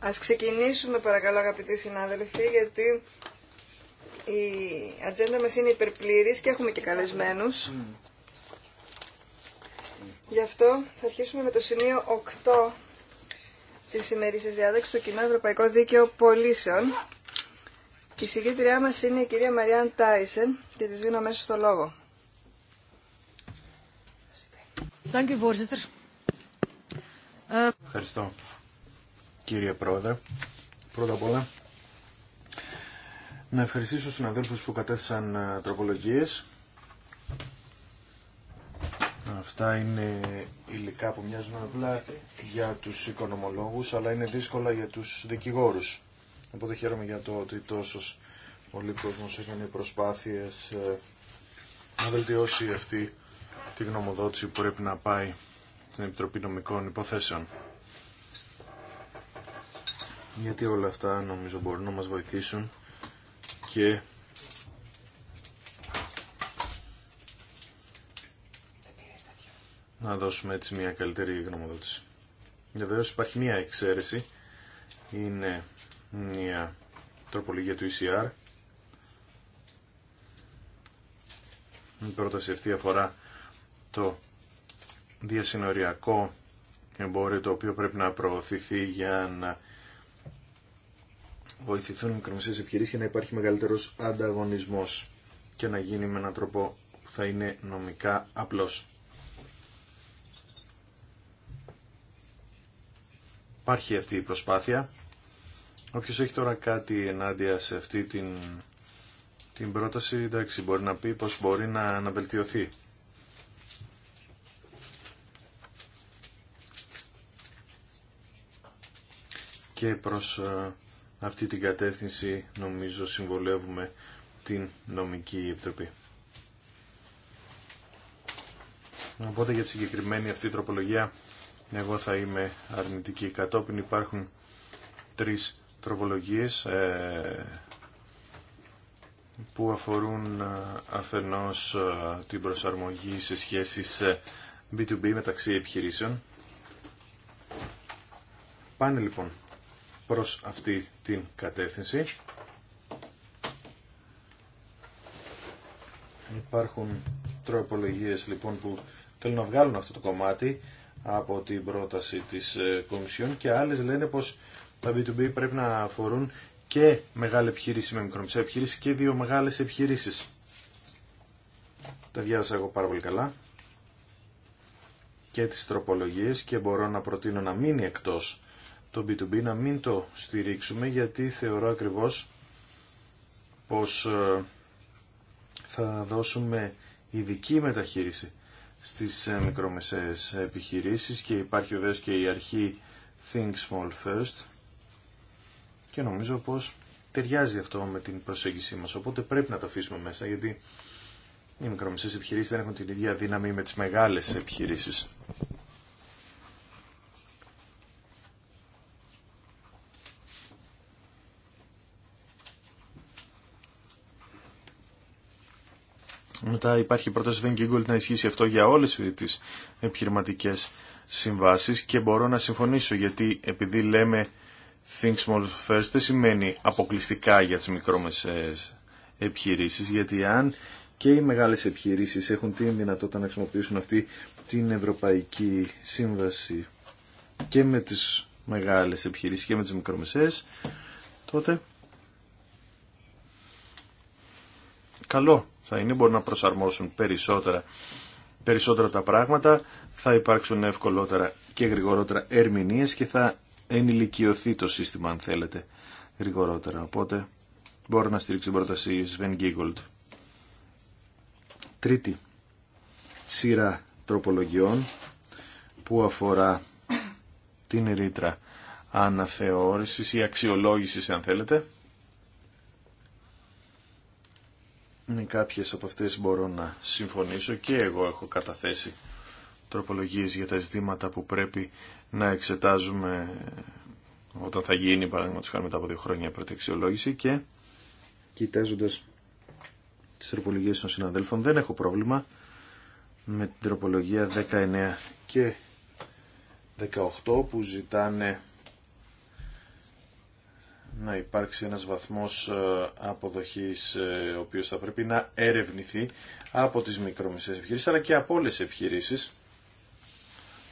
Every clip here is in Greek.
Ας ξεκινήσουμε παρακαλώ αγαπητοί συνάδελφοι γιατί η ατζέντα μας είναι υπερπλήρης και έχουμε και καλεσμένους. Mm. Γι' αυτό θα αρχίσουμε με το σημείο 8 της σημερινής διάταξης του Κοινό Ευρωπαϊκό Δίκαιο Πολίσεων και η συγκέντριά μα είναι η κυρία Μαριάν Τάισεν και τη δίνω μέσα στο λόγο. Ε, Ευχαριστώ κύριε Πρόεδρε. Πρώτα απ' όλα να ευχαριστήσω του που κατέθεσαν ε, τροπολογίες. Αυτά είναι υλικά που μοιάζουν απλά για τους οικονομολόγους, αλλά είναι δύσκολα για τους δικηγόρους. Οπότε χαίρομαι για το ότι τόσο πολλοί κόσμος έκανε προσπάθειες ε, να βελτιώσει αυτή τη γνωμοδότηση που πρέπει να πάει στην Επιτροπή Νομικών Υποθέσεων. Γιατί όλα αυτά νομίζω μπορούν να μας βοηθήσουν και να δώσουμε έτσι μια καλύτερη γνωμοδότηση. Βεβαίω υπάρχει μια εξαίρεση, είναι μια τροπολογία του ECR. Η πρόταση αυτή αφορά το διασυνοριακό εμπόριο το οποίο πρέπει να προωθηθεί για να βοηθηθούν μικρομεσαίες επιχειρήσεις και να υπάρχει μεγαλύτερος ανταγωνισμός και να γίνει με έναν τρόπο που θα είναι νομικά απλός. Υπάρχει αυτή η προσπάθεια Όποιος έχει τώρα κάτι ενάντια σε αυτή την, την πρόταση, εντάξει, μπορεί να πει πως μπορεί να, να βελτιωθεί. Και προς ε, αυτή την κατεύθυνση νομίζω συμβολεύουμε την νομική επιτροπή. Οπότε για τη συγκεκριμένη αυτή τροπολογία εγώ θα είμαι αρνητική. Κατόπιν υπάρχουν τρεις τροπολογίες ε, που αφορούν ε, αφενός ε, την προσαρμογή σε σχέσεις B2B μεταξύ επιχειρήσεων. Πάνε λοιπόν προς αυτή την κατεύθυνση. Υπάρχουν τροπολογίες λοιπόν που θέλουν να βγάλουν αυτό το κομμάτι από την πρόταση της Κομισιόν και άλλες λένε πως τα B2B πρέπει να αφορούν και μεγάλη επιχείρηση με μικρομεσαία επιχείρηση και δύο μεγάλες επιχειρήσεις. Τα διάβασα εγώ πάρα πολύ καλά και τις τροπολογίες και μπορώ να προτείνω να μείνει εκτός το B2B, να μην το στηρίξουμε γιατί θεωρώ ακριβώς πως ε, θα δώσουμε ειδική μεταχείριση στις ε, μικρομεσαίες επιχειρήσεις και υπάρχει βέβαια και η αρχή Think Small First και νομίζω πως ταιριάζει αυτό με την προσέγγιση μας. Οπότε πρέπει να το αφήσουμε μέσα γιατί οι μικρομεσαίες επιχειρήσεις δεν έχουν την ίδια δύναμη με τις μεγάλες επιχειρήσεις. Μετά υπάρχει η πρόταση Βενγκίγκολτ να ισχύσει αυτό για όλες τις επιχειρηματικές συμβάσεις και μπορώ να συμφωνήσω γιατί επειδή λέμε Think Small First δεν σημαίνει αποκλειστικά για τις μικρόμεσες επιχειρήσεις, γιατί αν και οι μεγάλες επιχειρήσεις έχουν την δυνατότητα να χρησιμοποιήσουν αυτή την Ευρωπαϊκή Σύμβαση και με τις μεγάλες επιχειρήσεις και με τις μικρομεσαίες, τότε καλό θα είναι, μπορούν να προσαρμόσουν περισσότερα, περισσότερα τα πράγματα, θα υπάρξουν ευκολότερα και γρηγορότερα ερμηνείες και θα ενηλικιωθεί το σύστημα αν θέλετε γρηγορότερα. Οπότε μπορώ να στηρίξω την πρόταση Sven Giegold. Τρίτη σειρά τροπολογιών που αφορά την ρήτρα αναθεώρησης ή αξιολόγησης αν θέλετε. Με κάποιες από αυτές μπορώ να συμφωνήσω και εγώ έχω καταθέσει τροπολογίες για τα ζητήματα που πρέπει να εξετάζουμε όταν θα γίνει, παράδειγμα, χάρη μετά από δύο χρόνια πρώτη αξιολόγηση και κοιτάζοντας τις τροπολογίες των συναδέλφων δεν έχω πρόβλημα με την τροπολογία 19 και 18 που ζητάνε να υπάρξει ένας βαθμός ε, αποδοχής ε, ο οποίος θα πρέπει να ερευνηθεί από τις μικρομεσαίες επιχειρήσεις αλλά και από όλες τις επιχειρήσεις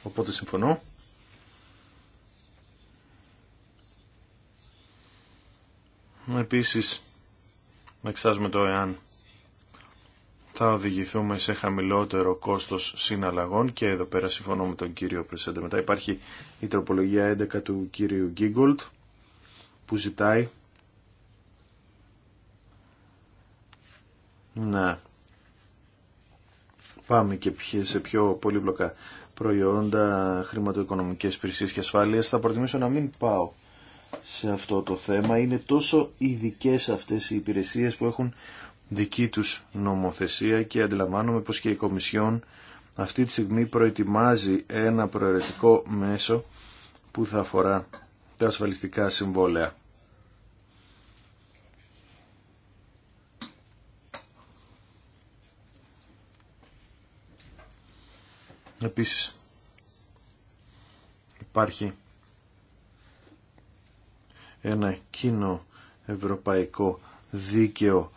Οπότε συμφωνώ. Επίσης, να εξάζουμε το εάν θα οδηγηθούμε σε χαμηλότερο κόστος συναλλαγών και εδώ πέρα συμφωνώ με τον κύριο Πρεσέντε. Μετά υπάρχει η τροπολογία 11 του κύριου Γκίγκολτ που ζητάει να πάμε και σε πιο πολύπλοκα προϊόντα, χρηματοοικονομικές υπηρεσίες και ασφάλειας. Θα προτιμήσω να μην πάω σε αυτό το θέμα. Είναι τόσο ειδικέ αυτές οι υπηρεσίες που έχουν δική τους νομοθεσία και αντιλαμβάνομαι πως και η Κομισιόν αυτή τη στιγμή προετοιμάζει ένα προαιρετικό μέσο που θα αφορά τα ασφαλιστικά συμβόλαια. Επίσης υπάρχει ένα κοινό ευρωπαϊκό δίκαιο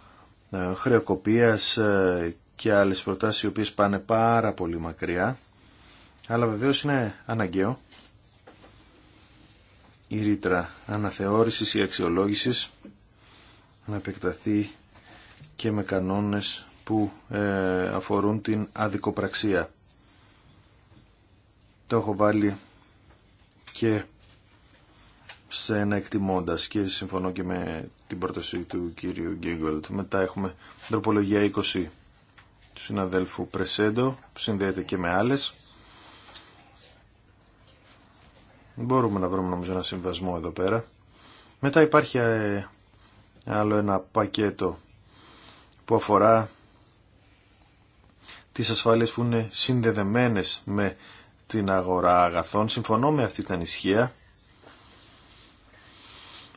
ε, χρεοκοπίας ε, και άλλες προτάσεις οι οποίες πάνε πάρα πολύ μακριά αλλά βεβαίως είναι αναγκαίο η ρήτρα αναθεώρησης ή αξιολόγησης να επεκταθεί και με κανόνες που ε, αφορούν την αδικοπραξία. Το έχω βάλει και σε ένα εκτιμώντας και συμφωνώ και με την πρόταση του κύριου Γκίγκολτ. Μετά έχουμε τροπολογία 20 του συναδέλφου Πρεσέντο που συνδέεται και με άλλες. Μπορούμε να βρούμε νομίζω ένα συμβασμό εδώ πέρα. Μετά υπάρχει ε, άλλο ένα πακέτο που αφορά τις ασφάλειες που είναι συνδεδεμένες με την αγορά αγαθών. Συμφωνώ με αυτή την ανησυχία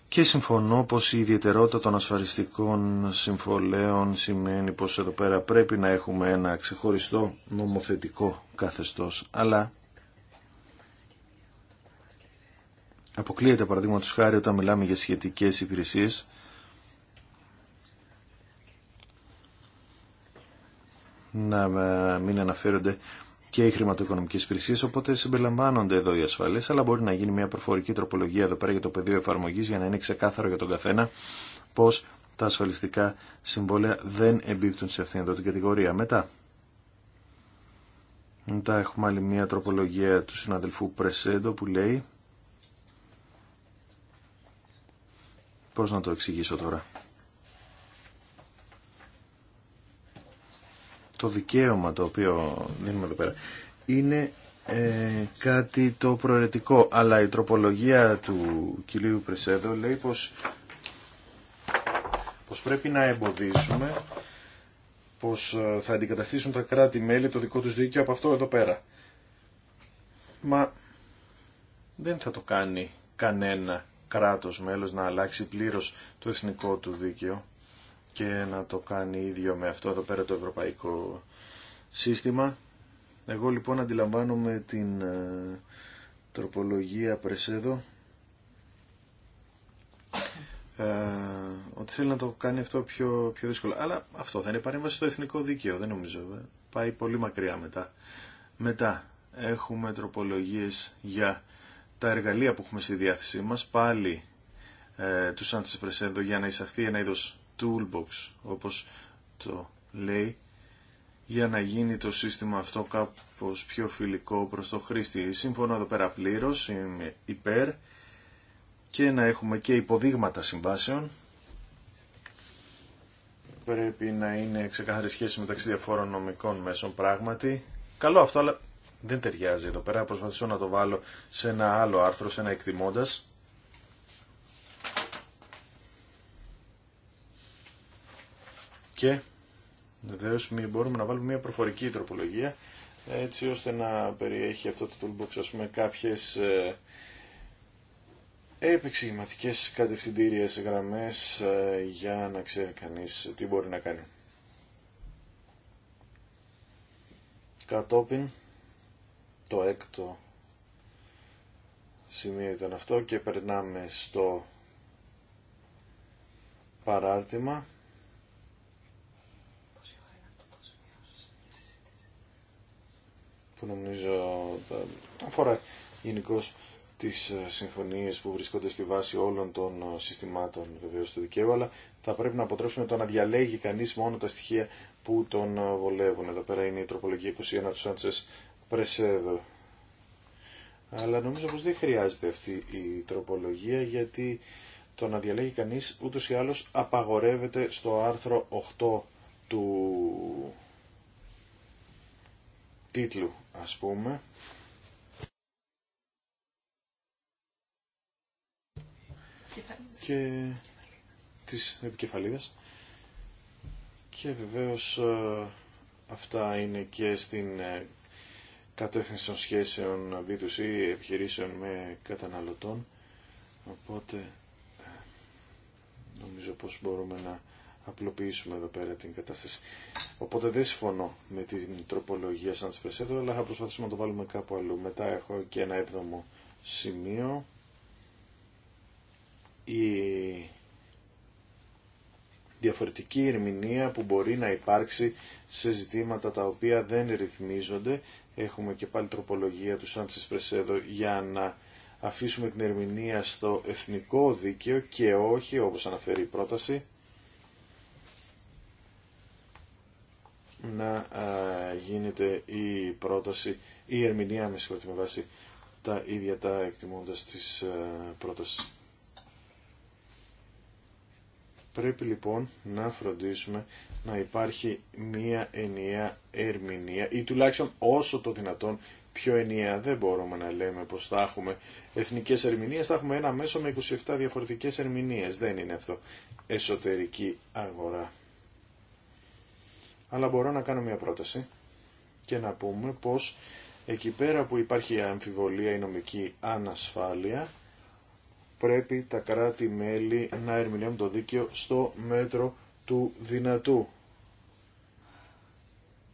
και συμφωνώ πως η ιδιαιτερότητα των ασφαλιστικών συμφωλέων σημαίνει πως εδώ πέρα πρέπει να έχουμε ένα ξεχωριστό νομοθετικό καθεστώς, αλλά αποκλείεται του χάρη όταν μιλάμε για σχετικές υπηρεσίες να μην αναφέρονται και οι χρηματοοικονομικέ υπηρεσίε, οπότε συμπεριλαμβάνονται εδώ οι ασφαλέ, αλλά μπορεί να γίνει μια προφορική τροπολογία εδώ πέρα για το πεδίο εφαρμογή για να είναι ξεκάθαρο για τον καθένα πω τα ασφαλιστικά συμβόλαια δεν εμπίπτουν σε αυτήν εδώ την κατηγορία. Μετά. Μετά έχουμε άλλη μια τροπολογία του συναδελφού Πρεσέντο που λέει. Πώς να το εξηγήσω τώρα. το δικαίωμα το οποίο δίνουμε εδώ πέρα είναι ε, κάτι το προαιρετικό αλλά η τροπολογία του κυρίου Πρεσέδο λέει πως, πως πρέπει να εμποδίσουμε πως ε, θα αντικαταστήσουν τα κράτη-μέλη το δικό τους δίκαιο από αυτό εδώ πέρα. Μα δεν θα το κάνει κανένα κράτος μέλος να αλλάξει πλήρως το εθνικό του δίκαιο και να το κάνει ίδιο με αυτό εδώ πέρα το ευρωπαϊκό σύστημα. Εγώ λοιπόν αντιλαμβάνομαι την ε, τροπολογία Πρεσέδο ε, ότι θέλει να το κάνει αυτό πιο, πιο δύσκολο. Αλλά αυτό δεν είναι παρέμβαση στο εθνικό δίκαιο, δεν νομίζω. Πάει πολύ μακριά μετά. Μετά έχουμε τροπολογίες για τα εργαλεία που έχουμε στη διάθεσή μας. Πάλι ε, τους Πρεσέδο για να εισαχθεί ένα είδος toolbox, όπως το λέει, για να γίνει το σύστημα αυτό κάπως πιο φιλικό προς το χρήστη. Σύμφωνα εδώ πέρα πλήρως, είμαι υπέρ και να έχουμε και υποδείγματα συμβάσεων. Πρέπει να είναι ξεκάθαρη σχέση μεταξύ διαφόρων νομικών μέσων πράγματι. Καλό αυτό, αλλά δεν ταιριάζει εδώ πέρα. Προσπαθήσω να το βάλω σε ένα άλλο άρθρο, σε ένα εκτιμώντας. Και βεβαίω μπορούμε να βάλουμε μια προφορική τροπολογία έτσι ώστε να περιέχει αυτό το toolbox ας πούμε κάποιες ε, επεξηγηματικές κατευθυντήριες γραμμές ε, για να ξέρει κανείς τι μπορεί να κάνει. Κατόπιν το έκτο σημείο ήταν αυτό και περνάμε στο παράρτημα που νομίζω αφορά γενικώ τις ε, συμφωνίες που βρισκόνται στη βάση όλων των ε, συστημάτων βεβαίως του δικαίου, αλλά θα πρέπει να αποτρέψουμε το να διαλέγει κανείς μόνο τα στοιχεία που τον ε, βολεύουν. Εδώ πέρα είναι η τροπολογία 21 του Σάντσες Πρεσέδο. Αλλά νομίζω πως δεν χρειάζεται αυτή η τροπολογία γιατί το να διαλέγει κανείς ούτως ή άλλως απαγορεύεται στο άρθρο 8 του τίτλου ας πούμε και της επικεφαλίδας και βεβαίως ε, αυτά είναι και στην ε, κατεύθυνση των σχέσεων B2C επιχειρήσεων με καταναλωτών οπότε ε, νομίζω πως μπορούμε να απλοποιήσουμε εδώ πέρα την κατάσταση. Οπότε δεν συμφωνώ με την τροπολογία σαν τις αλλά θα προσπαθήσουμε να το βάλουμε κάπου αλλού. Μετά έχω και ένα έβδομο σημείο. Η διαφορετική ερμηνεία που μπορεί να υπάρξει σε ζητήματα τα οποία δεν ρυθμίζονται. Έχουμε και πάλι τροπολογία του Σάντσες Πρεσέδο για να αφήσουμε την ερμηνεία στο εθνικό δίκαιο και όχι, όπως αναφέρει η πρόταση, να γίνεται η πρόταση, η ερμηνεία με συγχωρείτε με βάση τα ίδια τα εκτιμώντας της πρότασης. Πρέπει λοιπόν να φροντίσουμε να υπάρχει μία ενιαία ερμηνεία ή τουλάχιστον όσο το δυνατόν πιο ενιαία. Δεν μπορούμε να λέμε πως θα έχουμε εθνικές ερμηνείες, θα έχουμε ένα μέσο με 27 διαφορετικές ερμηνείες. Δεν είναι αυτό εσωτερική αγορά αλλά μπορώ να κάνω μια πρόταση και να πούμε πως εκεί πέρα που υπάρχει αμφιβολία η νομική ανασφάλεια πρέπει τα κράτη-μέλη να ερμηνεύουν το δίκαιο στο μέτρο του δυνατού.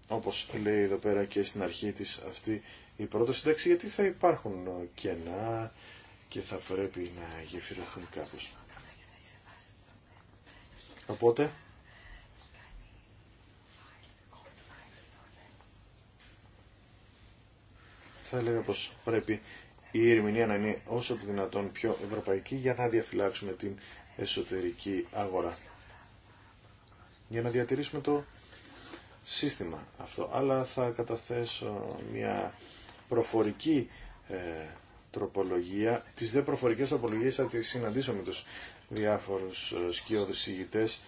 Όπως λέει εδώ πέρα και στην αρχή της αυτή η πρόταση, εντάξει, γιατί θα υπάρχουν κενά και θα πρέπει να γεφυρωθούν κάπως. Οπότε, θα έλεγα πως πρέπει η ερμηνεία να είναι όσο το δυνατόν πιο ευρωπαϊκή για να διαφυλάξουμε την εσωτερική αγορά. Για να διατηρήσουμε το σύστημα αυτό. Αλλά θα καταθέσω μια προφορική ε, τροπολογία. Τις δε προφορικές τροπολογίες θα τις συναντήσω με τους διάφορους ε, σκιώδους ηγητές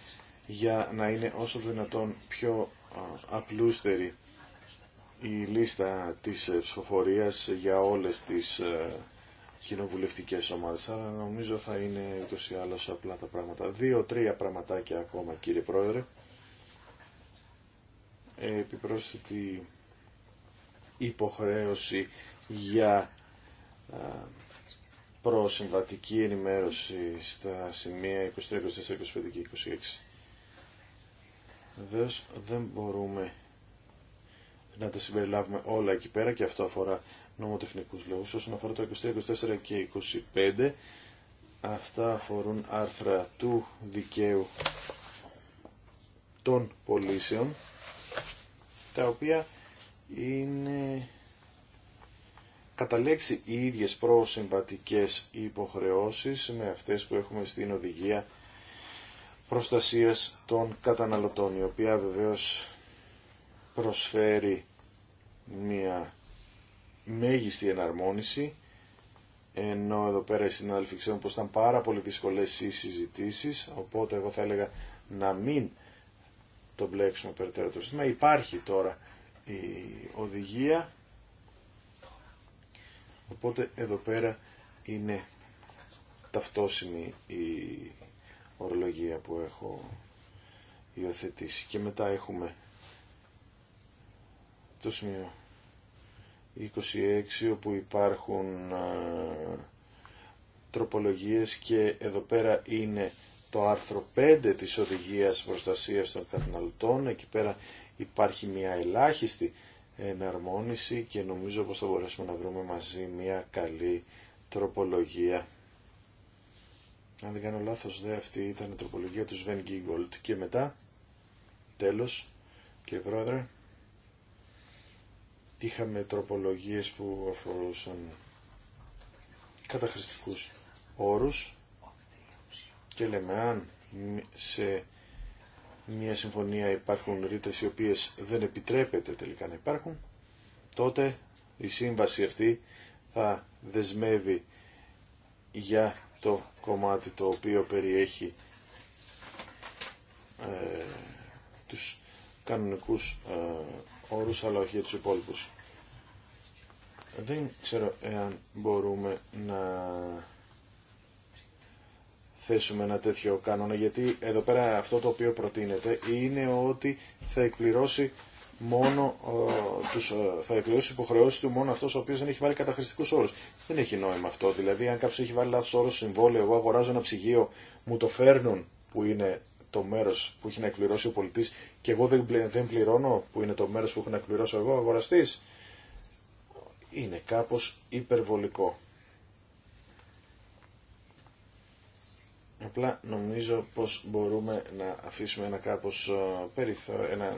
για να είναι όσο το δυνατόν πιο απλούστεροι η λίστα της ε, ψηφοφορία για όλες τις ε, κοινοβουλευτικέ ομάδες. Αλλά νομίζω θα είναι ούτως ή άλλως απλά τα πράγματα. Δύο-τρία πραγματάκια ακόμα κύριε Πρόεδρε. Ε, επιπρόσθετη υποχρέωση για προσυμβατική ενημέρωση στα σημεία 23, 24, 25 και 26. Βεβαίω δεν μπορούμε να τα συμπεριλάβουμε όλα εκεί πέρα και αυτό αφορά νομοτεχνικούς λόγους. Όσον αφορά το 23, 24 και 25, αυτά αφορούν άρθρα του δικαίου των πολίσεων, τα οποία είναι κατά λέξη οι ίδιες προσυμβατικές υποχρεώσεις με αυτές που έχουμε στην οδηγία προστασίας των καταναλωτών, η οποία βεβαίως προσφέρει μια μέγιστη εναρμόνιση ενώ εδώ πέρα οι συνάδελφοι ξέρουν πως ήταν πάρα πολύ δύσκολες οι συζητήσεις οπότε εγώ θα έλεγα να μην το μπλέξουμε περαιτέρω το σύστημα. Υπάρχει τώρα η οδηγία οπότε εδώ πέρα είναι ταυτόσιμη η ορολογία που έχω υιοθετήσει και μετά έχουμε το σημείο 26 όπου υπάρχουν τροπολογίες και εδώ πέρα είναι το άρθρο 5 της Οδηγίας Προστασίας των Καταναλωτών. Εκεί πέρα υπάρχει μια ελάχιστη εναρμόνιση και νομίζω πως θα μπορέσουμε να βρούμε μαζί μια καλή τροπολογία. Αν δεν κάνω λάθος δε αυτή ήταν η τροπολογία του Sven Giegold. Και μετά, τέλος, κύριε Πρόεδρε είχαμε τροπολογίες που αφορούσαν καταχρηστικούς όρους και λέμε αν σε μια συμφωνία υπάρχουν ρήτες οι οποίες δεν επιτρέπεται τελικά να υπάρχουν, τότε η σύμβαση αυτή θα δεσμεύει για το κομμάτι το οποίο περιέχει ε, τους κανονικούς ε, όρους αλλά όχι για Δεν ξέρω εάν μπορούμε να θέσουμε ένα τέτοιο κανόνα γιατί εδώ πέρα αυτό το οποίο προτείνεται είναι ότι θα εκπληρώσει μόνο τους, θα εκπληρώσει υποχρεώσει του μόνο αυτός ο οποίος δεν έχει βάλει καταχρηστικούς όρους. Δεν έχει νόημα αυτό. Δηλαδή αν κάποιο έχει βάλει λάθος όρους συμβόλαιο, εγώ αγοράζω ένα ψυγείο, μου το φέρνουν που είναι το μέρος που έχει να εκπληρώσει ο πολιτή και εγώ δεν πληρώνω που είναι το μέρος που έχω να εκπληρώσω εγώ αγοραστής είναι κάπως υπερβολικό. Απλά νομίζω πως μπορούμε να αφήσουμε ένα κάπως ε, ένα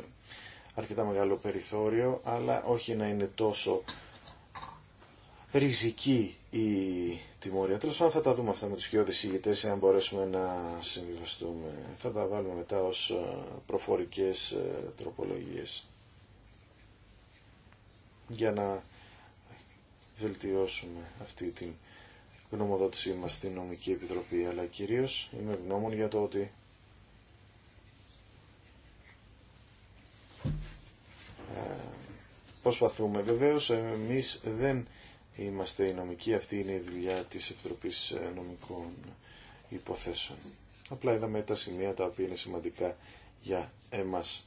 αρκετά μεγάλο περιθώριο, αλλά όχι να είναι τόσο ριζική η τιμωρία. Τέλος πάντων θα τα δούμε αυτά με τους χειώδες ηγετές, αν μπορέσουμε να συμβιβαστούμε. Θα τα βάλουμε μετά ως ε, προφορικές ε, τροπολογίες για να βελτιώσουμε αυτή την γνωμοδότησή μας στην Νομική Επιτροπή, αλλά κυρίως είμαι γνώμων για το ότι ε, προσπαθούμε. Βεβαίως εμείς δεν είμαστε οι νομικοί, αυτή είναι η δουλειά της Επιτροπής ε, Νομικών Υποθέσεων. Απλά είδαμε τα σημεία τα οποία είναι σημαντικά για εμάς.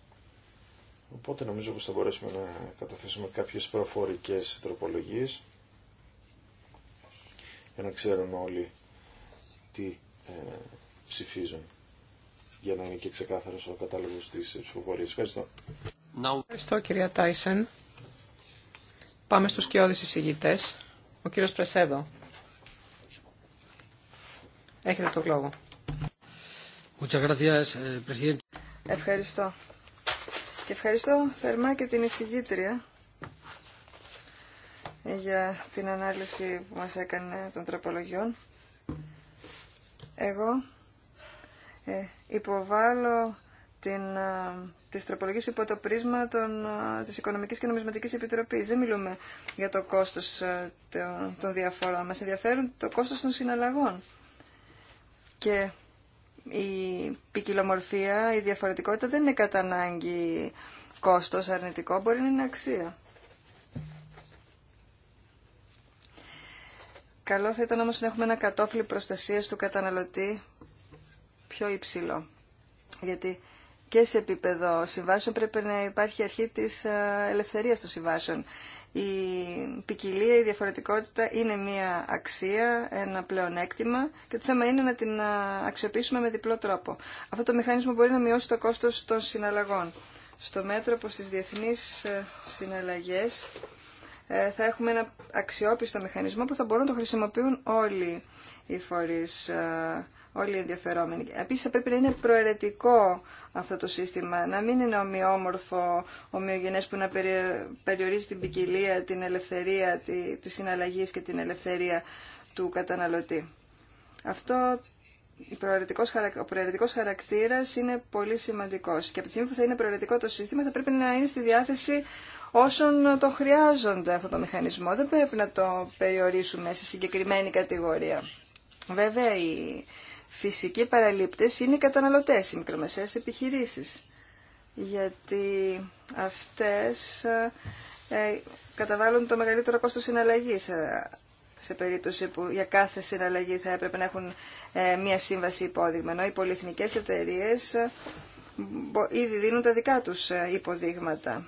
Οπότε νομίζω πως θα μπορέσουμε να καταθέσουμε κάποιες προφορικές τροπολογίες για να ξέρουν όλοι τι ε, ψηφίζουν για να είναι και ξεκάθαρος ο κατάλογος της ψηφοφορίας. Ευχαριστώ. Ευχαριστώ κυρία Τάισεν. Πάμε στους κοιόδης εισηγητές. Ο κύριος Πρεσέδο. Έχετε το λόγο. Eh, ευχαριστώ. Και ευχαριστώ θερμά και την εισηγήτρια για την ανάλυση που μας έκανε των τροπολογιών. Εγώ ε, υποβάλλω την ε, τη υπό το πρίσμα των, της Οικονομικής και Νομισματικής Επιτροπής. Δεν μιλούμε για το κόστος των, διαφορών. Μας ενδιαφέρουν το κόστος των συναλλαγών. Και η ποικιλομορφία, η διαφορετικότητα δεν είναι κατά ανάγκη κόστος αρνητικό, μπορεί να είναι αξία. Καλό θα ήταν όμως να έχουμε ένα κατόφλι προστασίας του καταναλωτή πιο υψηλό. Γιατί και σε επίπεδο συμβάσεων πρέπει να υπάρχει αρχή της ε, ελευθερίας των συμβάσεων. Η ποικιλία, η διαφορετικότητα είναι μία αξία, ένα πλεονέκτημα και το θέμα είναι να την ε, αξιοποιήσουμε με διπλό τρόπο. Αυτό το μηχανισμό μπορεί να μειώσει το κόστος των συναλλαγών. Στο μέτρο που στις διεθνείς ε, συναλλαγές θα έχουμε ένα αξιόπιστο μηχανισμό που θα μπορούν να το χρησιμοποιούν όλοι οι φορείς όλοι οι ενδιαφερόμενοι. Επίσης θα πρέπει να είναι προαιρετικό αυτό το σύστημα, να μην είναι ομοιόμορφο, ομοιογενές που να περιορίζει την ποικιλία, την ελευθερία τη, της συναλλαγής και την ελευθερία του καταναλωτή. Αυτό ο προαιρετικός χαρακτήρας είναι πολύ σημαντικός και από τη στιγμή που θα είναι προαιρετικό το σύστημα θα πρέπει να είναι στη διάθεση όσων το χρειάζονται αυτό το μηχανισμό. Δεν πρέπει να το περιορίσουμε σε συγκεκριμένη κατηγορία. Βέβαια, οι φυσικοί παραλήπτες είναι οι καταναλωτές, οι μικρομεσαίες επιχειρήσεις, γιατί αυτές ε, καταβάλουν το μεγαλύτερο κόστος συναλλαγής ε, σε περίπτωση που για κάθε συναλλαγή θα έπρεπε να έχουν ε, μία σύμβαση υπόδειγμα, ενώ οι πολυεθνικές εταιρείες ήδη δίνουν τα δικά τους υποδείγματα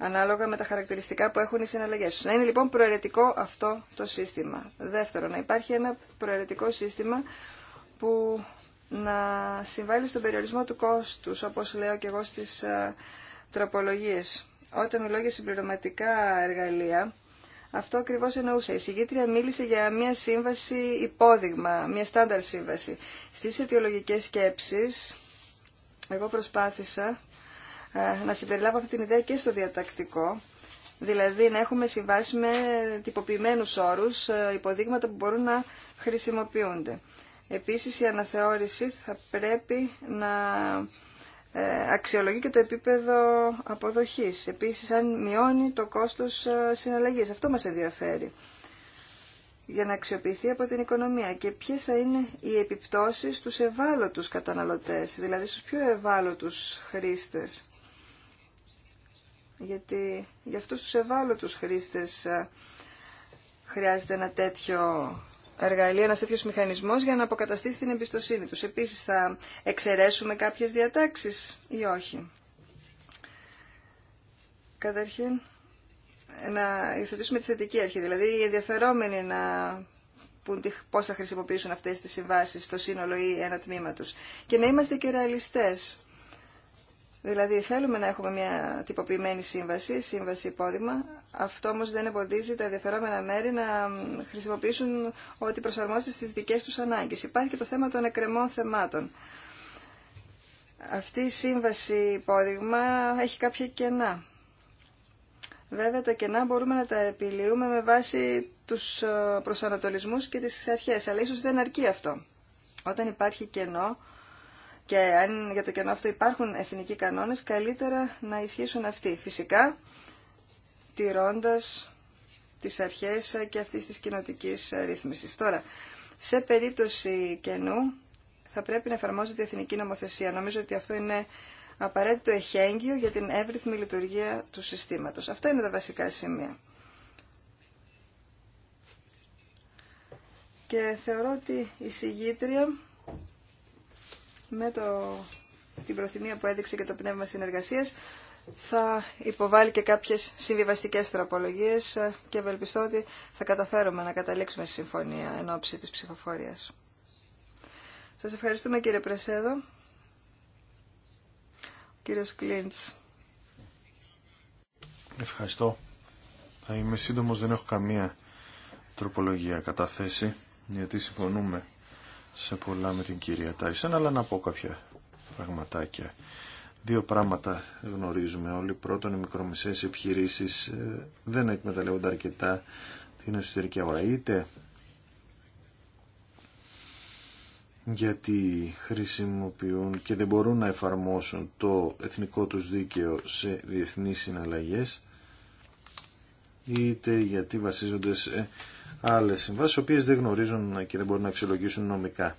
ανάλογα με τα χαρακτηριστικά που έχουν οι συναλλαγέ του. Να είναι λοιπόν προαιρετικό αυτό το σύστημα. Δεύτερον, να υπάρχει ένα προαιρετικό σύστημα που να συμβάλλει στον περιορισμό του κόστου, όπω λέω και εγώ στι ε, τροπολογίε. Όταν μιλώ για συμπληρωματικά εργαλεία, αυτό ακριβώ εννοούσα. Η συγκήτρια μίλησε για μια σύμβαση υπόδειγμα, μια στάνταρ σύμβαση. Στι αιτιολογικέ σκέψει, εγώ προσπάθησα ε, να συμπεριλάβω αυτή την ιδέα και στο διατακτικό, δηλαδή να έχουμε συμβάσει με τυποποιημένους όρους, ε, υποδείγματα που μπορούν να χρησιμοποιούνται. Επίσης η αναθεώρηση θα πρέπει να ε, αξιολογεί και το επίπεδο αποδοχής. Επίσης αν μειώνει το κόστος συναλλαγής. Αυτό μας ενδιαφέρει για να αξιοποιηθεί από την οικονομία και ποιες θα είναι οι επιπτώσεις στους ευάλωτους καταναλωτές, δηλαδή στους πιο ευάλωτους χρήστες γιατί για αυτούς τους ευάλωτους χρήστες ε, χρειάζεται ένα τέτοιο εργαλείο, ένα τέτοιο μηχανισμό για να αποκαταστήσει την εμπιστοσύνη τους. Επίσης, θα εξαιρέσουμε κάποιες διατάξεις ή όχι. Καταρχήν, να υιοθετήσουμε τη θετική αρχή, δηλαδή οι ενδιαφερόμενοι να πούν πώς θα χρησιμοποιήσουν αυτές τις συμβάσει στο σύνολο ή ένα τμήμα τους. Και να είμαστε και ρεαλιστές. Δηλαδή θέλουμε να έχουμε μια τυποποιημένη σύμβαση, σύμβαση υπόδειγμα, αυτό όμω δεν εμποδίζει τα ενδιαφερόμενα μέρη να χρησιμοποιήσουν ό,τι προσαρμόζεται στις δικές τους ανάγκες. Υπάρχει και το θέμα των εκκρεμών θεμάτων. Αυτή η σύμβαση υπόδειγμα έχει κάποια κενά. Βέβαια τα κενά μπορούμε να τα επιλύουμε με βάση τους ε, προσανατολισμούς και τις αρχές, αλλά ίσως δεν αρκεί αυτό. Όταν υπάρχει κενό, και αν για το κενό αυτό υπάρχουν εθνικοί κανόνες, καλύτερα να ισχύσουν αυτοί. Φυσικά, τηρώντας τις αρχές και αυτής της κοινοτική ρύθμισης. Τώρα, σε περίπτωση κενού θα πρέπει να εφαρμόζεται η εθνική νομοθεσία. Νομίζω ότι αυτό είναι απαραίτητο εχέγγυο για την εύρυθμη λειτουργία του συστήματος. Αυτά είναι τα βασικά σημεία. Και θεωρώ ότι η συγγήτρια με το, την προθυμία που έδειξε και το πνεύμα συνεργασίας θα υποβάλει και κάποιες συμβιβαστικές τροπολογίες και ευελπιστώ ότι θα καταφέρουμε να καταλήξουμε στη συμφωνία εν ώψη της ψηφοφορίας. Σας ευχαριστούμε κύριε Πρεσέδο. Ο κύριος Κλίντς. Ευχαριστώ. Θα είμαι σύντομος, δεν έχω καμία τροπολογία κατά θέση γιατί συμφωνούμε σε πολλά με την κυρία Τάισεν, αλλά να πω κάποια πραγματάκια. Δύο πράγματα γνωρίζουμε όλοι. Πρώτον, οι μικρομεσαίες επιχειρήσεις ε, δεν εκμεταλλεύονται αρκετά την εσωτερική αγορά. Είτε γιατί χρησιμοποιούν και δεν μπορούν να εφαρμόσουν το εθνικό τους δίκαιο σε διεθνείς συναλλαγές, είτε γιατί βασίζονται σε Άλλε συμβάσει οι οποίε δεν γνωρίζουν και δεν μπορούν να αξιολογήσουν νομικά.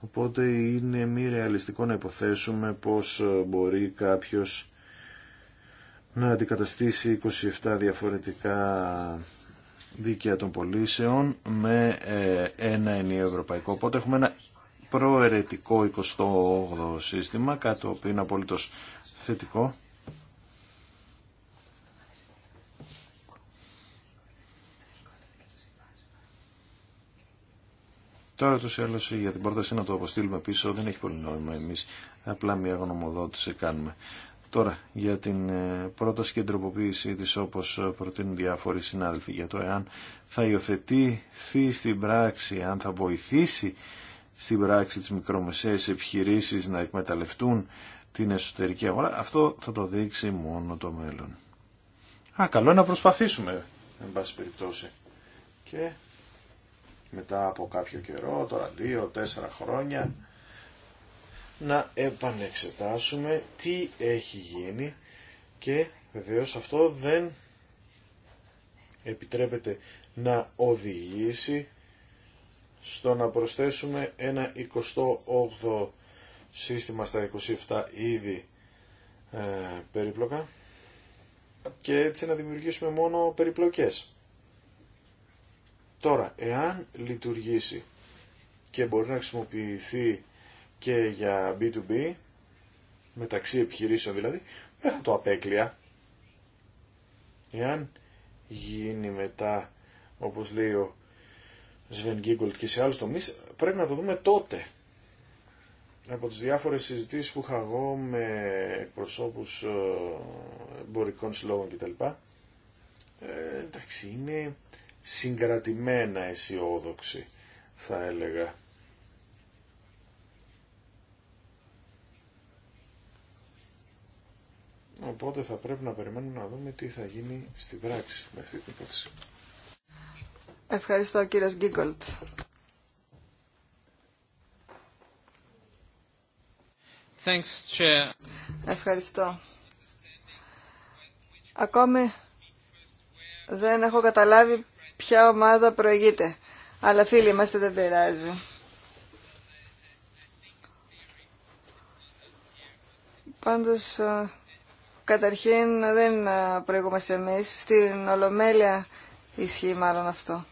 Οπότε είναι μη ρεαλιστικό να υποθέσουμε πως ε, μπορεί κάποιος να αντικαταστήσει 27 διαφορετικά δίκαια των πολίσεων με ε, ένα ενιαίο ευρωπαϊκό. Οπότε έχουμε ένα προαιρετικό 28ο σύστημα, κάτι το οποίο είναι απολύτως θετικό Τώρα του έλωσε για την πρόταση να το αποστείλουμε πίσω, δεν έχει πολύ νόημα εμεί απλά μια γνωμοδότηση κάνουμε. Τώρα, για την ε, πρόταση και τροποποίησή της όπως προτείνουν διάφοροι συνάδελφοι για το εάν θα υιοθετηθεί στην πράξη, αν θα βοηθήσει στην πράξη τις μικρομεσαίες επιχειρήσεις να εκμεταλλευτούν την εσωτερική αγορά, αυτό θα το δείξει μόνο το μέλλον. Α, καλό να προσπαθήσουμε, εν πάση περιπτώσει. Και μετά από κάποιο καιρό, τώρα δύο, τέσσερα χρόνια, να επανεξετάσουμε τι έχει γίνει και βεβαίως αυτό δεν επιτρέπεται να οδηγήσει στο να προσθέσουμε ένα 28 σύστημα στα 27 ήδη ε, περίπλοκα και έτσι να δημιουργήσουμε μόνο περιπλοκές. Τώρα, εάν λειτουργήσει και μπορεί να χρησιμοποιηθεί και για B2B, μεταξύ επιχειρήσεων δηλαδή, δεν θα το απέκλεια. Εάν γίνει μετά, όπως λέει ο Sven και σε άλλους τομείς, πρέπει να το δούμε τότε. Από τις διάφορες συζητήσεις που είχα εγώ με προσώπους ε, εμπορικών συλλόγων κτλ. Ε, εντάξει, είναι συγκρατημένα αισιόδοξη, θα έλεγα. Οπότε θα πρέπει να περιμένουμε να δούμε τι θα γίνει στην πράξη με αυτή την υπόθεση. Ευχαριστώ κύριος Γκίγκολτ. Thanks, Chair. Ευχαριστώ. Ακόμη δεν έχω καταλάβει ποια ομάδα προηγείται. Αλλά φίλοι είμαστε δεν πειράζει. Πάντως, ε, καταρχήν δεν ε, προηγούμαστε εμείς. Στην Ολομέλεια ισχύει μάλλον αυτό.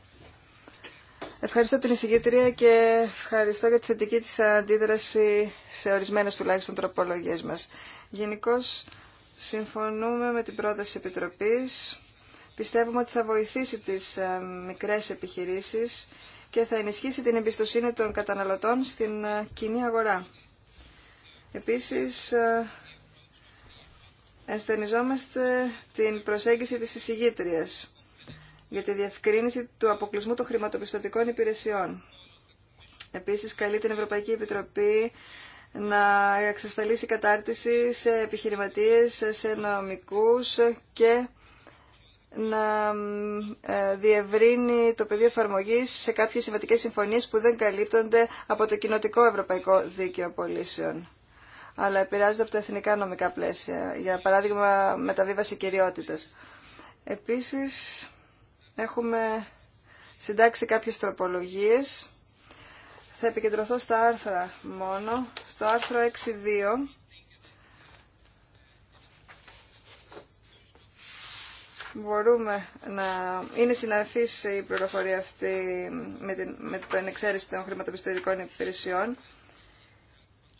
Ευχαριστώ την εισηγήτρια και ευχαριστώ για τη θετική της αντίδραση σε ορισμένες τουλάχιστον τροπολογίες μας. Γενικώ συμφωνούμε με την πρόταση Επιτροπής πιστεύουμε ότι θα βοηθήσει τις ε, μικρές επιχειρήσεις και θα ενισχύσει την εμπιστοσύνη των καταναλωτών στην ε, κοινή αγορά. Επίσης, ενστερνιζόμαστε την προσέγγιση της εισηγήτριας για τη διευκρίνηση του αποκλεισμού των χρηματοπιστωτικών υπηρεσιών. Επίσης, καλεί την Ευρωπαϊκή Επιτροπή να εξασφαλίσει κατάρτιση σε επιχειρηματίες, σε νομικούς και να ε, διευρύνει το πεδίο εφαρμογή σε κάποιες συμβατικέ συμφωνίες που δεν καλύπτονται από το κοινοτικό ευρωπαϊκό δίκαιο απολύσεων, αλλά επηρεάζονται από τα εθνικά νομικά πλαίσια, για παράδειγμα μεταβίβαση κυριότητας. Επίσης, έχουμε συντάξει κάποιες τροπολογίες. Θα επικεντρωθώ στα άρθρα μόνο. Στο άρθρο 6.2 μπορούμε να είναι συναφής η πληροφορία αυτή με την, με εξαίρεση των χρηματοπιστωτικών υπηρεσιών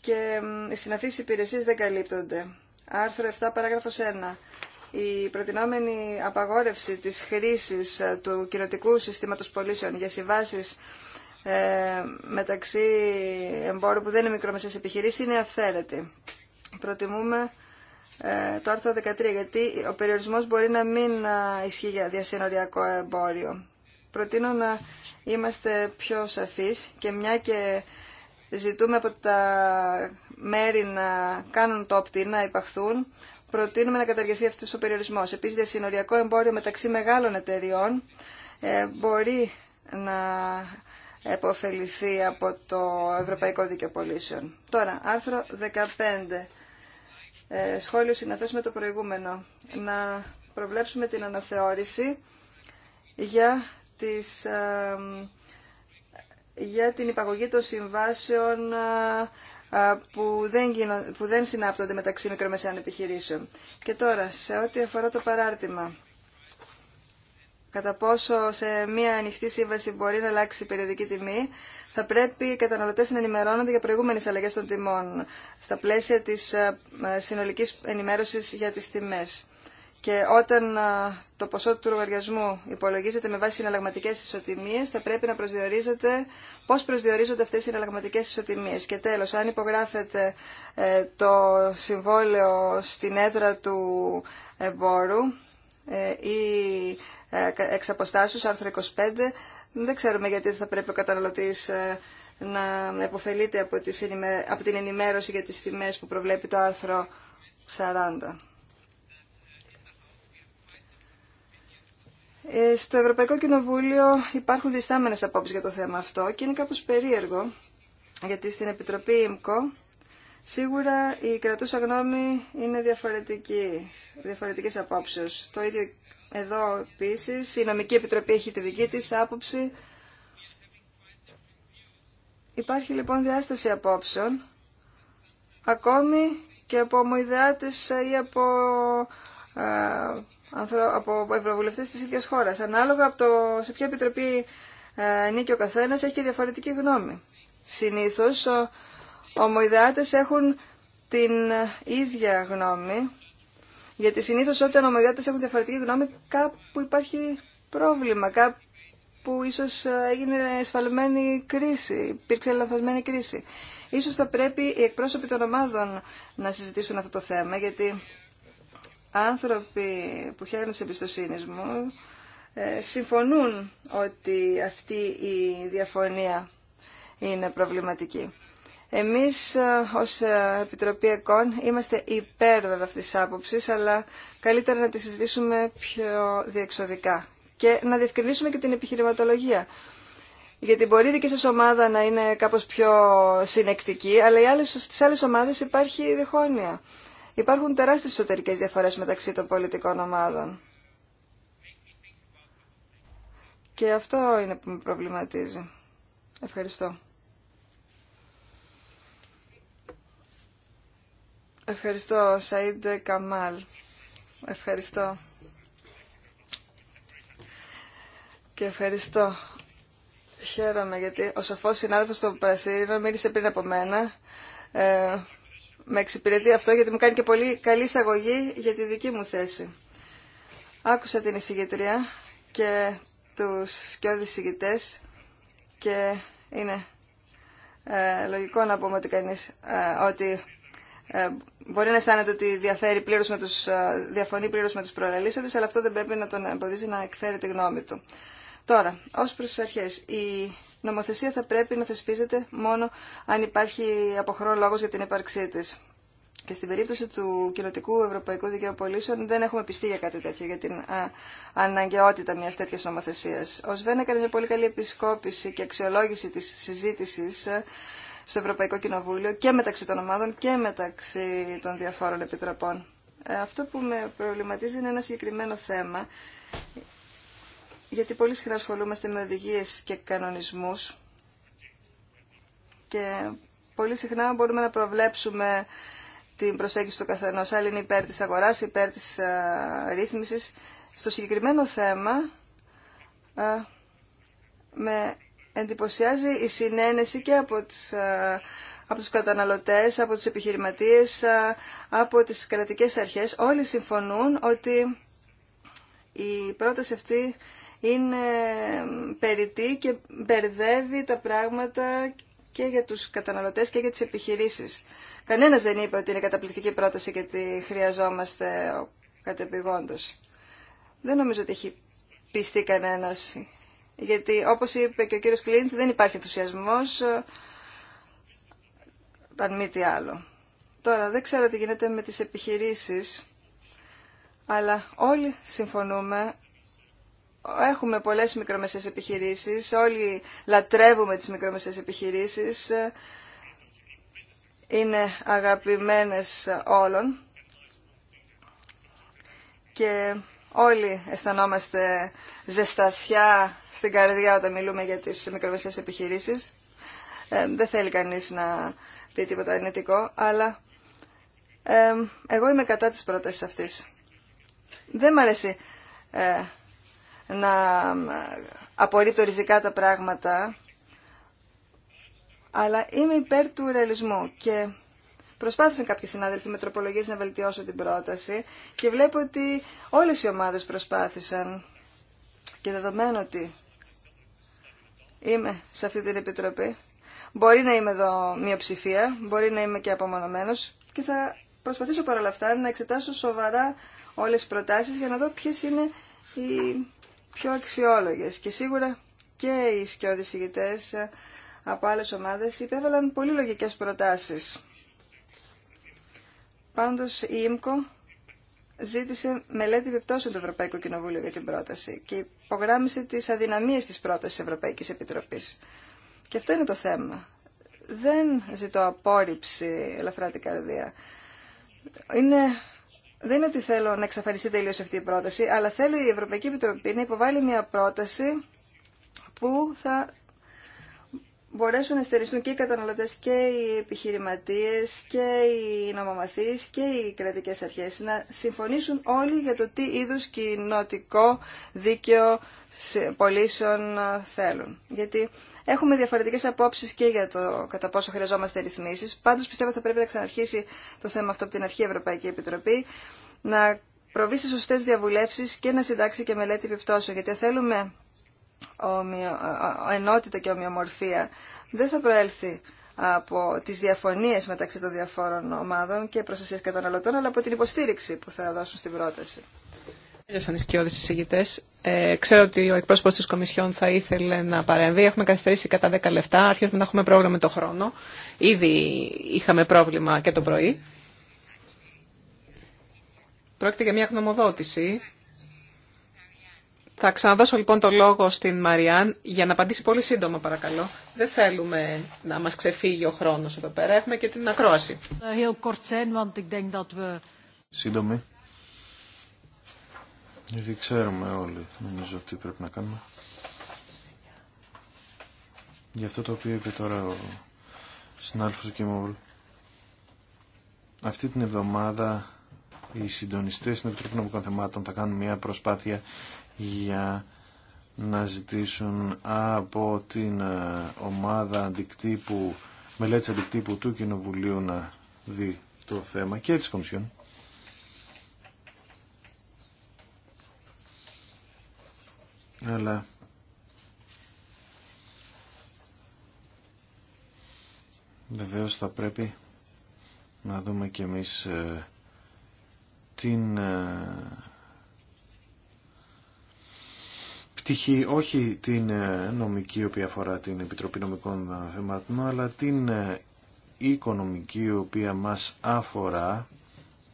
και οι συναφείς υπηρεσίες δεν καλύπτονται. Άρθρο 7, παράγραφος 1. Η προτινόμενη απαγόρευση της χρήσης ε, του κοινοτικού συστήματος πωλήσεων για συμβάσεις ε, μεταξύ εμπόρου που δεν είναι μικρομεσαίες επιχειρήσεις είναι αυθαίρετη. Προτιμούμε ε, το άρθρο 13, γιατί ο περιορισμός μπορεί να μην ε, ισχύει για διασυνοριακό εμπόριο. Προτείνω να είμαστε πιο σαφείς και μια και ζητούμε από τα μέρη να κάνουν το opt να υπαχθούν, προτείνουμε να καταργηθεί αυτός ο περιορισμός. Επίσης, διασυνοριακό εμπόριο μεταξύ μεγάλων εταιριών ε, μπορεί να επωφεληθεί από το Ευρωπαϊκό Δίκαιο Πολίσεων. Τώρα, άρθρο 15 ε, σχόλιο συναφές με το προηγούμενο. Να προβλέψουμε την αναθεώρηση για, τις, ε, για την υπαγωγή των συμβάσεων ε, που δεν, που δεν συνάπτονται μεταξύ μικρομεσαίων επιχειρήσεων. Και τώρα, σε ό,τι αφορά το παράρτημα κατά πόσο σε μία ανοιχτή σύμβαση μπορεί να αλλάξει η περιοδική τιμή, θα πρέπει οι καταναλωτέ να ενημερώνονται για προηγούμενε αλλαγέ των τιμών στα πλαίσια τη ε, συνολική ενημέρωση για τι τιμέ. Και όταν ε, το ποσό του λογαριασμού υπολογίζεται με βάση συναλλαγματικέ ισοτιμίε, θα πρέπει να προσδιορίζεται πώ προσδιορίζονται αυτέ οι συναλλαγματικέ ισοτιμίε. Και τέλο, αν υπογράφεται ε, το συμβόλαιο στην έδρα του εμπόρου, ή εξ αποστάσεως, άρθρο 25. Δεν ξέρουμε γιατί θα πρέπει ο καταναλωτής ε, να επωφελείται από την ενημέρωση για τις τιμές που προβλέπει το άρθρο 40. Ε, στο Ευρωπαϊκό Κοινοβούλιο υπάρχουν διστάμενες απόψεις για το θέμα αυτό και είναι κάπως περίεργο γιατί στην Επιτροπή ΙΜΚΟ σίγουρα η κρατούσα γνώμη είναι διαφορετική, διαφορετικές απόψεις. Το ίδιο εδώ επίσης η Νομική Επιτροπή έχει τη δική της άποψη. Υπάρχει λοιπόν διάσταση απόψεων, ακόμη και από ομοειδεάτες ή από, ε, από ευρωβουλευτές της ίδιας χώρας. Ανάλογα από το σε ποια επιτροπή ε, νίκει ο καθένας έχει και διαφορετική γνώμη. Συνήθως ομοειδεάτες έχουν την ε, ίδια γνώμη γιατί συνήθω όταν ομοδιώτε έχουν διαφορετική γνώμη, κάπου υπάρχει πρόβλημα, κάπου ίσω έγινε εσφαλμένη κρίση, υπήρξε λανθασμένη κρίση. Ίσως θα πρέπει οι εκπρόσωποι των ομάδων να συζητήσουν αυτό το θέμα, γιατί άνθρωποι που χαίρουν σε εμπιστοσύνη μου ε, συμφωνούν ότι αυτή η διαφωνία είναι προβληματική. Εμείς ε, ως ε, Επιτροπή ΕΚΟΝ είμαστε υπέρ βέβαια αυτής της άποψης, αλλά καλύτερα να τη συζητήσουμε πιο διεξοδικά και να διευκρινίσουμε και την επιχειρηματολογία. Γιατί μπορεί η δική σας ομάδα να είναι κάπως πιο συνεκτική, αλλά στις άλλες ομάδες υπάρχει διχόνοια. Υπάρχουν τεράστιες εσωτερικές διαφορές μεταξύ των πολιτικών ομάδων. Και αυτό είναι που με προβληματίζει. Ευχαριστώ. Ευχαριστώ, Σαΐντ Καμάλ. Ευχαριστώ. Και ευχαριστώ. Χαίρομαι γιατί ο σοφός συνάδελφος των Πρασίνων μίλησε πριν από μένα. Ε, με εξυπηρετεί αυτό γιατί μου κάνει και πολύ καλή εισαγωγή για τη δική μου θέση. Άκουσα την εισηγητρία και τους σκιώδης εισηγητές και είναι ε, λογικό να πούμε ότι, κανείς, ε, ότι ε, μπορεί να αισθάνεται ότι διαφέρει πλήρως με τους, διαφωνεί πλήρως με τους προαναλύσαντε, αλλά αυτό δεν πρέπει να τον εμποδίζει να εκφέρει τη γνώμη του. Τώρα, ως προς τις αρχές, η νομοθεσία θα πρέπει να θεσπίζεται μόνο αν υπάρχει αποχρό λόγος για την ύπαρξή της. Και στην περίπτωση του κοινοτικού ευρωπαϊκού δικαίου δεν έχουμε πιστεί για κάτι τέτοιο, για την α, αναγκαιότητα μιας τέτοιας νομοθεσίας. Ο Σβέν έκανε μια πολύ καλή επισκόπηση και αξιολόγηση της συζήτησης στο Ευρωπαϊκό Κοινοβούλιο και μεταξύ των ομάδων και μεταξύ των διαφόρων επιτροπών. Ε, αυτό που με προβληματίζει είναι ένα συγκεκριμένο θέμα, γιατί πολύ συχνά ασχολούμαστε με οδηγίε και κανονισμούς και πολύ συχνά μπορούμε να προβλέψουμε την προσέγγιση του καθενό Άλλοι είναι υπέρ τη αγορά, υπέρ τη ρύθμιση, Στο συγκεκριμένο θέμα, με εντυπωσιάζει η συνένεση και από τις ε, από τους καταναλωτές, από τους επιχειρηματίες, ε, από τις κρατικές αρχές. Όλοι συμφωνούν ότι η πρόταση αυτή είναι περιττή και μπερδεύει τα πράγματα και για τους καταναλωτές και για τις επιχειρήσεις. Κανένας δεν είπε ότι είναι καταπληκτική πρόταση και τη χρειαζόμαστε κατεπηγόντως. Δεν νομίζω ότι έχει πιστεί κανένας γιατί όπως είπε και ο κύριος Κλίντς δεν υπάρχει ενθουσιασμός, ε, αν μη τι άλλο. Τώρα δεν ξέρω τι γίνεται με τις επιχειρήσεις, αλλά όλοι συμφωνούμε, έχουμε πολλές μικρομεσαίες επιχειρήσεις, όλοι λατρεύουμε τις μικρομεσαίες επιχειρήσεις, είναι αγαπημένες όλων και όλοι αισθανόμαστε ζεστασιά στην καρδιά όταν μιλούμε για τις μικρομεσαίες επιχειρήσεις. Ε, δεν θέλει κανείς να πει τίποτα αρνητικό, αλλά ε, εγώ είμαι κατά της πρότασης αυτής. Δεν μ' αρέσει ε, να απορρίπτω ριζικά τα πράγματα, αλλά είμαι υπέρ του ρεαλισμού και προσπάθησαν κάποιοι συνάδελφοι με να βελτιώσω την πρόταση και βλέπω ότι όλες οι ομάδες προσπάθησαν και δεδομένου ότι είμαι σε αυτή την επιτροπή, μπορεί να είμαι εδώ μειοψηφία, μπορεί να είμαι και απομονωμένος και θα προσπαθήσω παρόλα αυτά να εξετάσω σοβαρά όλες τις προτάσεις για να δω ποιες είναι οι πιο αξιόλογες. Και σίγουρα και οι σκιώδεις ηγητές από άλλες ομάδες υπέβαλαν πολύ λογικές προτάσεις. Πάντως η ΙΜΚΟ ζήτησε μελέτη επιπτώσεων του Ευρωπαϊκού Κοινοβούλιο για την πρόταση και υπογράμμισε τις αδυναμίες της πρότασης Ευρωπαϊκής Επιτροπής. Και αυτό είναι το θέμα. Δεν ζητώ απόρριψη ελαφρά την καρδία. Είναι... Δεν είναι ότι θέλω να εξαφανιστεί τελείω αυτή η πρόταση, αλλά θέλω η Ευρωπαϊκή Επιτροπή να υποβάλει μια πρόταση που θα μπορέσουν να στερηθούν και οι καταναλωτές και οι επιχειρηματίες και οι νομομαθείς και οι κρατικές αρχές να συμφωνήσουν όλοι για το τι είδους κοινοτικό δίκαιο πωλήσεων θέλουν. Γιατί έχουμε διαφορετικές απόψεις και για το κατά πόσο χρειαζόμαστε ρυθμίσεις. Πάντως πιστεύω θα πρέπει να ξαναρχίσει το θέμα αυτό από την αρχή Ευρωπαϊκή Επιτροπή να προβεί σε σωστές διαβουλεύσεις και να συντάξει και μελέτη επιπτώσεων. Γιατί θέλουμε ομοιο... ενότητα και ομοιομορφία δεν θα προέλθει από τις διαφωνίες μεταξύ των διαφόρων ομάδων και προστασίας καταναλωτών, αλλά από την υποστήριξη που θα δώσουν στην πρόταση. Ε, ξέρω ότι ο εκπρόσωπος της Κομισιόν θα ήθελε να παρέμβει. Έχουμε καθυστερήσει κατά 10 λεπτά. Αρχίζουμε να έχουμε πρόβλημα με το χρόνο. Ήδη είχαμε πρόβλημα και το πρωί. Πρόκειται για μια γνωμοδότηση θα ξαναδώσω λοιπόν το λόγο στην Μαριάν για να απαντήσει πολύ σύντομα παρακαλώ. Δεν θέλουμε να μας ξεφύγει ο χρόνος εδώ πέρα. Έχουμε και την ακρόαση. Σύντομη. Γιατί ξέρουμε όλοι νομίζω τι πρέπει να κάνουμε. Για αυτό το οποίο είπε τώρα ο συνάδελφος Κιμόβουλ. Αυτή την εβδομάδα οι συντονιστές στην Επιτροπή Νομικών Θεμάτων θα κάνουν μια προσπάθεια για να ζητήσουν από την ε, ομάδα αντικτύπου, μελέτης αντικτύπου του Κοινοβουλίου να δει το θέμα και έτσι Κομισιόν. Αλλά βεβαίως θα πρέπει να δούμε και εμείς ε, την ε, πτυχή, όχι την ε, νομική, η οποία αφορά την Επιτροπή Νομικών ε, Θεμάτων, αλλά την ε, οικονομική, η οποία μας αφορά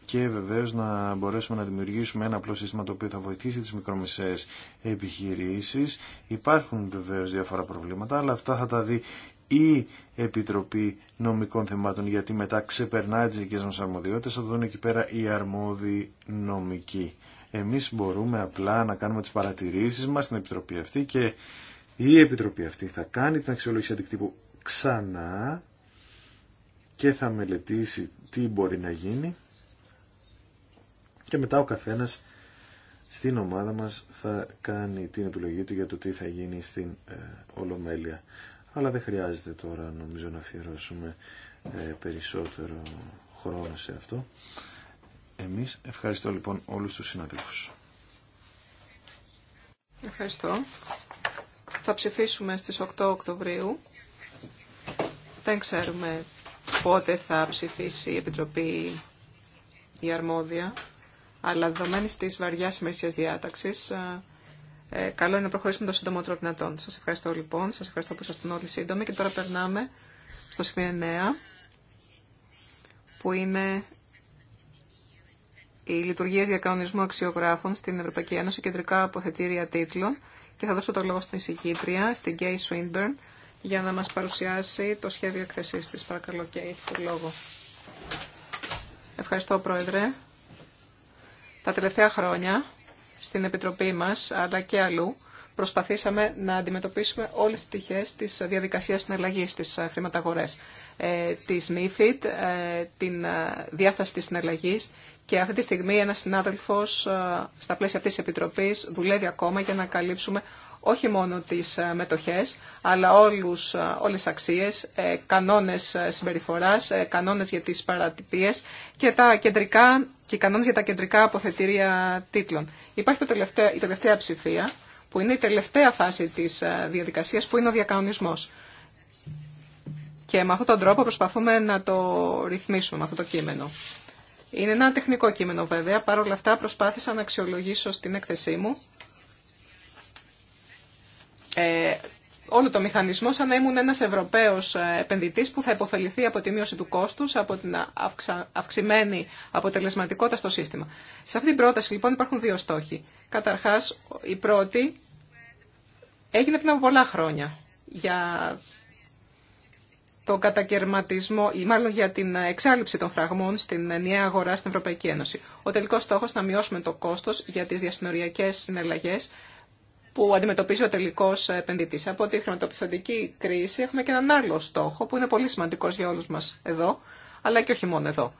και βεβαίως να μπορέσουμε να δημιουργήσουμε ένα απλό σύστημα το οποίο θα βοηθήσει τις μικρομεσαίες επιχειρήσεις. Υπάρχουν βεβαίως διάφορα προβλήματα, αλλά αυτά θα τα δει η Επιτροπή Νομικών Θεμάτων, γιατί μετά ξεπερνάει τις δικές μας αρμοδιότητες, θα δουν εκεί πέρα οι αρμόδιοι νομικοί. Εμείς μπορούμε απλά να κάνουμε τις παρατηρήσεις μας στην Επιτροπή αυτή και η Επιτροπή αυτή θα κάνει την αξιολόγηση αντικτύπου ξανά και θα μελετήσει τι μπορεί να γίνει και μετά ο καθένας στην ομάδα μας θα κάνει την επιλογή του για το τι θα γίνει στην ε, Ολομέλεια. Αλλά δεν χρειάζεται τώρα νομίζω να αφιερώσουμε ε, περισσότερο χρόνο σε αυτό. Εμείς ευχαριστώ λοιπόν όλους τους συναδέλφους. Ευχαριστώ. Θα ψηφίσουμε στις 8 Οκτωβρίου. Δεν ξέρουμε πότε θα ψηφίσει η Επιτροπή η αρμόδια, αλλά δεδομένη τη βαριά ημερήσια διάταξη, ε, ε, καλό είναι να προχωρήσουμε το σύντομότερο δυνατόν. Σα ευχαριστώ λοιπόν, σα ευχαριστώ που ήσασταν όλοι σύντομοι και τώρα περνάμε στο σημείο 9, που είναι οι λειτουργίε διακανονισμού αξιογράφων στην Ευρωπαϊκή Ένωση κεντρικά αποθετήρια τίτλων και θα δώσω το λόγο στην εισηγήτρια, στην Κέι Σουίνμπερν, για να μα παρουσιάσει το σχέδιο εκθεσή. της. Παρακαλώ, Κέι, έχει το λόγο. Ευχαριστώ, Πρόεδρε. Τα τελευταία χρόνια στην Επιτροπή μα, αλλά και αλλού, προσπαθήσαμε να αντιμετωπίσουμε όλες τις πτυχές της διαδικασίας συναλλαγή στις χρηματαγορές. Τη ε, της ε, την ε, διάσταση της συναλλαγή. Και αυτή τη στιγμή ένα συνάδελφο ε, στα πλαίσια αυτή τη επιτροπή δουλεύει ακόμα για να καλύψουμε όχι μόνο τι ε, μετοχέ, αλλά όλους, ε, όλες τις αξίες, κανόνες συμπεριφοράς, κανόνες για τι παρατυπίε και, τα κεντρικά, και κανόνες για τα κεντρικά αποθετήρια τίτλων. Υπάρχει τελευταία, η τελευταία ψηφία, που είναι η τελευταία φάση τη διαδικασία, που είναι ο διακανονισμός. Και με αυτόν τον τρόπο προσπαθούμε να το ρυθμίσουμε, με αυτό το κείμενο. Είναι ένα τεχνικό κείμενο βέβαια, παρόλα αυτά προσπάθησα να αξιολογήσω στην έκθεσή μου ε, όλο το μηχανισμό σαν να ήμουν ένας Ευρωπαίος ε, επενδυτής που θα υποφεληθεί από τη μείωση του κόστους, από την αυξημένη αποτελεσματικότητα στο σύστημα. Σε αυτή την πρόταση λοιπόν υπάρχουν δύο στόχοι. Καταρχάς η πρώτη έγινε πριν από πολλά χρόνια για τον κατακαιρματισμό ή μάλλον για την εξάλληψη των φραγμών στην ενιαία αγορά στην Ευρωπαϊκή Ένωση. Ο τελικός στόχος να μειώσουμε το κόστος για τις διασυνοριακές συναλλαγές που αντιμετωπίζει ο τελικό επενδυτή. Από τη χρηματοπιστωτική κρίση έχουμε και έναν άλλο στόχο που είναι πολύ σημαντικό για όλου μα εδώ, αλλά και όχι μόνο εδώ.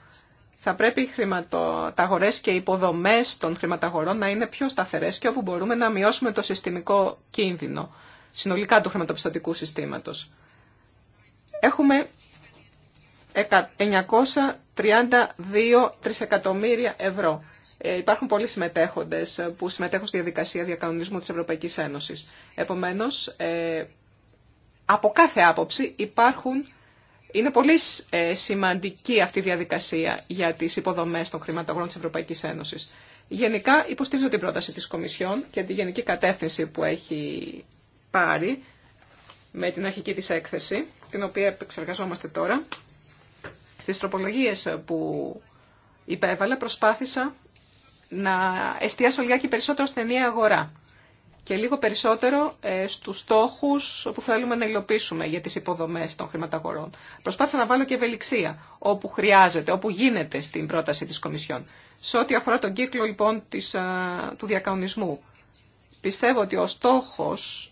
Θα πρέπει οι χρηματοταγορέ και οι υποδομέ των χρηματαγορών να είναι πιο σταθερέ και όπου μπορούμε να μειώσουμε το συστημικό κίνδυνο συνολικά του χρηματοπιστωτικού συστήματος. Έχουμε 932 τρισεκατομμύρια ευρώ. Ε, υπάρχουν πολλοί συμμετέχοντες ε, που συμμετέχουν στη διαδικασία διακανονισμού της Ευρωπαϊκής Ένωσης. Επομένως, ε, από κάθε άποψη υπάρχουν, είναι πολύ σημαντική αυτή η διαδικασία για τις υποδομές των χρηματογρών της Ευρωπαϊκής Ένωσης. Γενικά υποστήριζω την πρόταση της Κομισιόν και τη γενική κατεύθυνση που έχει πάρει με την αρχική της έκθεση την οποία επεξεργαζόμαστε τώρα, στις τροπολογίες που υπέβαλα προσπάθησα να εστιάσω λιγάκι περισσότερο στην ενιαία αγορά και λίγο περισσότερο ε, στους στόχους που θέλουμε να υλοποιήσουμε για τις υποδομές των χρηματαγορών. Προσπάθησα να βάλω και ευελιξία όπου χρειάζεται, όπου γίνεται στην πρόταση της Κομισιόν. Σε ό,τι αφορά τον κύκλο λοιπόν της, του διακανονισμού, πιστεύω ότι ο στόχος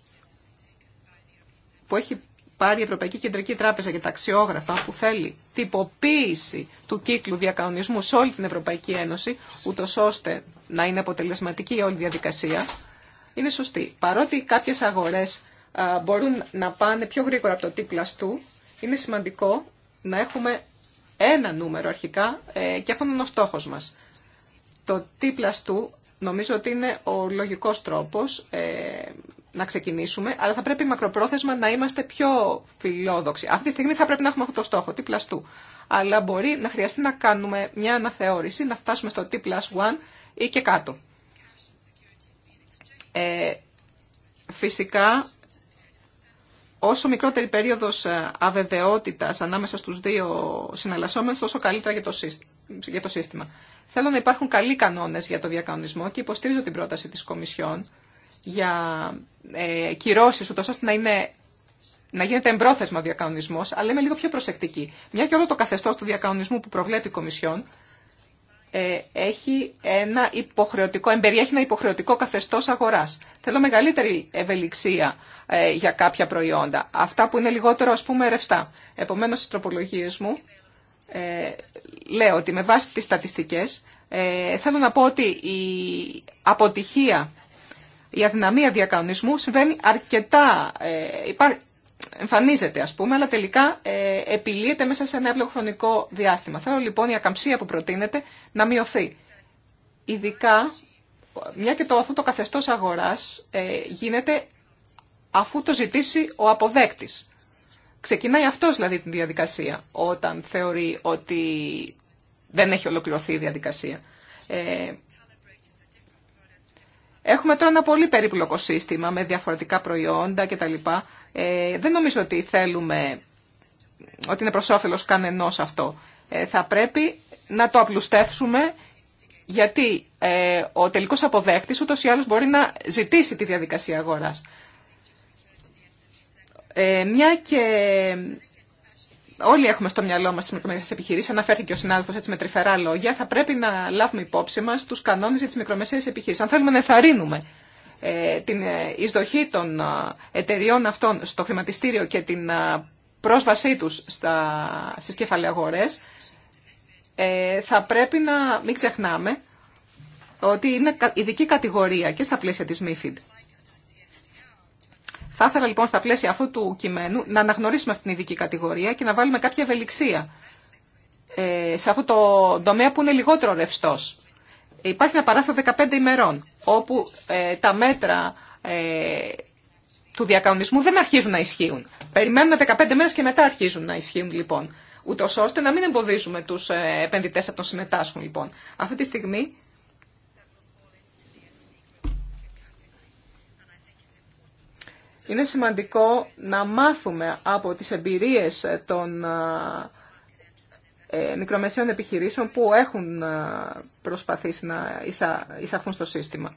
που έχει πάρει η Ευρωπαϊκή Κεντρική Τράπεζα για τα αξιόγραφα που θέλει τυποποίηση του κύκλου διακανονισμού σε όλη την Ευρωπαϊκή Ένωση, ούτω ώστε να είναι αποτελεσματική η όλη διαδικασία, είναι σωστή. Παρότι κάποιες αγορές μπορούν να πάνε πιο γρήγορα από το τι του, είναι σημαντικό να έχουμε ένα νούμερο αρχικά ε, και αυτό είναι ο στόχο μα. Το τι του νομίζω ότι είναι ο λογικός τρόπος ε, να ξεκινήσουμε, αλλά θα πρέπει μακροπρόθεσμα να είμαστε πιο φιλόδοξοι. Αυτή τη στιγμή θα πρέπει να έχουμε αυτό το στόχο, τι 2. Αλλά μπορεί να χρειαστεί να κάνουμε μια αναθεώρηση, να φτάσουμε στο T plus 1 ή και κάτω. Ε, φυσικά, όσο μικρότερη περίοδος ε, αβεβαιότητας ανάμεσα στους δύο συναλλασσόμενους, τόσο καλύτερα για το σύστημα. Θέλω να υπάρχουν καλοί κανόνες για το διακανονισμό και υποστήριζω την πρόταση της Κομισιόν για ε, κυρώσεις, ούτως ώστε να, είναι, να γίνεται εμπρόθεσμα ο διακανονισμό, αλλά είμαι λίγο πιο προσεκτική. Μια και όλο το καθεστώ του διακανονισμού που προβλέπει η Κομισιόν, ε, έχει ένα υποχρεωτικό, εμπεριέχει ένα υποχρεωτικό καθεστώς αγοράς. Θέλω μεγαλύτερη ευελιξία ε, για κάποια προϊόντα, αυτά που είναι λιγότερο α πούμε ρευστά. Επομένω, στι τροπολογίε μου ε, λέω ότι με βάση τις στατιστικές ε, θέλω να πω ότι η αποτυχία η αδυναμία διακανονισμού συμβαίνει αρκετά, ε, υπά... εμφανίζεται ας πούμε, αλλά τελικά ε, επιλύεται μέσα σε ένα εύλογο χρονικό διάστημα. Θέλω λοιπόν η ακαμψία που προτείνεται να μειωθεί. Ειδικά, μια και το, αυτό το καθεστώς αγοράς ε, γίνεται αφού το ζητήσει ο αποδέκτης. Ξεκινάει αυτός δηλαδή την διαδικασία όταν θεωρεί ότι δεν έχει ολοκληρωθεί η διαδικασία. Έχουμε τώρα ένα πολύ περίπλοκο σύστημα με διαφορετικά προϊόντα κτλ. Ε, δεν νομίζω ότι θέλουμε ότι είναι προς όφελος κανενός αυτό. Ε, θα πρέπει να το απλουστεύσουμε γιατί ε, ο τελικός αποδέκτης ούτως ή άλλως μπορεί να ζητήσει τη διαδικασία αγοράς. Ε, μια και όλοι έχουμε στο μυαλό μας τις μικρομεσαίες επιχειρήσεις, αναφέρθηκε ο συνάδελφος έτσι με τρυφερά λόγια, θα πρέπει να λάβουμε υπόψη μας τους κανόνες για τι μικρομεσαίες επιχειρήσεις. Αν θέλουμε να εθαρρύνουμε ε, την ε, εισδοχή των ε, εταιριών αυτών στο χρηματιστήριο και την πρόσβασή τους στι στις ε, θα πρέπει να μην ξεχνάμε ότι είναι ειδική κατηγορία και στα πλαίσια της MIFID. Θα λοιπόν στα πλαίσια αυτού του κειμένου να αναγνωρίσουμε αυτήν την ειδική κατηγορία και να βάλουμε κάποια ευελιξία ε, σε αυτό το τομέα που είναι λιγότερο ρευστό. Υπάρχει ένα παράθυρο 15 ημερών, όπου ε, τα μέτρα ε, του διακανονισμού δεν αρχίζουν να ισχύουν. Περιμένουμε 15 μέρε και μετά αρχίζουν να ισχύουν λοιπόν. Ούτω ώστε να μην εμποδίζουμε του επενδυτέ από τον συμμετάσχουν λοιπόν. Αυτή τη στιγμή Είναι σημαντικό να μάθουμε από τις εμπειρίες των ε, ε, μικρομεσαίων επιχειρήσεων που έχουν ε, προσπαθήσει να εισαχθούν στο σύστημα.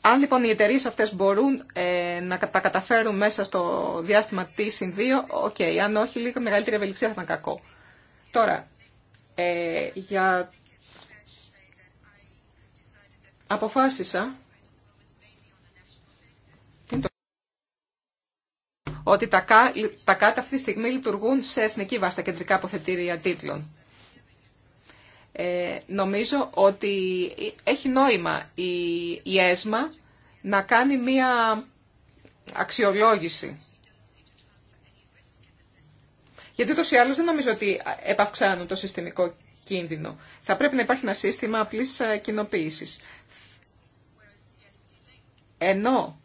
Αν λοιπόν οι εταιρείε αυτές μπορούν να τα καταφέρουν μέσα στο διάστημα T συν 2, οκ. Okay. Αν όχι, λίγο μεγαλύτερη ευελιξία θα ήταν κακό. Τώρα, για... αποφάσισα ότι τα, ΚΑ, τα ΚΑΤ αυτή τη στιγμή λειτουργούν σε εθνική βάση τα κεντρικά αποθετήρια τίτλων. Ε, νομίζω ότι έχει νόημα η, ΕΣΜΑ να κάνει μία αξιολόγηση. Γιατί ούτως ή άλλως δεν νομίζω ότι επαυξάνουν το συστημικό κίνδυνο. Θα πρέπει να υπάρχει ένα σύστημα απλής ε, κοινοποίησης. Ενώ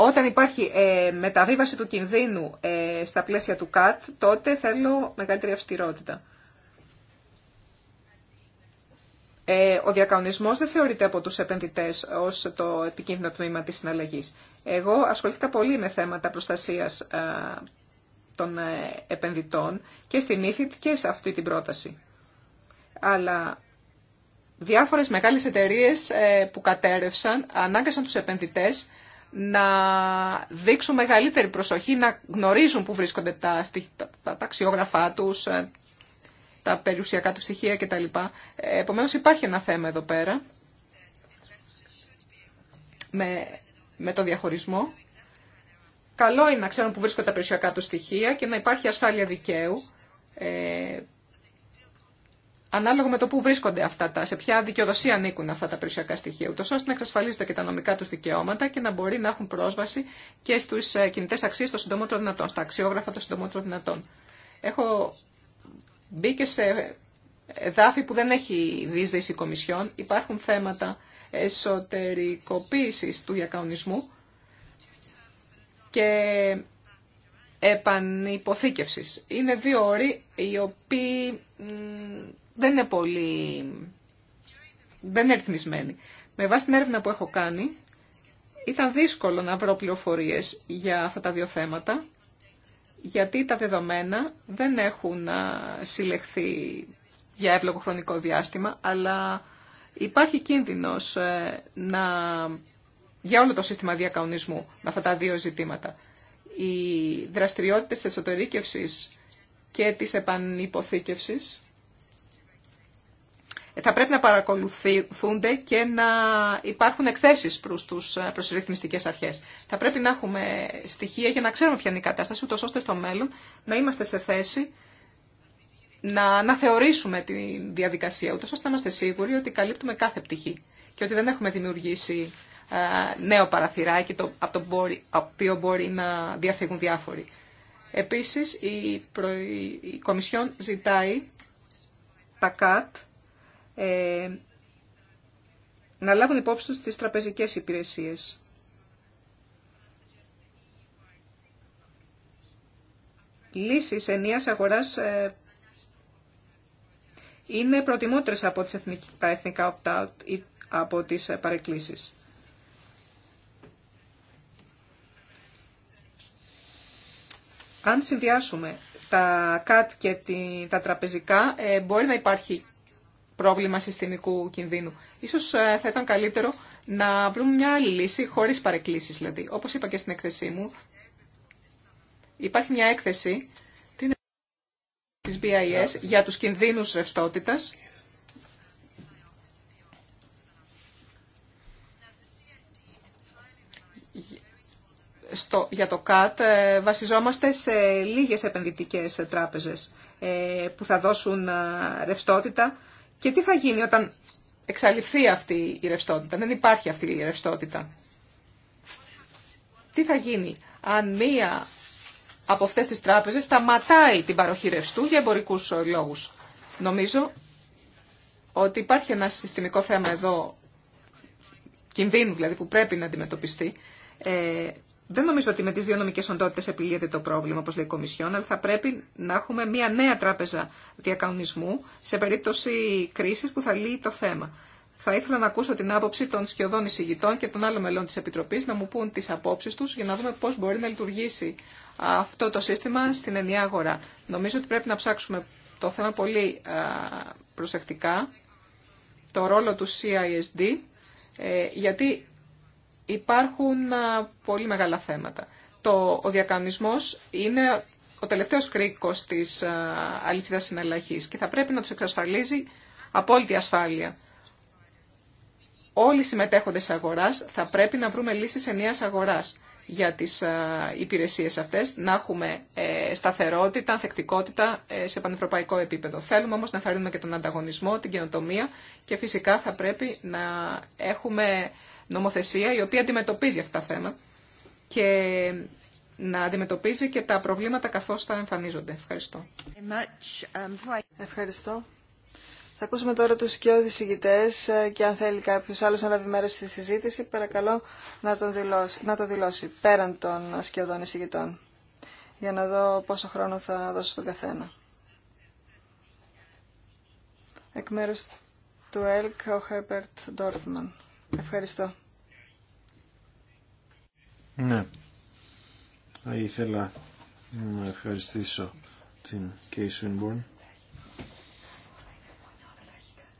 όταν υπάρχει ε, μεταβίβαση του κινδύνου ε, στα πλαίσια του ΚΑΤ, τότε θέλω μεγαλύτερη αυστηρότητα. Ε, ο διακανονισμός δεν θεωρείται από τους επενδυτές ως το επικίνδυνο τμήμα της συναλλαγής. Εγώ ασχολήθηκα πολύ με θέματα προστασίας ε, των επενδυτών και στην ήθιτ και σε αυτή την πρόταση. Αλλά διάφορες μεγάλες εταιρείες που κατέρευσαν ανάγκασαν τους επενδυτές να δείξουν μεγαλύτερη προσοχή, να γνωρίζουν που βρίσκονται τα, τα ταξιόγραφά τους, ε, τα περιουσιακά του στοιχεία κτλ. Επομένως υπάρχει ένα θέμα εδώ πέρα με, με το διαχωρισμό. Καλό είναι να ξέρουν που βρίσκονται τα περιουσιακά του στοιχεία και να υπάρχει ασφάλεια δικαίου ε, ανάλογα με το που βρίσκονται αυτά τα, σε ποια δικαιοδοσία ανήκουν αυτά τα περιουσιακά στοιχεία, ούτως ώστε να εξασφαλίζονται και τα νομικά του δικαιώματα και να μπορεί να έχουν πρόσβαση και στους ε, κινητές αξίες των συντομότερων δυνατών, στα αξιόγραφα των συντομότερων δυνατών. Έχω μπει και σε εδάφη που δεν έχει δίσδυση κομισιών. υπάρχουν θέματα εσωτερικοποίησης του διακαονισμού και επανυποθήκευσης. Είναι δύο όροι οι οποίοι δεν είναι πολύ... δεν Με βάση την έρευνα που έχω κάνει, ήταν δύσκολο να βρω πληροφορίε για αυτά τα δύο θέματα, γιατί τα δεδομένα δεν έχουν συλλεχθεί για εύλογο χρονικό διάστημα, αλλά υπάρχει κίνδυνος ε, να... για όλο το σύστημα διακαονισμού με αυτά τα δύο ζητήματα. Οι δραστηριότητες της εσωτερήκευσης και της επανυποθήκευσης θα πρέπει να παρακολουθούνται και να υπάρχουν εκθέσεις προς, τους, ε, προς τις αρχές. Θα πρέπει να έχουμε στοιχεία για να ξέρουμε ποια είναι η κατάσταση, ούτως ώστε στο μέλλον να είμαστε σε θέση να θεωρήσουμε τη διαδικασία, ούτως ώστε να είμαστε σίγουροι ότι καλύπτουμε κάθε πτυχή και ότι δεν έχουμε δημιουργήσει ε, νέο παραθυράκι το, από το οποίο μπορεί να διαφύγουν διάφοροι. Επίσης, η, η Κομισιόν ζητάει τα ΚΑΤ ε, να λάβουν υπόψη τους τις τραπεζικές υπηρεσίες. Λύσεις ενίας αγοράς ε, είναι προτιμότερες από τις τα εθνικά opt-out ή από τις παρεκκλήσεις. Αν συνδυάσουμε τα ΚΑΤ και τα τραπεζικά, ε, μπορεί να υπάρχει πρόβλημα συστημικού κινδύνου. Ίσως ε, θα ήταν καλύτερο να βρούμε μια άλλη λύση, χωρίς παρεκκλήσεις δηλαδή. Όπως είπα και στην έκθεσή μου, υπάρχει μια έκθεση της BIS για τους κινδύνους ρευστότητας. Στο, για το ΚΑΤ ε, βασιζόμαστε σε λίγες επενδυτικές τράπεζες ε, που θα δώσουν ρευστότητα και τι θα γίνει όταν εξαλειφθεί αυτή η ρευστότητα, δεν υπάρχει αυτή η ρευστότητα. Τι θα γίνει αν μία από αυτές τις τράπεζες σταματάει την παροχή ρευστού για εμπορικούς λόγους. Νομίζω ότι υπάρχει ένα συστημικό θέμα εδώ, κινδύνου δηλαδή, που πρέπει να αντιμετωπιστεί. Ε, δεν νομίζω ότι με τι δύο νομικέ οντότητε επιλύεται το πρόβλημα, όπω λέει η Κομισιόν, αλλά θα πρέπει να έχουμε μια νέα τράπεζα διακανονισμού σε περίπτωση κρίση που θα λύει το θέμα. Θα ήθελα να ακούσω την άποψη των σχεδόν εισηγητών και των άλλων μελών τη Επιτροπή να μου πούν τι απόψει του για να δούμε πώ μπορεί να λειτουργήσει αυτό το σύστημα στην ενιαία αγορά. Νομίζω ότι πρέπει να ψάξουμε το θέμα πολύ προσεκτικά, το ρόλο του CISD, ε, γιατί Υπάρχουν πολύ μεγάλα θέματα. Το, ο διακανονισμός είναι ο τελευταίος κρίκος της αλυσίδας συναλλαγής και θα πρέπει να τους εξασφαλίζει απόλυτη ασφάλεια. Όλοι οι συμμετέχοντες αγοράς θα πρέπει να βρούμε λύσεις ενιαίας αγοράς για τις υπηρεσίες αυτές, να έχουμε ε, σταθερότητα, ανθεκτικότητα ε, σε πανευρωπαϊκό επίπεδο. Θέλουμε όμως να φέρουμε και τον ανταγωνισμό, την καινοτομία και φυσικά θα πρέπει να έχουμε νομοθεσία η οποία αντιμετωπίζει αυτά τα θέματα και να αντιμετωπίζει και τα προβλήματα καθώς τα εμφανίζονται. Ευχαριστώ. Ευχαριστώ. Θα ακούσουμε τώρα τους σκιώδης ε, και αν θέλει κάποιος άλλος να λάβει μέρος στη συζήτηση, παρακαλώ να, τον δηλώσει, να το δηλώσει πέραν των σκιωδών εισηγητών για να δω πόσο χρόνο θα δώσω στον καθένα. Εκ μέρους του ΕΛΚ, ο Χέρπερτ Ντόρφμαν. Ευχαριστώ. Ναι. Θα ήθελα να ευχαριστήσω την Κέι Σουινμπορν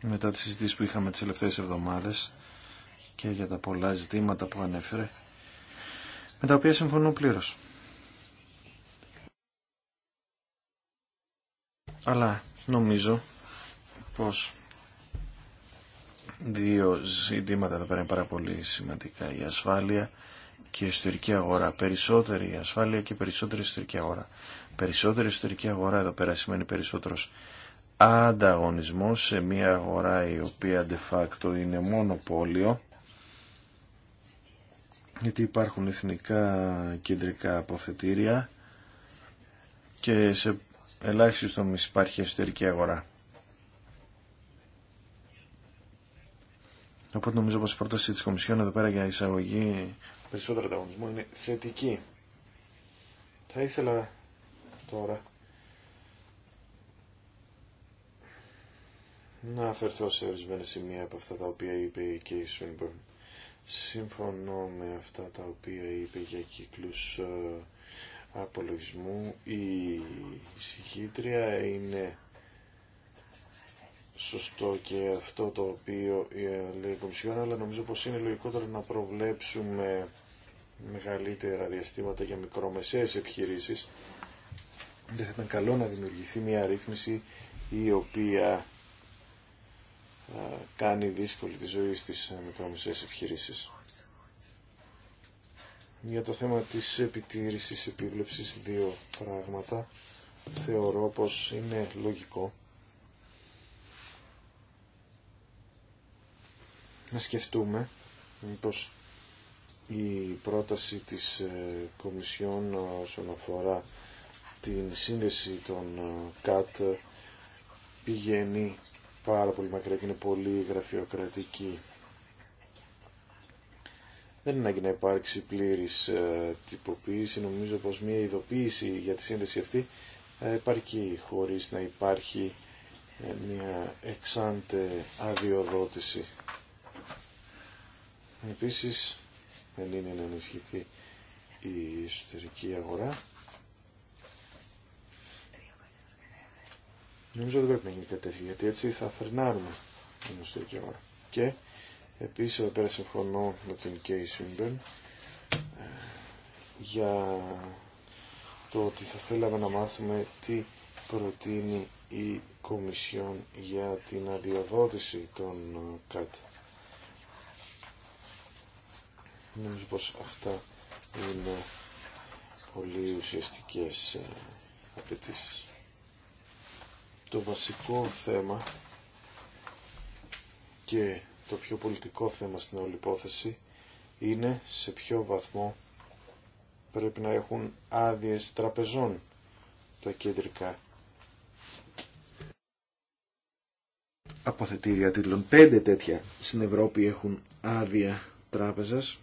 μετά τις συζητήσεις που είχαμε τις τελευταίες εβδομάδες και για τα πολλά ζητήματα που ανέφερε με τα οποία συμφωνώ πλήρως. Αλλά νομίζω πως δύο ζητήματα εδώ πέρα είναι πάρα πολύ σημαντικά. Η ασφάλεια και η εσωτερική αγορά. Περισσότερη ασφάλεια και περισσότερη εσωτερική αγορά. Περισσότερη εσωτερική αγορά εδώ πέρα σημαίνει περισσότερος ανταγωνισμός σε μια αγορά η οποία de facto είναι πόλιο, γιατί υπάρχουν εθνικά κεντρικά αποθετήρια και σε ελάχιστο μισή υπάρχει εσωτερική αγορά. Οπότε νομίζω πως η πρόταση της Κομισιόν εδώ πέρα για εισαγωγή περισσότερο ανταγωνισμό είναι θετική. Θα ήθελα τώρα να αφαιρθώ σε ορισμένα σημεία από αυτά τα οποία είπε και η Σουίνμπορν. Συμφωνώ με αυτά τα οποία είπε για κύκλους ε, απολογισμού. Η συγκίτρια είναι σωστό και αυτό το οποίο λέει η Κομισιόν, αλλά νομίζω πως είναι λογικότερο να προβλέψουμε μεγαλύτερα διαστήματα για μικρομεσαίες επιχειρήσεις. Δεν θα ήταν καλό να δημιουργηθεί μια ρύθμιση η οποία κάνει δύσκολη τη ζωή στις μικρομεσαίες επιχειρήσεις. Για το θέμα της επιτήρησης, επίβλεψης, δύο πράγματα θεωρώ πως είναι λογικό να σκεφτούμε μήπως η πρόταση της ε, Κομισιόν όσον αφορά την σύνδεση των ε, ΚΑΤ πηγαίνει πάρα πολύ μακριά και είναι πολύ γραφειοκρατική. Δεν είναι ανάγκη να υπάρξει πλήρης ε, τυποποίηση. Νομίζω πως μια ειδοποίηση για τη σύνδεση αυτή υπάρχει χωρίς να υπάρχει μια εξάντε αδειοδότηση. Επίσης δεν είναι να ενισχυθεί η εσωτερική αγορά. Νομίζω δεν πρέπει να γίνει κατεύθυνση γιατί έτσι θα φερνάρουμε την εσωτερική αγορά. Και επίσης εδώ πέρα συμφωνώ με την Κέι Σούμπερν ε, για το ότι θα θέλαμε να μάθουμε τι προτείνει η Κομισιόν για την αδειοδότηση των ε, ΚΑΤ. Νομίζω πως αυτά είναι πολύ ουσιαστικές ε, απαιτήσει. Το βασικό θέμα και το πιο πολιτικό θέμα στην όλη υπόθεση είναι σε ποιο βαθμό πρέπει να έχουν άδειε τραπεζών τα κεντρικά αποθετήρια τίτλων. Πέντε τέτοια στην Ευρώπη έχουν άδεια τράπεζας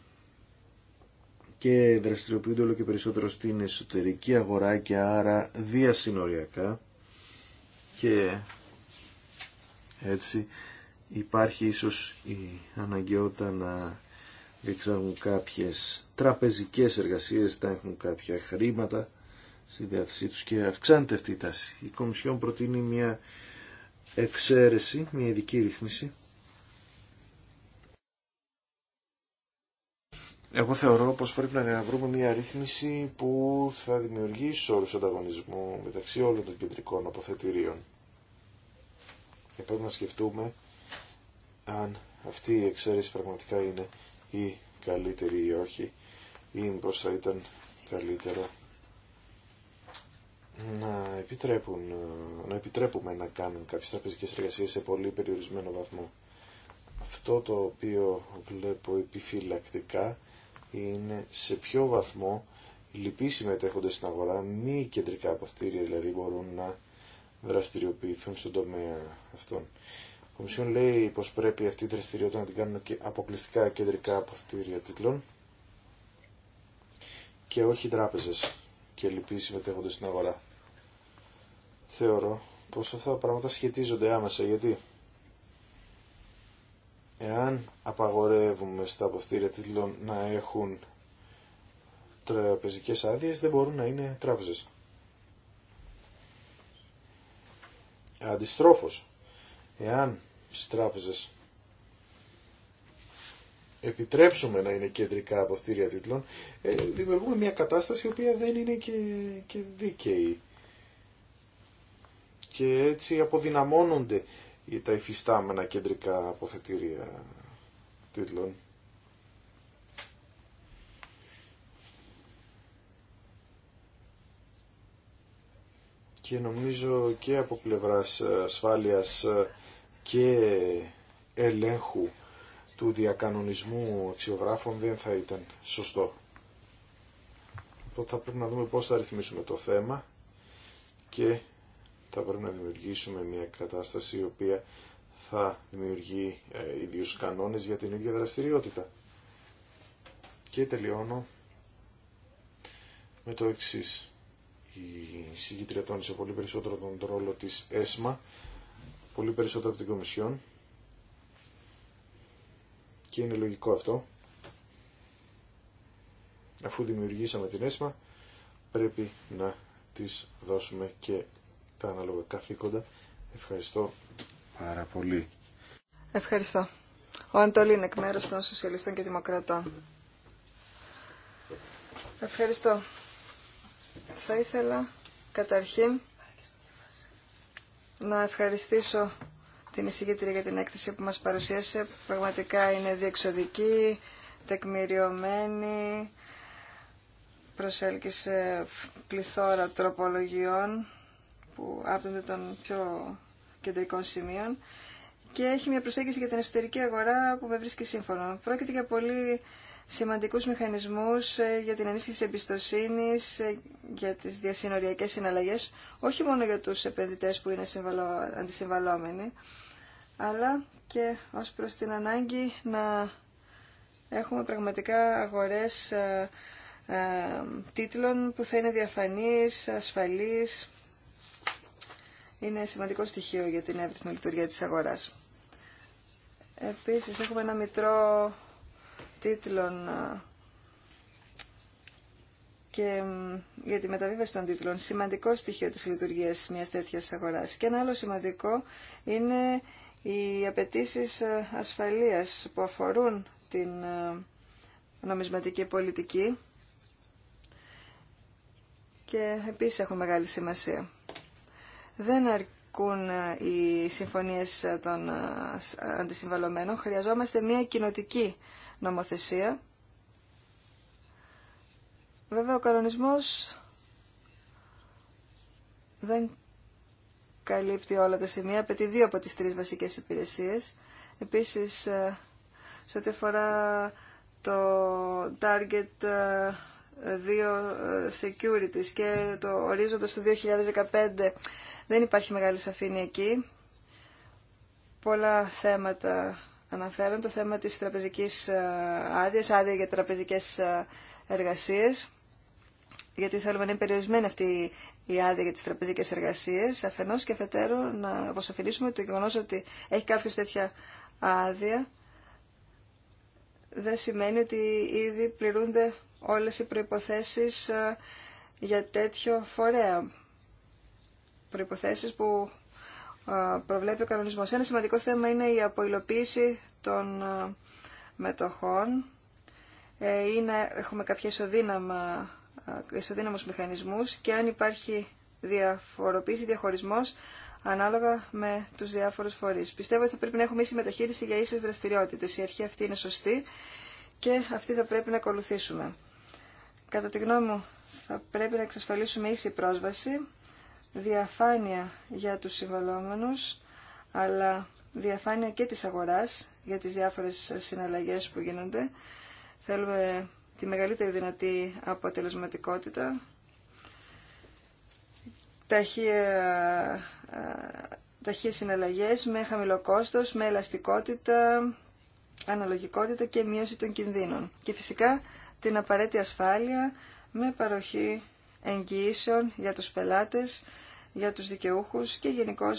και δραστηριοποιούνται όλο και περισσότερο στην εσωτερική αγορά και άρα διασυνοριακά και έτσι υπάρχει ίσως η αναγκαιότητα να διεξάγουν κάποιες τραπεζικές εργασίες, να έχουν κάποια χρήματα στη διάθεσή τους και αυξάνεται αυτή η τάση. Η Κομισιόν προτείνει μια εξαίρεση, μια ειδική ρύθμιση Εγώ θεωρώ πως πρέπει να βρούμε μια ρύθμιση που θα δημιουργήσει όρους ανταγωνισμού μεταξύ όλων των κεντρικών αποθετηρίων. Και πρέπει να σκεφτούμε αν αυτή η εξαίρεση πραγματικά είναι η καλύτερη ή όχι ή μήπως θα ήταν καλύτερο να, επιτρέπουν, να επιτρέπουμε να κάνουν κάποιες τραπεζικές εργασίες σε πολύ περιορισμένο βαθμό. Αυτό το οποίο βλέπω επιφυλακτικά είναι σε ποιο βαθμό οι λοιποί συμμετέχοντες στην αγορά, μη κεντρικά αποκτήρια δηλαδή, μπορούν να δραστηριοποιηθούν στον τομέα αυτών. Η Κομισιόν λέει πως πρέπει αυτή η δραστηριότητα να την κάνουν και αποκλειστικά κεντρικά αποκτήρια τίτλων και όχι τράπεζε και λοιποί συμμετέχοντες στην αγορά. Θεωρώ πως αυτά τα πράγματα σχετίζονται άμεσα γιατί Εάν απαγορεύουμε στα αποθήρια τίτλων να έχουν τραπεζικές άδειες, δεν μπορούν να είναι τράπεζες. Αντιστρόφως, εάν στις τράπεζες επιτρέψουμε να είναι κεντρικά αποθήρια τίτλων, ε, δημιουργούμε μια κατάσταση η οποία δεν είναι και, και δίκαιη. Και έτσι αποδυναμώνονται ή τα υφιστάμενα κεντρικά αποθετήρια τίτλων. Και νομίζω και από πλευράς ασφάλειας και ελέγχου του διακανονισμού αξιογράφων δεν θα ήταν σωστό. Οπότε θα πρέπει να δούμε πώς θα ρυθμίσουμε το θέμα και θα πρέπει να δημιουργήσουμε μια κατάσταση η οποία θα δημιουργεί ε, ίδιους κανόνες για την ίδια δραστηριότητα. Και τελειώνω με το εξής. Η συγκήτρια τόνισε πολύ περισσότερο τον ρόλο της ΕΣΜΑ, πολύ περισσότερο από την Κομισιόν και είναι λογικό αυτό. Αφού δημιουργήσαμε την ΕΣΜΑ πρέπει να της δώσουμε και τα ανάλογα καθήκοντα. Ευχαριστώ πάρα πολύ. Ευχαριστώ. Ο είναι εκ μέρου των Σοσιαλιστών και Δημοκρατών. Ευχαριστώ. Θα ήθελα καταρχήν να ευχαριστήσω την εισηγήτρια για την έκθεση που μας παρουσίασε, πραγματικά είναι διεξοδική, τεκμηριωμένη, προσέλκυσε πληθώρα τροπολογιών που άπτονται των πιο κεντρικών σημείων και έχει μια προσέγγιση για την εσωτερική αγορά που με βρίσκει σύμφωνο. Πρόκειται για πολύ σημαντικούς μηχανισμούς ε, για την ενίσχυση εμπιστοσύνης, ε, για τις διασυνοριακές συναλλαγές, όχι μόνο για τους επενδυτές που είναι αντισυμβαλόμενοι, αλλά και ως προς την ανάγκη να έχουμε πραγματικά αγορές ε, τίτλων που θα είναι διαφανείς, ασφαλείς είναι σημαντικό στοιχείο για την εύρυθμη λειτουργία της αγοράς. Επίσης έχουμε ένα μητρό τίτλων και για τη μεταβίβαση των τίτλων. Σημαντικό στοιχείο της λειτουργίας μιας τέτοιας αγοράς. Και ένα άλλο σημαντικό είναι οι απαιτήσει ασφαλείας που αφορούν την νομισματική πολιτική και επίσης έχουν μεγάλη σημασία δεν αρκούν ε, οι συμφωνίες ε, των ε, αντισυμβαλωμένων. Χρειαζόμαστε μια κοινοτική νομοθεσία. Βέβαια ο κανονισμός δεν καλύπτει όλα τα σημεία, απαιτεί δύο από τις τρεις βασικές υπηρεσίες. Επίσης, σε ό,τι αφορά το target 2 securities και το ορίζοντας το 2015 δεν υπάρχει μεγάλη σαφήνεια εκεί. Πολλά θέματα αναφέρονται. Το θέμα της τραπεζικής ε, άδειας, άδεια για τραπεζικές ε, εργασίες, γιατί θέλουμε να είναι περιορισμένη αυτή η άδεια για τις τραπεζικές εργασίες, αφενός και αφετέρου να αποσαφηνίσουμε το γεγονό ότι έχει κάποιο τέτοια άδεια, δεν σημαίνει ότι ήδη πληρούνται όλες οι προϋποθέσεις ε, για τέτοιο φορέα προϋποθέσεις που προβλέπει ο κανονισμός. Ένα σημαντικό θέμα είναι η αποϊλοποίηση των μετοχών. Ε, είναι, έχουμε κάποια ισοδύναμα, ισοδύναμους μηχανισμούς και αν υπάρχει διαφοροποίηση, διαχωρισμός ανάλογα με τους διάφορους φορείς. Πιστεύω ότι θα πρέπει να έχουμε ίση μεταχείριση για ίσες δραστηριότητες. Η αρχή αυτή είναι σωστή και αυτή θα πρέπει να ακολουθήσουμε. Κατά τη γνώμη μου θα πρέπει να εξασφαλίσουμε ίση πρόσβαση διαφάνεια για τους συμβαλόμενους, αλλά διαφάνεια και της αγοράς για τις διάφορες συναλλαγές που γίνονται. Θέλουμε τη μεγαλύτερη δυνατή αποτελεσματικότητα, ταχεία, συναλλαγέ ε, συναλλαγές με χαμηλό κόστος, με ελαστικότητα, αναλογικότητα και μείωση των κινδύνων. Και φυσικά την απαραίτητη ασφάλεια με παροχή εγγυήσεων για τους πελάτες για τους δικαιούχους και γενικώ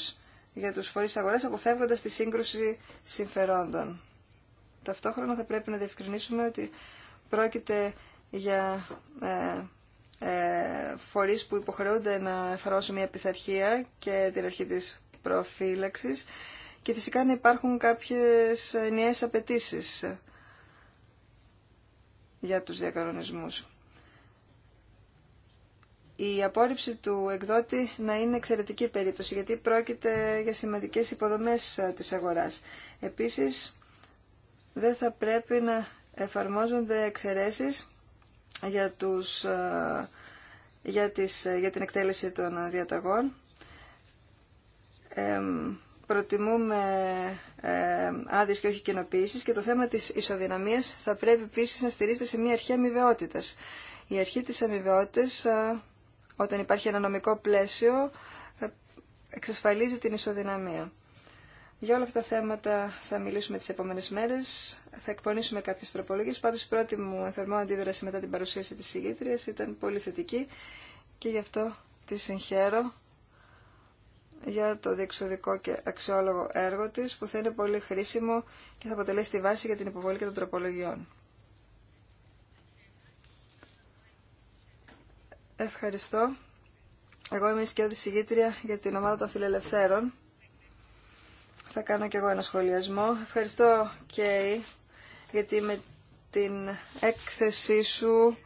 για τους φορείς αγοράς, αποφεύγοντας τη σύγκρουση συμφερόντων. Ταυτόχρονα θα πρέπει να διευκρινίσουμε ότι πρόκειται για ε, ε φορείς που υποχρεούνται να εφαρμόσουν μια πειθαρχία και την αρχή της προφύλαξης και φυσικά να υπάρχουν κάποιες νέες απαιτήσει για τους διακανονισμούς η απόρριψη του εκδότη να είναι εξαιρετική περίπτωση, γιατί πρόκειται για σημαντικές υποδομές ε, της αγοράς. Επίσης, δεν θα πρέπει να εφαρμόζονται εξαιρέσεις για, τους, ε, για, ε, για την εκτέλεση των διαταγών. προτιμούμε ε, άδειες και όχι κοινοποίησεις και το θέμα της ισοδυναμίας θα πρέπει επίσης να στηρίζεται σε μια αρχή αμοιβαιότητας. Η αρχή της αμοιβαιότητας όταν υπάρχει ένα νομικό πλαίσιο, εξασφαλίζει την ισοδυναμία. Για όλα αυτά τα θέματα θα μιλήσουμε τις επόμενες μέρες, θα εκπονήσουμε κάποιες τροπολογίες. Πάντως η πρώτη μου θερμό αντίδραση μετά την παρουσίαση της ηγήτριας ήταν πολύ θετική και γι' αυτό τη συγχαίρω για το διεξοδικό και αξιόλογο έργο της που θα είναι πολύ χρήσιμο και θα αποτελέσει τη βάση για την υποβολή και των τροπολογιών. Ευχαριστώ. Εγώ είμαι η σκιώδη συγγήτρια για την ομάδα των φιλελευθέρων. Θα κάνω και εγώ ένα σχολιασμό. Ευχαριστώ, Κέι, γιατί με την έκθεσή σου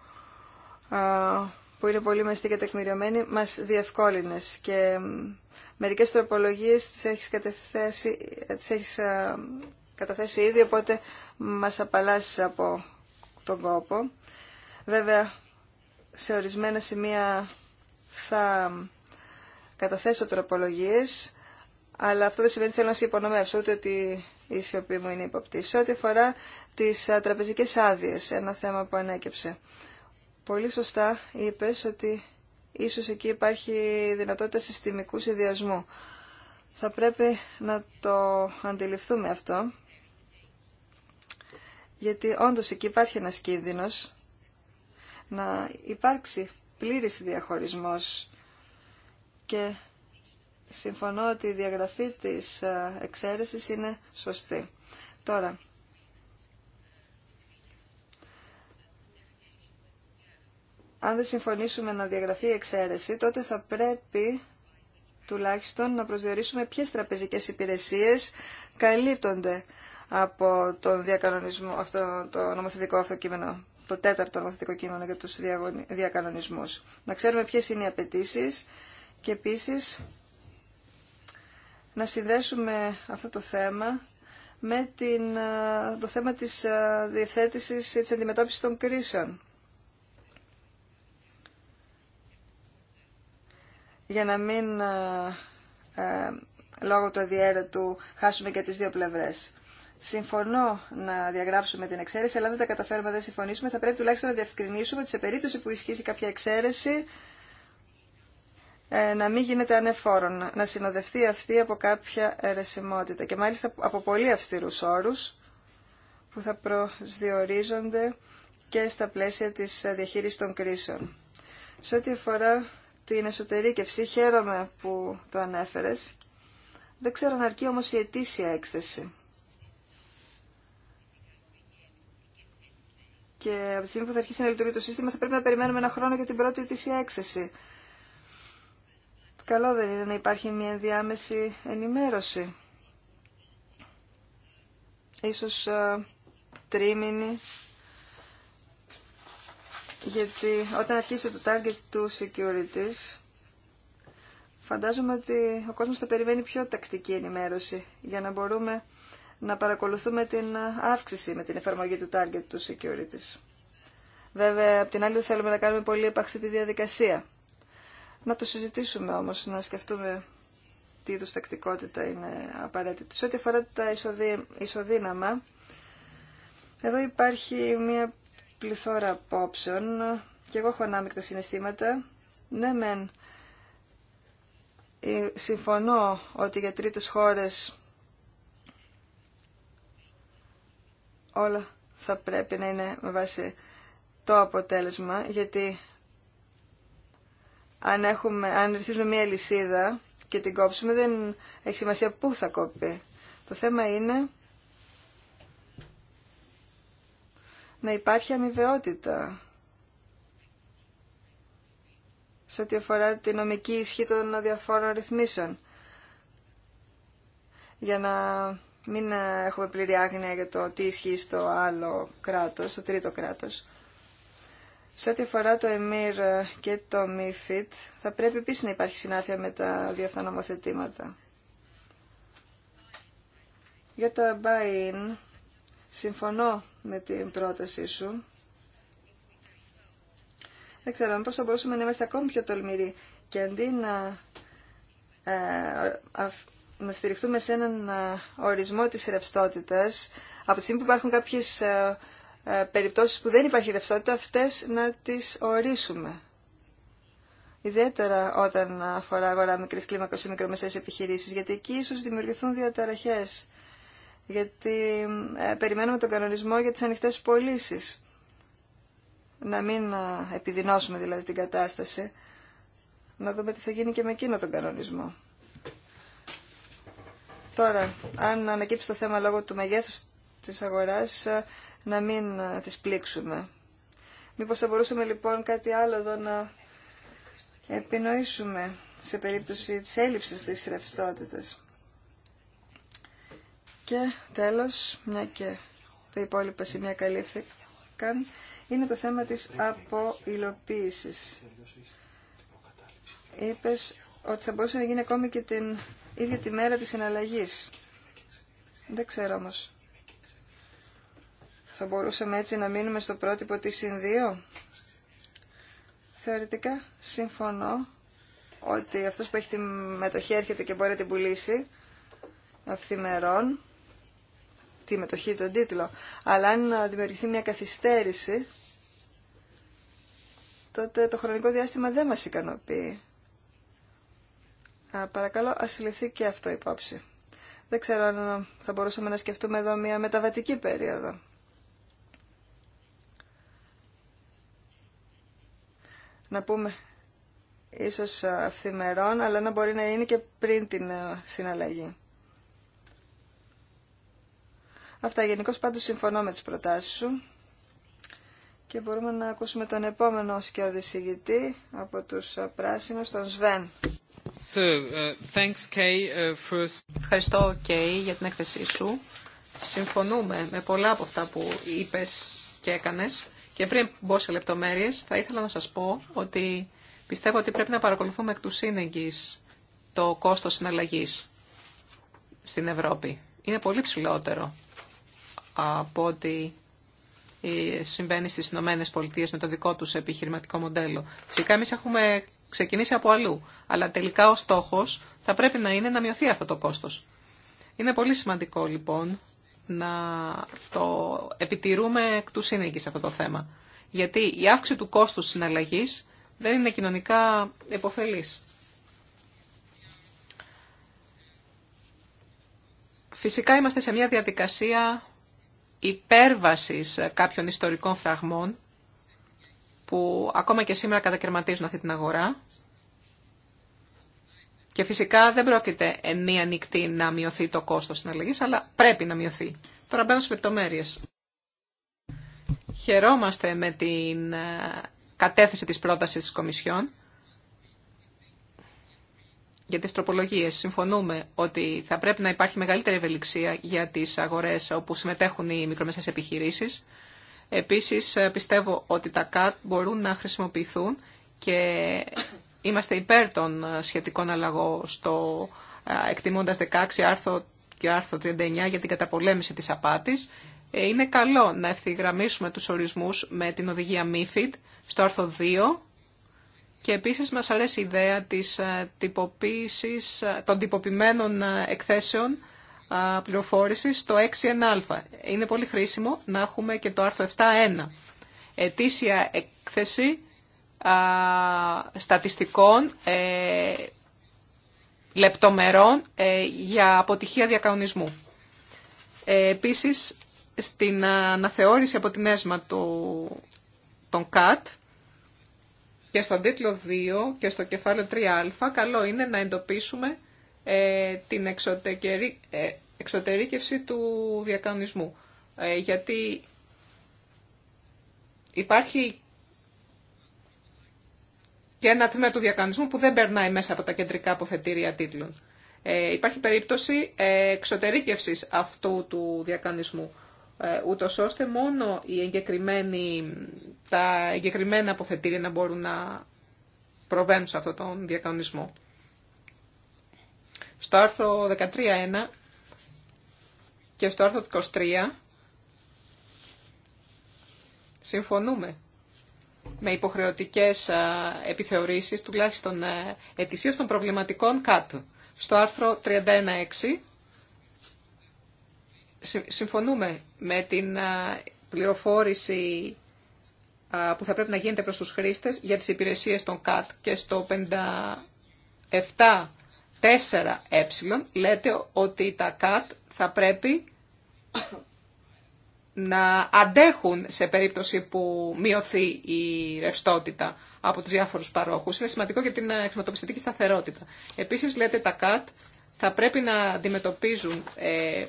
που είναι πολύ μεστή και τεκμηριωμένη, μας διευκόλυνες και μερικές τροπολογίες τις έχεις, καταθέσει, τις καταθέσει ήδη, οπότε μας απαλλάσσεις από τον κόπο. Βέβαια, σε ορισμένα σημεία θα καταθέσω τροπολογίες, αλλά αυτό δεν σημαίνει θέλω να σε υπονομεύσω, ούτε ότι η σιωπή μου είναι υποπτή. Σε ό,τι αφορά τις τραπεζικές άδειες, ένα θέμα που ανέκυψε. Πολύ σωστά είπες ότι ίσως εκεί υπάρχει δυνατότητα συστημικού συνδυασμού. Θα πρέπει να το αντιληφθούμε αυτό, γιατί όντως εκεί υπάρχει ένας κίνδυνος να υπάρξει πλήρης διαχωρισμός και συμφωνώ ότι η διαγραφή της ε, εξαίρεσης είναι σωστή. Τώρα, αν δεν συμφωνήσουμε να διαγραφεί η εξαίρεση, τότε θα πρέπει τουλάχιστον να προσδιορίσουμε ποιες τραπεζικές υπηρεσίες καλύπτονται από τον διακανονισμό, αυτό το νομοθετικό αυτό κείμενο το τέταρτο νομοθετικό κείμενο για τους διακανονισμούς. Να ξέρουμε ποιες είναι οι απαιτήσει και επίσης να συνδέσουμε αυτό το θέμα με την, το θέμα της διευθέτησης της αντιμετώπισης των κρίσεων. Για να μην ε, λόγω του αδιέρετου χάσουμε και τις δύο πλευρές συμφωνώ να διαγράψουμε την εξαίρεση, αλλά αν δεν τα καταφέρουμε, δεν συμφωνήσουμε, θα πρέπει τουλάχιστον να διευκρινίσουμε ότι σε περίπτωση που ισχύσει κάποια εξαίρεση, ε, να μην γίνεται ανεφόρον, να συνοδευτεί αυτή από κάποια αιρεσιμότητα και μάλιστα από πολύ αυστηρούς όρους που θα προσδιορίζονται και στα πλαίσια της ε, διαχείρισης των κρίσεων. Σε ό,τι αφορά την εσωτερήκευση, χαίρομαι που το ανέφερες. Δεν ξέρω αν αρκεί όμως η ετήσια έκθεση. Και από τη στιγμή που θα αρχίσει να λειτουργεί το σύστημα θα πρέπει να περιμένουμε ένα χρόνο για την πρώτη ετήσια έκθεση. Καλό δεν είναι να υπάρχει μια ενδιάμεση ενημέρωση. Ίσως ε, τρίμηνη, γιατί όταν αρχίσει το target του security φαντάζομαι ότι ο κόσμος θα περιμένει πιο τακτική ενημέρωση για να μπορούμε να παρακολουθούμε την αύξηση με την εφαρμογή του target του security. Βέβαια, από την άλλη θέλουμε να κάνουμε πολύ επαχθή τη διαδικασία. Να το συζητήσουμε όμως, να σκεφτούμε τι είδους τακτικότητα είναι απαραίτητη. Σε ό,τι αφορά τα ισοδύναμα, εδώ υπάρχει μια πληθώρα απόψεων και εγώ έχω ανάμεικτα συναισθήματα. Ναι, μεν, ε, συμφωνώ ότι για τρίτες χώρες όλα θα πρέπει να είναι με βάση το αποτέλεσμα, γιατί αν, έχουμε, αν μία λυσίδα και την κόψουμε, δεν έχει σημασία πού θα κόπει. Το θέμα είναι να υπάρχει αμοιβαιότητα σε ό,τι αφορά τη νομική ισχύ των διαφόρων ρυθμίσεων για να μην ε, έχουμε πλήρη άγνοια για το τι ισχύει στο άλλο κράτος, στο τρίτο κράτος. Σε ό,τι αφορά το ΕΜΙΡ ε, και το ΜΙΦΙΤ, θα πρέπει επίσης να υπάρχει συνάφεια με τα δύο αυτά νομοθετήματα. Για το buy-in, συμφωνώ με την πρότασή σου. Δεν ξέρω, μήπως θα μπορούσαμε να είμαστε ακόμη πιο τολμηροί και αντί να ε, να στηριχτούμε σε έναν ε, ορισμό της ρευστότητα, από τη στιγμή που υπάρχουν κάποιες ε, ε, περιπτώσεις που δεν υπάρχει ρευστότητα, αυτές να τις ορίσουμε. Ιδιαίτερα όταν αφορά αγορά μικρής κλίμακας ή μικρομεσαίες επιχειρήσεις, γιατί εκεί ίσως δημιουργηθούν διαταραχές. Γιατί περιμένουμε τον κανονισμό για τις ανοιχτές πωλήσει. Να μην επιδεινώσουμε δηλαδή την κατάσταση. Να δούμε τι θα γίνει και με εκείνο τον κανονισμό. Τώρα, αν ανακύψει το θέμα λόγω του μεγέθους της αγοράς, ε, να μην ε, τις πλήξουμε. Μήπως θα μπορούσαμε λοιπόν κάτι άλλο εδώ να επινοήσουμε σε περίπτωση της έλλειψης αυτής της ρευστότητας. Και τέλος, μια και τα υπόλοιπα σημεία καλύφθηκαν, είναι το θέμα της αποϊλοποίησης. Είπες ότι θα μπορούσε να γίνει ακόμη και την Ήδη τη μέρα της συναλλαγής. Δεν ξέρω όμως. Θα μπορούσαμε έτσι να μείνουμε στο πρότυπο της συνδύο. Θεωρητικά συμφωνώ ότι αυτός που έχει τη μετοχή έρχεται και μπορεί να την πουλήσει αυθημερών τη μετοχή, τον τίτλο. Αλλά αν δημιουργηθεί μια καθυστέρηση τότε το χρονικό διάστημα δεν μας ικανοποιεί παρακαλώ, ας και αυτό υπόψη. Δεν ξέρω αν θα μπορούσαμε να σκεφτούμε εδώ μια μεταβατική περίοδο. Να πούμε ίσως αυθημερών, αλλά να μπορεί να είναι και πριν την συναλλαγή. Αυτά γενικώ πάντως συμφωνώ με τις προτάσεις σου και μπορούμε να ακούσουμε τον επόμενο σκιώδη συγητή από τους πράσινους, τον Σβέν. Uh, uh, Ευχαριστώ, Κέι, για την έκθεσή σου. Συμφωνούμε με πολλά από αυτά που είπες και έκανες. Και πριν μπω σε λεπτομέρειες, θα ήθελα να σας πω ότι πιστεύω ότι πρέπει να παρακολουθούμε εκ του σύνεγγυς το κόστος συναλλαγής στην Ευρώπη. Είναι πολύ ψηλότερο από ό,τι ε, συμβαίνει στις Ηνωμένε Πολιτείε με το δικό τους επιχειρηματικό μοντέλο. Φυσικά εμεί έχουμε ξεκινήσει από αλλού. Αλλά τελικά ο στόχος θα πρέπει να είναι να μειωθεί αυτό το κόστος. Είναι πολύ σημαντικό λοιπόν να το επιτηρούμε εκ του σύνεγγυς αυτό το θέμα. Γιατί η αύξηση του κόστου συναλλαγή δεν είναι κοινωνικά υποφελής. Φυσικά είμαστε σε μια διαδικασία υπέρβασης κάποιων ιστορικών φραγμών που ακόμα και σήμερα κατακαιρματίζουν αυτή την αγορά. Και φυσικά δεν πρόκειται εν μία νυχτή να μειωθεί το κόστος συναλλαγής, αλλά πρέπει να μειωθεί. Τώρα μπαίνω στις λεπτομέρειες. Χαιρόμαστε με την ε, κατέθεση της πρότασης της Κομισιόν για τις τροπολογίες. Συμφωνούμε ότι θα πρέπει να υπάρχει μεγαλύτερη ευελιξία για τις αγορές όπου συμμετέχουν οι μικρομεσαίες επιχειρήσεις. Επίσης ε, πιστεύω ότι τα ΚΑΤ μπορούν να χρησιμοποιηθούν και είμαστε υπέρ των ε, σχετικών αλλαγών στο ε, εκτιμώντας 16 άρθρο και άρθρο 39 για την καταπολέμηση της απάτης. Είναι καλό να ευθυγραμμίσουμε τους ορισμούς με την οδηγία MIFID στο άρθρο 2 και επίσης μας αρέσει η ιδέα της τυποποίησης των τυποποιημένων εκθέσεων πληροφόρηση στο 6 α Είναι πολύ χρήσιμο να έχουμε και το άρθρο 7.1. Ετήσια έκθεση στατιστικών ε, λεπτομερών ε, για αποτυχία διακανονισμού. Ε, επίσης, στην αναθεώρηση από την έσμα του, των ΚΑΤ και στον τίτλο 2 και στο κεφάλαιο 3α, καλό είναι να εντοπίσουμε ε, την ε, εξωτερήκευση του διακανονισμού. Ε, γιατί υπάρχει και ένα τμήμα του διακανονισμού που δεν περνάει μέσα από τα κεντρικά αποθετήρια τίτλων. Ε, υπάρχει περίπτωση εξωτερήκευσης αυτού του διακανονισμού, ε, ούτως ώστε μόνο οι εγκεκριμένοι, τα εγκεκριμένα αποθετήρια να μπορούν να προβαίνουν σε αυτόν τον διακανονισμό. Στο άρθρο 13.1 και στο άρθρο 23 συμφωνούμε με υποχρεωτικές επιθεωρήσεις, τουλάχιστον ε, ετησίως των προβληματικών κάτω. Στο άρθρο 31.6 συμφωνούμε με την πληροφόρηση που θα πρέπει να γίνεται προς τους χρήστες για τις υπηρεσίες των ΚΑΤ και στο 57 4ε λέτε ότι τα ΚΑΤ θα πρέπει να αντέχουν σε περίπτωση που μειωθεί η ρευστότητα από τους διάφορους παρόχους. Είναι σημαντικό για την ε, χρηματοπιστωτική σταθερότητα. Επίσης λέτε τα ΚΑΤ θα πρέπει να αντιμετωπίζουν ε,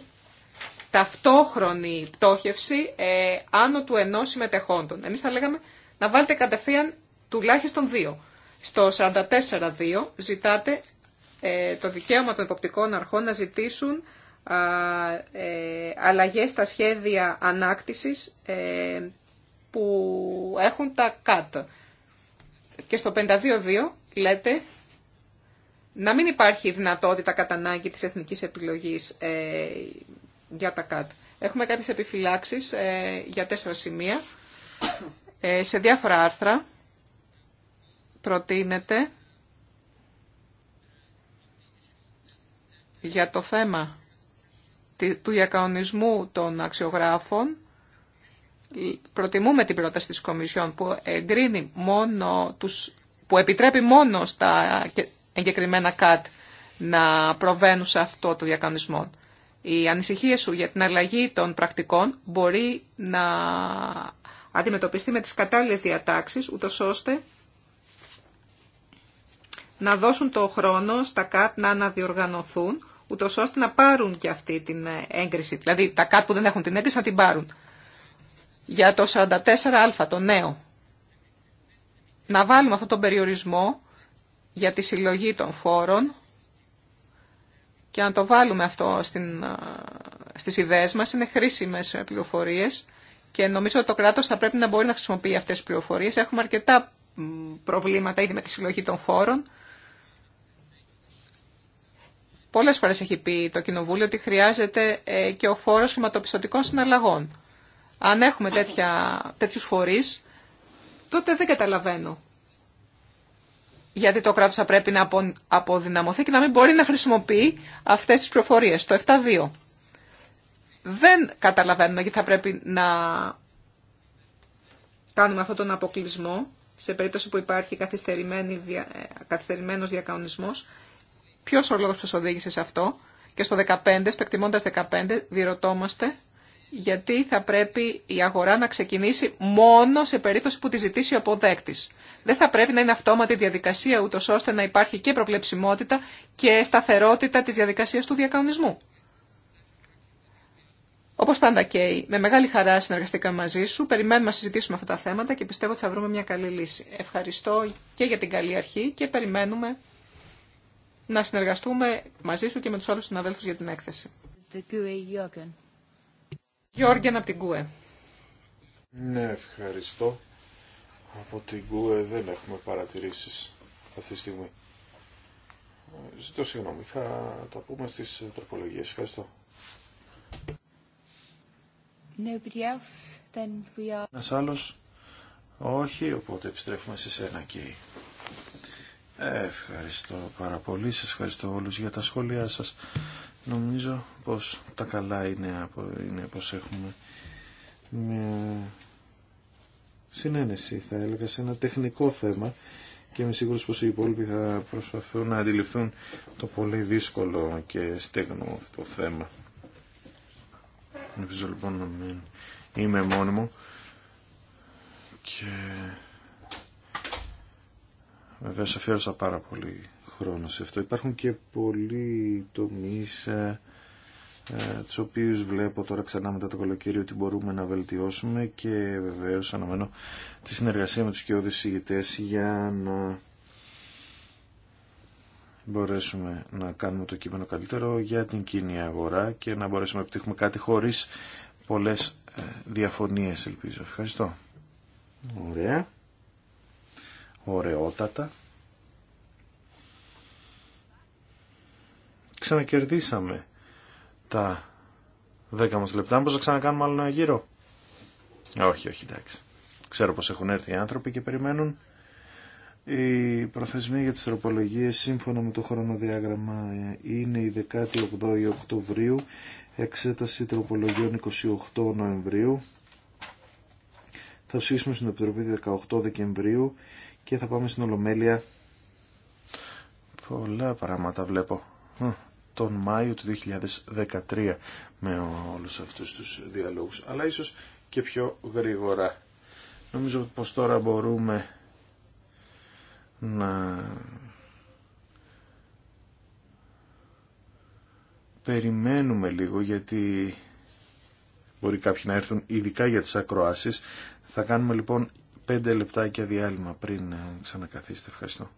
ταυτόχρονη πτώχευση ε, άνω του ενός συμμετεχόντων. Εμείς θα λέγαμε να βάλετε κατευθείαν τουλάχιστον δύο. Στο 44.2 ζητάτε ε, το δικαίωμα των υποπτικών αρχών να ζητήσουν ε, αλλαγές στα σχέδια ανάκτησης ε, που έχουν τα ΚΑΤ. Και στο 52.2 λέτε να μην υπάρχει δυνατότητα κατά ανάγκη της εθνικής επιλογής για τα ΚΑΤ. Έχουμε κάποιες επιφυλάξεις για τέσσερα σημεία. σε διάφορα άρθρα προτείνεται για το θέμα του διακανονισμού των αξιογράφων προτιμούμε την πρόταση της Κομισιόν που εγκρίνει μόνο τους, που επιτρέπει μόνο στα εγκεκριμένα ΚΑΤ να προβαίνουν σε αυτό το διακανονισμό. Η ανησυχία σου για την αλλαγή των πρακτικών μπορεί να αντιμετωπιστεί με τις κατάλληλες διατάξεις, ούτως ώστε να δώσουν το χρόνο στα ΚΑΤ να αναδιοργανωθούν, ούτω ώστε να πάρουν και αυτή την έγκριση. Δηλαδή τα ΚΑΤ που δεν έχουν την έγκριση να την πάρουν. Για το 44α, το νέο. Να βάλουμε αυτόν τον περιορισμό για τη συλλογή των φόρων και να το βάλουμε αυτό στην, στις ιδέες μας. Είναι χρήσιμες πληροφορίες και νομίζω ότι το κράτος θα πρέπει να μπορεί να χρησιμοποιεί αυτές τις πληροφορίες. Έχουμε αρκετά προβλήματα ήδη με τη συλλογή των φόρων Πολλές φορές έχει πει το Κοινοβούλιο ότι χρειάζεται ε, και ο φόρος χρηματοπιστωτικών συναλλαγών. Αν έχουμε τέτοια, τέτοιους φορείς, τότε δεν καταλαβαίνω γιατί το κράτος θα πρέπει να αποδυναμωθεί και να μην μπορεί να χρησιμοποιεί αυτές τις προφορίες. Το 7-2. Δεν καταλαβαίνουμε γιατί θα πρέπει να κάνουμε αυτόν τον αποκλεισμό σε περίπτωση που υπάρχει καθυστερημένο ε, καθυστερημένος διακανονισμός. Ποιο ο λόγο που σα οδήγησε σε αυτό και στο 15, στο εκτιμώντας 15, διρωτόμαστε γιατί θα πρέπει η αγορά να ξεκινήσει μόνο σε περίπτωση που τη ζητήσει ο αποδέκτη. Δεν θα πρέπει να είναι αυτόματη διαδικασία ούτω ώστε να υπάρχει και προβλεψιμότητα και σταθερότητα τη διαδικασία του διακανονισμού. Όπω πάντα Κέι, με μεγάλη χαρά συνεργαστήκα μαζί σου. Περιμένουμε να συζητήσουμε αυτά τα θέματα και πιστεύω ότι θα βρούμε μια καλή λύση. Ευχαριστώ και για την καλή αρχή και περιμένουμε να συνεργαστούμε μαζί σου και με τους άλλους συναδέλφους για την έκθεση. E, Γιώργεν από την ΚΟΕ. E. Ναι, ευχαριστώ. Από την ΚΟΕ e δεν έχουμε παρατηρήσεις αυτή τη στιγμή. Ζητώ συγγνώμη, θα τα πούμε στις τροπολογίες. Ευχαριστώ. Ένας άλλος. Όχι, οπότε επιστρέφουμε σε σένα, Και... Ευχαριστώ πάρα πολύ. Σα ευχαριστώ όλους για τα σχόλιά σας. Νομίζω πως τα καλά είναι, είναι πως έχουμε μια συνένεση θα έλεγα σε ένα τεχνικό θέμα και είμαι σίγουρος πως οι υπόλοιποι θα προσπαθούν να αντιληφθούν το πολύ δύσκολο και στέγνο αυτό θέμα. Ελπίζω λοιπόν να μην είμαι μόνιμο και Βέβαια, αφιέρωσα πάρα πολύ χρόνο σε αυτό. Υπάρχουν και πολλοί τομείς ε, ε, του οποίου βλέπω τώρα ξανά μετά το καλοκαίρι ότι μπορούμε να βελτιώσουμε και βεβαίω αναμένω τη συνεργασία με τους κοιόδη ηγητέ για να μπορέσουμε να κάνουμε το κείμενο καλύτερο για την κοινή αγορά και να μπορέσουμε να επιτύχουμε κάτι χωρίς πολλές ε, διαφωνίες ελπίζω. Ευχαριστώ. Ωραία ωραιότατα. Ξανακερδίσαμε τα δέκα μας λεπτά. Μήπως να ξανακάνουμε άλλο ένα γύρο. Όχι, όχι, εντάξει. Ξέρω πως έχουν έρθει οι άνθρωποι και περιμένουν. Η προθεσμία για τις τροπολογίες σύμφωνα με το χρονοδιάγραμμα είναι η 18η Οκτωβρίου, εξέταση τροπολογιών 28 Νοεμβρίου. Θα ψήσουμε στην Επιτροπή 18 Δεκεμβρίου και θα πάμε στην Ολομέλεια. Πολλά πράγματα βλέπω. Τον Μάιο του 2013 με όλους αυτούς τους διαλόγους. Αλλά ίσως και πιο γρήγορα. Νομίζω πως τώρα μπορούμε να περιμένουμε λίγο γιατί μπορεί κάποιοι να έρθουν ειδικά για τις ακροάσεις. Θα κάνουμε λοιπόν πέντε λεπτάκια διάλειμμα πριν ξανακαθίσετε. Ευχαριστώ.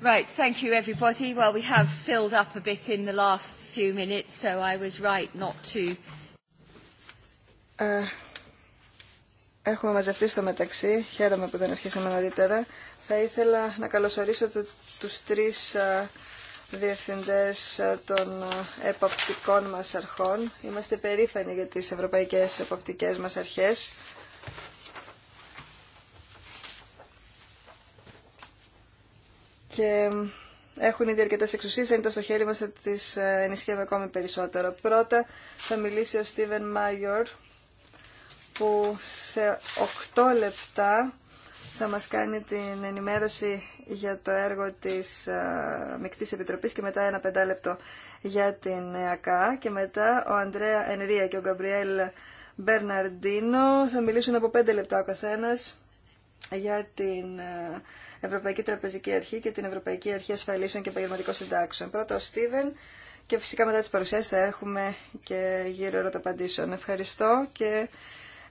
Right, thank you everybody. Well, we have filled up a bit in the last few minutes, so I was right not to. Ε, έχουμε μαζευτεί στο μεταξύ. Χαίρομαι που δεν αρχίσαμε νωρίτερα. Θα ήθελα να καλωσορίσω το, τους τρεις α, ε, διευθυντές α, ε, των α, επαπτικών μας αρχών. Είμαστε περήφανοι για τις ευρωπαϊκές επαπτικές μας αρχές και έχουν ήδη αρκετέ εξουσίε, αν ήταν στο χέρι μα θα τι ε, ενισχύουμε ακόμη περισσότερο. Πρώτα θα μιλήσει ο Στίβεν Μάγιορ, που σε 8 λεπτά θα μας κάνει την ενημέρωση για το έργο της ε, Μικτής Επιτροπής και μετά ένα πεντάλεπτο για την ΑΚΑ και μετά ο Ανδρέα Ενρία και ο Γκαμπριέλ Μπερναρντίνο θα μιλήσουν από 5 λεπτά ο καθένας για την ε, Ευρωπαϊκή Τραπεζική Αρχή και την Ευρωπαϊκή Αρχή Ασφαλίσεων και Επαγγελματικών Συντάξεων. Πρώτα ο Στίβεν και φυσικά μετά τις παρουσιάσεις θα έχουμε και γύρω ερώτα απαντήσεων. Ευχαριστώ και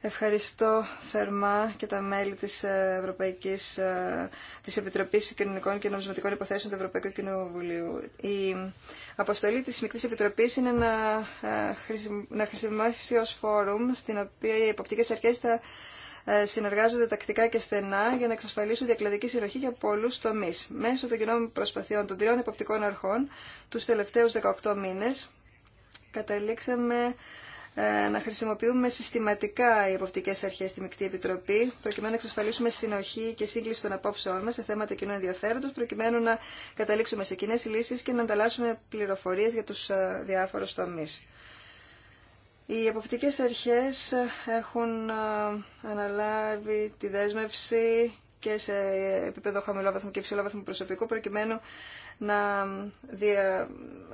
ευχαριστώ θερμά και τα μέλη της ε, Ευρωπαϊκής ε, της Επιτροπής Κοινωνικών και Νομισματικών Υποθέσεων του Ευρωπαϊκού Κοινοβουλίου. Η αποστολή της Μικτής Επιτροπής είναι να, ε, να χρησιμοποιήσει ως φόρουμ στην οποία οι υποπτικές αρχές θα ε, συνεργάζονται τακτικά και στενά για να εξασφαλίσουν διακλαδική συνοχή για πολλού τομεί. Μέσω των κοινών προσπαθειών των τριών υποπτικών αρχών του τελευταίου 18 μήνε καταλήξαμε ε, να χρησιμοποιούμε συστηματικά οι υποπτικέ αρχέ στη Μικτή Επιτροπή, προκειμένου να εξασφαλίσουμε συνοχή και σύγκληση των απόψεών μα σε θέματα κοινού ενδιαφέροντο, προκειμένου να καταλήξουμε σε κοινέ λύσει και να ανταλλάσσουμε πληροφορίε για του ε, διάφορου τομεί. Οι εποπτικές αρχές έχουν ε, αναλάβει τη δέσμευση και σε επίπεδο χαμηλόβαθμου και υψηλόβαθμου προσωπικού προκειμένου να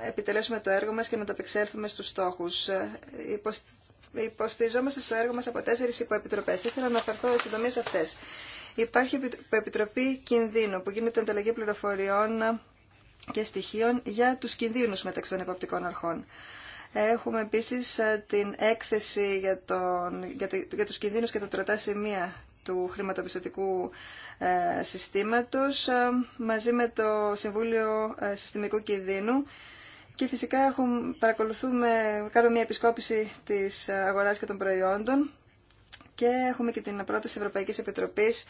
επιτελέσουμε το έργο μας και να ταπεξέλθουμε στους στόχους. Ε, στόχου. Υποστηριζόμαστε στο έργο μας από τέσσερις υποεπιτροπές. Θα ήθελα να αναφερθώ σε δομές αυτές. Υπάρχει Επιτροπή Κινδύνου που γίνεται ανταλλαγή πληροφοριών και στοιχείων για τους κινδύνους μεταξύ των εποπτικών αρχών. Έχουμε επίσης ε, την έκθεση για, τον, για, το, για τους κινδύνους και τα τρατά σημεία του χρηματοπιστωτικού ε, συστήματος ε, μαζί με το Συμβούλιο Συστημικού Κινδύνου και φυσικά έχουμε, παρακολουθούμε, κάνουμε μια επισκόπηση της αγοράς και των προϊόντων και έχουμε και την πρόταση Ευρωπαϊκής Επιτροπής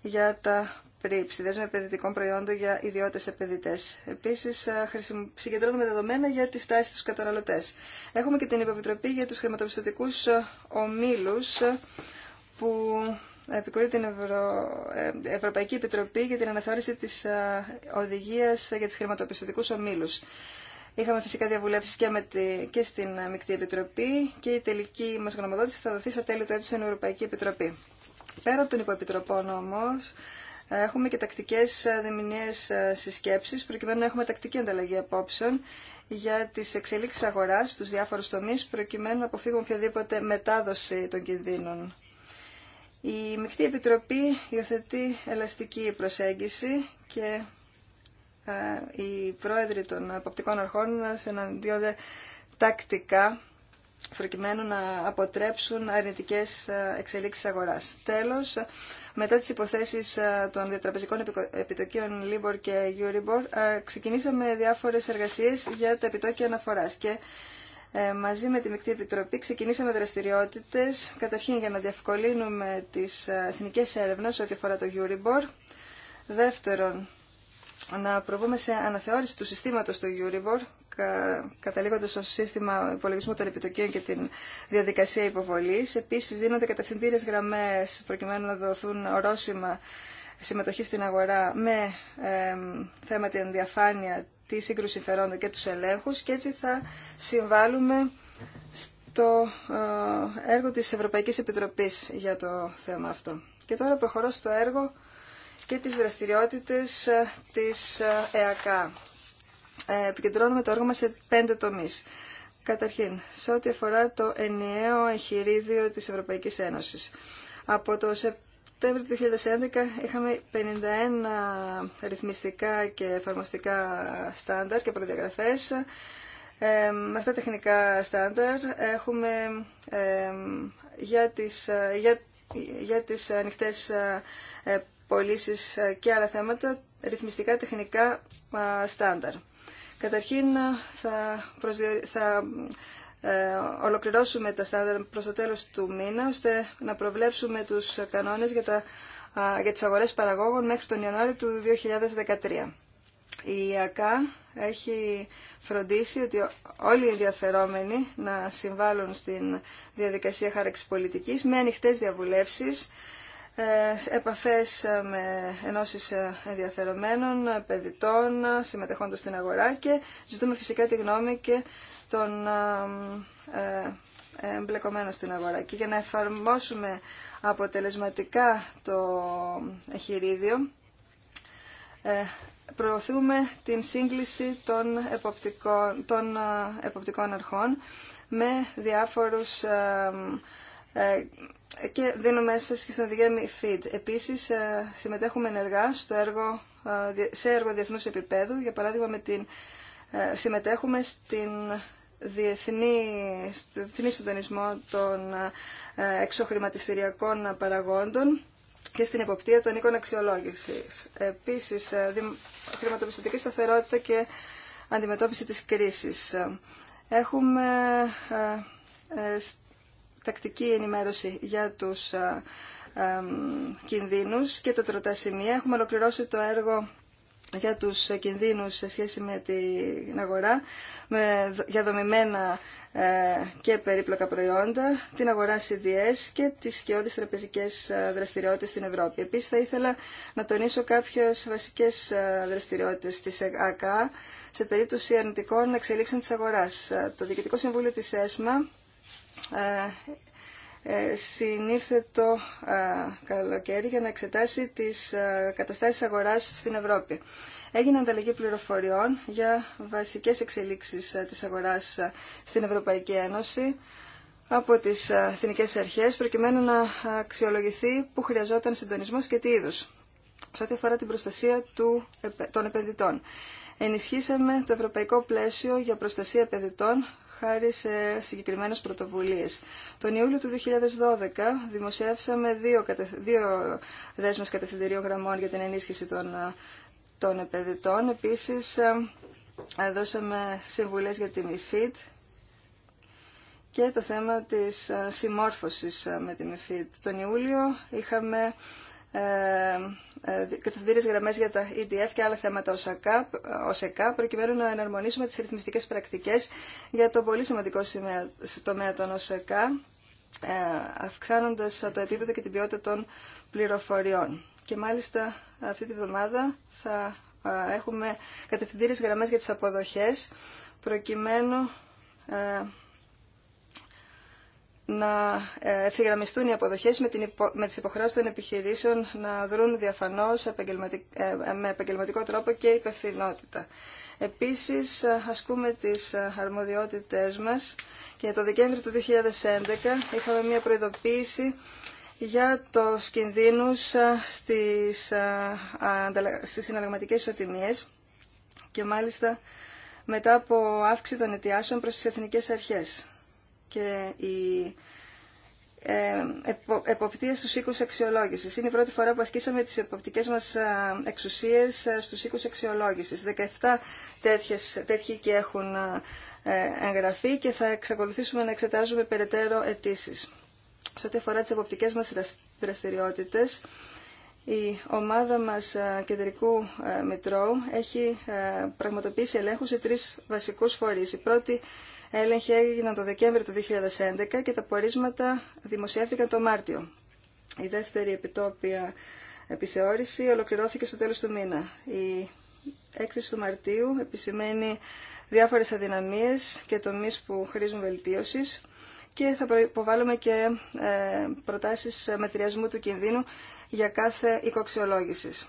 για τα πρήψη, επενδυτικών προϊόντων για ιδιώτε επενδυτέ. Επίση, συγκεντρώνουμε δεδομένα για τι τάσει του καταναλωτέ. Έχουμε και την υποεπιτροπή για του χρηματοπιστωτικού ομίλου, που επικουρεί την Ευρω... Ε, Ευρωπαϊκή Επιτροπή για την αναθεώρηση τη οδηγία για του χρηματοπιστωτικού ομίλου. Είχαμε φυσικά διαβουλεύσει και, με τη... και στην Μικτή Επιτροπή και η τελική μα γνωμοδότηση θα δοθεί στα τέλη του έτου στην Ευρωπαϊκή Επιτροπή. Πέρα από τον υποεπιτροπών όμω, έχουμε και τακτικές ε, διμηνίες ε, συσκέψεις, προκειμένου να έχουμε τακτική ανταλλαγή απόψεων για τις εξελίξεις αγοράς στους διάφορους τομείς, προκειμένου να αποφύγουμε οποιαδήποτε μετάδοση των κινδύνων. Η Μικτή Επιτροπή υιοθετεί ελαστική προσέγγιση και ε, οι πρόεδροι των Αποπτικών αρχών συναντιόνται τακτικά προκειμένου να αποτρέψουν αρνητικές εξελίξεις αγοράς. Τέλος, μετά τις υποθέσεις ε, των διατραπεζικών επιτοκίων Libor και Euribor, ε, ξεκινήσαμε διάφορες εργασίες για τα επιτόκια αναφοράς και ε, μαζί με τη Μεκτή Επιτροπή ξεκινήσαμε δραστηριότητες, καταρχήν για να διευκολύνουμε τις εθνικές έρευνες ό,τι αφορά το Euribor. Δεύτερον, να προβούμε σε αναθεώρηση του συστήματος του Euribor καταλήγοντας στο σύστημα υπολογισμού των επιτοκίων και την διαδικασία υποβολής. Επίσης δίνονται κατευθυντήρες γραμμές προκειμένου να δοθούν ορόσημα συμμετοχή στην αγορά με ε, θέμα την διαφάνεια, τη σύγκρουση και τους ελέγχους και έτσι θα συμβάλλουμε στο ε, έργο της Ευρωπαϊκής Επιτροπής για το θέμα αυτό. Και τώρα προχωρώ στο έργο και τις δραστηριότητες ε, της ε, ΕΑΚΑ ε, επικεντρώνουμε το έργο μας σε πέντε τομείς. Καταρχήν, σε ό,τι αφορά το ενιαίο εγχειρίδιο της Ευρωπαϊκής Ένωσης. Από το Σεπτέμβριο του 2011 είχαμε 51 ρυθμιστικά και εφαρμοστικά στάνταρ και προδιαγραφές. Ε, με αυτά τεχνικά στάνταρ έχουμε ε, για, τις, για, για τις ανοιχτές ε, πωλήσει και άλλα θέματα ρυθμιστικά τεχνικά στάνταρ. Καταρχήν θα, ε, ολοκληρώσουμε τα στάνταρ προς το τέλος του μήνα, ώστε να προβλέψουμε τους κανόνες για, τα, για τις αγορές παραγόγων μέχρι τον Ιανουάριο του 2013. Η ΑΚΑ έχει φροντίσει ότι όλοι οι ενδιαφερόμενοι να συμβάλλουν στην διαδικασία χάραξης πολιτικής με ανοιχτέ διαβουλεύσεις ε, επαφές ε, με ενώσεις ε, ενδιαφερομένων, παιδιτών, συμμετεχόντων στην αγορά και ζητούμε φυσικά τη γνώμη και των εμπλεκομένων στην αγορά. Και για να εφαρμόσουμε αποτελεσματικά το εχειρίδιο, προωθούμε την σύγκληση των εποπτικών, των εποπτικών αρχών με διάφορους και δίνουμε έσφαση και στην οδηγία MIFID. Επίσης, ε, συμμετέχουμε ενεργά στο έργο, ε, σε έργο διεθνούς επίπεδου. Για παράδειγμα, με την, ε, συμμετέχουμε στην διεθνή, στο διεθνή συντονισμό των εξωχρηματιστηριακών παραγόντων και στην εποπτεία των οίκων αξιολόγησης. Επίσης, χρηματοπιστωτική σταθερότητα και αντιμετώπιση της κρίσης. Έχουμε τακτική ενημέρωση για τους κινδύνους και τα τροτά σημεία. Έχουμε ολοκληρώσει το έργο για τους κινδύνους σε σχέση με την αγορά με, για δομημένα ε, και περίπλοκα προϊόντα, την αγορά CDS και τις σκιώδεις τραπεζικές ε, δραστηριότητες στην Ευρώπη. Επίσης θα ήθελα να τονίσω κάποιες βασικές ε, δραστηριότητες της ΑΚΑ σε περίπτωση αρνητικών εξελίξεων της αγοράς. Το Διοικητικό Συμβούλιο της ΕΣΜΑ ε, ε, συνήρθε το ε, καλοκαίρι για να εξετάσει τις καταστάσεις αγοράς στην Ευρώπη. Έγινε ανταλλαγή πληροφοριών για βασικές εξελίξεις της αγοράς στην Ευρωπαϊκή Ένωση από τις εθνικές αρχές προκειμένου να αξιολογηθεί που χρειαζόταν συντονισμός και τι είδους σε ό,τι αφορά την προστασία του, των επενδυτών. Ενισχύσαμε το ευρωπαϊκό πλαίσιο για προστασία επενδυτών χάρη σε συγκεκριμένες πρωτοβουλίες. Τον Ιούλιο του 2012 δημοσιεύσαμε δύο, δύο δέσμες κατευθυντηρίων γραμμών για την ενίσχυση των, ε, των επενδυτών. Επίσης, ε, ε, δώσαμε συμβουλές για τη MIFID και το θέμα της συμμόρφωσης με τη MIFID. Τον Ιούλιο είχαμε κατευθυντήριες γραμμές για τα EDF και άλλα θέματα ΟΣΕΚΑ, προκειμένου να εναρμονίσουμε τις ρυθμιστικές πρακτικές για το πολύ σημαντικό τομέα των ΟΣΕΚΑ, ε, αυξάνοντας το επίπεδο και την ποιότητα των πληροφοριών. Και μάλιστα αυτή τη βδομάδα θα ε, έχουμε κατευθυντήριες γραμμές για τις αποδοχές, προκειμένου ε, να ε, ευθυγραμμιστούν οι αποδοχές με, την υπο... με τις υποχρεώσεις των επιχειρήσεων να δρουν διαφανώς ε, με επαγγελματικό τρόπο και υπευθυνότητα. Επίσης ασκούμε τις αρμοδιότητές μας και το Δεκέμβριο του 2011 είχαμε μια προειδοποίηση για το κινδύνους ε, στις, στις συναλλαγματικές ισοτιμίες και μάλιστα μετά από αύξηση των αιτιάσεων προς τις εθνικές αρχές και η ε, εποπτεία στους οίκους αξιολόγηση. Είναι η πρώτη φορά που ασκήσαμε τις εποπτικές μας ε, εξουσίες ε, στους οίκους αξιολόγηση. 17 τέτοιες, τέτοιοι και έχουν εγγραφεί και θα εξακολουθήσουμε να εξετάζουμε περαιτέρω αιτήσει. Σε ό,τι αφορά τις εποπτικές μας δραστηριότητες, η ομάδα μας κεντρικού Μητρώου έχει πραγματοποιήσει ελέγχους σε τρεις βασικούς φορείς. Η πρώτη έλεγχοι έγιναν το Δεκέμβριο του 2011 και τα πορίσματα δημοσιεύτηκαν το Μάρτιο. Η δεύτερη επιτόπια επιθεώρηση ολοκληρώθηκε στο τέλος του μήνα. Η έκθεση του Μαρτίου επισημαίνει διάφορες αδυναμίες και τομείς που χρήζουν βελτίωσης και θα υποβάλουμε και ε, προτάσεις μετριασμού του κινδύνου για κάθε οικοξιολόγησης.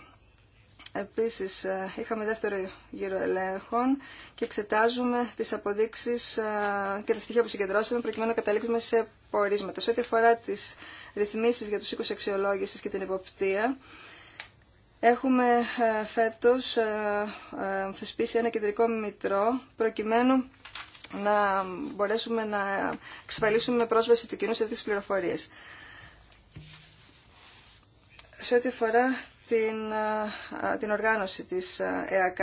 Επίσης, ε, είχαμε δεύτερο γύρο ελέγχων και εξετάζουμε τις αποδείξεις ε, και τα στοιχεία που συγκεντρώσαμε προκειμένου να καταλήξουμε σε πορίσματα. Σε ό,τι αφορά τις ρυθμίσεις για τους οίκους αξιολόγησης και την υποπτία, έχουμε ε, φέτος θεσπίσει ένα κεντρικό μητρό προκειμένου να μπορέσουμε να εξασφαλίσουμε πρόσβαση του κοινού σε αυτές τις πληροφορίες. Σε ό,τι αφορά την, την οργάνωση της ΕΑΚ.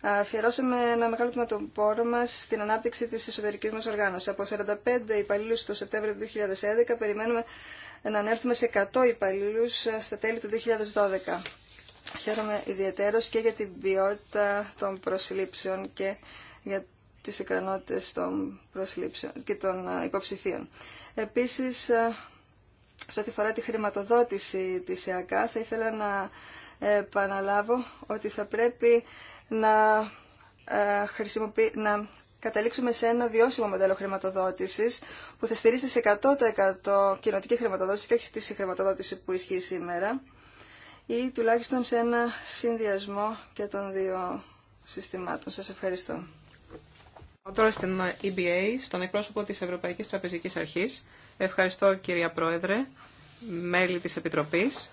Αφιερώσαμε ένα μεγάλο τμήμα των πόρων μα στην ανάπτυξη τη εσωτερική μας οργάνωσης. Από 45 υπαλλήλου το Σεπτέμβριο του 2011 περιμένουμε να ανέρθουμε σε 100 υπαλλήλου ε, στα τέλη του 2012. Χαίρομαι ιδιαίτερω και για την ποιότητα των προσλήψεων και για τι ικανότητε των προσλήψεων και των υποψηφίων. Επίση, σε ό,τι φορά τη χρηματοδότηση της ΕΑΚΑ θα ήθελα να επαναλάβω ότι θα πρέπει να, ε, να καταλήξουμε σε ένα βιώσιμο μοντέλο χρηματοδότησης που θα στηρίζεται σε 100% κοινοτική χρηματοδότηση και όχι στη χρηματοδότηση που ισχύει σήμερα ή τουλάχιστον σε ένα συνδυασμό και των δύο συστημάτων. Σας ευχαριστώ. Τώρα στην EBA, ε στον εκπρόσωπο της Ευρωπαϊκής Τραπεζικής Αρχής, Ευχαριστώ κυρία Πρόεδρε, μέλη της Επιτροπής.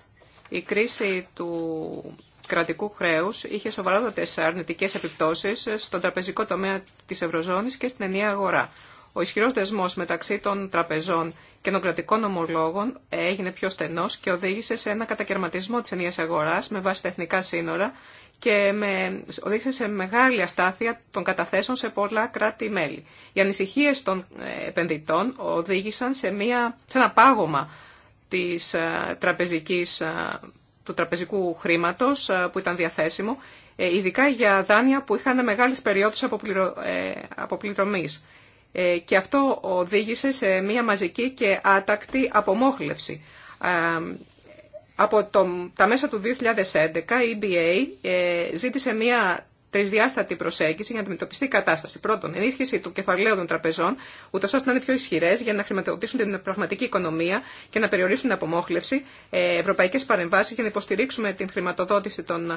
Η κρίση του κρατικού χρέους είχε σοβαρότατες αρνητικές επιπτώσεις στον τραπεζικό τομέα της Ευρωζώνης και στην ενιαία αγορά. Ο ισχυρός δεσμός μεταξύ των τραπεζών και των κρατικών ομολόγων έγινε πιο στενός και οδήγησε σε ένα κατακαιρματισμό της ενιαίας αγοράς με βάση τα εθνικά σύνορα και με, οδήγησε σε μεγάλη αστάθεια των καταθέσεων σε πολλά κράτη-μέλη. Οι ανησυχίε των ε, επενδυτών οδήγησαν σε, μια, σε ένα πάγωμα της ε, τραπεζικής, ε, του τραπεζικού χρήματος που ήταν διαθέσιμο, ειδικά για δάνεια που είχαν μεγάλες περιόδους αποπληρω, αποπληρωμής. Και αυτό οδήγησε σε μια μαζική και άτακτη απομόχλευση από το, τα μέσα του 2011 η EBA ε, ζήτησε μια τρισδιάστατη προσέγγιση για να αντιμετωπιστεί η κατάσταση. Πρώτον, ενίσχυση του κεφαλαίου των τραπεζών, ούτω ώστε να είναι πιο ισχυρέ για να χρηματοδοτήσουν την πραγματική οικονομία και να περιορίσουν την απομόχλευση, ε, ευρωπαϊκέ παρεμβάσει για να υποστηρίξουμε την χρηματοδότηση των,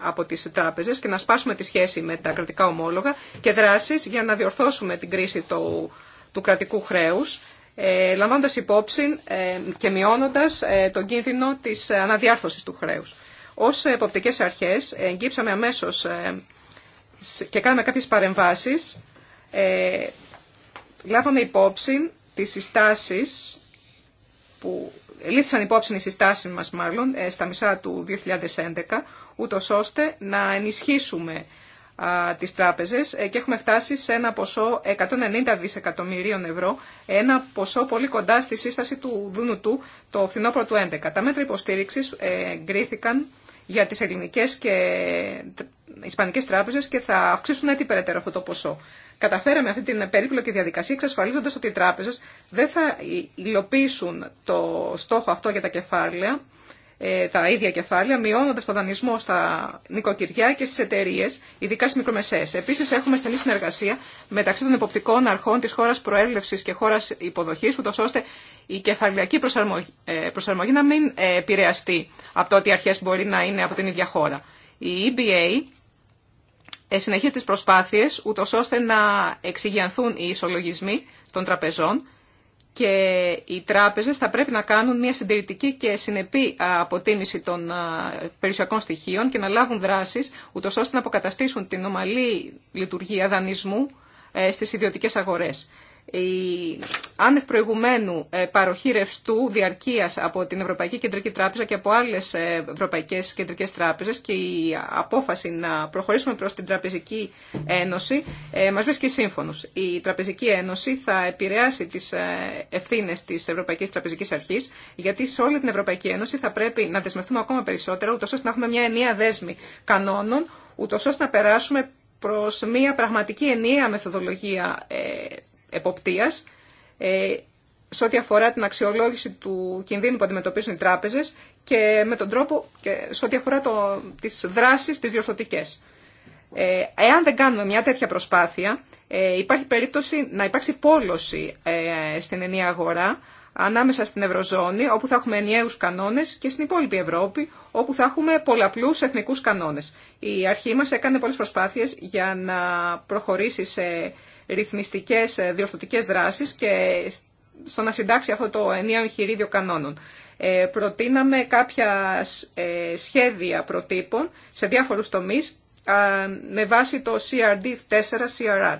από τι τράπεζε και να σπάσουμε τη σχέση με τα κρατικά ομόλογα και δράσει για να διορθώσουμε την κρίση του, του κρατικού χρέου ε, λαμβάνοντας υπόψη ε, και μειώνοντας ε, τον κίνδυνο της αναδιάρθρωσης του χρέους. Ως εποπτικές αρχές εγκύψαμε αμέσως ε, και κάναμε κάποιες παρεμβάσεις. Ε, λάβαμε υπόψη τις συστάσεις που λήφθησαν υπόψη οι συστάσεις μας μάλλον στα μισά του 2011, ούτω ώστε να ενισχύσουμε τις τράπεζες ε, και έχουμε φτάσει σε ένα ποσό 190 δισεκατομμυρίων ευρώ, ένα ποσό πολύ κοντά στη σύσταση του του το φθινόπωρο του 2011. Τα μέτρα υποστήριξης ε, εγκρίθηκαν για τις ελληνικές και ισπανικές τράπεζες και θα αυξήσουν έτσι περαιτέρω αυτό το ποσό. Καταφέραμε αυτή την περίπλοκη διαδικασία εξασφαλίζοντα ότι οι τράπεζες δεν θα υλοποιήσουν το στόχο αυτό για τα κεφάλαια ε, τα ίδια κεφάλαια, μειώνοντα το δανεισμό στα νοικοκυριά και στι εταιρείε, ειδικά στι μικρομεσαίε. Επίση, έχουμε στενή συνεργασία μεταξύ των εποπτικών αρχών τη χώρα προέλευση και χώρα υποδοχή, ούτω ώστε η κεφαλιακή ε, προσαρμογή να μην ε, επηρεαστεί από το ότι οι αρχέ μπορεί να είναι από την ίδια χώρα. Η EBA συνεχίζει τι προσπάθειε, ούτω ώστε να εξηγιανθούν οι ισολογισμοί των τραπεζών και οι τράπεζες θα πρέπει να κάνουν μια συντηρητική και συνεπή αποτίμηση των περιουσιακών στοιχείων και να λάβουν δράσεις, ούτως ώστε να αποκαταστήσουν την ομαλή λειτουργία δανεισμού ε, στις ιδιωτικές αγορές η άνευ προηγουμένου ε, παροχή ρευστού διαρκείας από την Ευρωπαϊκή Κεντρική Τράπεζα και από άλλες ε, Ευρωπαϊκές Κεντρικές Τράπεζες και η απόφαση να προχωρήσουμε προς την Τραπεζική Ένωση ε, μας βρίσκει σύμφωνος. Η Τραπεζική Ένωση θα επηρεάσει τις ευθύνες της Ευρωπαϊκής Τραπεζικής Αρχής γιατί σε όλη την Ευρωπαϊκή Ένωση θα πρέπει να δεσμευτούμε ακόμα περισσότερα ούτως ώστε να έχουμε μια ενιαία δέσμη κανόνων ούτως ώστε να περάσουμε προς μια πραγματική ενιαία μεθοδολογία εποπτείας ε, σε ό,τι αφορά την αξιολόγηση του κινδύνου που αντιμετωπίζουν οι τράπεζες και με τον τρόπο και σε ό,τι αφορά το, τις δράσεις τις διορθωτικές. Ε, εάν δεν κάνουμε μια τέτοια προσπάθεια, ε, υπάρχει περίπτωση να υπάρξει πόλωση ε, στην ενιαία αγορά ανάμεσα στην Ευρωζώνη, όπου θα έχουμε ενιαίους κανόνες, και στην υπόλοιπη Ευρώπη, όπου θα έχουμε πολλαπλούς εθνικούς κανόνες. Η αρχή μας έκανε πολλές προσπάθειες για να προχωρήσει σε ρυθμιστικές ε, διορθωτικές δράσεις και στο να συντάξει αυτό το ενιαίο εγχειρίδιο κανόνων. Ε, προτείναμε κάποια ε, σχέδια προτύπων σε διάφορους τομείς με βάση το CRD4-CRR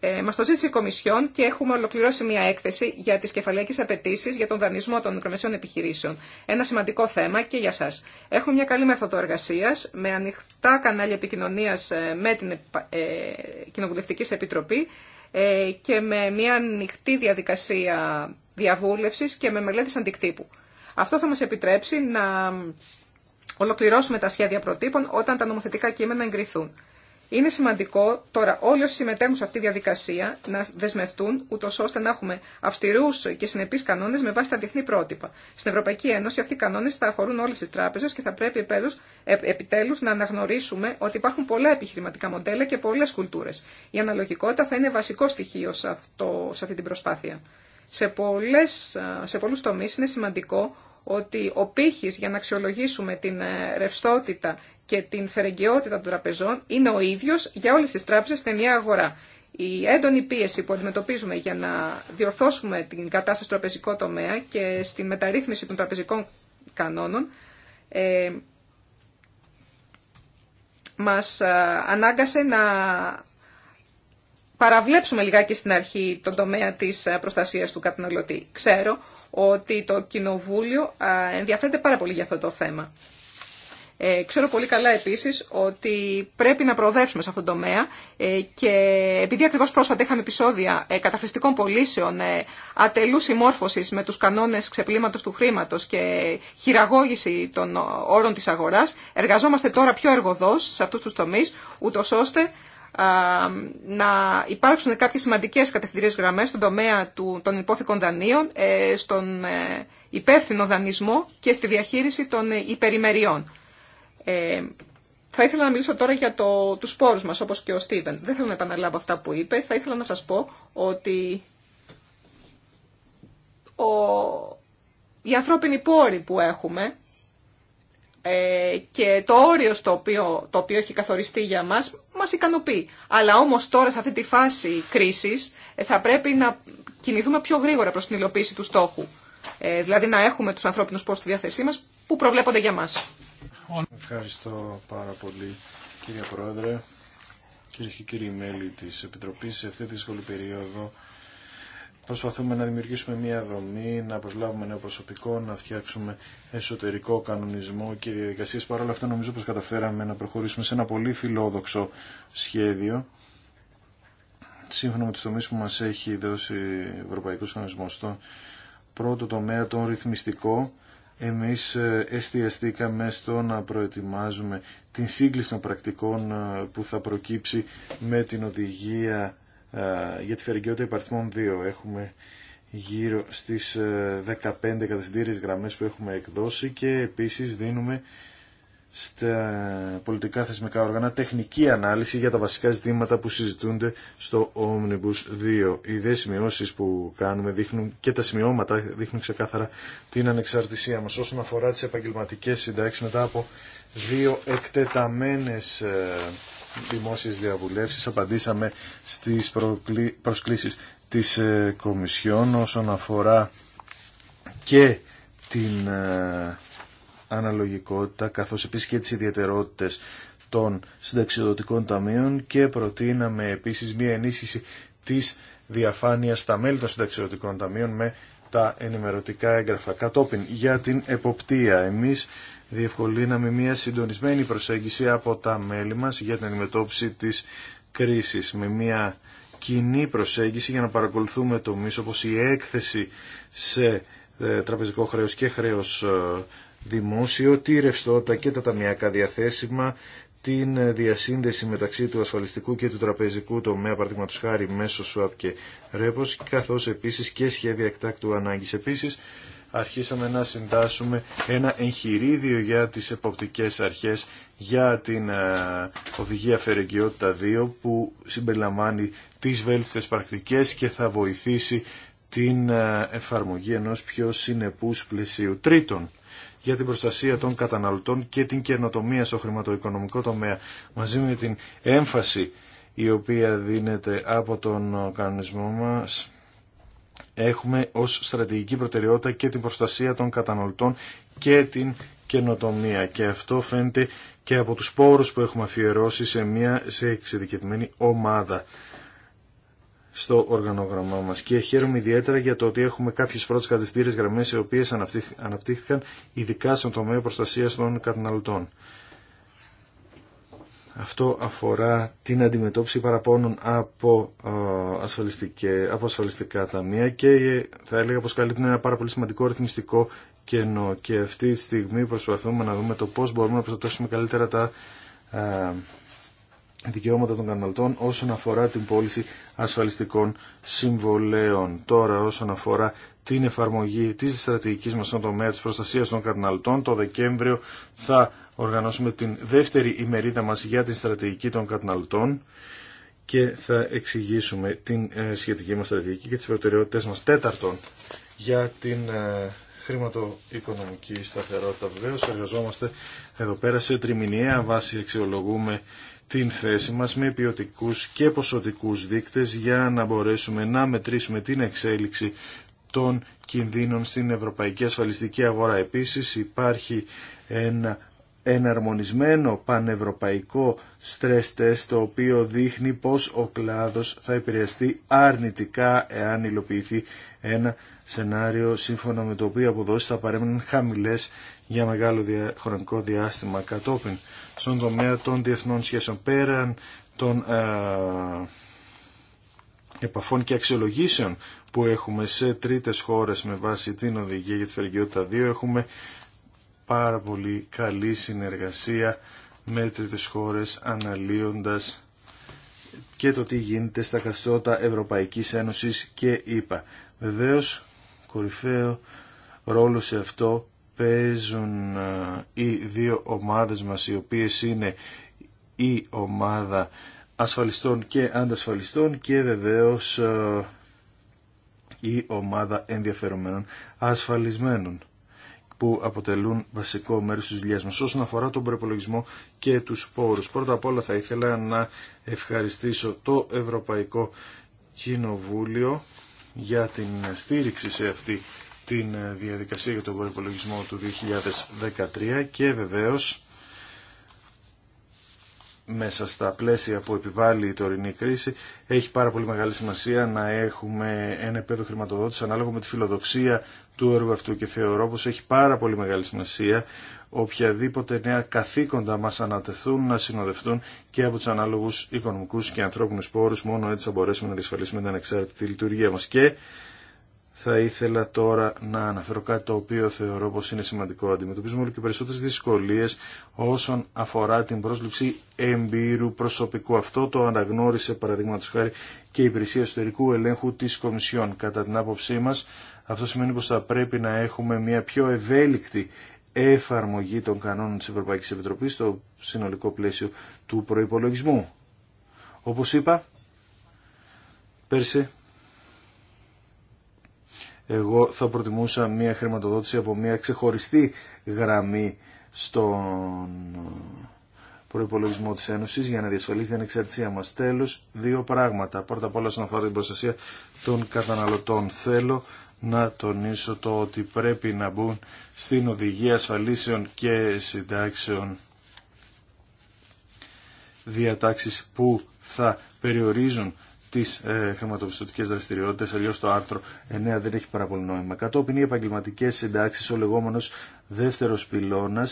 ε, μας το ζήτησε η Κομισιόν και έχουμε ολοκληρώσει μια έκθεση για τις κεφαλαϊκές απαιτήσει για τον δανεισμό των μικρομεσαίων επιχειρήσεων. Ένα σημαντικό θέμα και για σας. Έχουμε μια καλή μέθοδο εργασίας με ανοιχτά κανάλια επικοινωνίας ε, με την ε, Κοινοβουλευτική Επιτροπή ε, και με μια ανοιχτή διαδικασία διαβούλευσης και με μελέτη αντικτύπου. Αυτό θα μας επιτρέψει να ολοκληρώσουμε τα σχέδια προτύπων όταν τα νομοθετικά κείμενα εγκριθούν. Είναι σημαντικό τώρα όλοι όσοι συμμετέχουν σε αυτή τη διαδικασία να δεσμευτούν, ούτω ώστε να έχουμε αυστηρού και συνεπεί κανόνε με βάση τα διεθνή πρότυπα. Στην Ευρωπαϊκή Ένωση αυτοί οι κανόνε θα αφορούν όλε τι τράπεζε και θα πρέπει ε, επιτέλου να αναγνωρίσουμε ότι υπάρχουν πολλά επιχειρηματικά μοντέλα και πολλέ κουλτούρε. Η αναλογικότητα θα είναι βασικό στοιχείο σε, αυτό, σε αυτή την προσπάθεια. Σε, πολλές, σε πολλούς τομείς είναι σημαντικό ότι ο πύχης για να αξιολογήσουμε την ε, ρευστότητα και την φερεγγιότητα των τραπεζών είναι ο ίδιος για όλες τι τράπεζε στην ενιαία αγορά. Η έντονη πίεση που αντιμετωπίζουμε για να διορθώσουμε την κατάσταση στο τραπεζικό τομέα και στη μεταρρύθμιση των τραπεζικών κανόνων ε, μας ε, ανάγκασε να παραβλέψουμε λιγάκι στην αρχή τον τομέα της ε, προστασίας του καταναλωτή. Ξέρω ότι το Κοινοβούλιο ε, ενδιαφέρεται πάρα πολύ για αυτό το θέμα. Ε, ξέρω πολύ καλά επίσης ότι πρέπει να προοδεύσουμε σε αυτόν τον τομέα ε, και επειδή ακριβώς πρόσφατα είχαμε επεισόδια ε, καταχρηστικών πωλήσεων, ε, ατελού συμμόρφωσης με τους κανόνες ξεπλήματος του χρήματος και χειραγώγηση των όρων της αγοράς, εργαζόμαστε τώρα πιο εργοδός σε αυτούς τους τομείς, ούτως ώστε να υπάρξουν κάποιες σημαντικές κατευθυντήριες γραμμές στον τομέα του, των υπόθηκων δανείων, ε, στον ε, υπεύθυνο δανεισμό και στη διαχείριση των υπερημεριών. Ε, θα ήθελα να μιλήσω τώρα για το, τους σπόρους μας, όπως και ο Στίβεν. Δεν θέλω να επαναλάβω αυτά που είπε. Θα ήθελα να σας πω ότι ο, οι ανθρώπινοι πόροι που έχουμε ε, και το όριο στο οποίο, το οποίο έχει καθοριστεί για μας, μας ικανοποιεί. Αλλά όμως τώρα σε αυτή τη φάση κρίσης ε, θα πρέπει να κινηθούμε πιο γρήγορα προς την υλοποίηση του στόχου. Ε, δηλαδή να έχουμε τους ανθρώπινους πόρους στη διάθεσή μας που προβλέπονται για μας. Ευχαριστώ πάρα πολύ κύριε Πρόεδρε, κύριε και κύριοι μέλη της Επιτροπής. Σε αυτή τη δύσκολη περίοδο προσπαθούμε να δημιουργήσουμε μια δομή, να προσλάβουμε νέο προσωπικό, να φτιάξουμε εσωτερικό κανονισμό και διαδικασίες. Παρ' όλα αυτά νομίζω πως καταφέραμε να προχωρήσουμε σε ένα πολύ φιλόδοξο σχέδιο σύμφωνα με τους τομείς που μας έχει δώσει Ευρωπαϊκός Κανονισμός. Το πρώτο τομέα, τον ρυθμιστικό, εμείς ε, εστιαστήκαμε στο να προετοιμάζουμε την σύγκληση των πρακτικών ε, που θα προκύψει με την οδηγία ε, για τη φερικαιότητα υπαριθμών 2. Έχουμε γύρω στις 15 κατευθυντήριες γραμμές που έχουμε εκδώσει και επίσης δίνουμε στα πολιτικά θεσμικά όργανα τεχνική ανάλυση για τα βασικά ζητήματα που συζητούνται στο Omnibus 2. Οι δε σημειώσει που κάνουμε δείχνουν και τα σημειώματα δείχνουν ξεκάθαρα την ανεξαρτησία μας όσον αφορά τις επαγγελματικέ συντάξει μετά από δύο εκτεταμένες ε, δημόσιες διαβουλεύσεις απαντήσαμε στις προσκλήσεις της ε, Κομισιόν όσον αφορά και την ε, αναλογικότητα καθώς επίσης και τις ιδιαιτερότητες των συνταξιδοτικών ταμείων και προτείναμε επίσης μία ενίσχυση της διαφάνειας στα μέλη των συνταξιδοτικών ταμείων με τα ενημερωτικά έγγραφα. Κατόπιν για την εποπτεία εμείς διευκολύναμε μία συντονισμένη προσέγγιση από τα μέλη μας για την αντιμετώπιση της κρίσης με μία κοινή προσέγγιση για να παρακολουθούμε το μίσο όπως η έκθεση σε ε, τραπεζικό χρέος και χρέος ε, δημόσιο, τη ρευστότητα και τα ταμιακά διαθέσιμα, την διασύνδεση μεταξύ του ασφαλιστικού και του τραπεζικού τομέα, παραδείγματο χάρη μέσω ΣΟΑΠ και ΡΕΠΟΣ, καθώ επίση και σχέδια εκτάκτου ανάγκη. Επίση, αρχίσαμε να συντάσσουμε ένα εγχειρίδιο για τις εποπτικές αρχές για την ε, οδηγία Φερεγγιότητα 2 που συμπεριλαμβάνει τις βέλτιστες πρακτικές και θα βοηθήσει την ε, εφαρμογή ενός πιο συνεπούς πλαισίου τρίτον για την προστασία των καταναλωτών και την καινοτομία στο χρηματοοικονομικό τομέα μαζί με την έμφαση η οποία δίνεται από τον κανονισμό μας έχουμε ως στρατηγική προτεραιότητα και την προστασία των καταναλωτών και την καινοτομία και αυτό φαίνεται και από τους πόρους που έχουμε αφιερώσει σε μια σε εξειδικευμένη ομάδα στο οργανόγραμμά μα και χαίρομαι ιδιαίτερα για το ότι έχουμε κάποιε πρώτε κατευθύνσει γραμμέ, οι οποίε αναπτύχθηκαν ειδικά στον τομέα προστασία των καταναλωτών. Αυτό αφορά την αντιμετώπιση παραπώνων από, από ασφαλιστικά ταμεία και ε, θα έλεγα πως καλύπτει ένα πάρα πολύ σημαντικό ρυθμιστικό κενό και αυτή τη στιγμή προσπαθούμε να δούμε το πώς μπορούμε να προστατεύσουμε καλύτερα τα δικαιώματα των καταναλωτών όσον αφορά την πώληση ασφαλιστικών συμβολέων. Τώρα όσον αφορά την εφαρμογή της στρατηγικής μας στον τομέα της προστασίας των καταναλωτών, το Δεκέμβριο θα οργανώσουμε την δεύτερη ημερίδα μας για την στρατηγική των καταναλωτών και θα εξηγήσουμε την ε, σχετική μας στρατηγική και τις προτεραιότητες μας τέταρτον για την ε, χρηματοοικονομική σταθερότητα. Βεβαίω, εργαζόμαστε εδώ πέρα σε τριμηνιαία βάση, αξιολογούμε την θέση μας με ποιοτικού και ποσοτικούς δείκτες για να μπορέσουμε να μετρήσουμε την εξέλιξη των κινδύνων στην ευρωπαϊκή ασφαλιστική αγορά. Επίσης υπάρχει ένα εναρμονισμένο πανευρωπαϊκό stress test το οποίο δείχνει πως ο κλάδος θα επηρεαστεί αρνητικά εάν υλοποιηθεί ένα σενάριο σύμφωνα με το οποίο αποδόσεις θα παρέμειναν χαμηλές για μεγάλο χρονικό διάστημα κατόπιν στον τομέα των διεθνών σχέσεων πέραν των ε, επαφών και αξιολογήσεων που έχουμε σε τρίτες χώρες με βάση την οδηγία για τη φεργιότητα 2 έχουμε πάρα πολύ καλή συνεργασία με τρίτες χώρες αναλύοντας και το τι γίνεται στα καθεστώτα Ευρωπαϊκής Ένωσης και είπα Βεβαίως, κορυφαίο ρόλο σε αυτό παίζουν οι δύο ομάδες μας οι οποίες είναι η ομάδα ασφαλιστών και αντασφαλιστών και βεβαίως η ομάδα ενδιαφερομένων ασφαλισμένων που αποτελούν βασικό μέρος της δουλειάς μας. Όσον αφορά τον προπολογισμό και τους πόρους, πρώτα απ' όλα θα ήθελα να ευχαριστήσω το Ευρωπαϊκό Κοινοβούλιο για την στήριξη σε αυτή την ε, διαδικασία για τον προπολογισμό του 2013 και βεβαίως μέσα στα πλαίσια που επιβάλλει η τωρινή κρίση έχει πάρα πολύ μεγάλη σημασία να έχουμε ένα επίπεδο χρηματοδότηση ανάλογα με τη φιλοδοξία του έργου αυτού και θεωρώ πως έχει πάρα πολύ μεγάλη σημασία οποιαδήποτε νέα καθήκοντα μας ανατεθούν να συνοδευτούν και από τους ανάλογους οικονομικούς και ανθρώπινους πόρους μόνο έτσι θα μπορέσουμε να διασφαλίσουμε την ανεξάρτητη λειτουργία μας και θα ήθελα τώρα να αναφέρω κάτι το οποίο θεωρώ πως είναι σημαντικό. Αντιμετωπίζουμε όλο και περισσότερες δυσκολίες όσον αφορά την πρόσληψη εμπειρού προσωπικού. Αυτό το αναγνώρισε παραδείγματο χάρη και η υπηρεσία εσωτερικού ελέγχου της Κομισιόν. Κατά την άποψή μας αυτό σημαίνει πως θα πρέπει να έχουμε μια πιο ευέλικτη εφαρμογή των κανόνων της Ευρωπαϊκής Επιτροπής στο συνολικό πλαίσιο του προϋπολογισμού. Όπως είπα, πέρσι εγώ θα προτιμούσα μια χρηματοδότηση από μια ξεχωριστή γραμμή στον προπολογισμό τη Ένωση για να διασφαλίσει την εξαρτησία μα. Τέλο, δύο πράγματα. Πρώτα απ' όλα, όσον αφορά την προστασία των καταναλωτών, θέλω να τονίσω το ότι πρέπει να μπουν στην οδηγία ασφαλίσεων και συντάξεων διατάξεις που θα περιορίζουν τι ε, χρηματοπιστωτικές δραστηριότητες, αλλιώς το άρθρο 9 δεν έχει πάρα πολύ νόημα. Κατόπιν οι επαγγελματικέ συντάξει, ο λεγόμενο δεύτερο πυλώνα,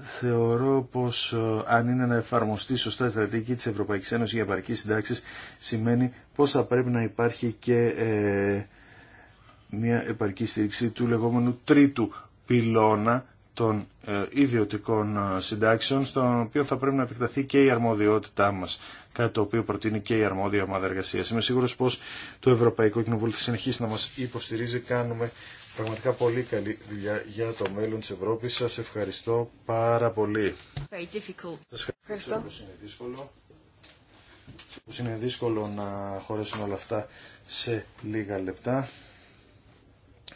θεωρώ πως ε, αν είναι να εφαρμοστεί σωστά η στρατηγική τη Ευρωπαϊκή Ένωση για επαρκή συντάξει, σημαίνει πω θα πρέπει να υπάρχει και ε, μια επαρκή στήριξη του λεγόμενου τρίτου πυλώνα, των ε, ιδιωτικών ε, συντάξεων, στον οποίο θα πρέπει να επεκταθεί και η αρμοδιότητά μας, κάτι το οποίο προτείνει και η αρμόδια ομάδα Είμαι σίγουρος πως το Ευρωπαϊκό Κοινοβούλιο θα συνεχίσει να μας υποστηρίζει. Κάνουμε πραγματικά πολύ καλή δουλειά για το μέλλον της Ευρώπης. Σας ευχαριστώ πάρα πολύ. Σα ευχαριστώ είναι δύσκολο, είναι δύσκολο να χωρέσουν όλα αυτά σε λίγα λεπτά.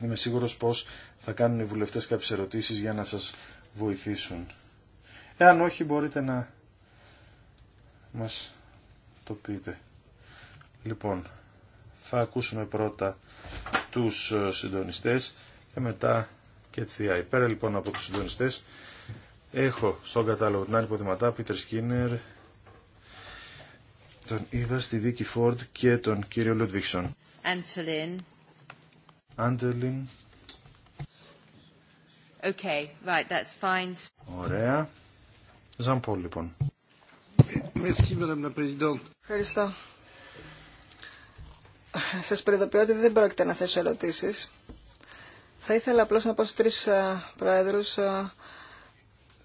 Είμαι σίγουρος πως θα κάνουν οι βουλευτές κάποιες ερωτήσεις για να σας βοηθήσουν. Εάν όχι μπορείτε να μας το πείτε. Λοιπόν, θα ακούσουμε πρώτα τους ε, συντονιστές και μετά και τη Πέρα λοιπόν από τους συντονιστές έχω στον κατάλογο την άλλη ποδηματά, Πίτερ Σκίνερ, τον Ήβα στη Δίκη Φόρντ και τον κύριο Λουτβίξον. Άντελιν. Okay, right, that's fine. Ωραία. Ζαμπόλ, λοιπόν. Merci, Madame la Ευχαριστώ. Σας προειδοποιώ ότι δεν πρόκειται να θέσω ερωτήσεις. Θα ήθελα απλώς να πω στους τρεις ε, πρόεδρους ε,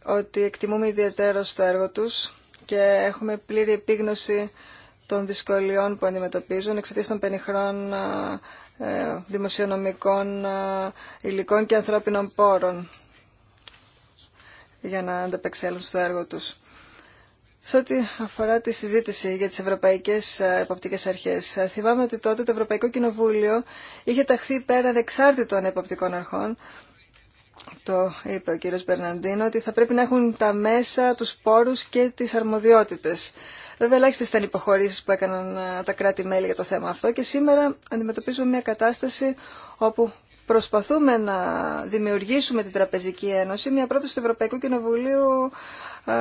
ότι εκτιμούμε ιδιαίτερο στο έργο τους και έχουμε πλήρη επίγνωση των δυσκολιών που αντιμετωπίζουν εξαιτία των πενιχρών ε, ε, δημοσιονομικών ε, υλικών και ανθρώπινων πόρων για να ανταπεξέλθουν στο έργο τους. Σε ό,τι αφορά τη συζήτηση για τις ευρωπαϊκές ε, εποπτικές αρχές, θυμάμαι ότι τότε το Ευρωπαϊκό Κοινοβούλιο είχε ταχθεί πέραν εξάρτητων εποπτικών αρχών το είπε ο κύριος Μπερναντίνο, ότι θα πρέπει να έχουν τα μέσα, τους πόρους και τις αρμοδιότητες. Βέβαια, ελάχιστε ήταν οι που έκαναν ε, τα κράτη-μέλη για το θέμα αυτό και σήμερα αντιμετωπίζουμε μια κατάσταση όπου προσπαθούμε να δημιουργήσουμε την Τραπεζική Ένωση, μια πρόταση του Ευρωπαϊκού Κοινοβουλίου ε,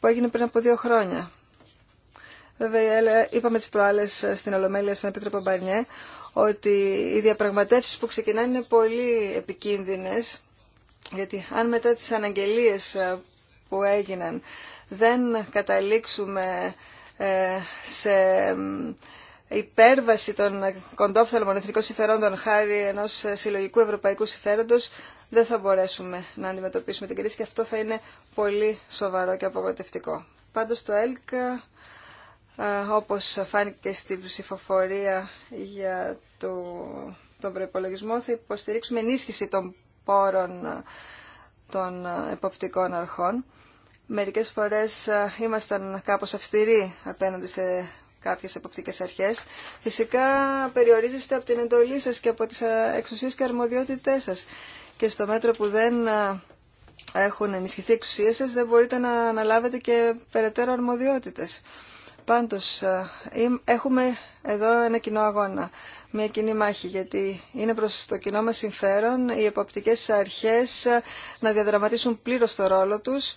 που έγινε πριν από δύο χρόνια. Βέβαια, είπαμε τις προάλλες ε, στην Ολομέλεια στον Επίτροπο Μπαρνιέ ότι οι διαπραγματεύσεις που ξεκινάνε είναι πολύ επικίνδυνες, γιατί αν μετά τις αναγγελίες ε, που έγιναν δεν καταλήξουμε ε, σε υπέρβαση των κοντόφθαλμων εθνικών συμφερόντων χάρη ενός συλλογικού ευρωπαϊκού συμφέροντος, δεν θα μπορέσουμε να αντιμετωπίσουμε την κρίση και αυτό θα είναι πολύ σοβαρό και απογοητευτικό. Πάντως το ΕΛΚ, ε, όπως φάνηκε στην ψηφοφορία για του, τον προπολογισμό θα υποστηρίξουμε ενίσχυση των πόρων ε, των ε, εποπτικών αρχών. Μερικές φορές ε, ήμασταν κάπως αυστηροί απέναντι σε κάποιες εποπτικές αρχές. Φυσικά περιορίζεστε από την εντολή σας και από τις εξουσίες και αρμοδιότητές σας. Και στο μέτρο που δεν έχουν ενισχυθεί εξουσίες σας δεν μπορείτε να αναλάβετε και περαιτέρω αρμοδιότητες. Πάντως έχουμε εδώ ένα κοινό αγώνα, μια κοινή μάχη, γιατί είναι προς το κοινό μας συμφέρον οι εποπτικές αρχές να διαδραματίσουν πλήρως το ρόλο τους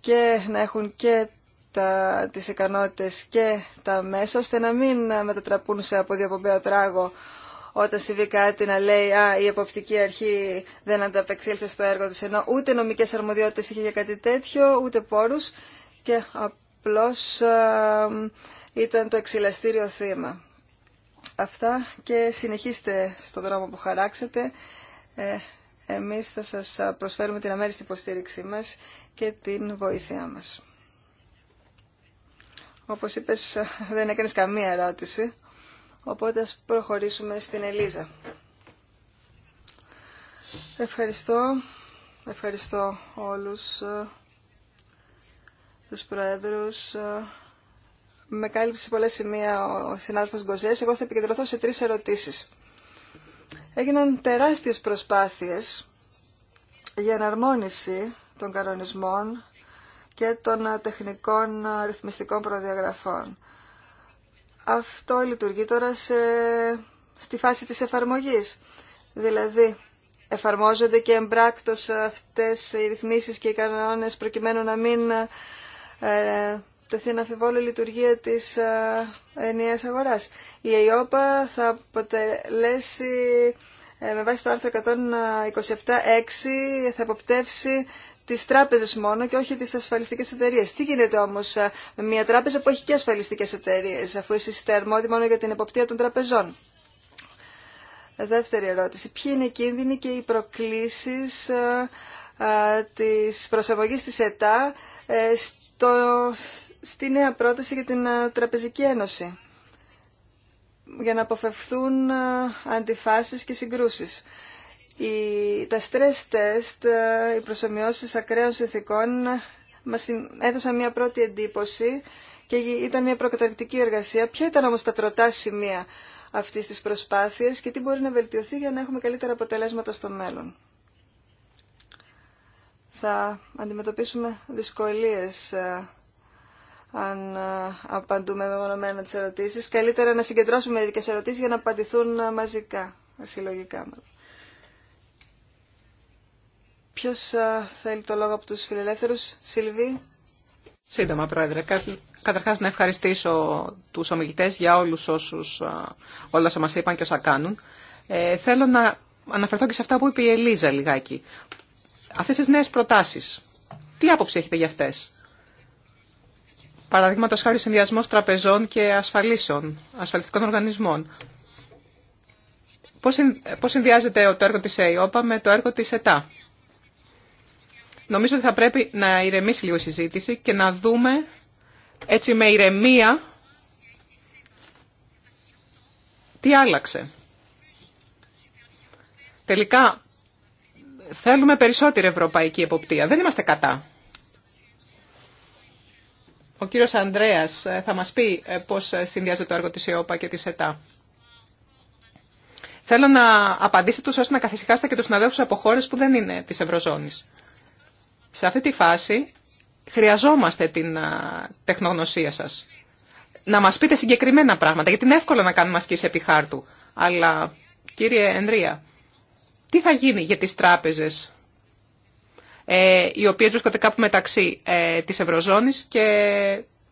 και να έχουν και τα, τις ικανότητες και τα μέσα, ώστε να μην μετατραπούν σε αποδιοπομπαίο τράγο όταν συμβεί κάτι να λέει «Α, η εποπτική αρχή δεν ανταπεξήλθε στο έργο της», ενώ ούτε νομικές αρμοδιότητες είχε για κάτι τέτοιο, ούτε πόρους και απλώς... α η εποπτικη αρχη δεν ανταπεξηλθε στο εργο της ενω ουτε νομικες αρμοδιοτητες ειχε για κατι τετοιο ουτε πορους και απλως ήταν το εξηλαστήριο θύμα. Αυτά και συνεχίστε στο δρόμο που χαράξετε. Ε, εμείς θα σας προσφέρουμε την αμέριστη υποστήριξή μας και την βοήθειά μας. Όπως είπες, δεν έκανες καμία ερώτηση, οπότε ας προχωρήσουμε στην Ελίζα. Ευχαριστώ. Ευχαριστώ όλους ε, τους Προέδρους, ε, με κάλυψε πολλά σημεία ο συνάδελφος Γκοζές. Εγώ θα επικεντρωθώ σε τρεις ερωτήσεις. Έγιναν τεράστιες προσπάθειες για εναρμόνιση των κανονισμών και των τεχνικών ρυθμιστικών προδιαγραφών. Αυτό λειτουργεί τώρα σε... στη φάση της εφαρμογής. Δηλαδή, εφαρμόζονται και εμπράκτος αυτές οι ρυθμίσεις και οι κανόνες προκειμένου να μην ε, τεθεί να αφιβόλω η λειτουργία της ε, ενιαίας αγοράς. Η ΕΙΟΠΑ θα αποτελέσει ε, με βάση το άρθρο 127.6 θα αποπτεύσει τις τράπεζες μόνο και όχι τις ασφαλιστικές εταιρείες. Τι γίνεται όμως ε, με μια τράπεζα που έχει και ασφαλιστικές εταιρείες αφού είστε αρμόδιοι μόνο για την εποπτεία των τραπεζών. Δεύτερη ερώτηση. Ποιοι είναι οι κίνδυνοι και οι προκλήσεις της προσαρμογής της ΕΤΑ στο, στη νέα πρόταση για την Τραπεζική Ένωση για να αποφευθούν αντιφάσεις και συγκρούσεις. Η, τα stress test, οι προσωμιώσεις ακραίων συνθηκών μας έδωσαν μια πρώτη εντύπωση και ήταν μια προκαταρκτική εργασία. Ποια ήταν όμως τα τροτά σημεία αυτής της προσπάθειας και τι μπορεί να βελτιωθεί για να έχουμε καλύτερα αποτελέσματα στο μέλλον. Θα αντιμετωπίσουμε δυσκολίες αν απαντούμε μεμονωμένα τις ερωτήσεις. Καλύτερα να συγκεντρώσουμε μερικές ερωτήσεις για να απαντηθούν μαζικά, συλλογικά. Ποιος θέλει το λόγο από τους φιλελεύθερους, Σιλβί. Σύντομα, Πρόεδρε. Καταρχάς να ευχαριστήσω τους ομιλητές για όλους όσους, όλα όσα μας είπαν και όσα κάνουν. Ε, θέλω να αναφερθώ και σε αυτά που είπε η Ελίζα λιγάκι. Αυτές τις νέες προτάσεις, τι άποψη έχετε για αυτές. Παραδείγματο χάρη συνδυασμό τραπεζών και ασφαλίσεων, ασφαλιστικών οργανισμών. Πώς συνδυάζεται το έργο της ΕΙΟΠΑ με το έργο της ΕΤΑ. Νομίζω ότι θα πρέπει να ηρεμήσει λίγο η συζήτηση και να δούμε έτσι με ηρεμία τι άλλαξε. Τελικά θέλουμε περισσότερη ευρωπαϊκή εποπτεία. Δεν είμαστε κατά. Ο κύριος Ανδρέας ε, θα μας πει ε, πώς ε, συνδυάζεται το έργο της ΕΟΠΑ και της ΕΤΑ. Θέλω να απαντήσετε τους ώστε να καθησυχάσετε και τους συναδέλφους από χώρες που δεν είναι της Ευρωζώνης. Σε αυτή τη φάση χρειαζόμαστε την τεχνογνωσία σας. Να μας πείτε συγκεκριμένα πράγματα, γιατί είναι εύκολο να κάνουμε ασκήσεις επί χάρτου. Αλλά, κύριε Ενδρία, τι θα γίνει για τις τράπεζες ε, οι οποίες βρίσκονται κάπου μεταξύ ε, της Ευρωζώνης και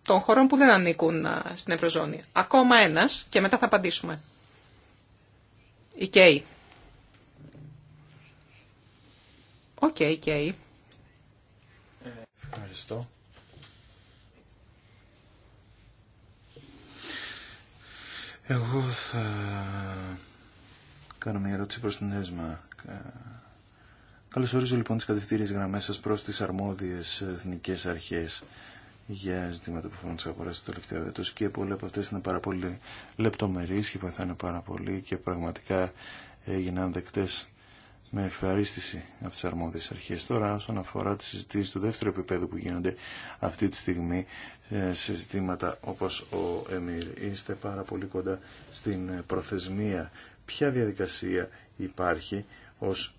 των χωρών που δεν ανήκουν στην Ευρωζώνη. Ακόμα ένας και μετά θα απαντήσουμε. Η ΚΕΙ. Οκ, η ΚΕΙ. Ευχαριστώ. Εγώ θα κάνω μια ερώτηση προς την Έσμα Καλωσορίζω λοιπόν τις κατευθύνες γραμμές σας προς τις αρμόδιες εθνικές αρχές για ζητήματα που φορούν τι αγορές το τελευταίου έτος και πολλές από αυτές είναι πάρα πολύ λεπτομερείς και βοηθάνε πάρα πολύ και πραγματικά έγιναν δεκτές με ευχαρίστηση από τις αρμόδιες αρχές. Τώρα όσον αφορά τις συζητήσεις του δεύτερου επίπεδου που γίνονται αυτή τη στιγμή ε, σε ζητήματα όπως ο Εμίρ, είστε πάρα πολύ κοντά στην προθεσμία. Ποια διαδικασία υπάρχει ως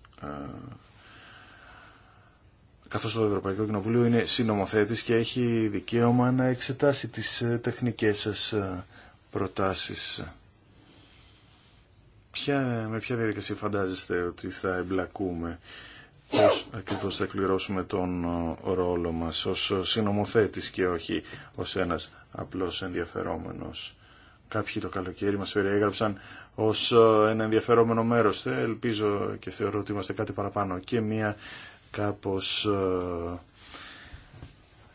καθώς το Ευρωπαϊκό Κοινοβούλιο είναι συνομοθέτη και έχει δικαίωμα να εξετάσει τι ε, τεχνικές σας ε, προτάσεις. Ποια, με ποια διαδικασία φαντάζεστε ότι θα εμπλακούμε, πώς ακριβώς θα εκπληρώσουμε τον ε, ρόλο μας ως συνομοθέτης και όχι ως ένας απλός ενδιαφερόμενος. Κάποιοι το καλοκαίρι μας περιέγραψαν ως ένα ενδιαφερόμενο μέρος. Ελπίζω και θεωρώ ότι είμαστε κάτι παραπάνω και μια κάπως... Ε,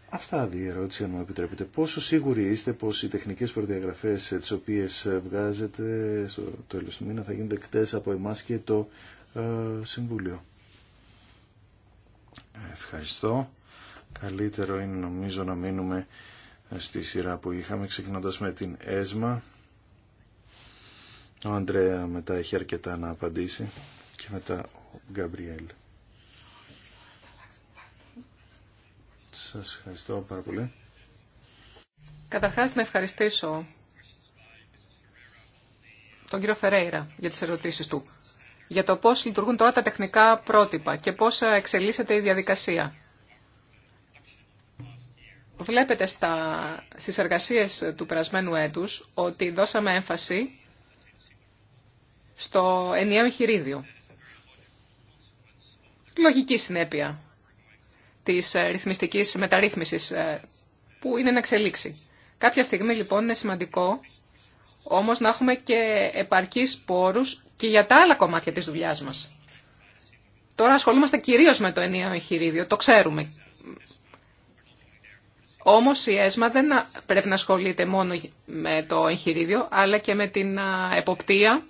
αυτά δύο ερώτηση, αν μου επιτρέπετε. Πόσο σίγουροι είστε πως οι τεχνικές προδιαγραφές ε, τις οποίες ε, βγάζετε στο τέλος του μήνα θα γίνουν κτές από εμάς και το Συμβούλιο. Ευχαριστώ. Καλύτερο είναι νομίζω να μείνουμε στη σειρά που είχαμε, ξεκινώντας με την ΕΣΜΑ. Ο Αντρέα μετά έχει αρκετά να απαντήσει και μετά ο Γκαμπριέλ. Σας ευχαριστώ πάρα πολύ. Καταρχάς να ευχαριστήσω τον κύριο Φερέιρα για τις ερωτήσεις του. Για το πώς λειτουργούν τώρα τα τεχνικά πρότυπα και πώς εξελίσσεται η διαδικασία. Βλέπετε στα, στις εργασίες του περασμένου έτους ότι δώσαμε έμφαση στο ενιαίο εγχειρίδιο. Λογική συνέπεια της ε, ρυθμιστικής μεταρρύθμισης ε, που είναι να εξελίξει. Κάποια στιγμή λοιπόν είναι σημαντικό όμως να έχουμε και επαρκείς πόρους και για τα άλλα κομμάτια της δουλειάς μας. Τώρα ασχολούμαστε κυρίως με το ενιαίο εγχειρίδιο, το ξέρουμε. Όμως η ΕΣΜΑ δεν πρέπει να ασχολείται μόνο με το εγχειρίδιο, αλλά και με την εποπτεία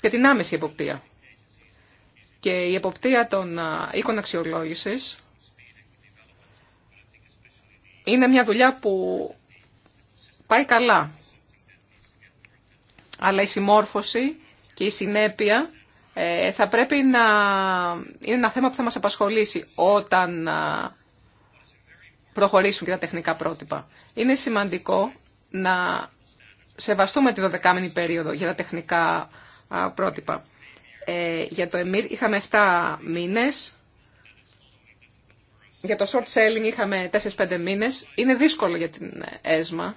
και την άμεση εποπτεία. Και η εποπτεία των οίκων αξιολόγησης είναι μια δουλειά που πάει καλά. Αλλά η συμμόρφωση και η συνέπεια ε, θα πρέπει να είναι ένα θέμα που θα μας απασχολήσει όταν προχωρήσουν και τα τεχνικά πρότυπα. Είναι σημαντικό να σεβαστούμε τη 12 περίοδο για τα τεχνικά πρότυπα. Ε, για το ΕΜΙΡ είχαμε 7 μήνες για το short selling είχαμε 4-5 μήνες. Είναι δύσκολο για την ΕΣΜΑ,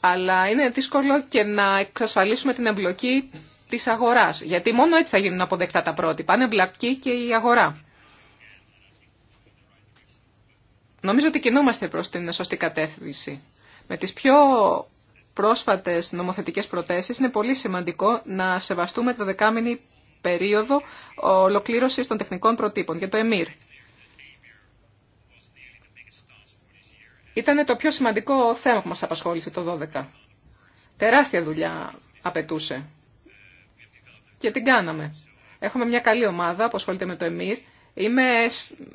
αλλά είναι δύσκολο και να εξασφαλίσουμε την εμπλοκή της αγοράς. Γιατί μόνο έτσι θα γίνουν αποδεκτά τα πρότυπα, αν εμπλακεί και η αγορά. Νομίζω ότι κινούμαστε προς την σωστή κατεύθυνση. Με τις πιο πρόσφατες νομοθετικές προτάσεις είναι πολύ σημαντικό να σεβαστούμε το δεκάμινη περίοδο ολοκλήρωσης των τεχνικών προτύπων για το ΕΜΙΡ. ήταν το πιο σημαντικό θέμα που μας απασχόλησε το 12. Τεράστια δουλειά απαιτούσε. Και την κάναμε. Έχουμε μια καλή ομάδα που ασχολείται με το ΕΜΙΡ. Είμαι,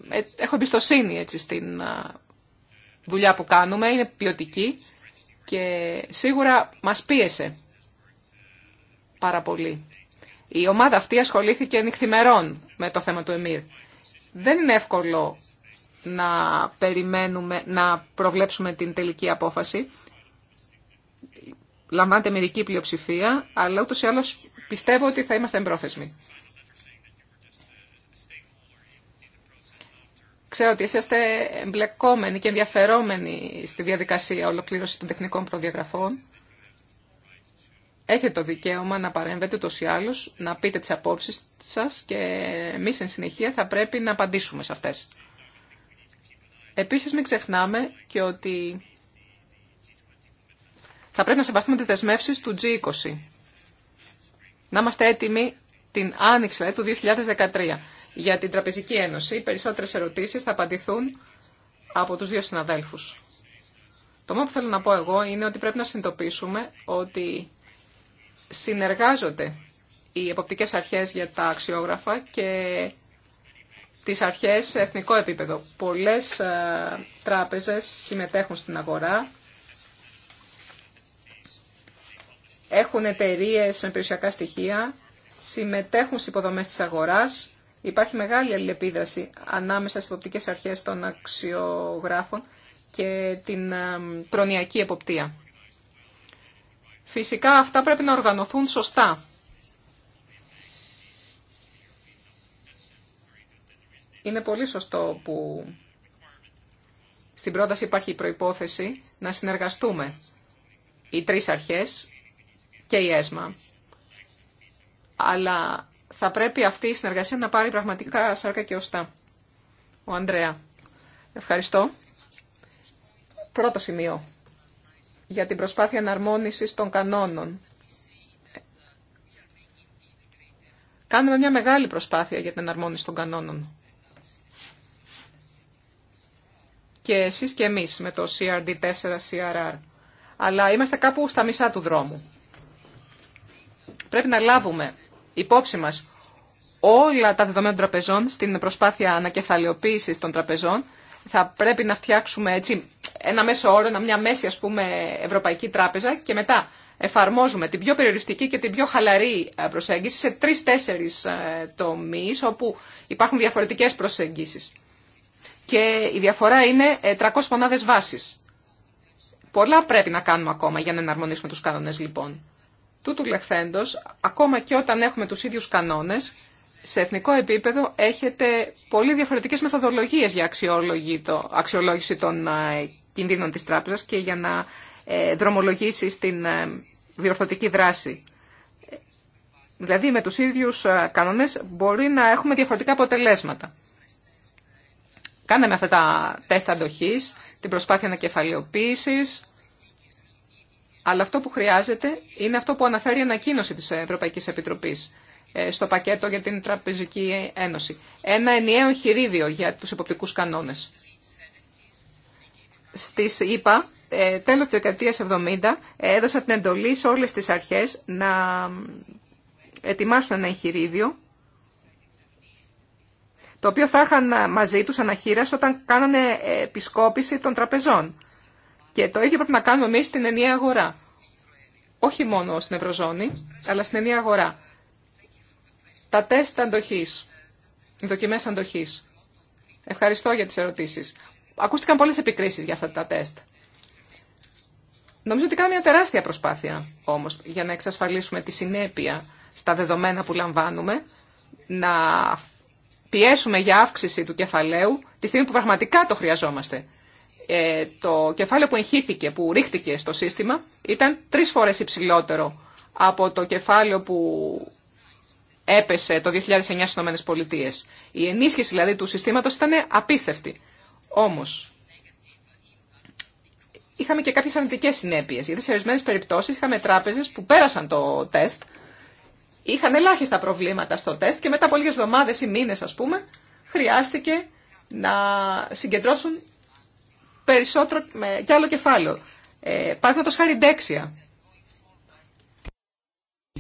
ε, έχω εμπιστοσύνη έτσι, στην δουλειά που κάνουμε. Είναι ποιοτική και σίγουρα μας πίεσε πάρα πολύ. Η ομάδα αυτή ασχολήθηκε νυχθημερών με το θέμα του ΕΜΙΡ. Δεν είναι εύκολο να περιμένουμε, να προβλέψουμε την τελική απόφαση. Λαμβάνεται μερική πλειοψηφία, αλλά ούτως ή άλλως πιστεύω ότι θα είμαστε εμπρόθεσμοι. Ξέρω ότι είστε εμπλεκόμενοι και ενδιαφερόμενοι στη διαδικασία ολοκλήρωση των τεχνικών προδιαγραφών. Έχετε το δικαίωμα να παρέμβετε ούτως ή άλλως, να πείτε τις απόψεις σας και εμείς εν συνεχεία θα πρέπει να απαντήσουμε σε αυτές. Επίσης μην ξεχνάμε και ότι θα πρέπει να σεβαστούμε τις δεσμεύσεις του G20. Να είμαστε έτοιμοι την άνοιξη δηλαδή, του 2013. Για την Τραπεζική Ένωση, οι περισσότερες ερωτήσεις θα απαντηθούν από τους δύο συναδέλφους. Το μόνο που θέλω να πω εγώ είναι ότι πρέπει να συνειδητοποιήσουμε ότι συνεργάζονται οι εποπτικές αρχές για τα αξιόγραφα και τις αρχές σε εθνικό επίπεδο. Πολλές ε, τράπεζες συμμετέχουν στην αγορά, έχουν εταιρείε με περιουσιακά στοιχεία, συμμετέχουν στις υποδομές της αγοράς, υπάρχει μεγάλη αλληλεπίδραση ανάμεσα στις εποπτικές αρχές των αξιογράφων και την ε, προνοιακή εποπτεία. Φυσικά αυτά πρέπει να οργανωθούν σωστά Είναι πολύ σωστό που στην πρόταση υπάρχει η προϋπόθεση να συνεργαστούμε οι τρεις αρχές και η ΕΣΜΑ. Αλλά θα πρέπει αυτή η συνεργασία να πάρει πραγματικά σάρκα και οστά. Ο Ανδρέα. Ευχαριστώ. Πρώτο σημείο για την προσπάθεια εναρμόνισης των κανόνων. Κάνουμε μια μεγάλη προσπάθεια για την εναρμόνιση των κανόνων. και εσείς και εμείς με το CRD4, CRR. Αλλά είμαστε κάπου στα μισά του δρόμου. Πρέπει να λάβουμε υπόψη μας όλα τα δεδομένα των τραπεζών στην προσπάθεια ανακεφαλαιοποίησης των τραπεζών. Θα πρέπει να φτιάξουμε έτσι ένα μέσο όρο, μια μέση ας πούμε ευρωπαϊκή τράπεζα και μετά εφαρμόζουμε την πιο περιοριστική και την πιο χαλαρή ε, προσέγγιση σε τρεις-τέσσερις ε, τομείς όπου υπάρχουν διαφορετικές προσεγγίσεις και η διαφορά είναι 300 ε, μονάδες βάσης. Πολλά πρέπει να κάνουμε ακόμα για να εναρμονίσουμε τους κανόνες λοιπόν. Τούτου λεχθέντος, ακόμα και όταν έχουμε τους ίδιους κανόνες, σε εθνικό επίπεδο έχετε πολύ διαφορετικές μεθοδολογίες για αξιολόγηση των ε, κινδύνων της τράπεζας και για να ε, δρομολογήσει στην διορθωτική δράση. Δηλαδή με τους ίδιους κανόνες μπορεί να έχουμε διαφορετικά αποτελέσματα. Κάναμε αυτά τα τεστ αντοχής, την προσπάθεια ανακεφαλαιοποίησης, αλλά αυτό που χρειάζεται είναι αυτό που αναφέρει η ανακοίνωση της Ευρωπαϊκής Επιτροπής ε, στο πακέτο για την Τραπεζική Ένωση. Ένα ενιαίο εγχειρίδιο για τους εποπτικούς κανόνες. Στις ΕΠΑ, ε, τέλος της δεκαετίας ε, έδωσα την εντολή σε όλες τις αρχές να ετοιμάσουν ένα εγχειρίδιο το οποίο θα είχαν μαζί τους αναχείρας όταν κάνανε επισκόπηση των τραπεζών. Και το ίδιο πρέπει να κάνουμε εμείς στην ενιαία αγορά. Όχι μόνο στην Ευρωζώνη, αλλά στην ενιαία αγορά. Τα τεστ αντοχής, οι δοκιμές αντοχής. Ευχαριστώ για τις ερωτήσεις. Ακούστηκαν πολλές επικρίσεις για αυτά τα τεστ. Νομίζω ότι κάνουμε μια τεράστια προσπάθεια όμως για να εξασφαλίσουμε τη συνέπεια στα δεδομένα που λαμβάνουμε, να πιέσουμε για αύξηση του κεφαλαίου τη στιγμή που πραγματικά το χρειαζόμαστε. Ε, το κεφάλαιο που εγχύθηκε, που ρίχτηκε στο σύστημα, ήταν τρει φορές υψηλότερο από το κεφάλαιο που έπεσε το 2009 στις ΗΠΑ. Η ενίσχυση δηλαδή του συστήματος ήταν απίστευτη. Όμω, είχαμε και κάποιες αρνητικέ συνέπειες, γιατί σε ορισμένε περιπτώσει είχαμε τράπεζε που πέρασαν το τεστ, είχαν ελάχιστα προβλήματα στο τεστ και μετά από λίγες εβδομάδες ή μήνες ας πούμε χρειάστηκε να συγκεντρώσουν περισσότερο και άλλο κεφάλαιο. Ε, το χάρη Ντέξια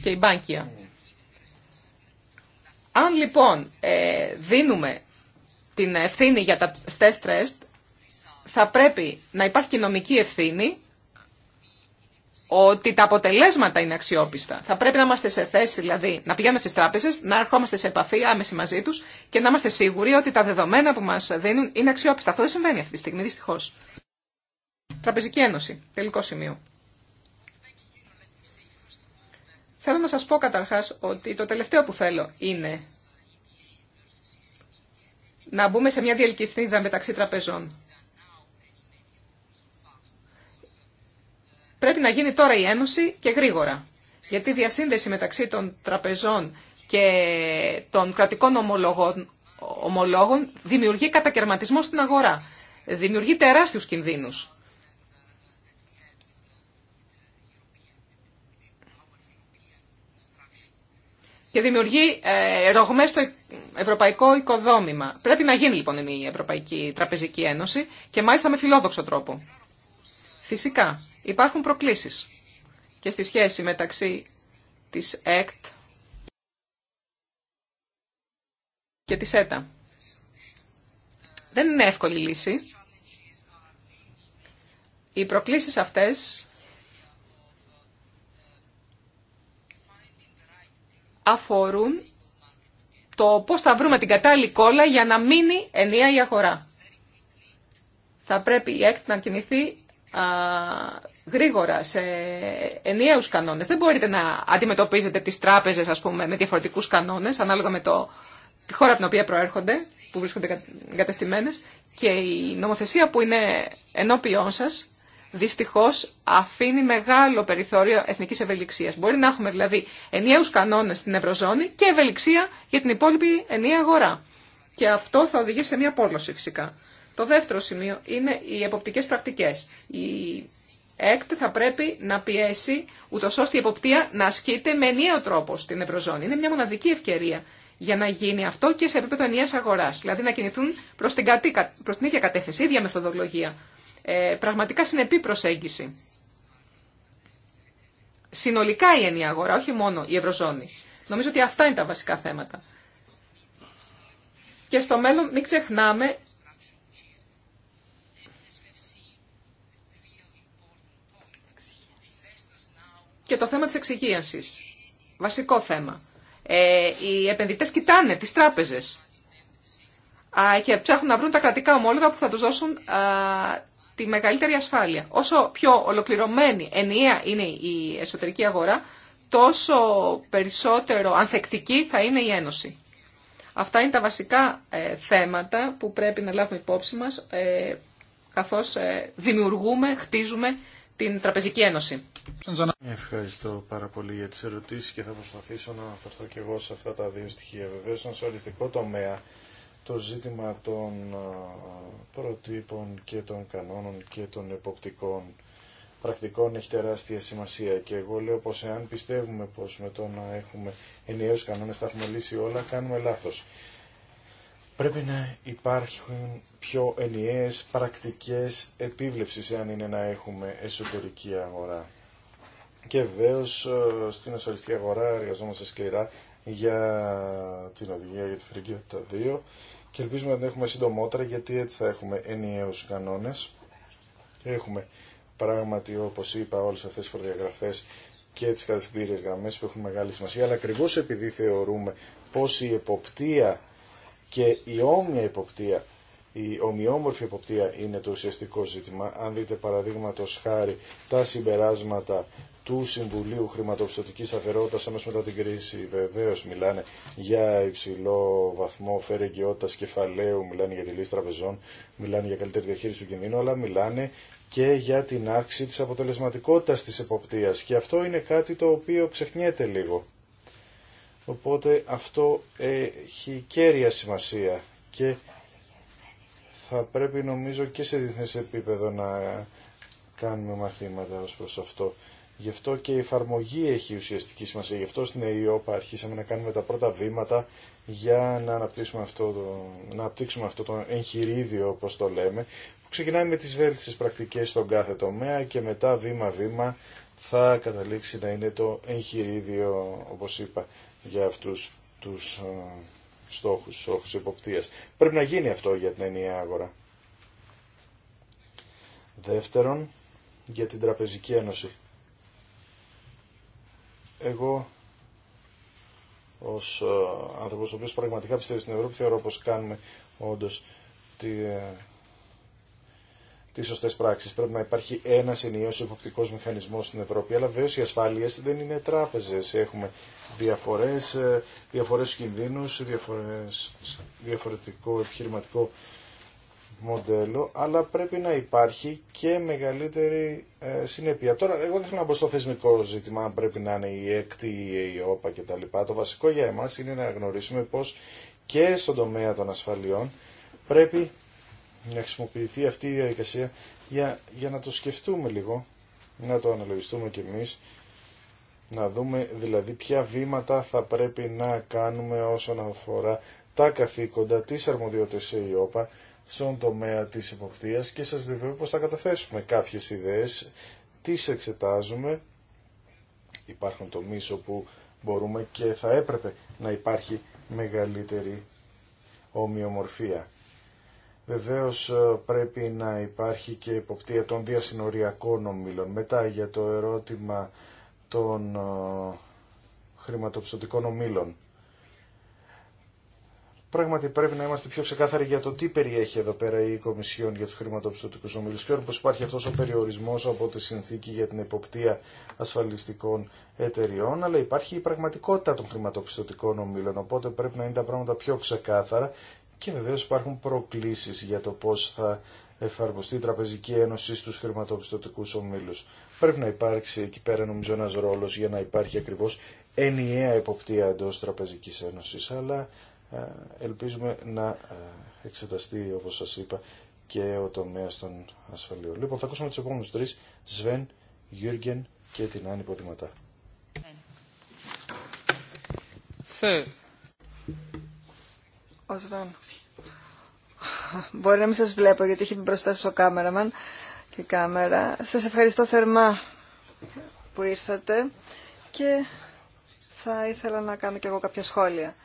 και η Μπάνκια. Αν λοιπόν ε, δίνουμε την ευθύνη για τα τέστ test, θα πρέπει να υπάρχει και νομική ευθύνη ότι τα αποτελέσματα είναι αξιόπιστα. Θα πρέπει να είμαστε σε θέση, δηλαδή, να πηγαίνουμε στι τράπεζες, να ερχόμαστε σε επαφή άμεση μαζί του και να είμαστε σίγουροι ότι τα δεδομένα που μας δίνουν είναι αξιόπιστα. Αυτό δεν συμβαίνει αυτή τη στιγμή, δυστυχώ. Τραπεζική Ένωση, τελικό σημείο. Θέλω να σα πω καταρχά ότι το τελευταίο που θέλω είναι να μπούμε σε μια διελκυστίδα μεταξύ τραπεζών. Πρέπει να γίνει τώρα η Ένωση και γρήγορα. Γιατί η διασύνδεση μεταξύ των τραπεζών και των κρατικών ομολογών, δημιουργεί κατακαιρματισμό στην αγορά. Δημιουργεί τεράστιους κινδύνους. και δημιουργεί ε, στο ευρωπαϊκό οικοδόμημα. Πρέπει να γίνει λοιπόν η Ευρωπαϊκή Τραπεζική Ένωση και μάλιστα με φιλόδοξο τρόπο. Φυσικά. Υπάρχουν προκλήσεις και στη σχέση μεταξύ της ΕΚΤ και της ΕΤΑ. Δεν είναι εύκολη λύση. Οι προκλήσεις αυτές αφορούν το πώς θα βρούμε την κατάλληλη κόλλα για να μείνει ενιαία η αγορά. Θα πρέπει η ΕΚΤ να κινηθεί γρήγορα σε ενιαίους κανόνες. Δεν μπορείτε να αντιμετωπίζετε τις τράπεζες ας πούμε, με διαφορετικούς κανόνες ανάλογα με το, τη χώρα από την οποία προέρχονται, που βρίσκονται εγκαταστημένες και η νομοθεσία που είναι ενώπιόν σας δυστυχώς αφήνει μεγάλο περιθώριο εθνικής ευελιξίας. Μπορεί να έχουμε δηλαδή ενιαίους κανόνες στην Ευρωζώνη και ευελιξία για την υπόλοιπη ενιαία αγορά. Και αυτό θα οδηγήσει σε μια πόλωση φυσικά. Το δεύτερο σημείο είναι οι εποπτικές πρακτικές. Η ΕΚΤ θα πρέπει να πιέσει ούτως ώστε η εποπτεία να ασκείται με ενιαίο τρόπο στην Ευρωζώνη. Είναι μια μοναδική ευκαιρία για να γίνει αυτό και σε επίπεδο ενιαίας αγοράς. Δηλαδή να κινηθούν προς την, κατή, προς την ίδια κατεύθυνση, ίδια μεθοδολογία. Ε, πραγματικά συνεπή προσέγγιση. Συνολικά η ενιαία αγορά, όχι μόνο η Ευρωζώνη. Νομίζω ότι αυτά είναι τα βασικά θέματα. Και στο μέλλον μην ξεχνάμε Και το θέμα της εξυγίασης. Βασικό θέμα. Ε, οι επενδυτές κοιτάνε τις τράπεζες α, και ψάχνουν να βρουν τα κρατικά ομόλογα που θα τους δώσουν τη μεγαλύτερη ασφάλεια. Όσο πιο ολοκληρωμένη ενιαία είναι η εσωτερική αγορά, τόσο περισσότερο ανθεκτική θα είναι η Ένωση. Αυτά είναι τα βασικά ε, θέματα που πρέπει να λάβουμε υπόψη μας ε, καθώς ε, δημιουργούμε, χτίζουμε την Τραπεζική Ένωση. Ευχαριστώ πάρα πολύ για τις ερωτήσεις και θα προσπαθήσω να αναφερθώ και εγώ σε αυτά τα δύο στοιχεία. Βεβαίω, στον ασφαλιστικό τομέα, το ζήτημα των προτύπων και των κανόνων και των εποπτικών πρακτικών έχει τεράστια σημασία και εγώ λέω πως εάν πιστεύουμε πως με το να έχουμε ενιαίους κανόνες θα έχουμε λύσει όλα, κάνουμε λάθος. Πρέπει να υπάρχουν πιο ενιαίες πρακτικές επίβλεψης, εάν είναι να έχουμε εσωτερική αγορά. Και βεβαίω ε, στην ασφαλιστική αγορά εργαζόμαστε σκληρά για την οδηγία για τη φρικιότητα 2 και ελπίζουμε να την έχουμε συντομότερα γιατί έτσι θα έχουμε ενιαίους κανόνες. Έχουμε πράγματι όπως είπα όλες αυτές τις προδιαγραφές και τις κατευθυντήριες γραμμές που έχουν μεγάλη σημασία αλλά ακριβώ επειδή θεωρούμε πως η εποπτεία και η όμοια υποπτία, η ομοιόμορφη υποπτία είναι το ουσιαστικό ζήτημα. Αν δείτε παραδείγματο χάρη τα συμπεράσματα του Συμβουλίου Χρηματοπιστωτική σταθερότητα αμέσω μετά την κρίση βεβαίω μιλάνε για υψηλό βαθμό φερεγκαιότητα κεφαλαίου, μιλάνε για τη λύση τραπεζών, μιλάνε για καλύτερη διαχείριση του κινδύνου, αλλά μιλάνε και για την αύξηση της αποτελεσματικότητας της εποπτείας. Και αυτό είναι κάτι το οποίο ξεχνιέται λίγο. Οπότε αυτό έχει κέρια σημασία και θα πρέπει νομίζω και σε διεθνές επίπεδο να κάνουμε μαθήματα ως προς αυτό. Γι' αυτό και η εφαρμογή έχει ουσιαστική σημασία. Γι' αυτό στην ΕΙΟΠΑ αρχίσαμε να κάνουμε τα πρώτα βήματα για να αναπτύξουμε αυτό το, να αναπτύξουμε αυτό το εγχειρίδιο, όπως το λέμε, που ξεκινάει με τις βέλτιστες πρακτικές στον κάθε τομέα και μετά βήμα-βήμα θα καταλήξει να είναι το εγχειρίδιο, όπως είπα, για αυτούς τους ε, στόχους, στόχους υποκτίας. Πρέπει να γίνει αυτό για την ενιαία αγορά. Δεύτερον, για την Τραπεζική Ένωση. Εγώ, ως ε, άνθρωπος ο οποίος πραγματικά πιστεύει στην Ευρώπη, θεωρώ πως κάνουμε όντως ε, τι σωστέ πράξει. Πρέπει να υπάρχει ένα ενιαίο υποπτικός μηχανισμό στην Ευρώπη, αλλά βέβαια οι ασφάλειες δεν είναι τράπεζε. Έχουμε διαφορέ διαφορές ε, κινδύνους, διαφορετικό επιχειρηματικό μοντέλο, αλλά πρέπει να υπάρχει και μεγαλύτερη ε, συνέπεια. Τώρα, εγώ δεν θέλω να μπω στο θεσμικό ζήτημα, αν πρέπει να είναι η ΕΚΤ ή η ΕΟΠΑ κτλ. Το βασικό για εμάς είναι να γνωρίσουμε πως και στον τομέα των ασφαλιών πρέπει να χρησιμοποιηθεί αυτή η διαδικασία για, για να το σκεφτούμε λίγο, να το αναλογιστούμε κι εμείς, να δούμε δηλαδή ποια βήματα θα πρέπει να κάνουμε όσον αφορά τα καθήκοντα της αρμοδιότητας σε ΙΟΠΑ στον τομέα της εποπτείας και σας βεβαιώ πως θα καταθέσουμε κάποιες ιδέες, τις εξετάζουμε, υπάρχουν τομείς όπου μπορούμε και θα έπρεπε να υπάρχει μεγαλύτερη ομοιομορφία. Βεβαίως ε, πρέπει να υπάρχει και υποπτία των διασυνοριακών ομίλων. Μετά για το ερώτημα των ε, χρηματοπιστωτικών ομίλων. Πράγματι πρέπει να είμαστε πιο ξεκάθαροι για το τι περιέχει εδώ πέρα η Κομισιόν για τους χρηματοπιστωτικούς ομίλους. Και πως υπάρχει αυτός ο περιορισμός από τη συνθήκη για την εποπτεία ασφαλιστικών εταιριών, αλλά υπάρχει η πραγματικότητα των χρηματοπιστωτικών ομίλων, οπότε πρέπει να είναι τα πράγματα πιο ξεκάθαρα και βεβαίω υπάρχουν προκλήσεις για το πώ θα εφαρμοστεί η Τραπεζική Ένωση στου χρηματοπιστωτικού ομίλους. Πρέπει να υπάρξει εκεί πέρα νομίζω ένα ρόλος για να υπάρχει ακριβώς ενιαία εποπτεία εντό τραπεζική Ένωση, αλλά ε, ελπίζουμε να ε, εξεταστεί όπως σας είπα και ο τομέας των ασφαλείων. Λοιπόν, θα ακούσουμε του επόμενου τρει: Σβέν, Γιούργεν και την Άννη Ποδηματά. Σβάν. Μπορεί να μην σας βλέπω γιατί έχει μπροστά σας ο κάμεραμαν και κάμερα. Σας ευχαριστώ θερμά που ήρθατε και θα ήθελα να κάνω και εγώ κάποια σχόλια.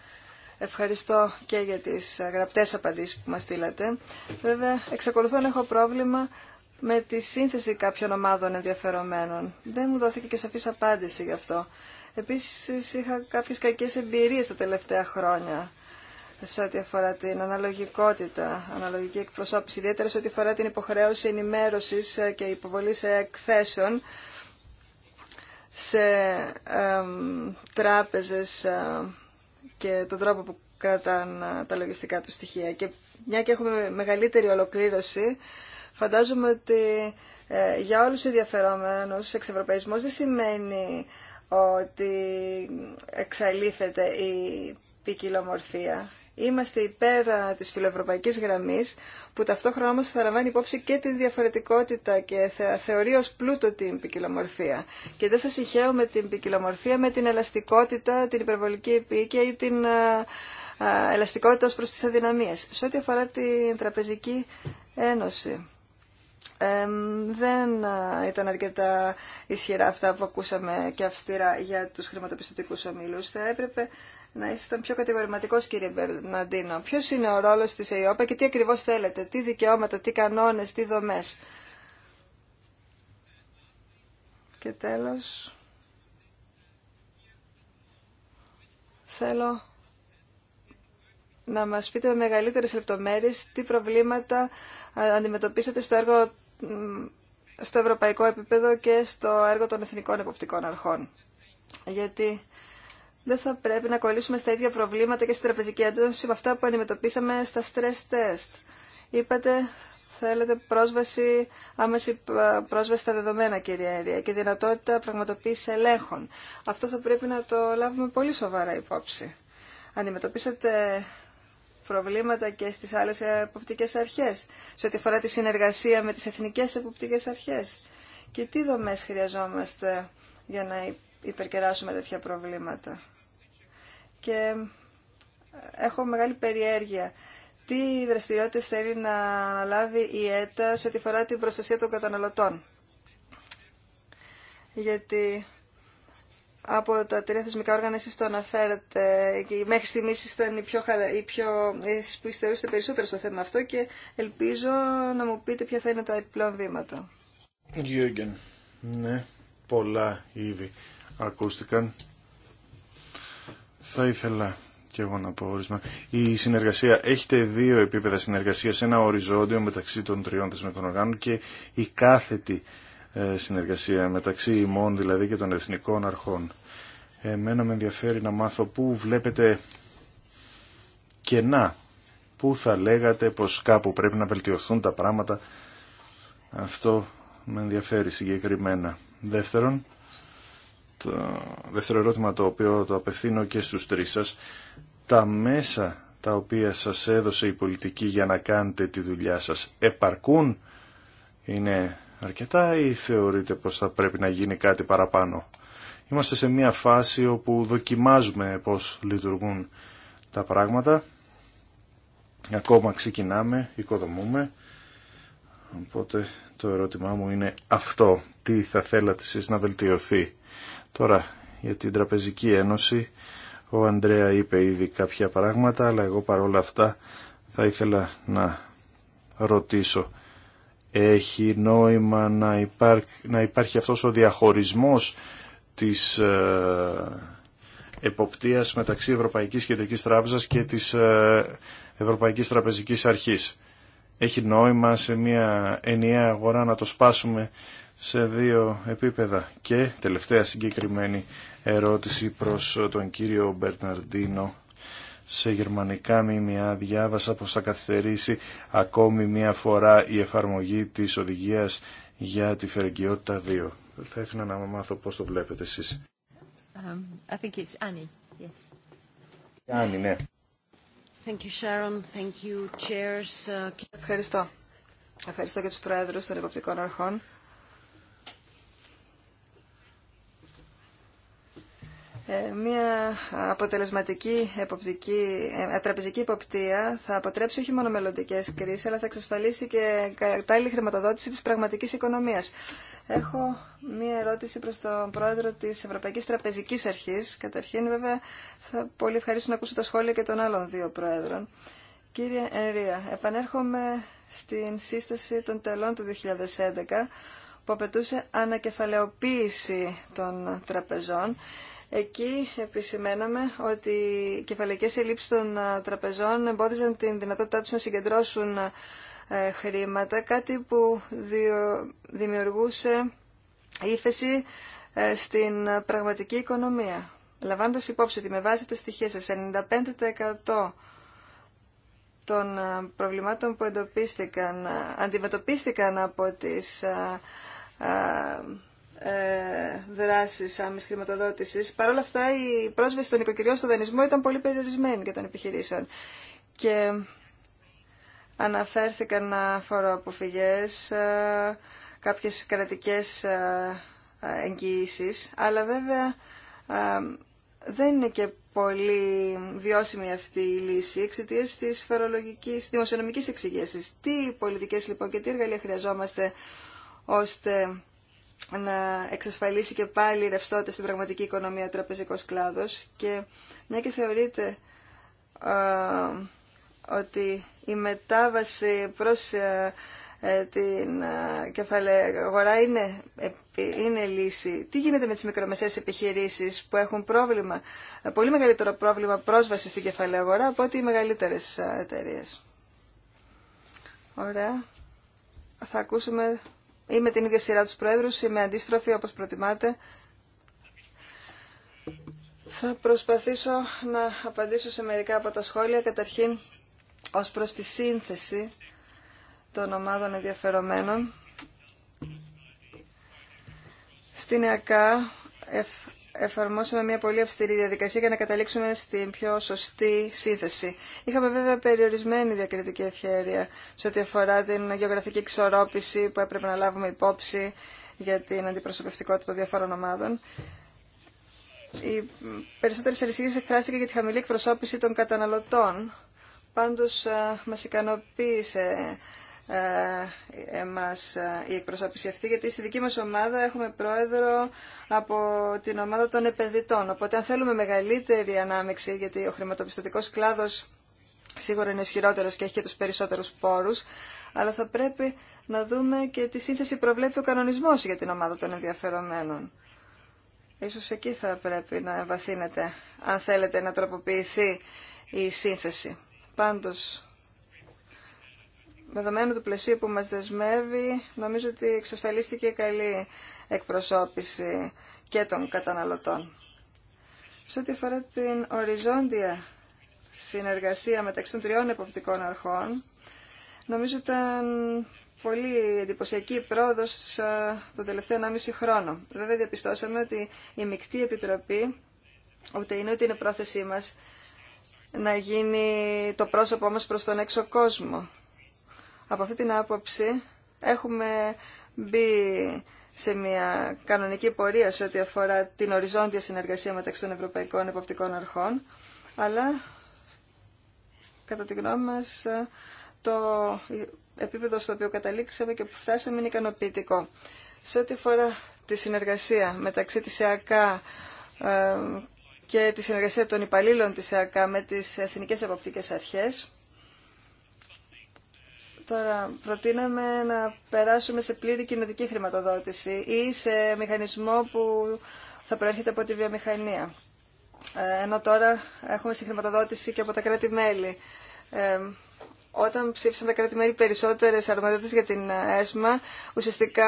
Ευχαριστώ και για τις γραπτές απαντήσεις που μας στείλατε. Βέβαια, εξακολουθώ να έχω πρόβλημα με τη σύνθεση κάποιων ομάδων ενδιαφερομένων. Δεν μου δόθηκε και σαφής απάντηση γι' αυτό. Επίσης, είχα κάποιες κακές εμπειρίες τα τελευταία χρόνια σε ό,τι αφορά την αναλογικότητα, αναλογική εκπροσώπηση, ιδιαίτερα σε ό,τι αφορά την υποχρέωση ενημέρωσης ε, και υποβολή εκθέσεων σε τράπεζες ε, και τον τρόπο που κρατάν ε, τα λογιστικά του στοιχεία. Και μια και έχουμε μεγαλύτερη ολοκλήρωση, φαντάζομαι ότι για όλους τους ενδιαφερόμενους εξευρωπαϊσμός δεν σημαίνει ότι εξαλείφεται η ποικιλομορφία είμαστε υπέρ της φιλοευρωπαϊκής γραμμής που ταυτόχρονα όμως θα λαμβάνει υπόψη και την διαφορετικότητα και θεωρεί ως πλούτο την ποικιλομορφία και δεν θα συγχαίουμε την ποικιλομορφία με την ελαστικότητα, την υπερβολική επίοικια ή την ελαστικότητα ως προς τις αδυναμίες. Σε ό,τι αφορά την Τραπεζική Ένωση. Ε, δεν ήταν αρκετά ισχυρά αυτά που ακούσαμε και αυστηρά για τους χρηματοπιστωτικούς ομίλους. Θα έπρεπε να ήσασταν πιο κατηγορηματικό, κύριε Μπερναντίνο. Ποιο είναι ο ρόλο τη ΕΙΟΠΑ και τι ακριβώ θέλετε, τι δικαιώματα, τι κανόνε, τι δομέ. Και τέλο. Θέλω να μας πείτε με μεγαλύτερες λεπτομέρειες τι προβλήματα αντιμετωπίσατε στο έργο στο ευρωπαϊκό επίπεδο και στο έργο των εθνικών εποπτικών αρχών. Γιατί δεν θα πρέπει να κολλήσουμε στα ίδια προβλήματα και στην τραπεζική έντονση με αυτά που αντιμετωπίσαμε στα stress test. Είπατε, θέλετε πρόσβαση, άμεση πρόσβαση στα δεδομένα, κυρία Ερία, και δυνατότητα πραγματοποίηση ελέγχων. Αυτό θα πρέπει να το λάβουμε πολύ σοβαρά υπόψη. Αντιμετωπίσατε προβλήματα και στις άλλες εποπτικές αρχές, σε ό,τι αφορά τη συνεργασία με τις εθνικές εποπτικές αρχές. Και τι δομές χρειαζόμαστε για να υπερκεράσουμε τέτοια προβλήματα και έχω μεγάλη περιέργεια. Τι δραστηριότητε θέλει να αναλάβει η ΕΤΑ σε ό,τι αφορά την προστασία των καταναλωτών. Γιατί από τα τρία θεσμικά όργανα εσείς το αναφέρατε και μέχρι στιγμής ήταν οι πιο, χαρα... πιο... που περισσότερο στο θέμα αυτό και ελπίζω να μου πείτε ποια θα είναι τα επιπλέον βήματα. ναι, πολλά ήδη ακούστηκαν θα ήθελα και εγώ να πω ορισμά. Η συνεργασία, έχετε δύο επίπεδα συνεργασίας, ένα οριζόντιο μεταξύ των τριών θεσμικών οργάνων και η κάθετη ε, συνεργασία μεταξύ ημών δηλαδή και των εθνικών αρχών. Εμένα με ενδιαφέρει να μάθω πού βλέπετε κενά, πού θα λέγατε πως κάπου πρέπει να βελτιωθούν τα πράγματα. Αυτό με ενδιαφέρει συγκεκριμένα. Δεύτερον, το δεύτερο ερώτημα το οποίο το απευθύνω και στους τρεις σας. Τα μέσα τα οποία σας έδωσε η πολιτική για να κάνετε τη δουλειά σας επαρκούν είναι αρκετά ή θεωρείτε πως θα πρέπει να γίνει κάτι παραπάνω. Είμαστε σε μια φάση όπου δοκιμάζουμε πως λειτουργούν τα πράγματα. Ακόμα ξεκινάμε, οικοδομούμε. Οπότε το ερώτημά μου είναι αυτό. Τι θα θέλατε εσείς να βελτιωθεί. Τώρα, για την Τραπεζική Ένωση, ο Ανδρέα είπε ήδη κάποια πράγματα, αλλά εγώ παρόλα αυτά θα ήθελα να ρωτήσω. Έχει νόημα να, υπάρχει, να υπάρχει αυτός ο διαχωρισμός της ε, εποπτείας μεταξύ Ευρωπαϊκής Κεντρικής Τράπεζας και της ε, Ευρωπαϊκής Τραπεζικής Αρχής έχει νόημα σε μια ενιαία αγορά να το σπάσουμε σε δύο επίπεδα. Και τελευταία συγκεκριμένη ερώτηση προς τον κύριο Μπερναρντίνο σε γερμανικά μήμια διάβασα πως θα καθυστερήσει ακόμη μία φορά η εφαρμογή της οδηγίας για τη φερικιότητα 2. Θα ήθελα να μάθω πώς το βλέπετε εσείς. Um, I think it's Annie. Yes. ναι. Thank you, Sharon. Thank you, chairs. Uh, Ευχαριστώ. Ευχαριστώ και τους Πρόεδρους των υποπτικών Αρχών Ε, μία αποτελεσματική εποπτική, ε, τραπεζική υποπτία θα αποτρέψει όχι μόνο μελλοντικέ κρίσει, αλλά θα εξασφαλίσει και κατάλληλη χρηματοδότηση τη πραγματική οικονομία. Έχω μία ερώτηση προ τον πρόεδρο τη Ευρωπαϊκή Τραπεζική Αρχή. Καταρχήν, βέβαια, θα πολύ ευχαρίστω να ακούσω τα σχόλια και των άλλων δύο πρόεδρων. Κύριε Ενρία, επανέρχομαι στην σύσταση των τελών του 2011 που απαιτούσε ανακεφαλαιοποίηση των τραπεζών Εκεί επισημέναμε ότι οι κεφαλικές ελλείψεις των τραπεζών εμπόδιζαν την δυνατότητά τους να συγκεντρώσουν χρήματα, κάτι που δημιουργούσε ύφεση ε, στην πραγματική οικονομία. Λαμβάνοντας υπόψη ότι με βάση τα στοιχεία σα 95% των προβλημάτων που εντοπίστηκαν, αντιμετωπίστηκαν από τις ε, δράσεις άμεση χρηματοδότηση. Παρ' όλα αυτά η πρόσβαση των οικοκυριών στο δανεισμό ήταν πολύ περιορισμένη για των επιχειρήσεων. Και αναφέρθηκαν φοροαποφυγέ, ε, κάποιες κρατικέ ε, εγγυήσει, αλλά βέβαια δεν είναι και πολύ βιώσιμη αυτή η λύση εξαιτία τη φορολογική, δημοσιονομική εξηγήση. Τι πολιτικέ λοιπόν και τι εργαλεία χρειαζόμαστε ώστε να εξασφαλίσει και πάλι ρευστότητα στην πραγματική οικονομία ο τραπεζικός κλάδος και μια και θεωρείται ότι η μετάβαση προς ε, την κεφαλαία αγορά είναι, λύση. Τι γίνεται με τις μικρομεσαίες επιχειρήσεις που έχουν πρόβλημα, ε, πολύ μεγαλύτερο πρόβλημα πρόσβαση στην κεφαλαία αγορά από ότι οι μεγαλύτερες εταιρείε. Ωραία. Θα ακούσουμε ή με την ίδια σειρά τους Πρόεδρους ή με αντίστροφη όπως προτιμάτε. Θα προσπαθήσω να απαντήσω σε μερικά από τα σχόλια. Καταρχήν, ως προς τη σύνθεση των ομάδων ενδιαφερομένων. Στην ΕΑΚΑ εφαρμόσαμε μια πολύ αυστηρή διαδικασία για να καταλήξουμε στην πιο σωστή σύνθεση. Είχαμε βέβαια περιορισμένη διακριτική ευχέρεια σε ό,τι αφορά την γεωγραφική εξορόπηση που έπρεπε να λάβουμε υπόψη για την αντιπροσωπευτικότητα των διαφόρων ομάδων. Οι περισσότερε αλυσίδε εκφράστηκαν για τη χαμηλή εκπροσώπηση των καταναλωτών. Πάντω, μα ικανοποίησε εμάς ε, ε, η εκπροσώπηση αυτή, γιατί στη δική μας ομάδα έχουμε πρόεδρο από την ομάδα των επενδυτών. Οπότε αν θέλουμε μεγαλύτερη ανάμεξη, γιατί ο χρηματοπιστωτικός κλάδος σίγουρα είναι ισχυρότερο και έχει και τους περισσότερους πόρους, αλλά θα πρέπει να δούμε και τη σύνθεση προβλέπει ο κανονισμός για την ομάδα των ενδιαφερομένων. Ίσως εκεί θα πρέπει να εμβαθύνετε, αν θέλετε να τροποποιηθεί η σύνθεση. Πάντως, δεδομένου του πλαισίου που μας δεσμεύει, νομίζω ότι εξασφαλίστηκε καλή εκπροσώπηση και των καταναλωτών. Σε ό,τι αφορά την οριζόντια συνεργασία μεταξύ των τριών εποπτικών αρχών, νομίζω ήταν πολύ εντυπωσιακή πρόοδος ε, τον τελευταίο 1,5 χρόνο. Βέβαια διαπιστώσαμε ότι η Μικτή Επιτροπή, ούτε είναι ούτε είναι πρόθεσή μα να γίνει το πρόσωπό μας προς τον έξω κόσμο. Από αυτή την άποψη έχουμε μπει σε μια κανονική πορεία σε ό,τι αφορά την οριζόντια συνεργασία μεταξύ των Ευρωπαϊκών Εποπτικών Αρχών, αλλά κατά τη γνώμη μας το επίπεδο στο οποίο καταλήξαμε και που φτάσαμε είναι ικανοποιητικό. Σε ό,τι αφορά τη συνεργασία μεταξύ της ΕΑΚΑ ε, και τη συνεργασία των υπαλλήλων της ΕΑΚΑ με τις Εθνικές Εποπτικές Αρχές, Τώρα, προτείναμε να περάσουμε σε πλήρη κοινωτική χρηματοδότηση ή σε μηχανισμό που θα προέρχεται από τη βιομηχανία. Ε, ενώ τώρα έχουμε συγχρηματοδότηση και από τα κράτη-μέλη. Ε, όταν ψήφισαν τα κράτη-μέλη περισσότερε αρμοδιότητε για την ΕΣΜΑ, ουσιαστικά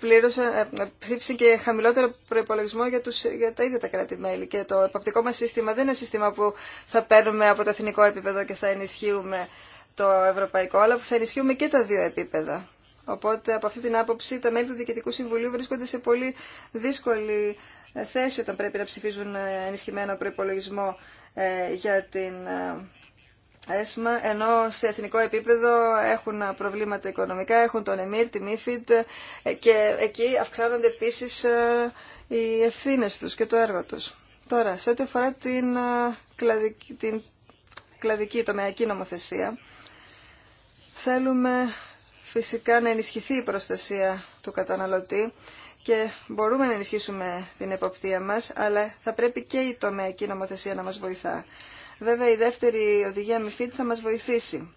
πλήρωσαν, ε, ψήφισαν και χαμηλότερο προπολογισμό για, τους, για τα ίδια τα κράτη-μέλη. Και το επαπτικό μα σύστημα δεν είναι σύστημα που θα παίρνουμε από το εθνικό επίπεδο και θα ενισχύουμε το ευρωπαϊκό, αλλά που θα ενισχύουμε και τα δύο επίπεδα. Οπότε από αυτή την άποψη τα μέλη του Διοικητικού Συμβουλίου βρίσκονται σε πολύ δύσκολη ε, θέση όταν πρέπει να ψηφίζουν ε, ενισχυμένο προπολογισμό ε, για την ΕΣΜΑ, ενώ σε εθνικό επίπεδο έχουν προβλήματα οικονομικά, έχουν τον ΕΜΙΡ, τη ΜΥΦΙΤ και εκεί αυξάνονται επίσης οι ευθύνες τους και το έργο τους. Τώρα, σε ό,τι αφορά την κλαδική, την κλαδική τομεακή νομοθεσία, Θέλουμε φυσικά να ενισχυθεί η προστασία του καταναλωτή και μπορούμε να ενισχύσουμε την εποπτεία μας, αλλά θα πρέπει και η τομεακή νομοθεσία να μας βοηθά. Βέβαια η δεύτερη οδηγία MIFID θα μας βοηθήσει,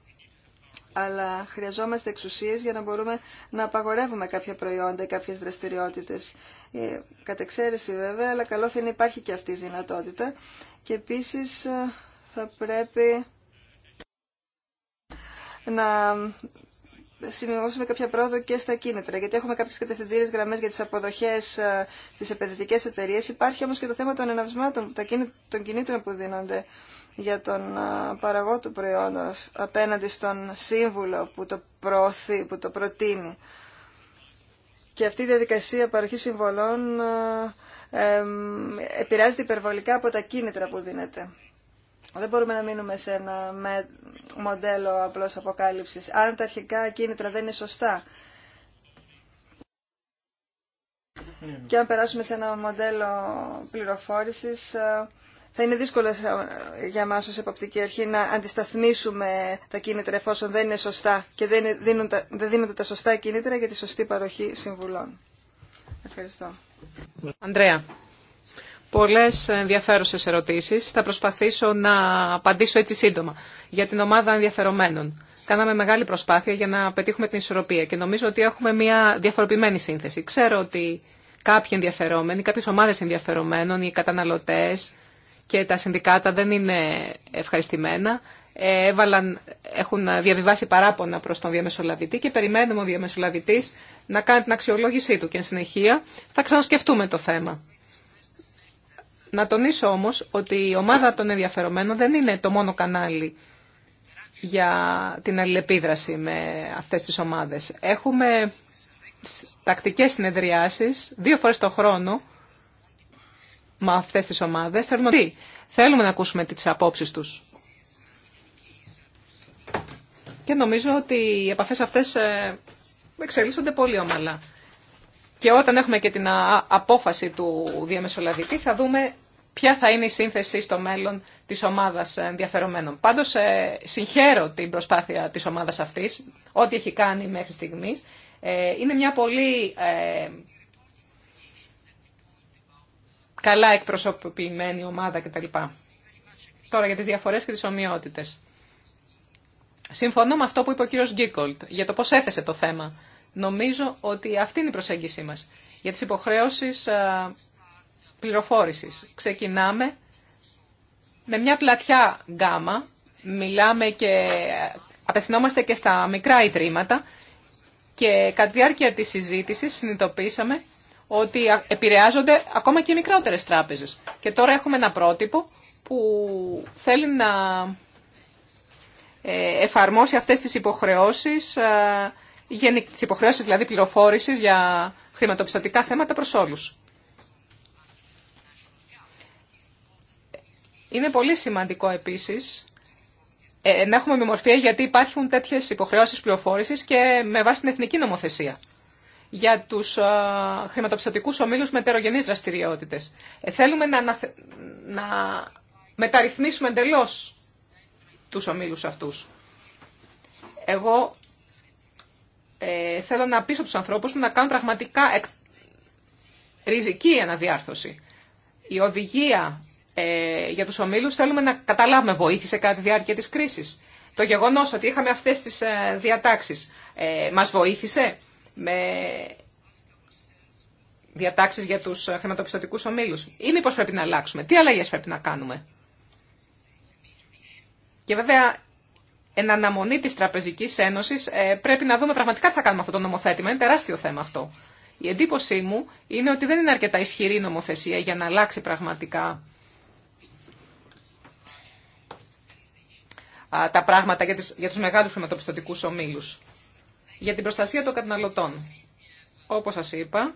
αλλά χρειαζόμαστε εξουσίες για να μπορούμε να απαγορεύουμε κάποια προϊόντα ή κάποιες δραστηριότητες. Ε, κατ' εξαίρεση βέβαια, αλλά καλό θα είναι υπάρχει και αυτή η δυνατότητα. Και επίσης ε, θα πρέπει να σημειώσουμε κάποια πρόοδο και στα κίνητρα, γιατί έχουμε κάποιες κατευθυντήριες γραμμές για τις αποδοχές ε, στις επενδυτικές εταιρείε. Υπάρχει όμως και το θέμα των εναυσμάτων, των κινήτρων που δίνονται για τον ε, παραγό του προϊόντος απέναντι στον σύμβουλο που το προωθεί, που το προτείνει. Και αυτή η διαδικασία παροχής συμβολών ε, επηρεάζεται υπερβολικά από τα κίνητρα που δίνεται. Δεν μπορούμε να μείνουμε σε ένα μοντέλο απλώς αποκάλυψης, αν τα αρχικά κίνητρα δεν είναι σωστά. Ναι. Και αν περάσουμε σε ένα μοντέλο πληροφόρησης, ε, θα είναι δύσκολο ε, για μας ως εποπτική αρχή να αντισταθμίσουμε τα κίνητρα εφόσον δεν είναι σωστά και δεν, δίνουν τα, δεν δίνονται τα σωστά κίνητρα για τη σωστή παροχή συμβουλών. Ευχαριστώ. Ανδρέα πολλές ενδιαφέρουσες ερωτήσεις. Θα προσπαθήσω να απαντήσω έτσι σύντομα για την ομάδα ενδιαφερομένων. Κάναμε μεγάλη προσπάθεια για να πετύχουμε την ισορροπία και νομίζω ότι έχουμε μια διαφοροποιημένη σύνθεση. Ξέρω ότι κάποιοι ενδιαφερόμενοι, κάποιες ομάδες ενδιαφερομένων, οι καταναλωτές και τα συνδικάτα δεν είναι ευχαριστημένα. Ε, έβαλαν, έχουν διαβιβάσει παράπονα προς τον διαμεσολαβητή και περιμένουμε ο διαμεσολαβητής να κάνει την αξιολόγησή του και εν συνεχεία θα ξανασκεφτούμε το θέμα. Να τονίσω όμως ότι η ομάδα των ενδιαφερομένων δεν είναι το μόνο κανάλι για την αλληλεπίδραση με αυτές τις ομάδες. Έχουμε τακτικές συνεδριάσεις δύο φορές το χρόνο με αυτές τις ομάδες. Θέλουμε, τι? Θέλουμε να ακούσουμε τις απόψεις τους. Και νομίζω ότι οι επαφές αυτές ε, εξελίσσονται πολύ ομαλά. Και όταν έχουμε και την απόφαση του διαμεσολαβητή θα δούμε ποια θα είναι η σύνθεση στο μέλλον της ομάδας ενδιαφερομένων. Πάντως ε, συγχαίρω την προσπάθεια της ομάδας αυτής, ό,τι έχει κάνει μέχρι στιγμής. Ε, είναι μια πολύ ε, καλά εκπροσωπημένη ομάδα κτλ. Τώρα για τις διαφορές και τις ομοιότητες. Συμφωνώ με αυτό που είπε ο κύριος Γκίκολτ για το πώς έθεσε το θέμα. Νομίζω ότι αυτή είναι η προσέγγιση μας. Για τις υποχρέωσεις πληροφόρησης. Ξεκινάμε με μια πλατιά γκάμα, μιλάμε και απευθυνόμαστε και στα μικρά ιδρύματα και κατά τη διάρκεια της συζήτησης συνειδητοποίησαμε ότι επηρεάζονται ακόμα και οι μικρότερες τράπεζες. Και τώρα έχουμε ένα πρότυπο που θέλει να ε, εφαρμόσει αυτές τις υποχρεώσεις, ε, τις υποχρεώσεις δηλαδή πληροφόρησης για χρηματοπιστωτικά θέματα προς όλους. Είναι πολύ σημαντικό επίσης ε, να έχουμε μορφία γιατί υπάρχουν τέτοιες υποχρεώσεις πληροφόρηση και με βάση την εθνική νομοθεσία για τους ε, χρηματοπιστωτικού ομίλου ομίλους με τερογενεί δραστηριότητες. Ε, θέλουμε να, να, να μεταρρυθμίσουμε εντελώ τους ομίλου αυτούς. Εγώ θέλω να πείσω τους ανθρώπους μου να κάνουν πραγματικά ριζική αναδιάρθρωση. Η οδηγία ε, για τους ομίλους θέλουμε να καταλάβουμε βοήθησε κατά τη διάρκεια της κρίσης. Το γεγονός ότι είχαμε αυτές τις ε, διατάξεις ε, μας βοήθησε με διατάξεις για τους ε, χρηματοπιστωτικούς ομίλους ή μήπω πρέπει να αλλάξουμε, τι αλλαγές πρέπει να κάνουμε. Και βέβαια εν αναμονή της Τραπεζικής Ένωσης πρέπει να δούμε πραγματικά τι θα κάνουμε αυτό το νομοθέτημα. Είναι τεράστιο θέμα αυτό. Η εντύπωσή μου είναι ότι δεν είναι αρκετά ισχυρή νομοθεσία για να αλλάξει πραγματικά τα πράγματα για, τις, για τους μεγάλους χρηματοπιστωτικούς ομίλους. Για την προστασία των καταναλωτών. Όπως σας είπα,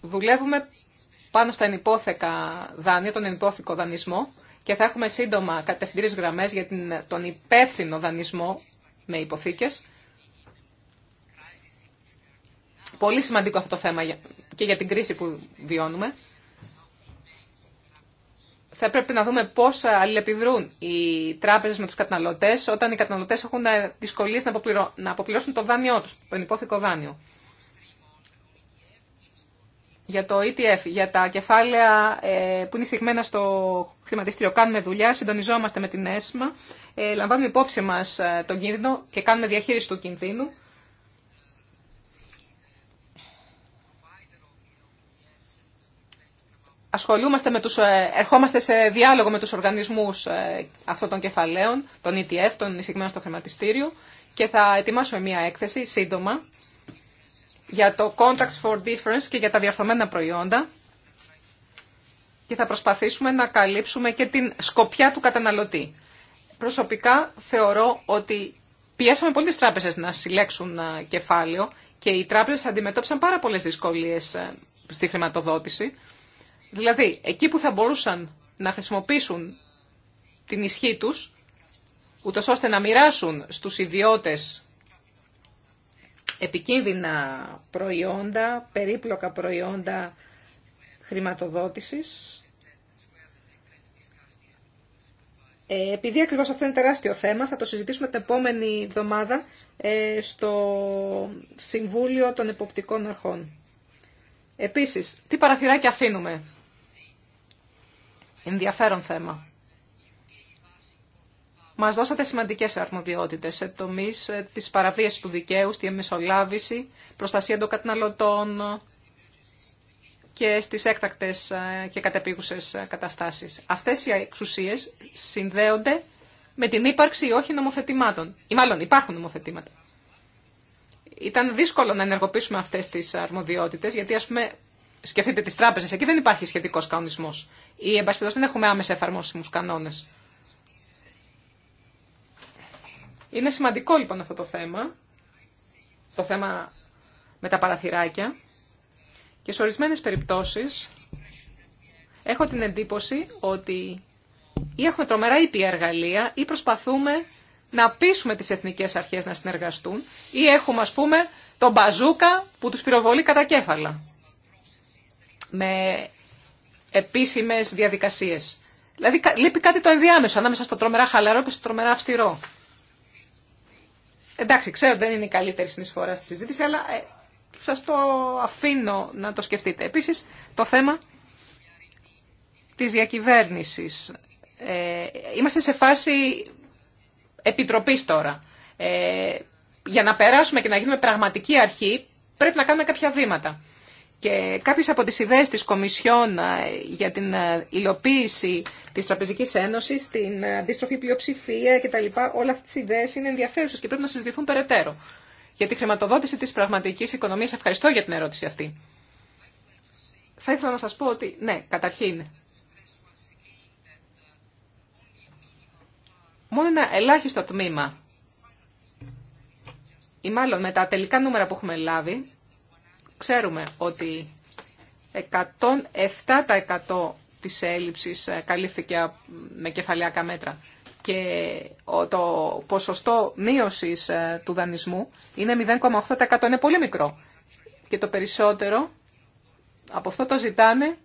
δουλεύουμε πάνω στα ενυπόθεκα δάνεια, τον ενυπόθηκο δανεισμό και θα έχουμε σύντομα κατευθυντήρες γραμμές για την, τον υπεύθυνο δανεισμό με υποθήκες. Πολύ σημαντικό αυτό το θέμα και για την κρίση που βιώνουμε θα πρέπει να δούμε πώ αλληλεπιδρούν οι τράπεζες με του καταναλωτές όταν οι καταναλωτές έχουν ε, δυσκολίε να αποπληρώσουν το δάνειό τους, το υπόθηκο δάνειο. Για το ETF, για τα κεφάλαια ε, που είναι συγμένα στο χρηματιστήριο, κάνουμε δουλειά, συντονιζόμαστε με την ΕΣΜΑ, ε, λαμβάνουμε υπόψη μας τον κίνδυνο και κάνουμε διαχείριση του κινδύνου. ασχολούμαστε με τους, ε, ερχόμαστε σε διάλογο με τους οργανισμούς ε, αυτών των κεφαλαίων, των ETF, των εισηγμένων στο χρηματιστήριο και θα ετοιμάσουμε μία έκθεση σύντομα για το Contacts for Difference και για τα διαφωμένα προϊόντα και θα προσπαθήσουμε να καλύψουμε και την σκοπιά του καταναλωτή. Προσωπικά θεωρώ ότι πιέσαμε πολύ τις τράπεζες να συλλέξουν ε, κεφάλαιο και οι τράπεζες αντιμετώπισαν πάρα πολλές δυσκολίες στη χρηματοδότηση. Δηλαδή, εκεί που θα μπορούσαν να χρησιμοποιήσουν την ισχύ τους, ούτω ώστε να μοιράσουν στους ιδιώτες επικίνδυνα προϊόντα, περίπλοκα προϊόντα χρηματοδότησης. Ε, επειδή ακριβώς αυτό είναι τεράστιο θέμα, θα το συζητήσουμε την επόμενη εβδομάδα ε, στο Συμβούλιο των Εποπτικών Αρχών. Επίσης, τι παραθυράκια αφήνουμε ενδιαφέρον θέμα. Μας δώσατε σημαντικές αρμοδιότητες σε τομείς ε, της παραβίασης του δικαίου, στη μεσολάβηση, προστασία των καταναλωτών και στις έκτακτες ε, και κατεπίγουσες ε, καταστάσεις. Αυτές οι εξουσίες συνδέονται με την ύπαρξη ή όχι νομοθετημάτων. Ή μάλλον υπάρχουν νομοθετήματα. Ήταν δύσκολο να ενεργοποιήσουμε αυτές τις αρμοδιότητες, γιατί ας πούμε σκεφτείτε τις τράπεζες, εκεί δεν υπάρχει σχετικό κανονισμός. Ή, εν δεν έχουμε άμεσα εφαρμόσιμου κανόνε. Είναι σημαντικό λοιπόν αυτό το θέμα, το θέμα με τα παραθυράκια και σε ορισμένες περιπτώσεις έχω την εντύπωση ότι ή έχουμε τρομερά ήπια εργαλεία ή προσπαθούμε να πείσουμε τις εθνικές αρχές να συνεργαστούν ή έχουμε ας πούμε τον μπαζούκα που τους πυροβολεί κατά κέφαλα με επίσημες διαδικασίες. Δηλαδή λείπει κάτι το ενδιάμεσο ανάμεσα στο τρομερά χαλαρό και στο τρομερά αυστηρό. Εντάξει, ξέρω ότι δεν είναι η καλύτερη συνεισφορά στη συζήτηση, αλλά ε, σας το αφήνω να το σκεφτείτε. Επίσης, το θέμα της διακυβέρνησης. Ε, είμαστε σε φάση επιτροπής τώρα. Ε, για να περάσουμε και να γίνουμε πραγματική αρχή, πρέπει να κάνουμε κάποια βήματα. Και κάποιες από τις ιδέες της Κομισιόν ε, για την ε, υλοποίηση της Τραπεζικής Ένωσης, την ε, αντίστροφη πλειοψηφία κτλ. Όλα αυτές τις ιδέες είναι ενδιαφέρουσες και πρέπει να συζητηθούν περαιτέρω. Για τη χρηματοδότηση της πραγματικής οικονομίας, ευχαριστώ για την ερώτηση αυτή. Θα ήθελα να σας πω ότι, ναι, καταρχήν, μόνο ένα ελάχιστο τμήμα ή μάλλον με τα τελικά νούμερα που έχουμε λάβει, Ξέρουμε ότι 107% της έλλειψης ε, καλύφθηκε με κεφαλαιακά μέτρα και το ποσοστό μείωσης ε, του δανεισμού είναι 0,8%. Είναι πολύ μικρό. Και το περισσότερο από αυτό το ζητάνε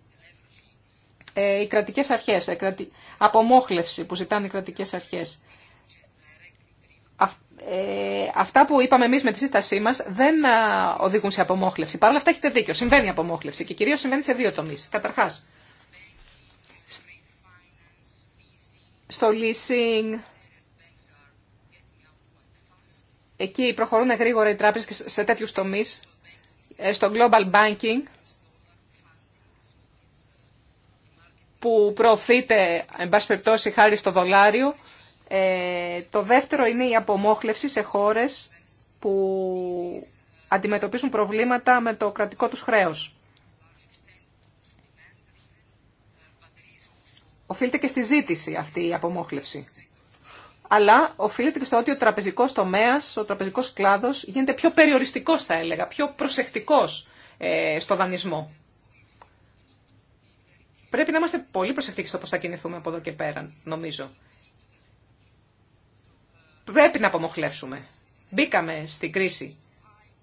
ε, οι κρατικές αρχές, απομόχλευση που ζητάνε οι κρατικές αρχές. Ε, αυτά που είπαμε εμεί με τη σύστασή μα δεν οδηγούν σε απομόχλευση. Παρ' όλα αυτά έχετε δίκιο. Συμβαίνει απομόχλευση και κυρίω συμβαίνει σε δύο τομεί. Καταρχά, στο leasing. Εκεί προχωρούν γρήγορα οι τράπεζε σε τέτοιου τομεί. Ε, στο global banking που προωθείται, εν πάση περιπτώσει, χάρη στο δολάριο, ε, το δεύτερο είναι η απομόχλευση σε χώρες που αντιμετωπίζουν προβλήματα με το κρατικό τους χρέος. Οφείλεται και στη ζήτηση αυτή η απομόχλευση. Αλλά οφείλεται και στο ότι ο τραπεζικός τομέας, ο τραπεζικός κλάδος γίνεται πιο περιοριστικός θα έλεγα, πιο προσεκτικός ε, στο δανεισμό. Πρέπει να είμαστε πολύ προσεκτικοί στο πώς θα κινηθούμε από εδώ και πέρα, νομίζω πρέπει να απομοχλεύσουμε. Μπήκαμε στην κρίση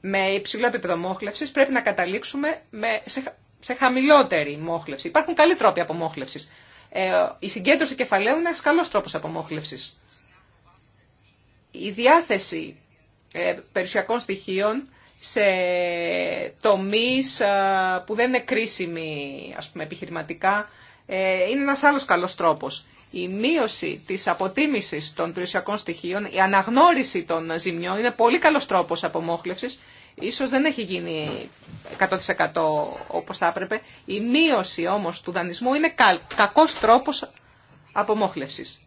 με υψηλό επίπεδο μόχλευση, πρέπει να καταλήξουμε με, σε, χαμηλότερη μόχλευση. Υπάρχουν καλοί τρόποι απομόχλευση. Ε, η συγκέντρωση κεφαλαίου είναι ένα καλό τρόπο απομόχλευση. Η διάθεση ε, περιουσιακών στοιχείων σε τομείς ε, που δεν είναι κρίσιμοι ας πούμε, επιχειρηματικά ε, είναι ένας άλλος καλός τρόπος. Η μείωση της αποτίμησης των περιουσιακών στοιχείων, η αναγνώριση των ζημιών είναι πολύ καλός τρόπος απομόχλευσης. Ίσως δεν έχει γίνει 100% όπως θα έπρεπε. Η μείωση όμως του δανεισμού είναι κακός τρόπος απομόχλευσης.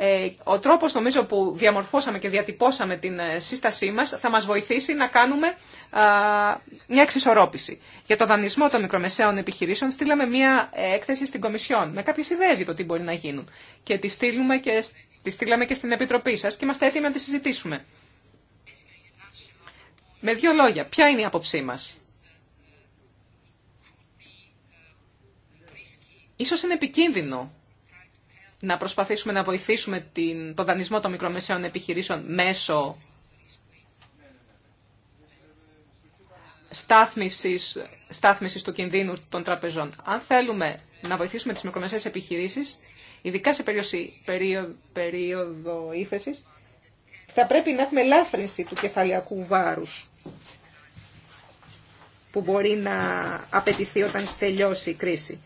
Ε, ο τρόπος νομίζω που διαμορφώσαμε και διατυπώσαμε την ε, σύστασή μας θα μας βοηθήσει να κάνουμε μια εξισορρόπηση. Για το δανεισμό των μικρομεσαίων επιχειρήσεων στείλαμε μια ε, έκθεση στην Κομισιόν με κάποιες ιδέες για το τι μπορεί να γίνουν και τη, στείλουμε και, τη στείλαμε και στην Επιτροπή σας και είμαστε έτοιμοι να τη συζητήσουμε. Με δύο λόγια, ποια είναι η άποψή μας. Ίσως είναι επικίνδυνο να προσπαθήσουμε να βοηθήσουμε την, το δανεισμό των μικρομεσαίων επιχειρήσεων μέσω στάθμισης, του κινδύνου των τραπεζών. Αν θέλουμε να βοηθήσουμε τις μικρομεσαίες επιχειρήσεις, ειδικά σε περίοδο, περίοδο ύφεση, θα πρέπει να έχουμε ελάφρυνση του κεφαλιακού βάρους που μπορεί να απαιτηθεί όταν τελειώσει η κρίση.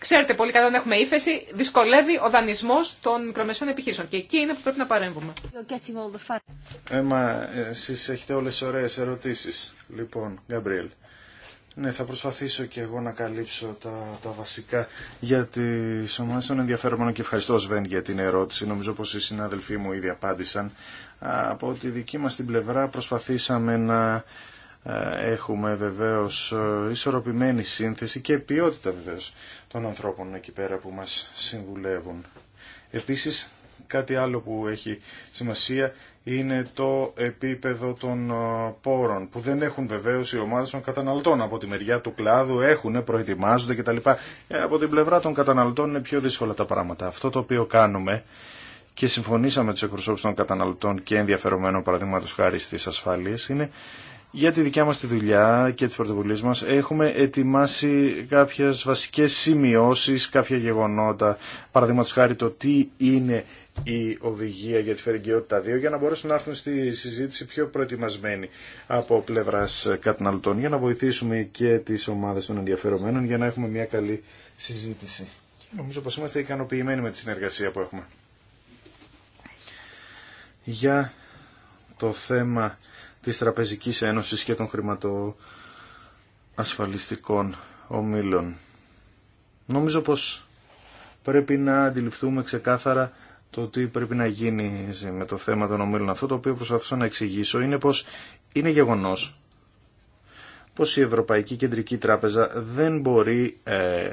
Ξέρετε πολύ καλά, αν έχουμε ύφεση, δυσκολεύει ο δανεισμό των μικρομεσαίων επιχειρήσεων. Και εκεί είναι που πρέπει να παρέμβουμε. Έμα, εσεί έχετε όλε τι ωραίε ερωτήσει. Λοιπόν, Γκαμπριέλ. Ναι, θα προσπαθήσω και εγώ να καλύψω τα, τα βασικά για τι ομάδε των ενδιαφέρομενων και ευχαριστώ, Σβέν, για την ερώτηση. Νομίζω πω οι συνάδελφοί μου ήδη απάντησαν. Από τη δική μα την πλευρά προσπαθήσαμε να ε, έχουμε βεβαίω ε, ισορροπημένη σύνθεση και ποιότητα βεβαίω των ανθρώπων εκεί πέρα που μας συμβουλεύουν. Επίσης, κάτι άλλο που έχει σημασία είναι το επίπεδο των ε, πόρων που δεν έχουν βεβαίως οι ομάδες των καταναλωτών. Από τη μεριά του κλάδου έχουν, προετοιμάζονται κτλ. Ε, από την πλευρά των καταναλωτών είναι πιο δύσκολα τα πράγματα. Αυτό το οποίο κάνουμε και συμφωνήσαμε τους εκπροσώπους των καταναλωτών και ενδιαφερομένων παραδείγματο χάρη στις ασφάλειες είναι για τη δικιά μας τη δουλειά και τις πρωτοβουλίες μας έχουμε ετοιμάσει κάποιες βασικές σημειώσεις, κάποια γεγονότα, παραδείγματος χάρη το τι είναι η οδηγία για τη φερικαιότητα 2 για να μπορέσουν να έρθουν στη συζήτηση πιο προετοιμασμένοι από πλευράς καταναλωτών για να βοηθήσουμε και τις ομάδες των ενδιαφερομένων για να έχουμε μια καλή συζήτηση. Νομίζω πως είμαστε ικανοποιημένοι με τη συνεργασία που έχουμε. Για το θέμα της Τραπεζικής Ένωσης και των χρηματοασφαλιστικών ομίλων. Νομίζω πως πρέπει να αντιληφθούμε ξεκάθαρα το τι πρέπει να γίνει με το θέμα των ομίλων. Αυτό το οποίο προσπαθούσα να εξηγήσω είναι πως είναι γεγονός πως η Ευρωπαϊκή Κεντρική Τράπεζα δεν μπορεί ε,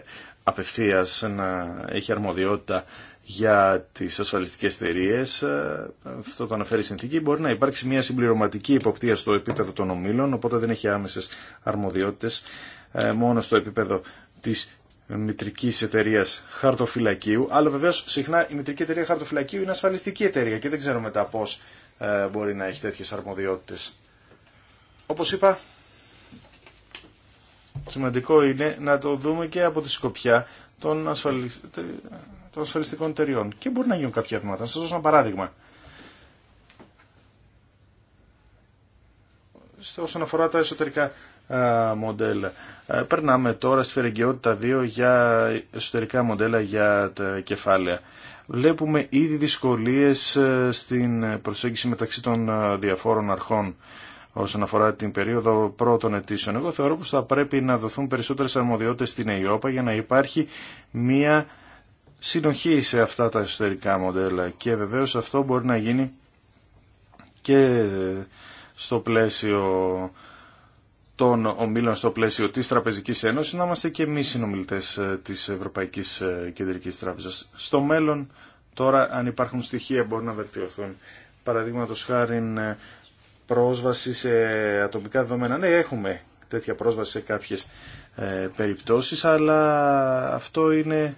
απευθείας να έχει αρμοδιότητα για τις ασφαλιστικές εταιρείε, ε, αυτό το αναφέρει η συνθήκη, μπορεί να υπάρξει μια συμπληρωματική υποπτία στο επίπεδο των ομίλων, οπότε δεν έχει άμεσες αρμοδιότητες ε, μόνο στο επίπεδο της μητρική εταιρεία χαρτοφυλακίου, αλλά βεβαίω συχνά η μητρική εταιρεία χαρτοφυλακίου είναι ασφαλιστική εταιρεία και δεν ξέρω μετά πώ ε, μπορεί να έχει τέτοιε αρμοδιότητε. Όπω είπα, Σημαντικό είναι να το δούμε και από τη σκοπιά των, ασφαλιστικών εταιριών. Και μπορεί να γίνουν κάποια βήματα. Να σας δώσω ένα παράδειγμα. όσον αφορά τα εσωτερικά α, μοντέλα. Α, περνάμε τώρα στη φερεγγιότητα 2 για εσωτερικά μοντέλα για τα κεφάλαια. Βλέπουμε ήδη δυσκολίες ε, στην προσέγγιση μεταξύ των διαφόρων αρχών όσον αφορά την περίοδο πρώτων ετήσεων. Εγώ θεωρώ πως θα πρέπει να δοθούν περισσότερες αρμοδιότητες στην ΕΙΟΠΑ για να υπάρχει μία συνοχή σε αυτά τα εσωτερικά μοντέλα και βεβαίως αυτό μπορεί να γίνει και στο πλαίσιο των ομίλων στο πλαίσιο της Τραπεζικής Ένωσης να είμαστε και εμείς συνομιλητές ε, της Ευρωπαϊκής ε, Κεντρικής Τράπεζας. Στο μέλλον τώρα αν υπάρχουν στοιχεία μπορούν να βελτιωθούν. Παραδείγματο χάρη ε, πρόσβαση σε ατομικά δεδομένα. Ναι, έχουμε τέτοια πρόσβαση σε κάποιες ε, περιπτώσεις, αλλά αυτό είναι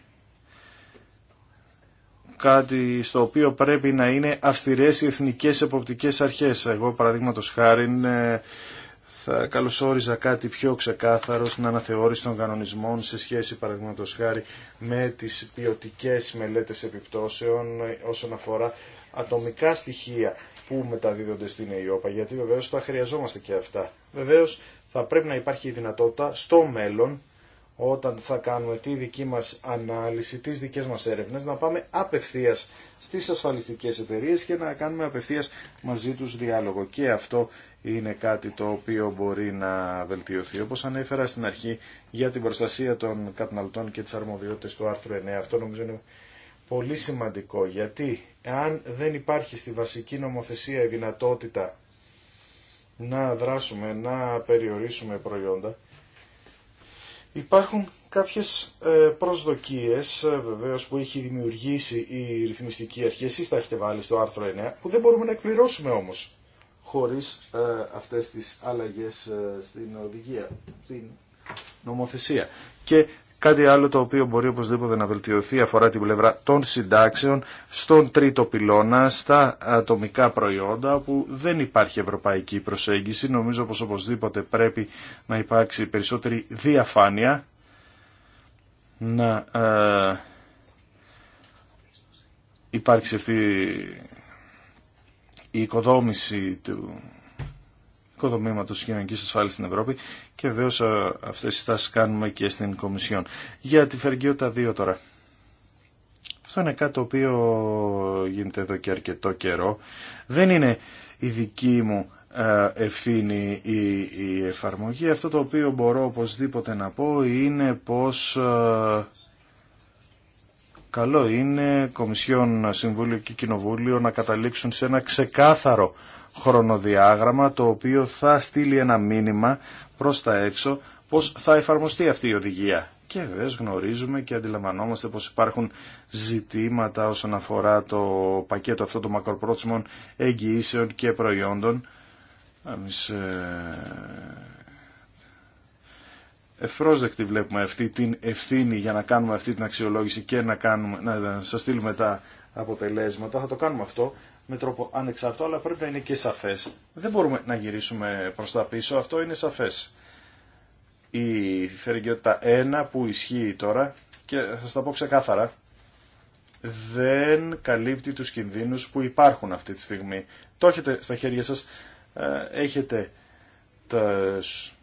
κάτι στο οποίο πρέπει να είναι αυστηρές οι εθνικές εποπτικές αρχές. Εγώ παραδείγματο χάρη θα καλωσόριζα κάτι πιο ξεκάθαρο στην αναθεώρηση των κανονισμών σε σχέση παραδείγματο χάρη με τι ποιοτικέ μελέτες επιπτώσεων όσον αφορά ατομικά στοιχεία που μεταδίδονται στην ΕΙΟΠΑ, γιατί βεβαίως θα χρειαζόμαστε και αυτά. Βεβαίως θα πρέπει να υπάρχει η δυνατότητα στο μέλλον, όταν θα κάνουμε τη δική μας ανάλυση, τις δικές μας έρευνες, να πάμε απευθείας στις ασφαλιστικές εταιρείες και να κάνουμε απευθείας μαζί τους διάλογο. Και αυτό είναι κάτι το οποίο μπορεί να βελτιωθεί. Όπως ανέφερα στην αρχή για την προστασία των καταναλωτών και τις αρμοδιότητες του άρθρου 9, αυτό νομίζω είναι πολύ σημαντικό γιατί αν δεν υπάρχει στη βασική νομοθεσία η δυνατότητα να δράσουμε, να περιορίσουμε προϊόντα, υπάρχουν κάποιες ε, προσδοκίες ε, βεβαίως που έχει δημιουργήσει η ρυθμιστική αρχή, εσείς τα έχετε βάλει στο άρθρο 9, που δεν μπορούμε να εκπληρώσουμε όμως χωρίς ε, αυτές τις αλλαγές στην οδηγία, στην νομοθεσία. Και Κάτι άλλο το οποίο μπορεί οπωσδήποτε να βελτιωθεί αφορά την πλευρά των συντάξεων στον τρίτο πυλώνα, στα ατομικά προϊόντα όπου δεν υπάρχει ευρωπαϊκή προσέγγιση. Νομίζω πως οπωσδήποτε πρέπει να υπάρξει περισσότερη διαφάνεια, να ε, υπάρξει αυτή η οικοδόμηση του οικοδομήματο τη κοινωνική ασφάλεια στην Ευρώπη και βεβαίω αυτέ τι τάσει κάνουμε και στην Κομισιόν. Για τη Φεργιώτα 2 τώρα. Αυτό είναι κάτι το οποίο γίνεται εδώ και αρκετό καιρό. Δεν είναι η δική μου ευθύνη η, εφαρμογή. Αυτό το οποίο μπορώ οπωσδήποτε να πω είναι πως καλό είναι Κομισιόν, Συμβούλιο και Κοινοβούλιο να καταλήξουν σε ένα ξεκάθαρο χρονοδιάγραμμα το οποίο θα στείλει ένα μήνυμα προς τα έξω πώς θα εφαρμοστεί αυτή η οδηγία. Και βέβαια γνωρίζουμε και αντιλαμβανόμαστε πως υπάρχουν ζητήματα όσον αφορά το πακέτο αυτό των μακροπρόθεσμων εγγυήσεων και προϊόντων. Εμείς ε, ευπρόσδεκτη βλέπουμε αυτή την ευθύνη για να κάνουμε αυτή την αξιολόγηση και να, κάνουμε, να σας στείλουμε τα αποτελέσματα. Θα το κάνουμε αυτό, με τρόπο ανεξαρτό, αλλά πρέπει να είναι και σαφές. Δεν μπορούμε να γυρίσουμε προς τα πίσω, αυτό είναι σαφές. Η φερικαιότητα 1 που ισχύει τώρα, και θα σας τα πω ξεκάθαρα, δεν καλύπτει τους κινδύνους που υπάρχουν αυτή τη στιγμή. Το έχετε στα χέρια σας, ε, έχετε τα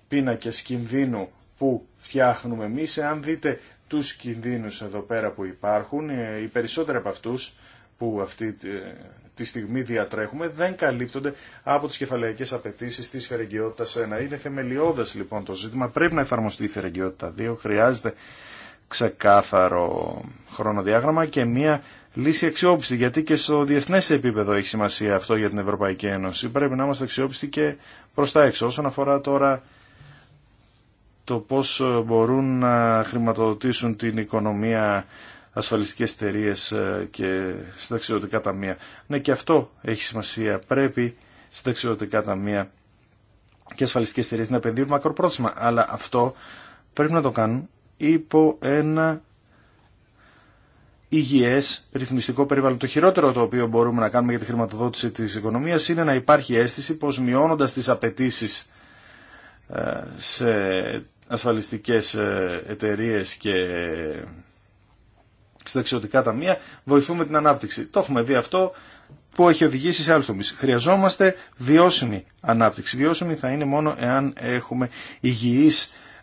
πίνακες κινδύνου που φτιάχνουμε εμείς. Εάν δείτε τους κινδύνους εδώ πέρα που υπάρχουν, ε, οι περισσότεροι από αυτούς που αυτή ε, τη στιγμή διατρέχουμε δεν καλύπτονται από τι κεφαλαϊκέ απαιτήσει τη φερεγκαιότητα 1. Είναι θεμελιώδε λοιπόν το ζήτημα. Πρέπει να εφαρμοστεί η φερεγγιότητα 2. Χρειάζεται ξεκάθαρο χρονοδιάγραμμα και μια λύση αξιόπιστη. Γιατί και στο διεθνέ επίπεδο έχει σημασία αυτό για την Ευρωπαϊκή Ένωση. Πρέπει να είμαστε αξιόπιστοι και προ τα έξω. Όσον αφορά τώρα το πώς μπορούν να χρηματοδοτήσουν την οικονομία ασφαλιστικές εταιρείε ε, και συνταξιδοτικά ταμεία. Ναι και αυτό έχει σημασία. Πρέπει συνταξιδοτικά ταμεία και ασφαλιστικές εταιρείε να επενδύουν μακροπρόθεσμα. Αλλά αυτό πρέπει να το κάνουν υπό ένα υγιέ ρυθμιστικό περιβάλλον. Το χειρότερο το οποίο μπορούμε να κάνουμε για τη χρηματοδότηση της οικονομία είναι να υπάρχει αίσθηση πω μειώνοντα τι απαιτήσει ε, σε ασφαλιστικές ε, εταιρείες και στα τα ταμεία, βοηθούμε την ανάπτυξη. Το έχουμε δει αυτό που έχει οδηγήσει σε άλλου τομεί. Χρειαζόμαστε βιώσιμη ανάπτυξη. Βιώσιμη θα είναι μόνο εάν έχουμε υγιεί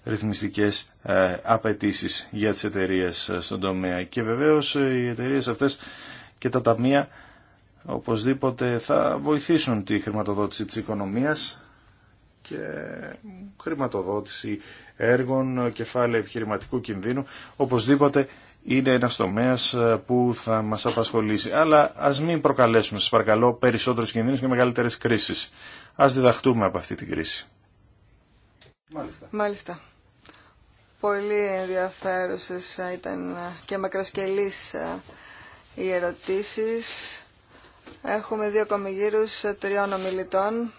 ρυθμιστικέ ε, απαιτήσει για τι εταιρείε ε, στον τομέα. Και βεβαίω ε, οι εταιρείε αυτέ και τα ταμεία οπωσδήποτε θα βοηθήσουν τη χρηματοδότηση της οικονομίας και χρηματοδότηση έργων, κεφάλαια επιχειρηματικού κινδύνου, οπωσδήποτε είναι ένας τομέας ε, που θα μας απασχολήσει. Αλλά ας μην προκαλέσουμε, σας παρακαλώ, περισσότερους κινδύνους και μεγαλύτερες κρίσεις. Ας διδαχτούμε από αυτή την κρίση. Μάλιστα. Μάλιστα. Πολύ ενδιαφέρουσες ε, ήταν ε, και μακροσκελής οι ερωτήσεις. Έχουμε δύο κομιγύρους τριών ομιλητών.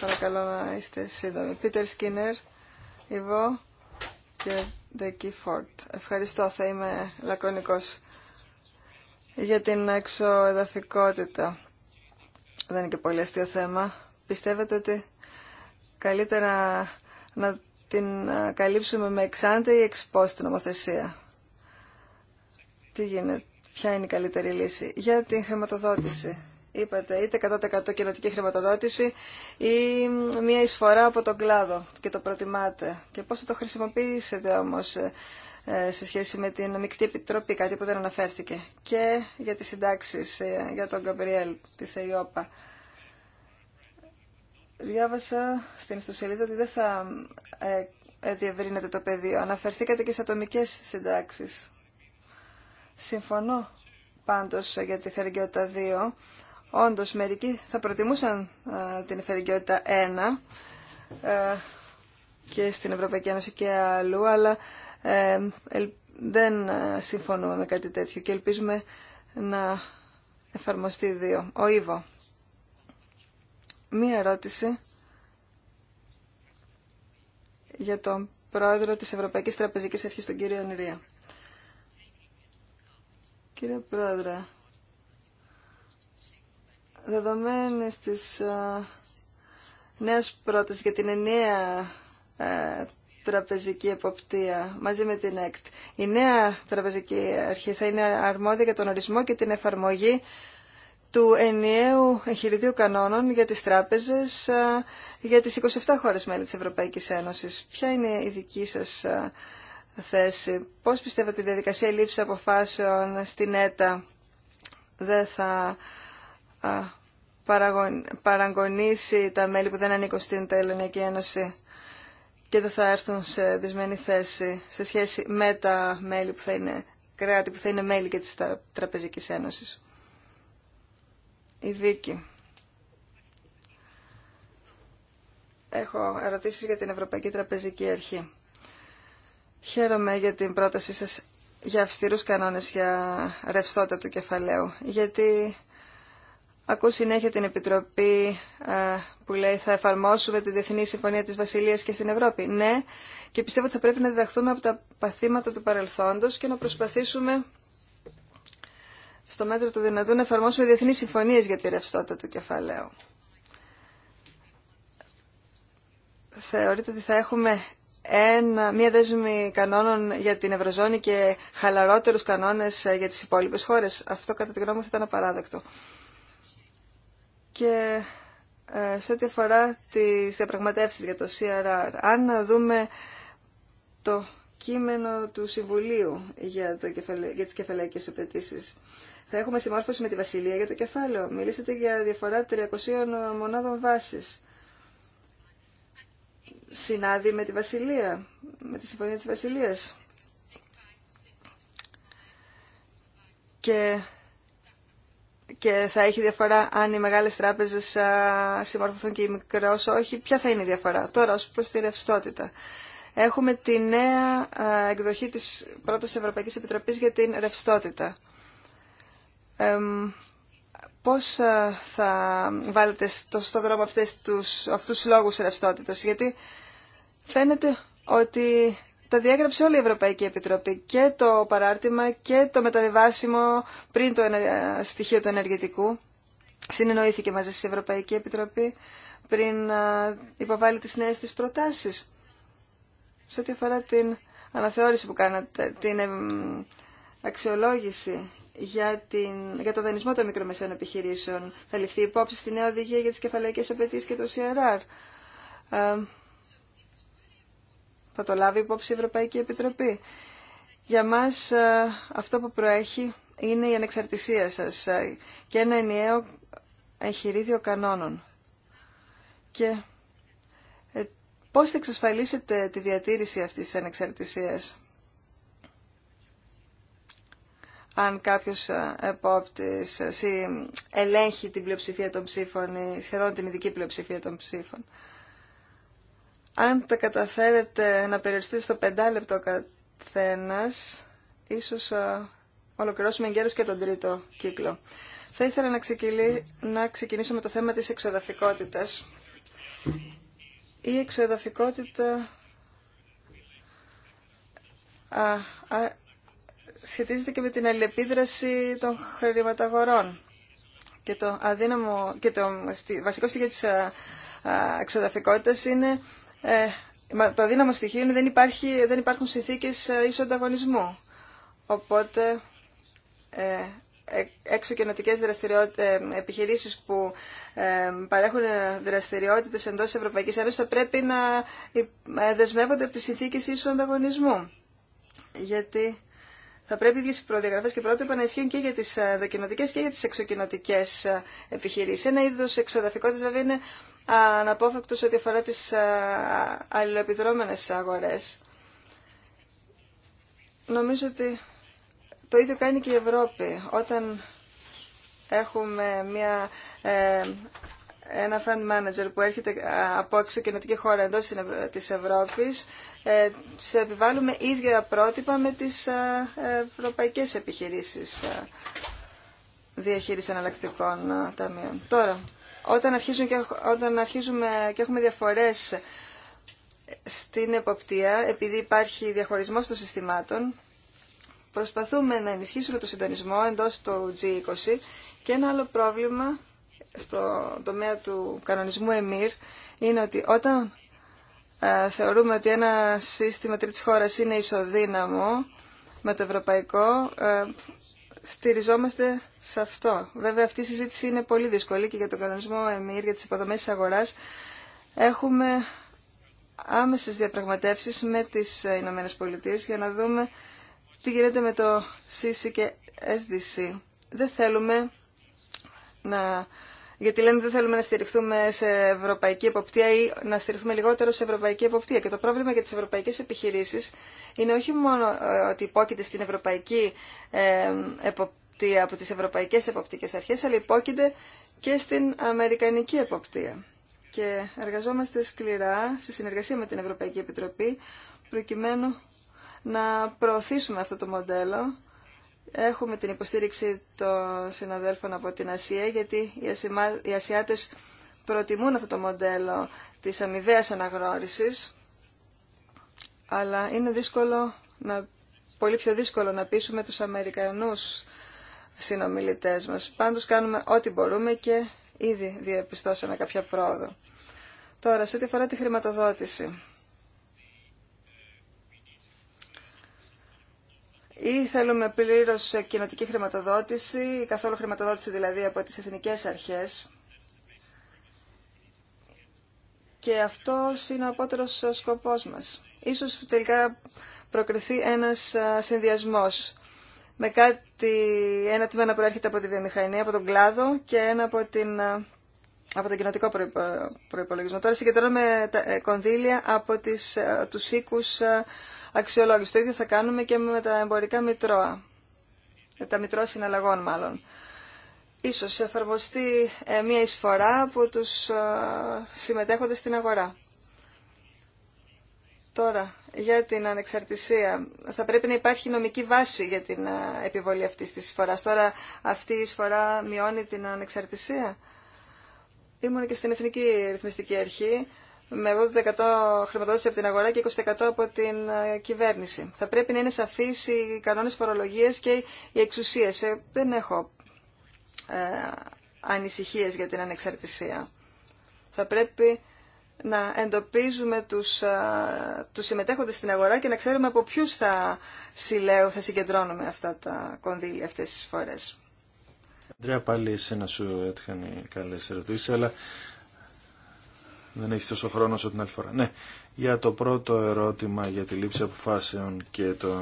Παρακαλώ να είστε σύντομοι. Πίτερ Σκίνερ, Ιβό και Δεκί Φόρτ. Ευχαριστώ, θα είμαι λακωνικός για την εξοεδαφικότητα. Δεν είναι και πολύ αστείο θέμα. Πιστεύετε ότι καλύτερα να την καλύψουμε με εξάντε ή εξπόστη νομοθεσία. Τι γίνεται, ποια είναι η την νομοθεσια τι γινεται ποια λύση. Για την χρηματοδότηση είπατε, είτε 100% κοινοτική χρηματοδότηση ή μια εισφορά από τον κλάδο και το προτιμάτε. Και πώς θα το χρησιμοποιήσετε όμως ε, σε σχέση με την μεικτή Επιτροπή, κάτι που δεν αναφέρθηκε. Και για τις συντάξεις, ε, για τον Καμπριέλ της ΕΙΟΠΑ. Διάβασα στην ιστοσελίδα ότι δεν θα ε, διευρύνεται το πεδίο. Αναφερθήκατε και σε ατομικές συντάξεις. Συμφωνώ πάντως για τη Θεργιώτα 2, Όντως, μερικοί θα προτιμούσαν ε, την εφαιρεγγιότητα 1 ε, και στην Ευρωπαϊκή Ένωση και αλλού, αλλά ε, δεν συμφωνούμε με κάτι τέτοιο και ελπίζουμε να εφαρμοστεί δύο. Ο Ήβο. Μία ερώτηση για τον πρόεδρο της Ευρωπαϊκής Τραπεζικής Αρχής, τον κύριο Νηρία. Κύριε Πρόεδρε, δεδομένες της νέας πρόταση για την ενιαία τραπεζική εποπτεία μαζί με την ΕΚΤ. Η νέα τραπεζική αρχή θα είναι αρμόδια για τον ορισμό και την εφαρμογή του ενιαίου εγχειριδίου κανόνων για τις τράπεζες για τις 27 χώρες μέλη της Ευρωπαϊκής Ένωσης. Ποια είναι η δική σας θέση, πώς πιστεύετε ότι η διαδικασία λήψη αποφάσεων στην ΕΤΑ δεν θα παραγωνίσει τα μέλη που δεν ανήκουν στην Ελληνική Ένωση και δεν θα έρθουν σε δυσμενή θέση σε σχέση με τα μέλη που θα είναι κράτη, που θα είναι μέλη και της Τραπεζικής Ένωσης. Η Βίκη. Έχω ερωτήσεις για την Ευρωπαϊκή Τραπεζική Αρχή. Χαίρομαι για την πρότασή σας για αυστηρούς κανόνες για ρευστότητα του κεφαλαίου, γιατί Ακούω συνέχεια την Επιτροπή ε, που λέει θα εφαρμόσουμε τη Διεθνή Συμφωνία της Βασιλείας και στην Ευρώπη. Ναι, και πιστεύω ότι θα πρέπει να διδαχθούμε από τα παθήματα του παρελθόντος και να προσπαθήσουμε στο μέτρο του δυνατού να εφαρμόσουμε διεθνεί συμφωνίες για τη ρευστότητα του κεφαλαίου. Θεωρείτε ότι θα έχουμε ένα, μία δέσμη κανόνων για την Ευρωζώνη και χαλαρότερους κανόνες ε, για τις υπόλοιπες χώρες. Αυτό κατά τη γνώμη μου θα ήταν απαράδεκτο. Και ε, σε ό,τι αφορά τις διαπραγματεύσεις για το CRR, αν δούμε το κείμενο του Συμβουλίου για, το κεφαλαί... για τις κεφαλαϊκές απαιτήσει. Θα έχουμε συμμόρφωση με τη Βασιλεία για το κεφάλαιο. Μιλήσατε για διαφορά 300 μονάδων βάσης. Συνάδει με τη Βασιλεία, με τη Συμφωνία της Βασιλείας. Και και θα έχει διαφορά αν οι μεγάλες τράπεζες συμμορφωθούν και οι μικρές όχι. Ποια θα είναι η διαφορά. Τώρα ως προς τη ρευστότητα. Έχουμε τη νέα εκδοχή της πρώτης Ευρωπαϊκής Επιτροπής για την ρευστότητα. Ε, πώς θα βάλετε στο, δρόμο τους, αυτούς τους λόγους ρευστότητας. Γιατί φαίνεται ότι τα διέγραψε όλη η Ευρωπαϊκή Επιτροπή και το παράρτημα και το μεταβιβάσιμο πριν το στοιχείο του ενεργητικού. Συνεννοήθηκε μαζί στην Ευρωπαϊκή Επιτροπή πριν υποβάλει τις νέες της προτάσεις. Σε ό,τι αφορά την αναθεώρηση που κάνατε, την αξιολόγηση για, την, για το δανεισμό των μικρομεσαίων επιχειρήσεων, θα ληφθεί υπόψη στη νέα οδηγία για τις κεφαλαϊκές απαιτήσεις και το CRR. Θα το λάβει υπόψη η Ευρωπαϊκή Επιτροπή. Για μας ε, αυτό που προέχει είναι η ανεξαρτησία σας ε, και ένα ενιαίο εγχειρίδιο κανόνων. Και ε, πώς θα εξασφαλίσετε τη διατήρηση αυτής της ανεξαρτησίας αν κάποιος επόπτης ελέγχει την πλειοψηφία των ψήφων ή σχεδόν την ειδική πλειοψηφία των ψήφων. Αν τα καταφέρετε να περιοριστείτε στο πεντάλεπτο καθένας, ίσως ολοκληρώσουμε εγκαίρως και τον τρίτο κύκλο. Θα ήθελα να, να ξεκινήσω με το θέμα της εξοδαφικότητας. Η εξοδαφικότητα α, σχετίζεται και με την αλληλεπίδραση των χρηματαγορών. Και το, αδύναμο, και το βασικό στοιχείο της εξοδαφικότητας είναι ε, το αδύναμο στοιχείο είναι δεν, υπάρχει, δεν υπάρχουν συνθήκες ε, ίσου ανταγωνισμού. Οπότε ε, έξω δραστηριότητες, επιχειρήσεις που παρέχουν δραστηριότητες εντός Ευρωπαϊκής Ένωσης θα πρέπει να δεσμεύονται από τις συνθήκες ίσου ανταγωνισμού. Γιατί θα πρέπει οι προδιαγραφές και πρότυπα να ισχύουν και για τις δοκινοτικές και για τις εξοκοινοτικές επιχειρήσεις. Ένα είδος εξοδαφικότητας βέβαια είναι αναπόφευκτος ό,τι αφορά τις αλληλοεπιδρόμενες αγορές. Νομίζω ότι το ίδιο κάνει και η Ευρώπη. Όταν έχουμε μια, ε, ένα fund manager που έρχεται ε, από εξωκοινωτική χώρα εντός της ε, Ευρώπης, σε επιβάλλουμε ίδια πρότυπα με τις ευρωπαϊκές επιχειρήσεις διαχείριση εναλλακτικών ταμείων. Τώρα, όταν, και, όταν αρχίζουμε και έχουμε διαφορές στην εποπτεία, επειδή υπάρχει διαχωρισμός των συστημάτων, προσπαθούμε να ενισχύσουμε το συντονισμό εντός του G20 και ένα άλλο πρόβλημα στο τομέα του κανονισμού ΕΜΙΡ είναι ότι όταν ε, θεωρούμε ότι ένα σύστημα τρίτης χώρας είναι ισοδύναμο με το ευρωπαϊκό, ε, στηριζόμαστε σε αυτό. Βέβαια αυτή η συζήτηση είναι πολύ δύσκολη και για τον κανονισμό ΕΜΗΡ, για τις υποδομές της αγοράς. Έχουμε άμεσες διαπραγματεύσεις με τις Ηνωμένες Πολιτείες για να δούμε τι γίνεται με το CC και SDC. Δεν θέλουμε να γιατί λένε δεν θέλουμε να στηριχθούμε σε ευρωπαϊκή εποπτεία ή να στηριχθούμε λιγότερο σε ευρωπαϊκή εποπτεία. Και το πρόβλημα για τις ευρωπαϊκές επιχειρήσεις είναι όχι μόνο ε, ότι υπόκειται στην ευρωπαϊκή ε, εποπτεία από τι ευρωπαϊκές εποπτικές αρχές, αλλά υπόκειται και στην αμερικανική εποπτεία. Και εργαζόμαστε σκληρά σε συνεργασία με την Ευρωπαϊκή Επιτροπή προκειμένου να προωθήσουμε αυτό το μοντέλο Έχουμε την υποστήριξη των συναδέλφων από την Ασία, γιατί οι Ασιάτες προτιμούν αυτό το μοντέλο της αμοιβαία αναγνώρισης, αλλά είναι δύσκολο να, πολύ πιο δύσκολο να πείσουμε τους Αμερικανούς συνομιλητές μας. Πάντως κάνουμε ό,τι μπορούμε και ήδη διαπιστώσαμε κάποια πρόοδο. Τώρα, σε ό,τι αφορά τη χρηματοδότηση. ή θέλουμε πλήρω κοινοτική χρηματοδότηση καθόλου χρηματοδότηση δηλαδή από τις εθνικές αρχές. Και αυτό είναι ο απότερο σκοπός μας. Ίσως τελικά προκριθεί ένας συνδυασμό με κάτι, ένα τμήμα που προέρχεται από τη βιομηχανία, από τον κλάδο και ένα από την από το κοινοτικό προπολογισμό. Τώρα συγκεντρώνουμε τα ε, κονδύλια από τις, ε, τους οίκους ε, αξιολόγηση. Το ίδιο θα κάνουμε και με τα εμπορικά μητρώα, τα μητρώα συναλλαγών μάλλον. Ίσως εφαρμοστεί μία εισφορά από τους συμμετέχοντες στην αγορά. Τώρα, για την ανεξαρτησία. Θα πρέπει να υπάρχει νομική βάση για την επιβολή αυτής της εισφοράς. Τώρα, αυτή η εισφορά μειώνει την ανεξαρτησία. Ήμουν και στην Εθνική Ρυθμιστική Αρχή με 80% χρηματοδότηση από την αγορά και 20% από την ε, κυβέρνηση. Θα πρέπει να είναι σαφείς οι κανόνες φορολογίας και οι εξουσίες. Ε, δεν έχω ε, ανησυχίες για την ανεξαρτησία. Θα πρέπει να εντοπίζουμε τους, α, ε, τους συμμετέχοντες στην αγορά και να ξέρουμε από ποιους θα συλλέω, θα συγκεντρώνουμε αυτά τα κονδύλια αυτές τις φορές. Αντρέα, πάλι εσένα σου έτυχαν οι καλέ ερωτήσει, αλλά δεν έχει τόσο χρόνο όσο την άλλη φορά. Ναι, για το πρώτο ερώτημα για τη λήψη αποφάσεων και το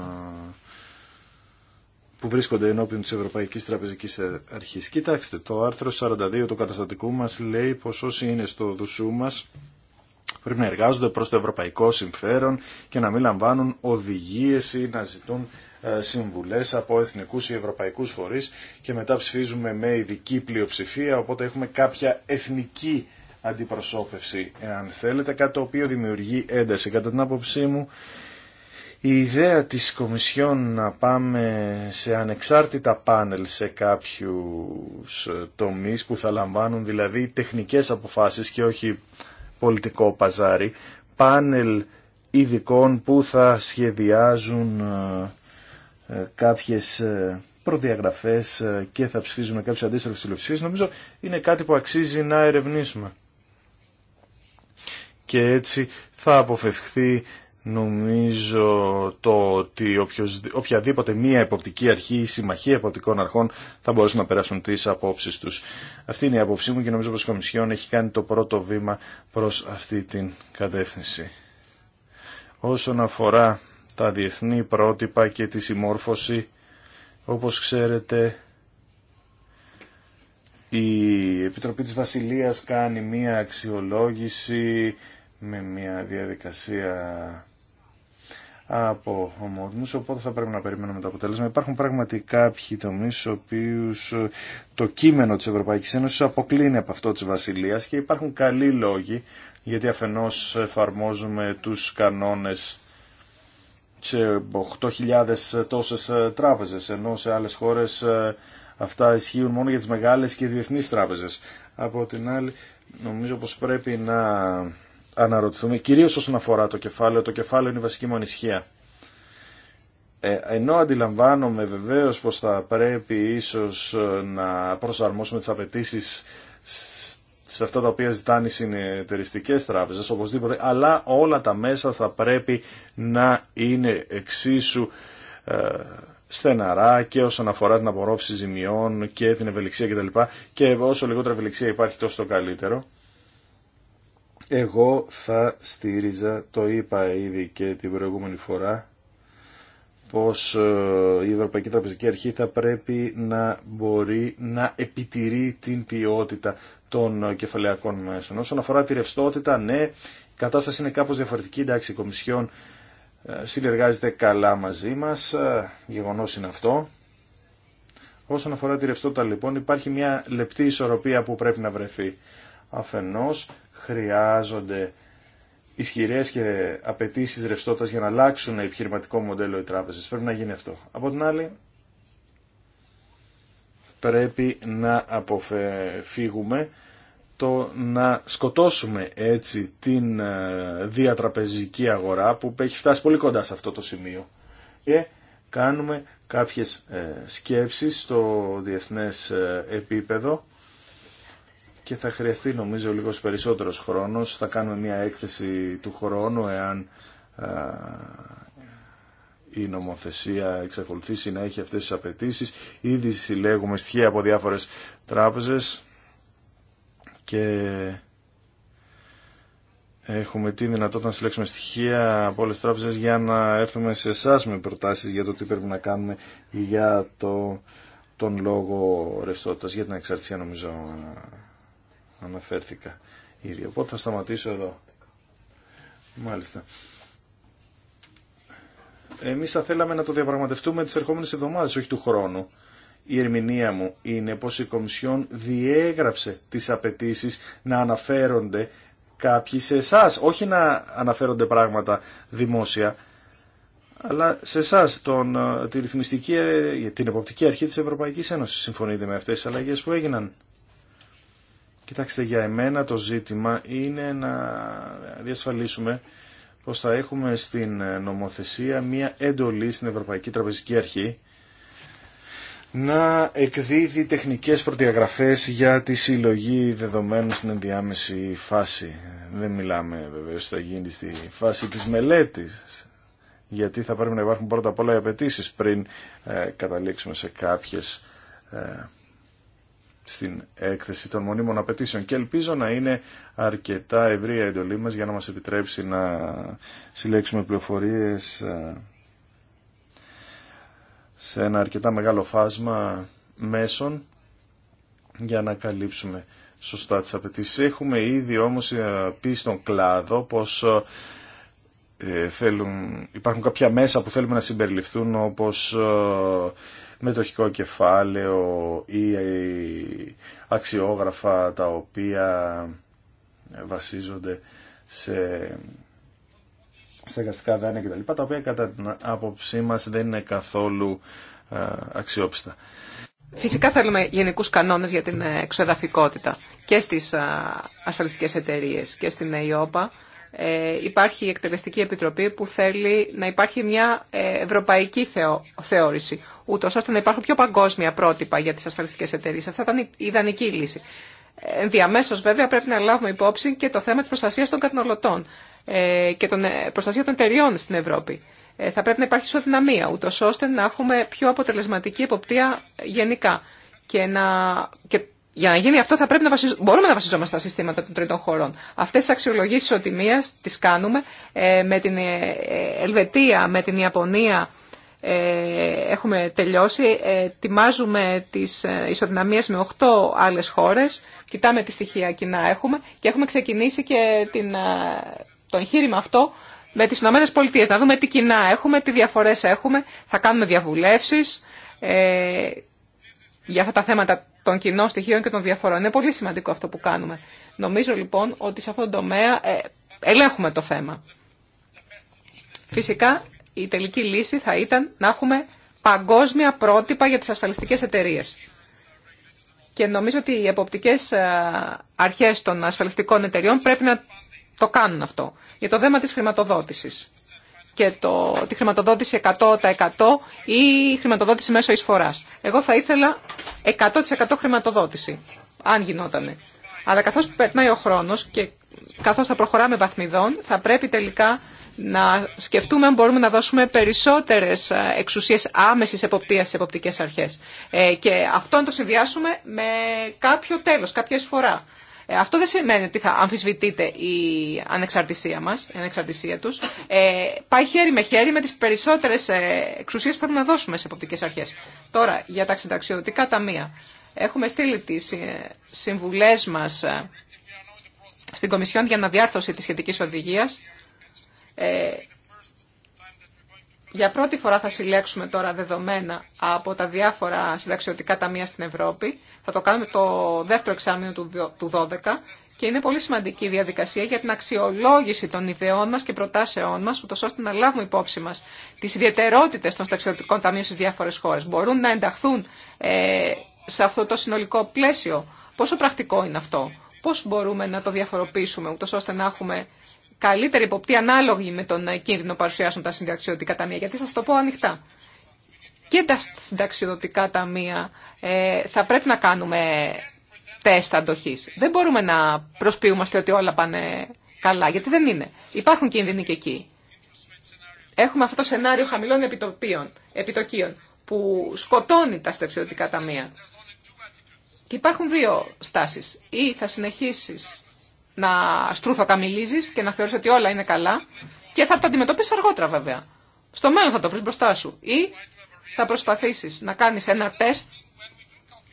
που βρίσκονται ενώπιον της Ευρωπαϊκής Τραπεζικής Αρχής. Κοιτάξτε, το άρθρο 42 του καταστατικού μας λέει πως όσοι είναι στο δουσού μας πρέπει να εργάζονται προς το ευρωπαϊκό συμφέρον και να μην λαμβάνουν οδηγίες ή να ζητούν ε, συμβουλές από εθνικούς ή ευρωπαϊκούς φορείς και μετά ψηφίζουμε με ειδική πλειοψηφία, οπότε έχουμε κάποια εθνική αντιπροσώπευση, εάν θέλετε, κάτι το οποίο δημιουργεί ένταση. Κατά την άποψή μου, η ιδέα της Κομισιόν να πάμε σε ανεξάρτητα πάνελ σε κάποιους ε, τομείς που θα λαμβάνουν δηλαδή τεχνικές αποφάσεις και όχι πολιτικό παζάρι, πάνελ ειδικών που θα σχεδιάζουν ε, ε, κάποιες ε, προδιαγραφές ε, και θα ψηφίζουμε κάποιες αντίστροφες τηλεοψηφίες, νομίζω είναι κάτι που αξίζει να ερευνήσουμε. Και έτσι θα αποφευχθεί νομίζω το ότι οποιαδήποτε μία εποπτική αρχή ή συμμαχία εποπτικών αρχών θα μπορούσαν να περάσουν τις απόψεις τους. Αυτή είναι η απόψή μου και νομίζω πως η Κομισιόν έχει κάνει το πρώτο βήμα προς αυτή την κατεύθυνση. Όσον αφορά τα διεθνή πρότυπα και τη συμμόρφωση. Όπως ξέρετε, η Επιτροπή της Βασιλείας κάνει μία αξιολόγηση με μία διαδικασία από ομότιμους, οπότε θα πρέπει να περιμένουμε το αποτέλεσμα. Υπάρχουν πράγματι κάποιοι τομείς στους οποίους το κείμενο της Ευρωπαϊκής Ένωσης αποκλίνει από αυτό της Βασιλείας και υπάρχουν καλοί λόγοι γιατί αφενός εφαρμόζουμε τους κανόνες σε 8.000 ε, τόσες ε, τράπεζες, ενώ σε άλλες χώρες ε, αυτά ισχύουν μόνο για τις μεγάλες και διεθνείς τράπεζες. Από την άλλη, νομίζω πως πρέπει να αναρωτηθούμε, κυρίως όσον αφορά το κεφάλαιο, το κεφάλαιο είναι η βασική μου ανησυχία. Ε, ενώ αντιλαμβάνομαι βεβαίως πως θα πρέπει ίσως να προσαρμόσουμε τις απαιτήσει σε αυτά τα οποία ζητάνε οι συνεταιριστικές τράπεζες οπωσδήποτε, αλλά όλα τα μέσα θα πρέπει να είναι εξίσου ε, στεναρά και όσον αφορά την απορρόφηση ζημιών και την ευελιξία κτλ. Και όσο λιγότερα ευελιξία υπάρχει τόσο το καλύτερο. Εγώ θα στήριζα, το είπα ήδη και την προηγούμενη φορά, πως ε, η Ευρωπαϊκή Τραπεζική Αρχή θα πρέπει να μπορεί να επιτηρεί την ποιότητα των κεφαλαίων μέσων. Όσον αφορά τη ρευστότητα, ναι, η κατάσταση είναι κάπως διαφορετική. Εντάξει, η Κομισιόν ε, συνεργάζεται καλά μαζί μας, ε, γεγονός είναι αυτό. Όσον αφορά τη ρευστότητα λοιπόν υπάρχει μια λεπτή ισορροπία που πρέπει να βρεθεί. Αφενός χρειάζονται ισχυρέ και απαιτήσει ρευστότητα για να αλλάξουν επιχειρηματικό μοντέλο οι τράπεζε. Πρέπει να γίνει αυτό. Από την άλλη πρέπει να αποφύγουμε το να σκοτώσουμε έτσι την ε, διατραπεζική αγορά που έχει φτάσει πολύ κοντά σε αυτό το σημείο και κάνουμε κάποιες ε, σκέψεις στο διεθνές ε, επίπεδο και θα χρειαστεί νομίζω λίγο περισσότερος χρόνος. Θα κάνουμε μια έκθεση του χρόνου εάν η νομοθεσία εξακολουθήσει να έχει αυτές τις απαιτήσεις. Ήδη συλλέγουμε στοιχεία από διάφορες τράπεζες και έχουμε τη δυνατότητα να συλλέξουμε στοιχεία από όλες τις τράπεζες για να έρθουμε σε εσά με προτάσεις για το τι πρέπει να κάνουμε για το, τον λόγο ρευστότητας, για την εξαρτησία νομίζω αναφέρθηκα ήδη. Οπότε θα σταματήσω εδώ. Μάλιστα. Εμείς θα θέλαμε να το διαπραγματευτούμε τις ερχόμενες εβδομάδες, όχι του χρόνου η ερμηνεία μου είναι πως η Κομισιόν διέγραψε τις απαιτήσει να αναφέρονται κάποιοι σε εσά, όχι να αναφέρονται πράγματα δημόσια, αλλά σε εσά, ε, τη ρυθμιστική, ε, την εποπτική αρχή της Ευρωπαϊκής Ένωσης. Συμφωνείτε με αυτές τις αλλαγές που έγιναν. Κοιτάξτε, για εμένα το ζήτημα είναι να διασφαλίσουμε πως θα έχουμε στην ε, νομοθεσία μία εντολή στην Ευρωπαϊκή Τραπεζική Αρχή να εκδίδει τεχνικές προδιαγραφές για τη συλλογή δεδομένων στην ενδιάμεση φάση. Δεν μιλάμε βεβαίω θα γίνει στη φάση της μελέτης, γιατί θα πρέπει να υπάρχουν πρώτα απ' όλα οι απαιτήσει πριν ε, καταλήξουμε σε κάποιες ε, στην έκθεση των μονίμων απαιτήσεων και ελπίζω να είναι αρκετά ευρία η εντολή για να μας επιτρέψει να συλλέξουμε πληροφορίες ε, σε ένα αρκετά μεγάλο φάσμα μέσων για να καλύψουμε σωστά τις απαιτήσει. Έχουμε ήδη όμως ε, πει στον κλάδο πως ε, θέλουν, υπάρχουν κάποια μέσα που θέλουμε να συμπεριληφθούν όπως ε, μετοχικό κεφάλαιο ή αξιόγραφα τα οποία βασίζονται σε στεγαστικά δάνεια κτλ. Τα οποία κατά την άποψή μα δεν είναι καθόλου αξιόπιστα. Φυσικά θέλουμε γενικούς κανόνες για την ε, εξοδαφικότητα και στις ασφαλιστικές εταιρείε και στην ΕΙΟΠΑ. Ε, υπάρχει η Εκτελεστική Επιτροπή που θέλει να υπάρχει μια ε, ευρωπαϊκή θεώρηση, ούτω ώστε να υπάρχουν πιο παγκόσμια πρότυπα για τις ασφαλιστικές εταιρείε. Αυτά ήταν η ιδανική λύση. Διαμέσως βέβαια πρέπει να λάβουμε υπόψη και το θέμα της προστασίας των καταναλωτών ε, και των ε, προστασία των εταιριών στην Ευρώπη. Ε, θα πρέπει να υπάρχει ισοδυναμία, ούτω ώστε να έχουμε πιο αποτελεσματική εποπτεία γενικά. Και, να, και για να γίνει αυτό θα πρέπει να μπορούμε να βασιζόμαστε στα συστήματα των τρίτων χωρών. Αυτές τις αξιολογήσεις ισοτιμίας τις κάνουμε με την Ελβετία, με την Ιαπωνία, ε, έχουμε τελειώσει. Ετοιμάζουμε τις ε, ισοδυναμίες με 8 άλλες χώρες. Κοιτάμε τι στοιχεία κοινά έχουμε και έχουμε ξεκινήσει και την, ε, το εγχείρημα αυτό με τις Ηνωμένες Πολιτείες. Να δούμε τι κοινά έχουμε, τι διαφορές έχουμε. Θα κάνουμε διαβουλεύσεις ε, για αυτά τα θέματα των κοινών στοιχείων και των διαφορών. Είναι πολύ σημαντικό αυτό που κάνουμε. Νομίζω λοιπόν ότι σε αυτόν τον τομέα ε, ελέγχουμε το θέμα. Φυσικά η τελική λύση θα ήταν να έχουμε παγκόσμια πρότυπα για τις ασφαλιστικές εταιρείες. Και νομίζω ότι οι εποπτικές ε, αρχές των ασφαλιστικών εταιρειών πρέπει να το κάνουν αυτό. Για το θέμα της χρηματοδότησης και το, τη χρηματοδότηση 100% ή χρηματοδότηση μέσω εισφοράς. Εγώ θα ήθελα 100% χρηματοδότηση, αν γινότανε. Αλλά καθώς περνάει ο χρόνος και καθώς θα προχωράμε βαθμιδών, θα πρέπει τελικά να σκεφτούμε αν μπορούμε να δώσουμε περισσότερες ε, εξουσίες άμεσης εποπτείας στις εποπτικές αρχές. Ε, και αυτό να το συνδυάσουμε με κάποιο τέλος, κάποια εισφορά. Ε, αυτό δεν σημαίνει ότι θα αμφισβητείται η ανεξαρτησία μας, η ανεξαρτησία τους. πάει χέρι με χέρι με τις περισσότερες εξουσίες που θέλουμε να δώσουμε σε εποπτικές αρχές. Τώρα, για τα συνταξιοδοτικά ταμεία. Έχουμε στείλει τις συμβουλές μας στην Κομισιόν για αναδιάρθρωση της σχετικής οδηγίας ε, για πρώτη φορά θα συλλέξουμε τώρα δεδομένα από τα διάφορα συνταξιωτικά ταμεία στην Ευρώπη. Θα το κάνουμε το δεύτερο εξάμεινο του 2012 και είναι πολύ σημαντική η διαδικασία για την αξιολόγηση των ιδεών μας και προτάσεών μας, ούτως ώστε να λάβουμε υπόψη μας τις ιδιαιτερότητες των συνταξιωτικών ταμείων στις διάφορες χώρες. Μπορούν να ενταχθούν ε, σε αυτό το συνολικό πλαίσιο. Πόσο πρακτικό είναι αυτό. Πώς μπορούμε να το διαφοροποιήσουμε, ούτως ώστε να έχουμε καλύτερη υποπτή ανάλογη με τον ε, κίνδυνο παρουσιάσουν τα συνταξιωτικά ταμεία. Γιατί σα το πω ανοιχτά. Και τα συνταξιωτικά ταμεία ε, θα πρέπει να κάνουμε τεστ αντοχή. Δεν μπορούμε να προσποιούμαστε ότι όλα πάνε καλά, γιατί δεν είναι. Υπάρχουν κίνδυνοι και εκεί. Έχουμε αυτό το σενάριο χαμηλών επιτοκίων που σκοτώνει τα συνταξιωτικά ταμεία. Και υπάρχουν δύο στάσεις. Ή θα συνεχίσεις να στρούθω μιλίζει και να θεωρεί ότι όλα είναι καλά και θα το αντιμετωπίσεις αργότερα βέβαια. Στο μέλλον θα το βρει μπροστά σου ή θα προσπαθήσει να κάνει ένα τεστ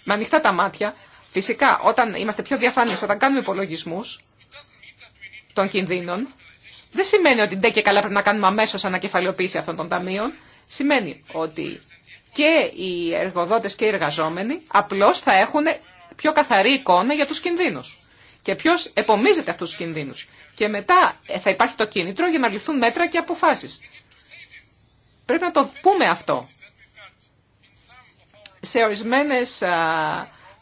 με ανοιχτά τα μάτια. Φυσικά, όταν είμαστε πιο διαφανείς, όταν κάνουμε υπολογισμού των κινδύνων, δεν σημαίνει ότι ντε και καλά πρέπει να κάνουμε αμέσω ανακεφαλαιοποίηση αυτών των ταμείων. Σημαίνει ότι και οι εργοδότε και οι εργαζόμενοι απλώ θα έχουν πιο καθαρή εικόνα για του κινδύνου και ποιο επομίζεται αυτού του κινδύνου. Και μετά ε, θα υπάρχει το κίνητρο για να ληφθούν μέτρα και αποφάσει. Πρέπει να το πούμε αυτό. Σε ορισμένε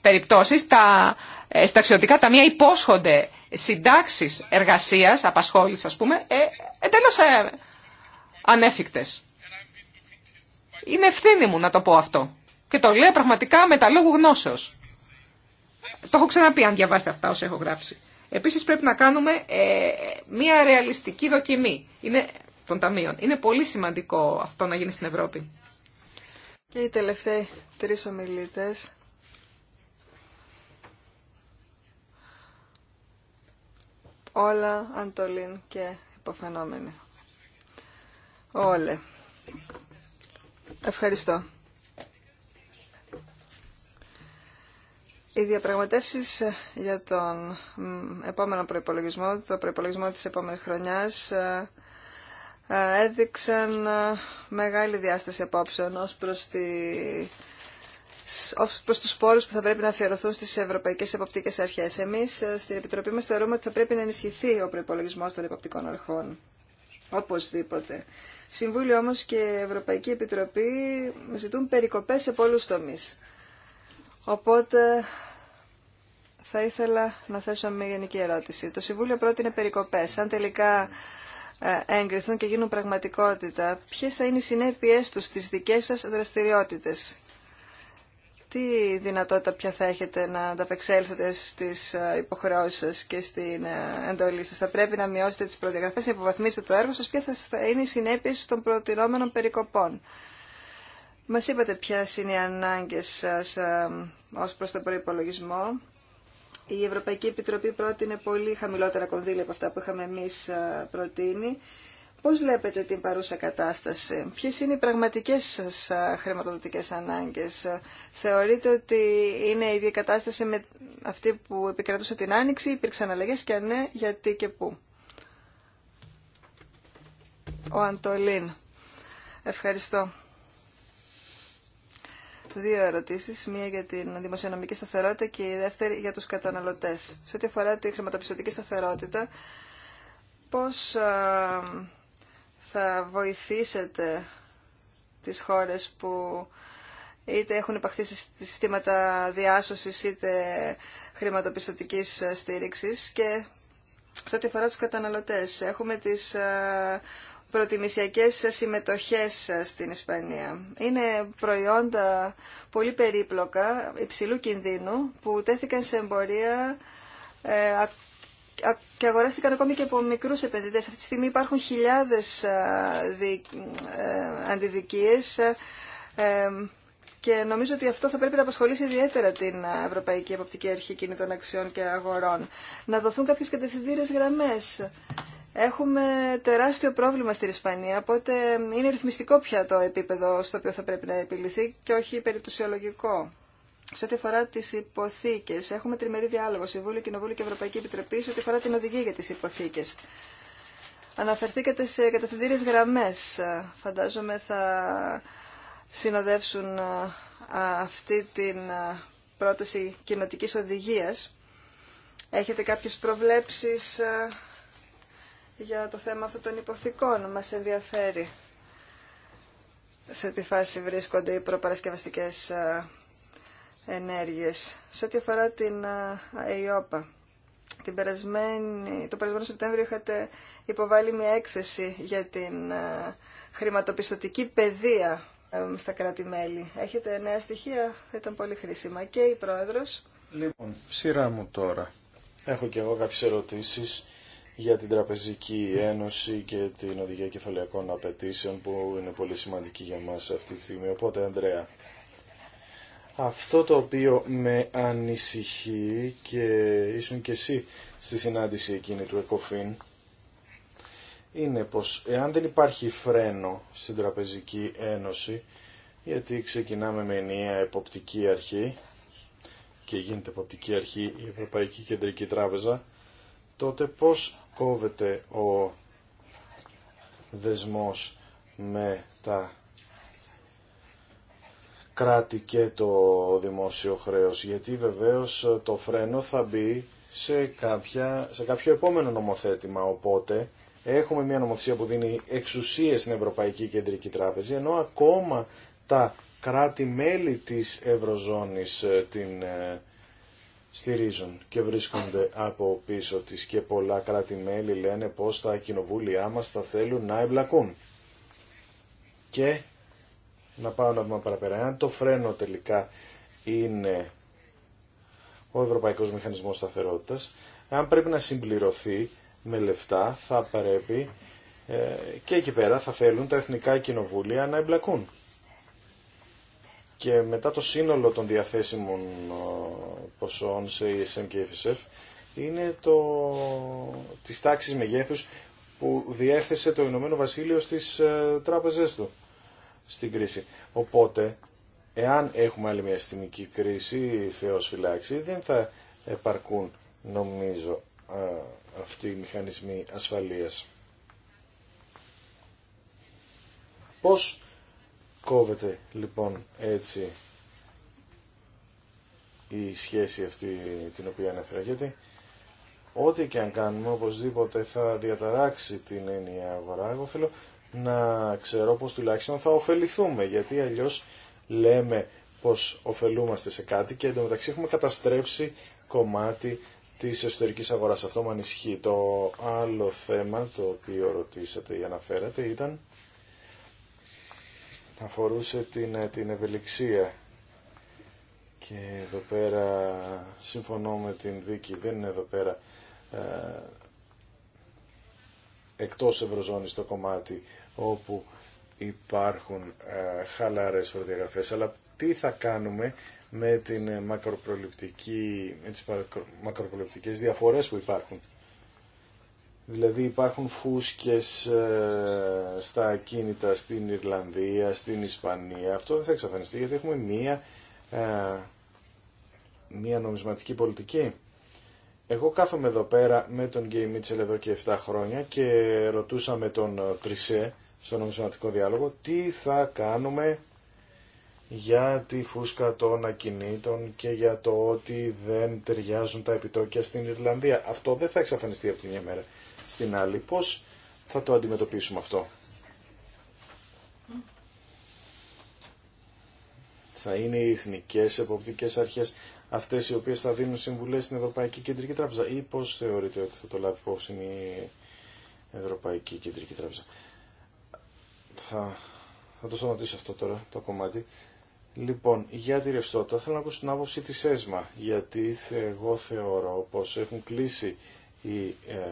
περιπτώσει τα ε, συνταξιωτικά ταμεία υπόσχονται συντάξει εργασία, απασχόληση α πούμε, ε, εντελώ ε, ανέφικτε. Είναι ευθύνη μου να το πω αυτό. Και το λέω πραγματικά με τα λόγου γνώσεως. Το έχω ξαναπεί αν διαβάσετε αυτά όσα έχω γράψει. Επίσης πρέπει να κάνουμε ε, μια ρεαλιστική δοκιμή είναι, των ταμείων. Είναι πολύ σημαντικό αυτό να γίνει στην Ευρώπη. Και οι τελευταίοι τρεις ομιλητές. Όλα Αντολίν και υποφαινόμενοι. Όλε. Ευχαριστώ. Οι διαπραγματεύσει ε, για τον επόμενο προπολογισμό, το προπολογισμό τη επόμενη χρονιά, ε, ε, έδειξαν μεγάλη διάσταση απόψεων ω προ τη... ως τους πόρους που θα πρέπει να αφιερωθούν στις ευρωπαϊκές εποπτικές αρχές. Εμείς στην Επιτροπή μας θεωρούμε ότι θα πρέπει να ενισχυθεί ο προπολογισμό των εποπτικών αρχών. Οπωσδήποτε. Συμβούλιο όμως και Ευρωπαϊκή Επιτροπή ζητούν περικοπές σε πολλούς τομείς. Οπότε θα ήθελα να θέσω μια γενική ερώτηση. Το Συμβούλιο πρότεινε περικοπέ, Αν τελικά ε, εγκριθούν και γίνουν πραγματικότητα, ποιε θα είναι οι συνέπειε του, στις δικέ σα δραστηριότητε, Τι δυνατότητα πια θα έχετε να ανταπεξέλθετε στι ε, υποχρεώσει σα και στην ε, εντολή σα. Θα πρέπει να μειώσετε τι προδιαγραφέ, να υποβαθμίσετε το έργο σα ποια θα είναι οι συνέπειε των προτινόμενων περικοπών. Μα είπατε ποιε είναι οι ανάγκε σα ω προ τον προπολογισμό. Η Ευρωπαϊκή Επιτροπή πρότεινε πολύ χαμηλότερα κονδύλια από αυτά που είχαμε εμείς ε, προτείνει. Πώς βλέπετε την παρούσα κατάσταση, ποιες είναι οι πραγματικές σας ε, χρηματοδοτικές ανάγκες. Ε, θεωρείτε ότι είναι η ίδια κατάσταση με αυτή που επικρατούσε την Άνοιξη, υπήρξαν αλλαγές και αν ναι, γιατί και πού. Ο Αντολίν. Ευχαριστώ δύο ερωτήσει: μία για την δημοσιονομική σταθερότητα και η δεύτερη για τους καταναλωτές. Σε ό,τι αφορά τη χρηματοπιστωτική σταθερότητα, πώς θα βοηθήσετε τις χώρες που είτε έχουν υπαχθεί σε συστήματα διάσωση είτε χρηματοπιστωτικής ε, στήριξη. και σε ό,τι αφορά τους καταναλωτές. Έχουμε τις προτιμησιακές συμμετοχές στην Ισπανία. Είναι προϊόντα πολύ περίπλοκα, υψηλού κινδύνου, που τέθηκαν σε εμπορία ε, και αγοράστηκαν ακόμη και από μικρούς επενδυτές. Αυτή τη στιγμή υπάρχουν χιλιάδες ε, αντιδικίες ε, και νομίζω ότι αυτό θα πρέπει να απασχολήσει ιδιαίτερα την Ευρωπαϊκή Εποπτική Αρχή Κινητών Αξιών και Αγορών. Να δοθούν κάποιες κατευθυντήρες γραμμές Έχουμε τεράστιο πρόβλημα στην Ισπανία, οπότε είναι ρυθμιστικό πια το επίπεδο στο οποίο θα πρέπει να επιληθεί και όχι περιπτωσιολογικό. Σε ό,τι αφορά τι υποθήκε, έχουμε τριμερή διάλογο Συμβούλιο, Κοινοβούλιο και Ευρωπαϊκή Επιτροπή σε ό,τι αφορά την οδηγία για τι υποθήκε. Αναφερθήκατε σε καταθετήριε γραμμέ. Φαντάζομαι θα συνοδεύσουν αυτή την πρόταση κοινοτική οδηγία. Έχετε κάποιε προβλέψει για το θέμα αυτών των υποθηκών. Μας ενδιαφέρει σε τι φάση βρίσκονται οι προπαρασκευαστικές ε, ενέργειες. Σε ό,τι αφορά την ΕΙΟΠΑ, την περασμένη, το περασμένο Σεπτέμβριο είχατε υποβάλει μια έκθεση για την ε, χρηματοπιστωτική παιδεία ε, στα κράτη-μέλη. Έχετε νέα στοιχεία, θα ήταν πολύ χρήσιμα. Και η Πρόεδρος. Λοιπόν, σειρά μου τώρα. Έχω και εγώ κάποιες ερωτήσεις για την Τραπεζική Ένωση και την Οδηγία Κεφαλαιακών Απαιτήσεων που είναι πολύ σημαντική για μας αυτή τη στιγμή. Οπότε, Ανδρέα, αυτό το οποίο με ανησυχεί και ήσουν και εσύ στη συνάντηση εκείνη του ΕΚΟΦΗΝ είναι πως εάν δεν υπάρχει φρένο στην Τραπεζική Ένωση γιατί ξεκινάμε με ενιαία εποπτική αρχή και γίνεται εποπτική αρχή η Ευρωπαϊκή Κεντρική Τράπεζα τότε πως κόβεται ο δεσμός με τα κράτη και το δημόσιο χρέος, γιατί βεβαίως το φρένο θα μπει σε, κάποια, σε κάποιο επόμενο νομοθέτημα, οπότε έχουμε μια νομοθεσία που δίνει εξουσίες στην Ευρωπαϊκή Κεντρική Τράπεζα, ενώ ακόμα τα κράτη-μέλη της Ευρωζώνης ε, την ε, στηρίζουν και βρίσκονται από πίσω της και πολλά κράτη-μέλη λένε πως τα κοινοβούλια μας θα θέλουν να εμπλακούν. Και να πάω να βήμα παραπέρα. Αν το φρένο τελικά είναι ο Ευρωπαϊκός Μηχανισμός Σταθερότητας, αν πρέπει να συμπληρωθεί με λεφτά θα πρέπει ε, και εκεί πέρα θα θέλουν τα εθνικά κοινοβούλια να εμπλακούν και μετά το σύνολο των διαθέσιμων ε, ποσών σε ESM και FSF είναι το, της τάξης μεγέθους που διέθεσε το Ηνωμένο Βασίλειο στις ε, τράπεζές του στην κρίση. Οπότε, εάν έχουμε άλλη μια αισθημική κρίση, θεός φυλάξει, δεν θα επαρκούν νομίζω ε, αυτοί οι μηχανισμοί ασφαλείας. Πώς Κόβεται λοιπόν έτσι η σχέση αυτή την οποία αναφέρατε. ό,τι και αν κάνουμε οπωσδήποτε θα διαταράξει την έννοια αγορά. Εγώ θέλω να ξέρω πως τουλάχιστον θα ωφεληθούμε. Γιατί αλλιώς λέμε πως ωφελούμαστε σε κάτι και εντωμεταξύ έχουμε καταστρέψει κομμάτι της εσωτερικής αγοράς. Αυτό με ανησυχεί. Το άλλο θέμα το οποίο ρωτήσατε ή αναφέρατε ήταν αφορούσε την, ε, την ευελιξία. Και εδώ πέρα, συμφωνώ με την Βίκη, δεν είναι εδώ πέρα ε, εκτός Ευρωζώνης το κομμάτι όπου υπάρχουν ε, χαλαρές προδιαγραφές. Αλλά τι θα κάνουμε με, την μακροπροληπτική, με τις μακροπροληπτικές διαφορές που υπάρχουν. Δηλαδή υπάρχουν φούσκες ε, στα ακίνητα στην Ιρλανδία, στην Ισπανία. Αυτό δεν θα εξαφανιστεί γιατί έχουμε μία, ε, μία νομισματική πολιτική. Εγώ κάθομαι εδώ πέρα με τον Γκέι Μίτσελ εδώ και 7 χρόνια και ρωτούσαμε τον ε, Τρισέ στο νομισματικό διάλογο τι θα κάνουμε για τη φούσκα των ακινήτων και για το ότι δεν ταιριάζουν τα επιτόκια στην Ιρλανδία. Αυτό δεν θα εξαφανιστεί από την μια μέρα στην άλλη. Πώς θα το αντιμετωπίσουμε αυτό. Θα είναι οι εθνικέ εποπτικές αρχές αυτές οι οποίες θα δίνουν συμβουλές στην Ευρωπαϊκή Κεντρική Τράπεζα ή πώ θεωρείτε ότι θα το λάβει υπόψη η Ευρωπαϊκή Κεντρική Τράπεζα. Θα, θα το σταματήσω αυτό τώρα το κομμάτι. Λοιπόν, για τη ρευστότητα θέλω να ακούσω την άποψη της ΕΣΜΑ, γιατί εγώ θεωρώ πως έχουν κλείσει οι ε,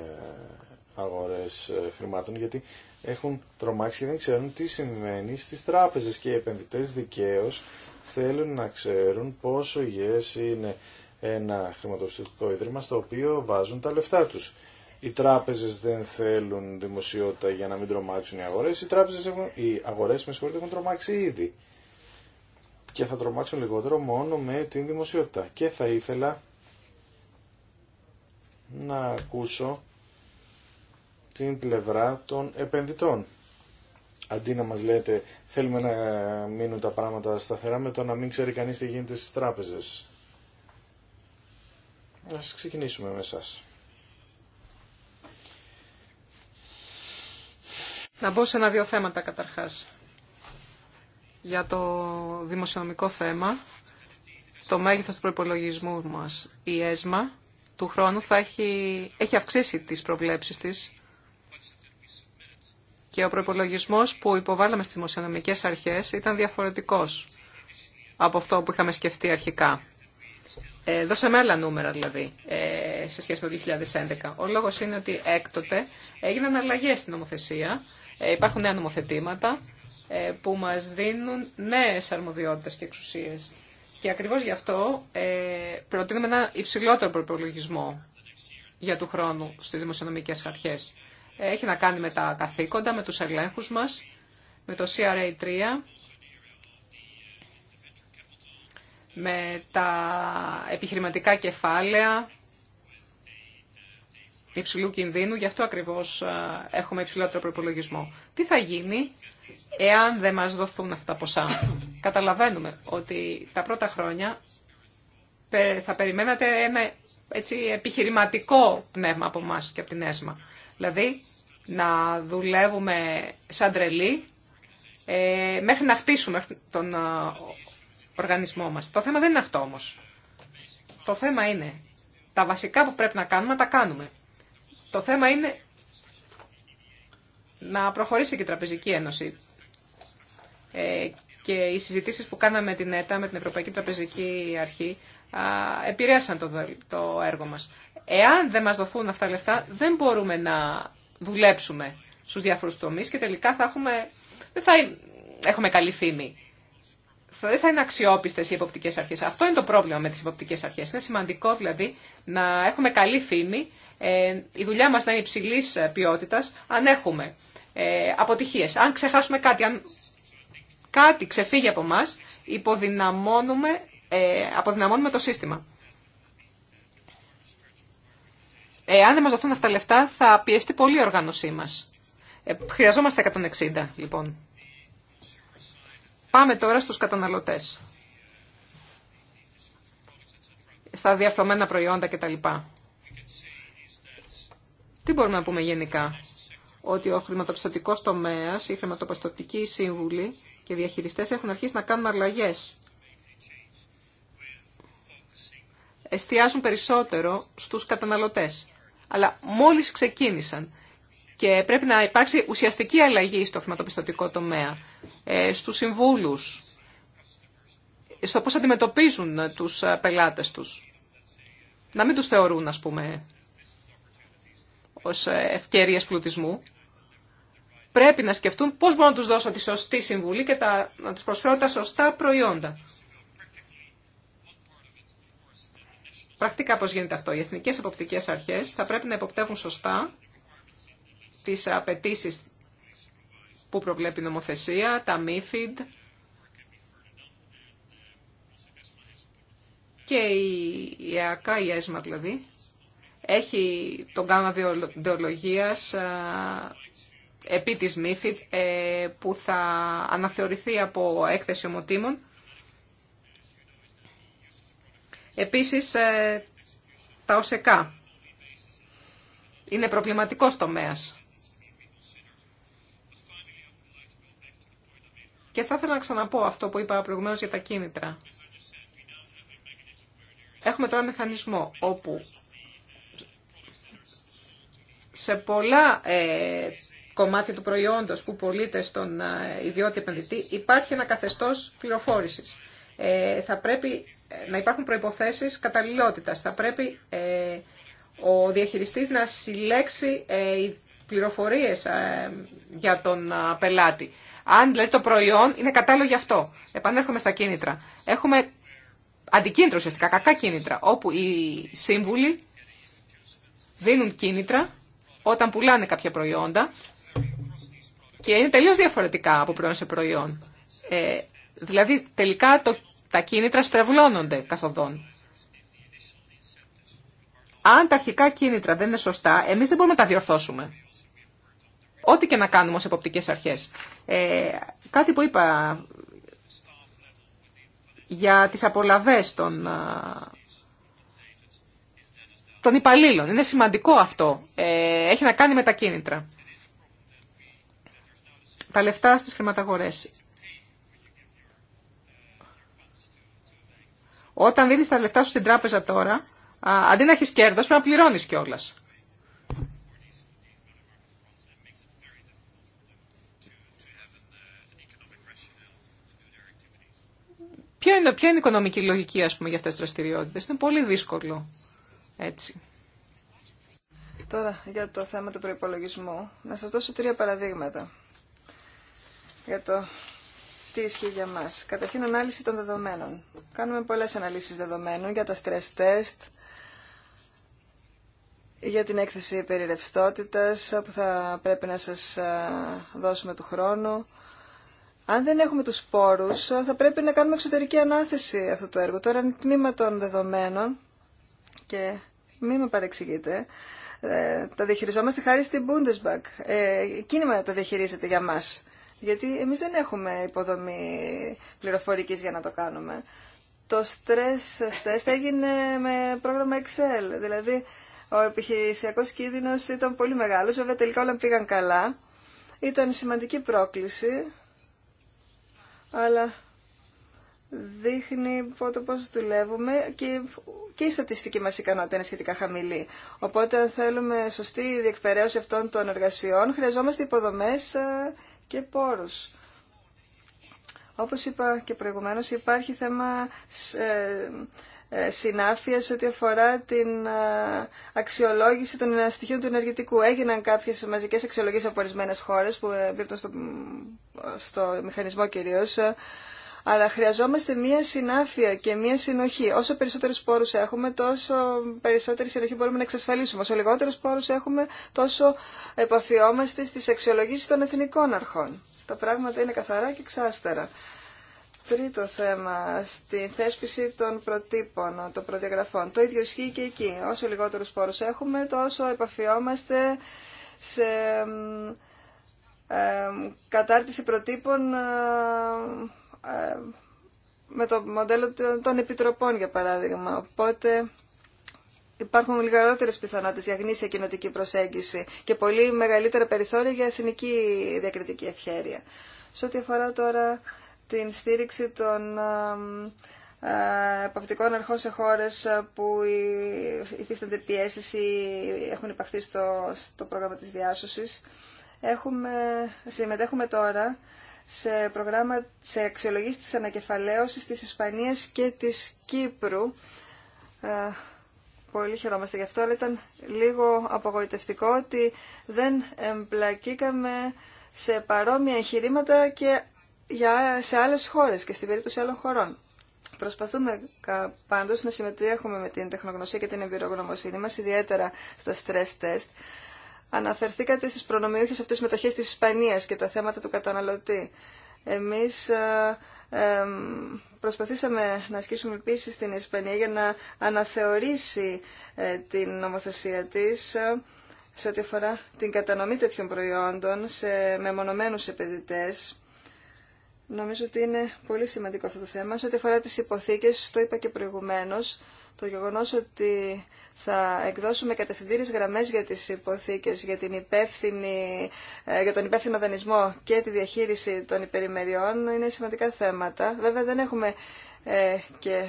αγορές ε, χρημάτων γιατί έχουν τρομάξει και δεν ξέρουν τι συμβαίνει στις τράπεζες και οι επενδυτές δικαίως θέλουν να ξέρουν πόσο υγιές είναι ένα χρηματοπιστωτικό ίδρυμα στο οποίο βάζουν τα λεφτά τους. Οι τράπεζες δεν θέλουν δημοσιότητα για να μην τρομάξουν οι αγορές. Οι, τράπεζες έχουν, οι αγορές με συγχωρείτε έχουν τρομάξει ήδη. Και θα τρομάξουν λιγότερο μόνο με την δημοσιότητα. Και θα ήθελα να ακούσω στην πλευρά των επενδυτών. Αντί να μας λέτε θέλουμε να μείνουν τα πράγματα σταθερά με το να μην ξέρει κανείς τι γίνεται στις τράπεζες. Ας ξεκινήσουμε με εσάς. Να μπω σε ένα-δύο θέματα καταρχάς. Για το δημοσιονομικό θέμα, το μέγεθος του προϋπολογισμού μας, η ΕΣΜΑ, του χρόνου θα έχει, έχει αυξήσει τις προβλέψεις της και ο προπολογισμό που υποβάλαμε στι δημοσιονομικέ αρχές ήταν διαφορετικός από αυτό που είχαμε σκεφτεί αρχικά. Ε, δώσαμε άλλα νούμερα δηλαδή ε, σε σχέση με το 2011. Ο λόγος είναι ότι έκτοτε έγιναν αλλαγές στην νομοθεσία, ε, υπάρχουν νέα νομοθετήματα ε, που μας δίνουν νέε αρμοδιότητες και εξουσίες. Και ακριβώ γι' αυτό ε, προτείνουμε ένα υψηλότερο προπολογισμό για του χρόνου στι δημοσιονομικέ αρχές. Έχει να κάνει με τα καθήκοντα, με τους ελέγχους μας, με το CRA3, με τα επιχειρηματικά κεφάλαια υψηλού κινδύνου, γι' αυτό ακριβώς ε, έχουμε υψηλότερο προπολογισμό. Τι θα γίνει εάν δεν μας δοθούν αυτά τα ποσά. Καταλαβαίνουμε ότι τα πρώτα χρόνια θα περιμένατε ένα έτσι, επιχειρηματικό πνεύμα από εμά και από την ΕΣΜΑ. Δηλαδή να δουλεύουμε σαν τρελή ε, μέχρι να χτίσουμε τον ε, οργανισμό μας. Το θέμα δεν είναι αυτό όμως. Το θέμα είναι τα βασικά που πρέπει να κάνουμε, τα κάνουμε. Το θέμα είναι να προχωρήσει και η Τραπεζική Ένωση. Ε, και οι συζητήσεις που κάναμε την ΕΤΑ, με την Ευρωπαϊκή Τραπεζική Αρχή, επηρέασαν το, το έργο μας. Εάν δεν μας δοθούν αυτά τα λεφτά, δεν μπορούμε να δουλέψουμε στους διάφορους τομείς και τελικά θα έχουμε, δεν θα έχουμε καλή φήμη. Δεν θα είναι αξιόπιστε οι υποπτικέ αρχέ. Αυτό είναι το πρόβλημα με τι υποπτικέ αρχέ. Είναι σημαντικό δηλαδή να έχουμε καλή φήμη, ε, η δουλειά μα να είναι υψηλή ε, ποιότητα, αν έχουμε ε, αποτυχίες, Αν ξεχάσουμε κάτι, αν κάτι ξεφύγει από εμά, υποδυναμώνουμε, αποδυναμώνουμε το σύστημα. Εάν δεν μας δοθούν αυτά τα λεφτά θα πιεστεί πολύ η οργάνωσή μας. Ε, χρειαζόμαστε 160 λοιπόν. Πάμε τώρα στους καταναλωτές. Στα διαφθομένα προϊόντα κτλ. Τι μπορούμε να πούμε γενικά. Ότι ο χρηματοπιστωτικός τομέας, οι χρηματοπιστωτικοί σύμβουλοι και οι διαχειριστές έχουν αρχίσει να κάνουν αλλαγές. Εστιάζουν περισσότερο στους καταναλωτές αλλά μόλις ξεκίνησαν. Και πρέπει να υπάρξει ουσιαστική αλλαγή στο χρηματοπιστωτικό τομέα, ε, στους συμβούλους, στο πώς αντιμετωπίζουν τους ε, πελάτες τους. Να μην τους θεωρούν, ας πούμε, ως ε, ευκαιρίες πλουτισμού. Πρέπει να σκεφτούν πώς μπορούν να τους δώσω τη σωστή συμβουλή και τα, να τους προσφέρω τα σωστά προϊόντα. Πρακτικά πώς γίνεται αυτό. Οι εθνικές εποπτικές αρχές θα πρέπει να εποπτεύουν σωστά τις απαιτήσει που προβλέπει η νομοθεσία, τα MIFID και η ΕΑΚΑ, η ΕΣΜΑ δηλαδή, έχει τον κάνα διολογίας επί της MIFID ε, που θα αναθεωρηθεί από έκθεση ομοτήμων Επίσης, ε, τα ΟΣΕΚΑ είναι προβληματικός τομέας. Και θα ήθελα να ξαναπώ αυτό που είπα προηγουμένως για τα κίνητρα. Έχουμε τώρα μηχανισμό όπου σε πολλά ε, κομμάτια του προϊόντος που πωλείται στον ε, ιδιώτη επενδυτή υπάρχει ένα καθεστώς πληροφόρησης. Ε, θα πρέπει ε, να υπάρχουν προϋποθέσεις καταλληλότητας. Θα πρέπει ε, ο διαχειριστής να συλλέξει ε, πληροφορίες ε, για τον πελάτη. Αν δηλαδή το προϊόν είναι κατάλληλο γι' αυτό. Επανέρχομαι στα κίνητρα. Έχουμε αντικίνητρο, ουσιαστικά, κακά κίνητρα, όπου οι σύμβουλοι δίνουν κίνητρα όταν πουλάνε κάποια προϊόντα και είναι τελείως διαφορετικά από προϊόν σε προϊόν. Ε, δηλαδή τελικά το τα κίνητρα στρεβλώνονται καθοδόν. Αν τα αρχικά κίνητρα δεν είναι σωστά, εμείς δεν μπορούμε να τα διορθώσουμε. Ό,τι και να κάνουμε ως εποπτικές αρχές. Ε, κάτι που είπα για τις απολαβές των, των υπαλλήλων. Είναι σημαντικό αυτό. Ε, έχει να κάνει με τα κίνητρα. Τα λεφτά στις χρηματαγορές. Όταν δίνει τα λεφτά σου στην τράπεζα τώρα, αντί να έχει κέρδος, πρέπει να πληρώνεις κιόλα. Ποια είναι, ποια είναι η οικονομική λογική, ας πούμε, για αυτές τις δραστηριότητες. Είναι πολύ δύσκολο. Έτσι. Τώρα, για το θέμα του προϋπολογισμού, να σας δώσω τρία παραδείγματα. Για το τι ισχύει για μας. Καταρχήν ανάλυση των δεδομένων. Κάνουμε πολλέ αναλύσει δεδομένων για τα stress test, για την έκθεση περί που θα πρέπει να σας δώσουμε του χρόνου. Αν δεν έχουμε τους πόρους, θα πρέπει να κάνουμε εξωτερική ανάθεση αυτού του έργου. Τώρα είναι τμήμα των δεδομένων και μην με παρεξηγείτε. Ε, τα διαχειριζόμαστε χάρη στην Bundesbank. Ε, τα διαχειρίζεται για μας γιατί εμείς δεν έχουμε υποδομή πληροφορικής για να το κάνουμε. Το stress test έγινε με πρόγραμμα Excel, δηλαδή ο επιχειρησιακός κίνδυνος ήταν πολύ μεγάλος, βέβαια τελικά όλα πήγαν καλά, ήταν σημαντική πρόκληση, αλλά δείχνει πότε πώς δουλεύουμε και, και η στατιστική μας ικανότητα είναι σχετικά χαμηλή. Οπότε αν θέλουμε σωστή διεκπαιρέωση αυτών των εργασιών χρειαζόμαστε υποδομές ε, και πόρους. Όπως είπα και προηγουμένως υπάρχει θέμα ε, ε, συνάφειας ό,τι αφορά την ε, αξιολόγηση των στοιχείων του ενεργητικού. Έγιναν κάποιες μαζικές αξιολογίες από ορισμένε χώρες που εμπίπτουν στο, στο μηχανισμό κυρίως αλλά χρειαζόμαστε μία συνάφεια και μία συνοχή. Όσο περισσότερου πόρου έχουμε, τόσο περισσότερη συνοχή μπορούμε να εξασφαλίσουμε. Όσο λιγότερου πόρου έχουμε, τόσο επαφιόμαστε στι αξιολογήσει των εθνικών αρχών. Τα πράγματα είναι καθαρά και ξάστερα. Τρίτο θέμα, στη θέσπιση των προτύπων, των προδιαγραφών. Το ίδιο ισχύει και εκεί. Όσο λιγότερου πόρου έχουμε, τόσο επαφιόμαστε σε κατάρτιση προτύπων ε, με το μοντέλο των επιτροπών, για παράδειγμα. Οπότε υπάρχουν λιγαρότερε πιθανότητε για γνήσια κοινοτική προσέγγιση και πολύ μεγαλύτερα περιθώρια για εθνική διακριτική ευχέρεια. Σε ό,τι αφορά τώρα την στήριξη των ε, επαυτικών αρχών σε χώρες που υφίστανται πιέσεις ή έχουν υπαχθεί στο, πρόγραμμα της διάσωσης. συμμετέχουμε τώρα σε, προγράμμα, σε αξιολογήσεις της ανακεφαλαίωσης της Ισπανίας και της Κύπρου. Ε, πολύ χαιρόμαστε γι' αυτό, αλλά ήταν λίγο απογοητευτικό ότι δεν εμπλακήκαμε σε παρόμοια εγχειρήματα και για, σε άλλες χώρες και στην περίπτωση άλλων χωρών. Προσπαθούμε πάντως να συμμετέχουμε με την τεχνογνωσία και την εμπειρογνωμοσύνη μας, ιδιαίτερα στα stress test, Αναφερθήκατε στις προνομιούχες αυτές μετοχές της Ισπανίας και τα θέματα του καταναλωτή. Εμείς ε, ε, προσπαθήσαμε να ασκήσουμε επίσης στην Ισπανία για να αναθεωρήσει ε, την νομοθεσία της σε ό,τι αφορά την κατανομή τέτοιων προϊόντων σε μεμονωμένους επενδυτές. Νομίζω ότι είναι πολύ σημαντικό αυτό το θέμα. Σε ό,τι αφορά τις υποθήκες, το είπα και προηγουμένως, το γεγονός ότι θα εκδώσουμε κατευθυντήριες γραμμές για τις υποθήκες, για, ε, για τον υπεύθυνο δανεισμό και τη διαχείριση των υπερημεριών είναι σημαντικά θέματα. Βέβαια δεν έχουμε ε, και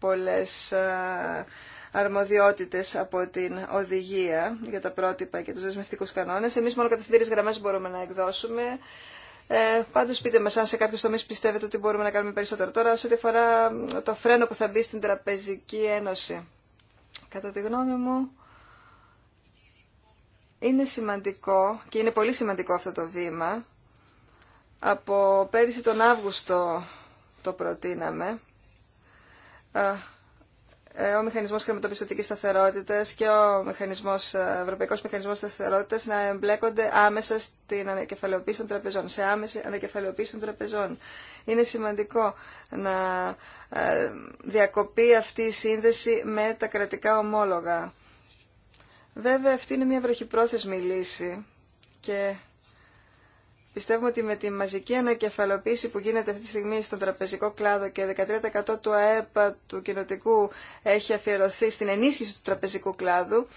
πολλές ε, αρμοδιότητες από την οδηγία για τα πρότυπα και τους δεσμευτικούς κανόνες. Εμείς μόνο κατευθυντήριες γραμμές μπορούμε να εκδώσουμε ε, πάντως πείτε μας αν σε κάποιους τομείς πιστεύετε ότι μπορούμε να κάνουμε περισσότερο. Τώρα σε ό,τι αφορά το φρένο που θα μπει στην Τραπεζική Ένωση. Κατά τη γνώμη μου είναι σημαντικό και είναι πολύ σημαντικό αυτό το βήμα. Από πέρυσι τον Αύγουστο το προτείναμε ε, ο μηχανισμός χρηματοπιστωτικής σταθερότητας και ο μηχανισμός, ε, ευρωπαϊκός μηχανισμός σταθερότητας να εμπλέκονται άμεσα στην ανακεφαλαιοποίηση των τραπεζών, σε άμεση ανακεφαλαιοποίηση των τραπεζών. Είναι σημαντικό να ε, διακοπεί αυτή η σύνδεση με τα κρατικά ομόλογα. Βέβαια αυτή είναι μια βραχυπρόθεσμη λύση και Πιστεύουμε ότι με τη μαζική ανακεφαλοποίηση που γίνεται αυτή τη στιγμή στον τραπεζικό κλάδο και 13% του ΑΕΠ του κοινοτικού έχει αφιερωθεί στην ενίσχυση του τραπεζικού κλάδου,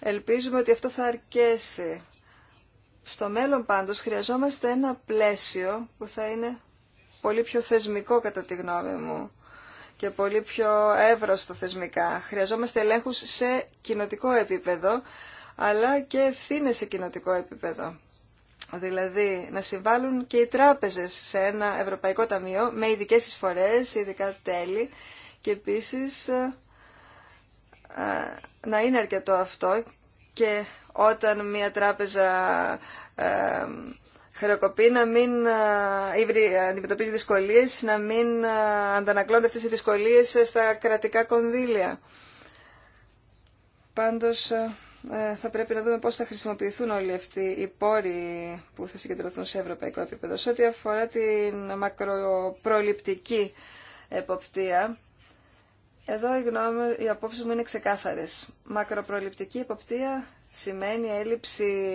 ελπίζουμε ότι αυτό θα αρκέσει. Στο μέλλον πάντως χρειαζόμαστε ένα πλαίσιο που θα είναι πολύ πιο θεσμικό κατά τη γνώμη μου και πολύ πιο εύρωστο θεσμικά. Χρειαζόμαστε ελέγχους σε κοινοτικό επίπεδο αλλά και ευθύνε σε κοινοτικό επίπεδο. Δηλαδή να συμβάλλουν και οι τράπεζες σε ένα ευρωπαϊκό ταμείο με ειδικέ εισφορές, ειδικά τέλη και επίσης ε, ε, να είναι αρκετό αυτό και όταν μια τράπεζα ε, χρεοκοπεί να μην αντιμετωπίζει δυσκολίες, να μην αντανακλώνται αυτές οι δυσκολίες στα κρατικά κονδύλια. Πάντως ε, θα πρέπει να δούμε πώς θα χρησιμοποιηθούν όλοι αυτοί οι πόροι που θα συγκεντρωθούν σε ευρωπαϊκό επίπεδο. Σε ό,τι αφορά την μακροπροληπτική εποπτεία, εδώ οι, γνώμη, οι απόψεις μου είναι ξεκάθαρες. Μακροπροληπτική εποπτεία σημαίνει έλλειψη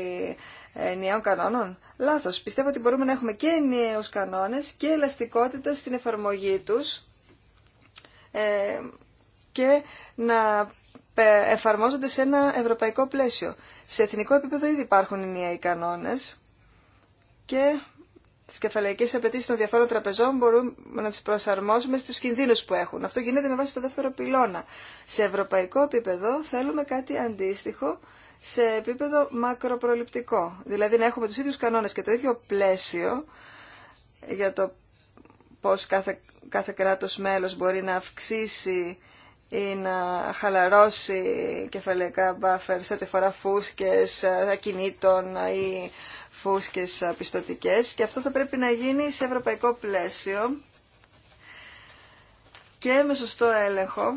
ενιαίων κανόνων. Λάθος. Πιστεύω ότι μπορούμε να έχουμε και ενιαίους κανόνες και ελαστικότητα στην εφαρμογή τους ε, και να ε, εφαρμόζονται σε ένα ευρωπαϊκό πλαίσιο. Σε εθνικό επίπεδο ήδη υπάρχουν νέοι κανόνες και τι κεφαλαϊκές απαιτήσει των διαφόρων τραπεζών μπορούμε να τις προσαρμόσουμε στου κινδύνου που έχουν. Αυτό γίνεται με βάση το δεύτερο πυλώνα. Σε ευρωπαϊκό επίπεδο θέλουμε κάτι αντίστοιχο σε επίπεδο μακροπροληπτικό. Δηλαδή να έχουμε του ίδιου κανόνε και το ίδιο πλαίσιο για το πώ κάθε, κάθε κράτος μέλος μπορεί να αυξήσει ή να χαλαρώσει κεφαλαϊκά μπάφερ σε ό,τι φορά φούσκες ε, ακινήτων ή φούσκες πιστοτικές και αυτό θα πρέπει να γίνει σε ευρωπαϊκό πλαίσιο και με σωστό έλεγχο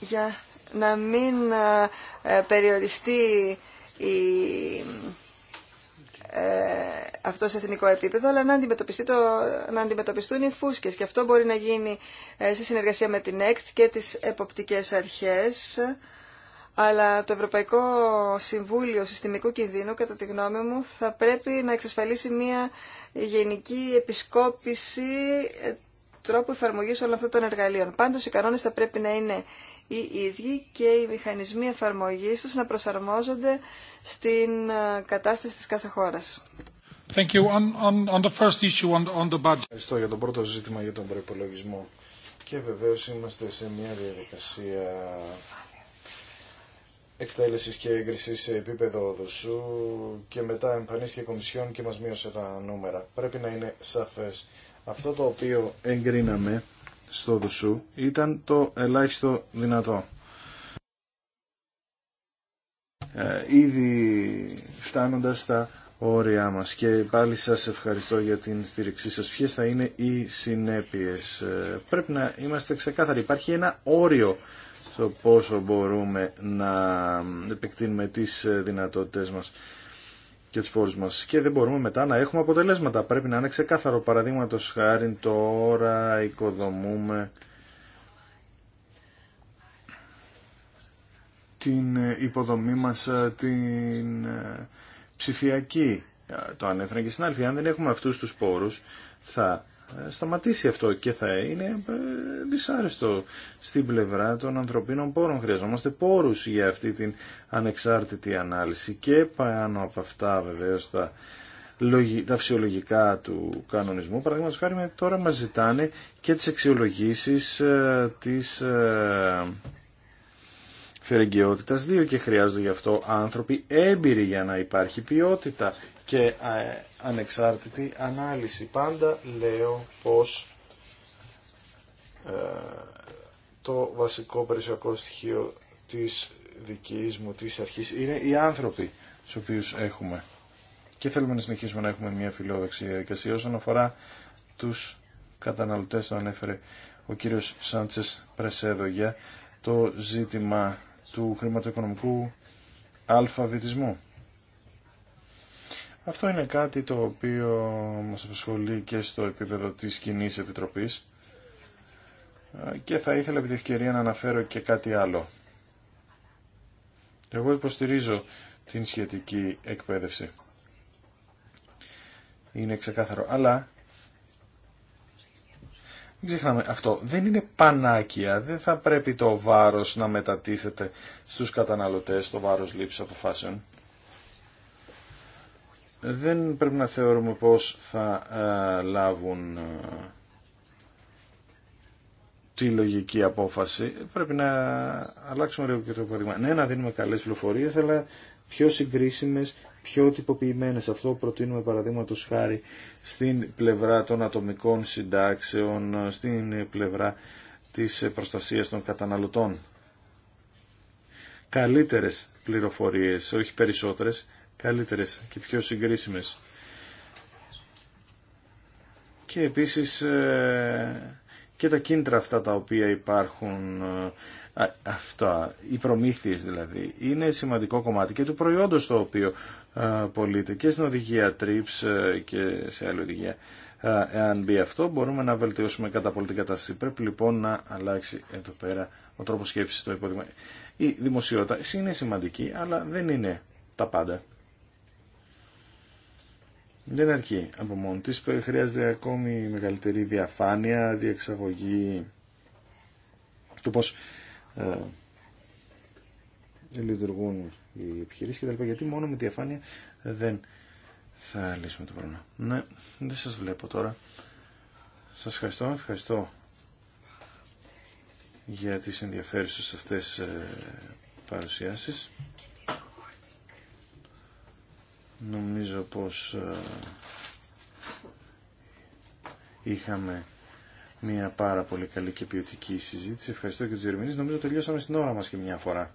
για να μην ε, περιοριστεί η ε, αυτό σε εθνικό επίπεδο, αλλά να, αντιμετωπιστεί το, να αντιμετωπιστούν οι φούσκες. Και αυτό μπορεί να γίνει ε, σε συνεργασία με την ΕΚΤ και τις εποπτικές αρχές, αλλά το Ευρωπαϊκό Συμβούλιο Συστημικού Κινδύνου, κατά τη γνώμη μου, θα πρέπει να εξασφαλίσει μια γενική επισκόπηση ε, τρόπου εφαρμογή όλων αυτών των εργαλείων. Πάντω, οι κανόνε θα πρέπει να είναι οι ίδιοι και οι μηχανισμοί εφαρμογής τους να προσαρμόζονται στην ε, κατάσταση της κάθε χώρας. Ευχαριστώ για το πρώτο ζήτημα για τον προϋπολογισμό. Και βεβαίως είμαστε σε μια διαδικασία εκτέλεσης και έγκριση σε επίπεδο οδοσού και μετά εμφανίστηκε η Κομισιόν και μας μείωσε τα νούμερα. Πρέπει να είναι σαφές. Αυτό το οποίο εγκρίναμε στο Δουσού ήταν το ελάχιστο δυνατό. Ε, ήδη φτάνοντας στα όρια μας και πάλι σας ευχαριστώ για την στήριξή σας. Ποιες θα είναι οι συνέπειες. Ε, πρέπει να είμαστε ξεκάθαροι. Υπάρχει ένα όριο στο πόσο μπορούμε να επεκτείνουμε τις ε, δυνατότητες μας και τους πόρους μας και δεν μπορούμε μετά να έχουμε αποτελέσματα. Πρέπει να είναι ξεκάθαρο παραδείγματο χάρη τώρα οικοδομούμε την υποδομή μας ε, την ε, ψηφιακή. Ε, το ανέφερα και στην αλφή. Αν δεν έχουμε αυτούς τους πόρους θα ε, σταματήσει αυτό και θα είναι ε, δυσάρεστο στην πλευρά των ανθρωπίνων πόρων. Χρειαζόμαστε πόρους για αυτή την ανεξάρτητη ανάλυση και πάνω από αυτά βεβαίως τα, τα φυσιολογικά του κανονισμού. Παραδείγματος χάρη τώρα μας ζητάνε και τις αξιολογήσεις ε, της φερεγγιότητας δύο και χρειάζονται γι' αυτό άνθρωποι έμπειροι για να υπάρχει ποιότητα και ανεξάρτητη ανάλυση. Πάντα λέω πως ε, το βασικό περιουσιακό στοιχείο της δικής μου, της αρχής, είναι οι άνθρωποι στους οποίους έχουμε. Και θέλουμε να συνεχίσουμε να έχουμε μια φιλόδοξη διαδικασία όσον αφορά τους καταναλωτές, το ανέφερε ο κύριος Σάντσες Πρεσέδο για το ζήτημα του χρηματοοικονομικού αλφαβητισμού. Αυτό είναι κάτι το οποίο μας απασχολεί και στο επίπεδο της κοινή Επιτροπής και θα ήθελα επί ευκαιρία να αναφέρω και κάτι άλλο. Εγώ υποστηρίζω την σχετική εκπαίδευση. Είναι ξεκάθαρο. Αλλά μην ξεχνάμε αυτό. Δεν είναι πανάκια. Δεν θα πρέπει το βάρος να μετατίθεται στους καταναλωτές, το βάρος λήψης αποφάσεων δεν πρέπει να θεωρούμε πως θα ε, λάβουν ε, τη λογική απόφαση. Πρέπει να αλλάξουμε λίγο και το παράδειγμα. Ναι, να δίνουμε καλές πληροφορίες, αλλά πιο συγκρίσιμες, πιο τυποποιημένες. Αυτό προτείνουμε παραδείγματο χάρη στην πλευρά των ατομικών συντάξεων, στην πλευρά της προστασίας των καταναλωτών. Καλύτερες πληροφορίες, όχι περισσότερες, καλύτερες και πιο συγκρίσιμες. Και επίσης ε, και τα κίντρα αυτά τα οποία υπάρχουν, ε, αυτά, οι προμήθειες δηλαδή, είναι σημαντικό κομμάτι και του προϊόντος το οποίο ε, πωλείται και στην οδηγία TRIPS και σε άλλη οδηγία. Εάν μπει αυτό, μπορούμε να βελτιώσουμε κατά πολύ την κατάσταση. Πρέπει λοιπόν να αλλάξει εδώ πέρα ο τρόπος σκέψης υπόδειγμα. Η δημοσιότητα είναι σημαντική, αλλά δεν είναι τα πάντα δεν αρκεί από μόνο της. Χρειάζεται ακόμη μεγαλύτερη διαφάνεια, διεξαγωγή του πώς ε, λειτουργούν οι επιχειρήσεις κτλ. Γιατί μόνο με διαφάνεια δεν θα λύσουμε το πρόβλημα. Ναι, δεν σας βλέπω τώρα. Σας ευχαριστώ, ευχαριστώ για τις ενδιαφέρουσες αυτές ε, παρουσιάσεις. Νομίζω πως ε, είχαμε μια πάρα πολύ καλή και ποιοτική συζήτηση. Ευχαριστώ και τους Ιερμηνείς. Νομίζω τελειώσαμε στην ώρα μας και μια φορά.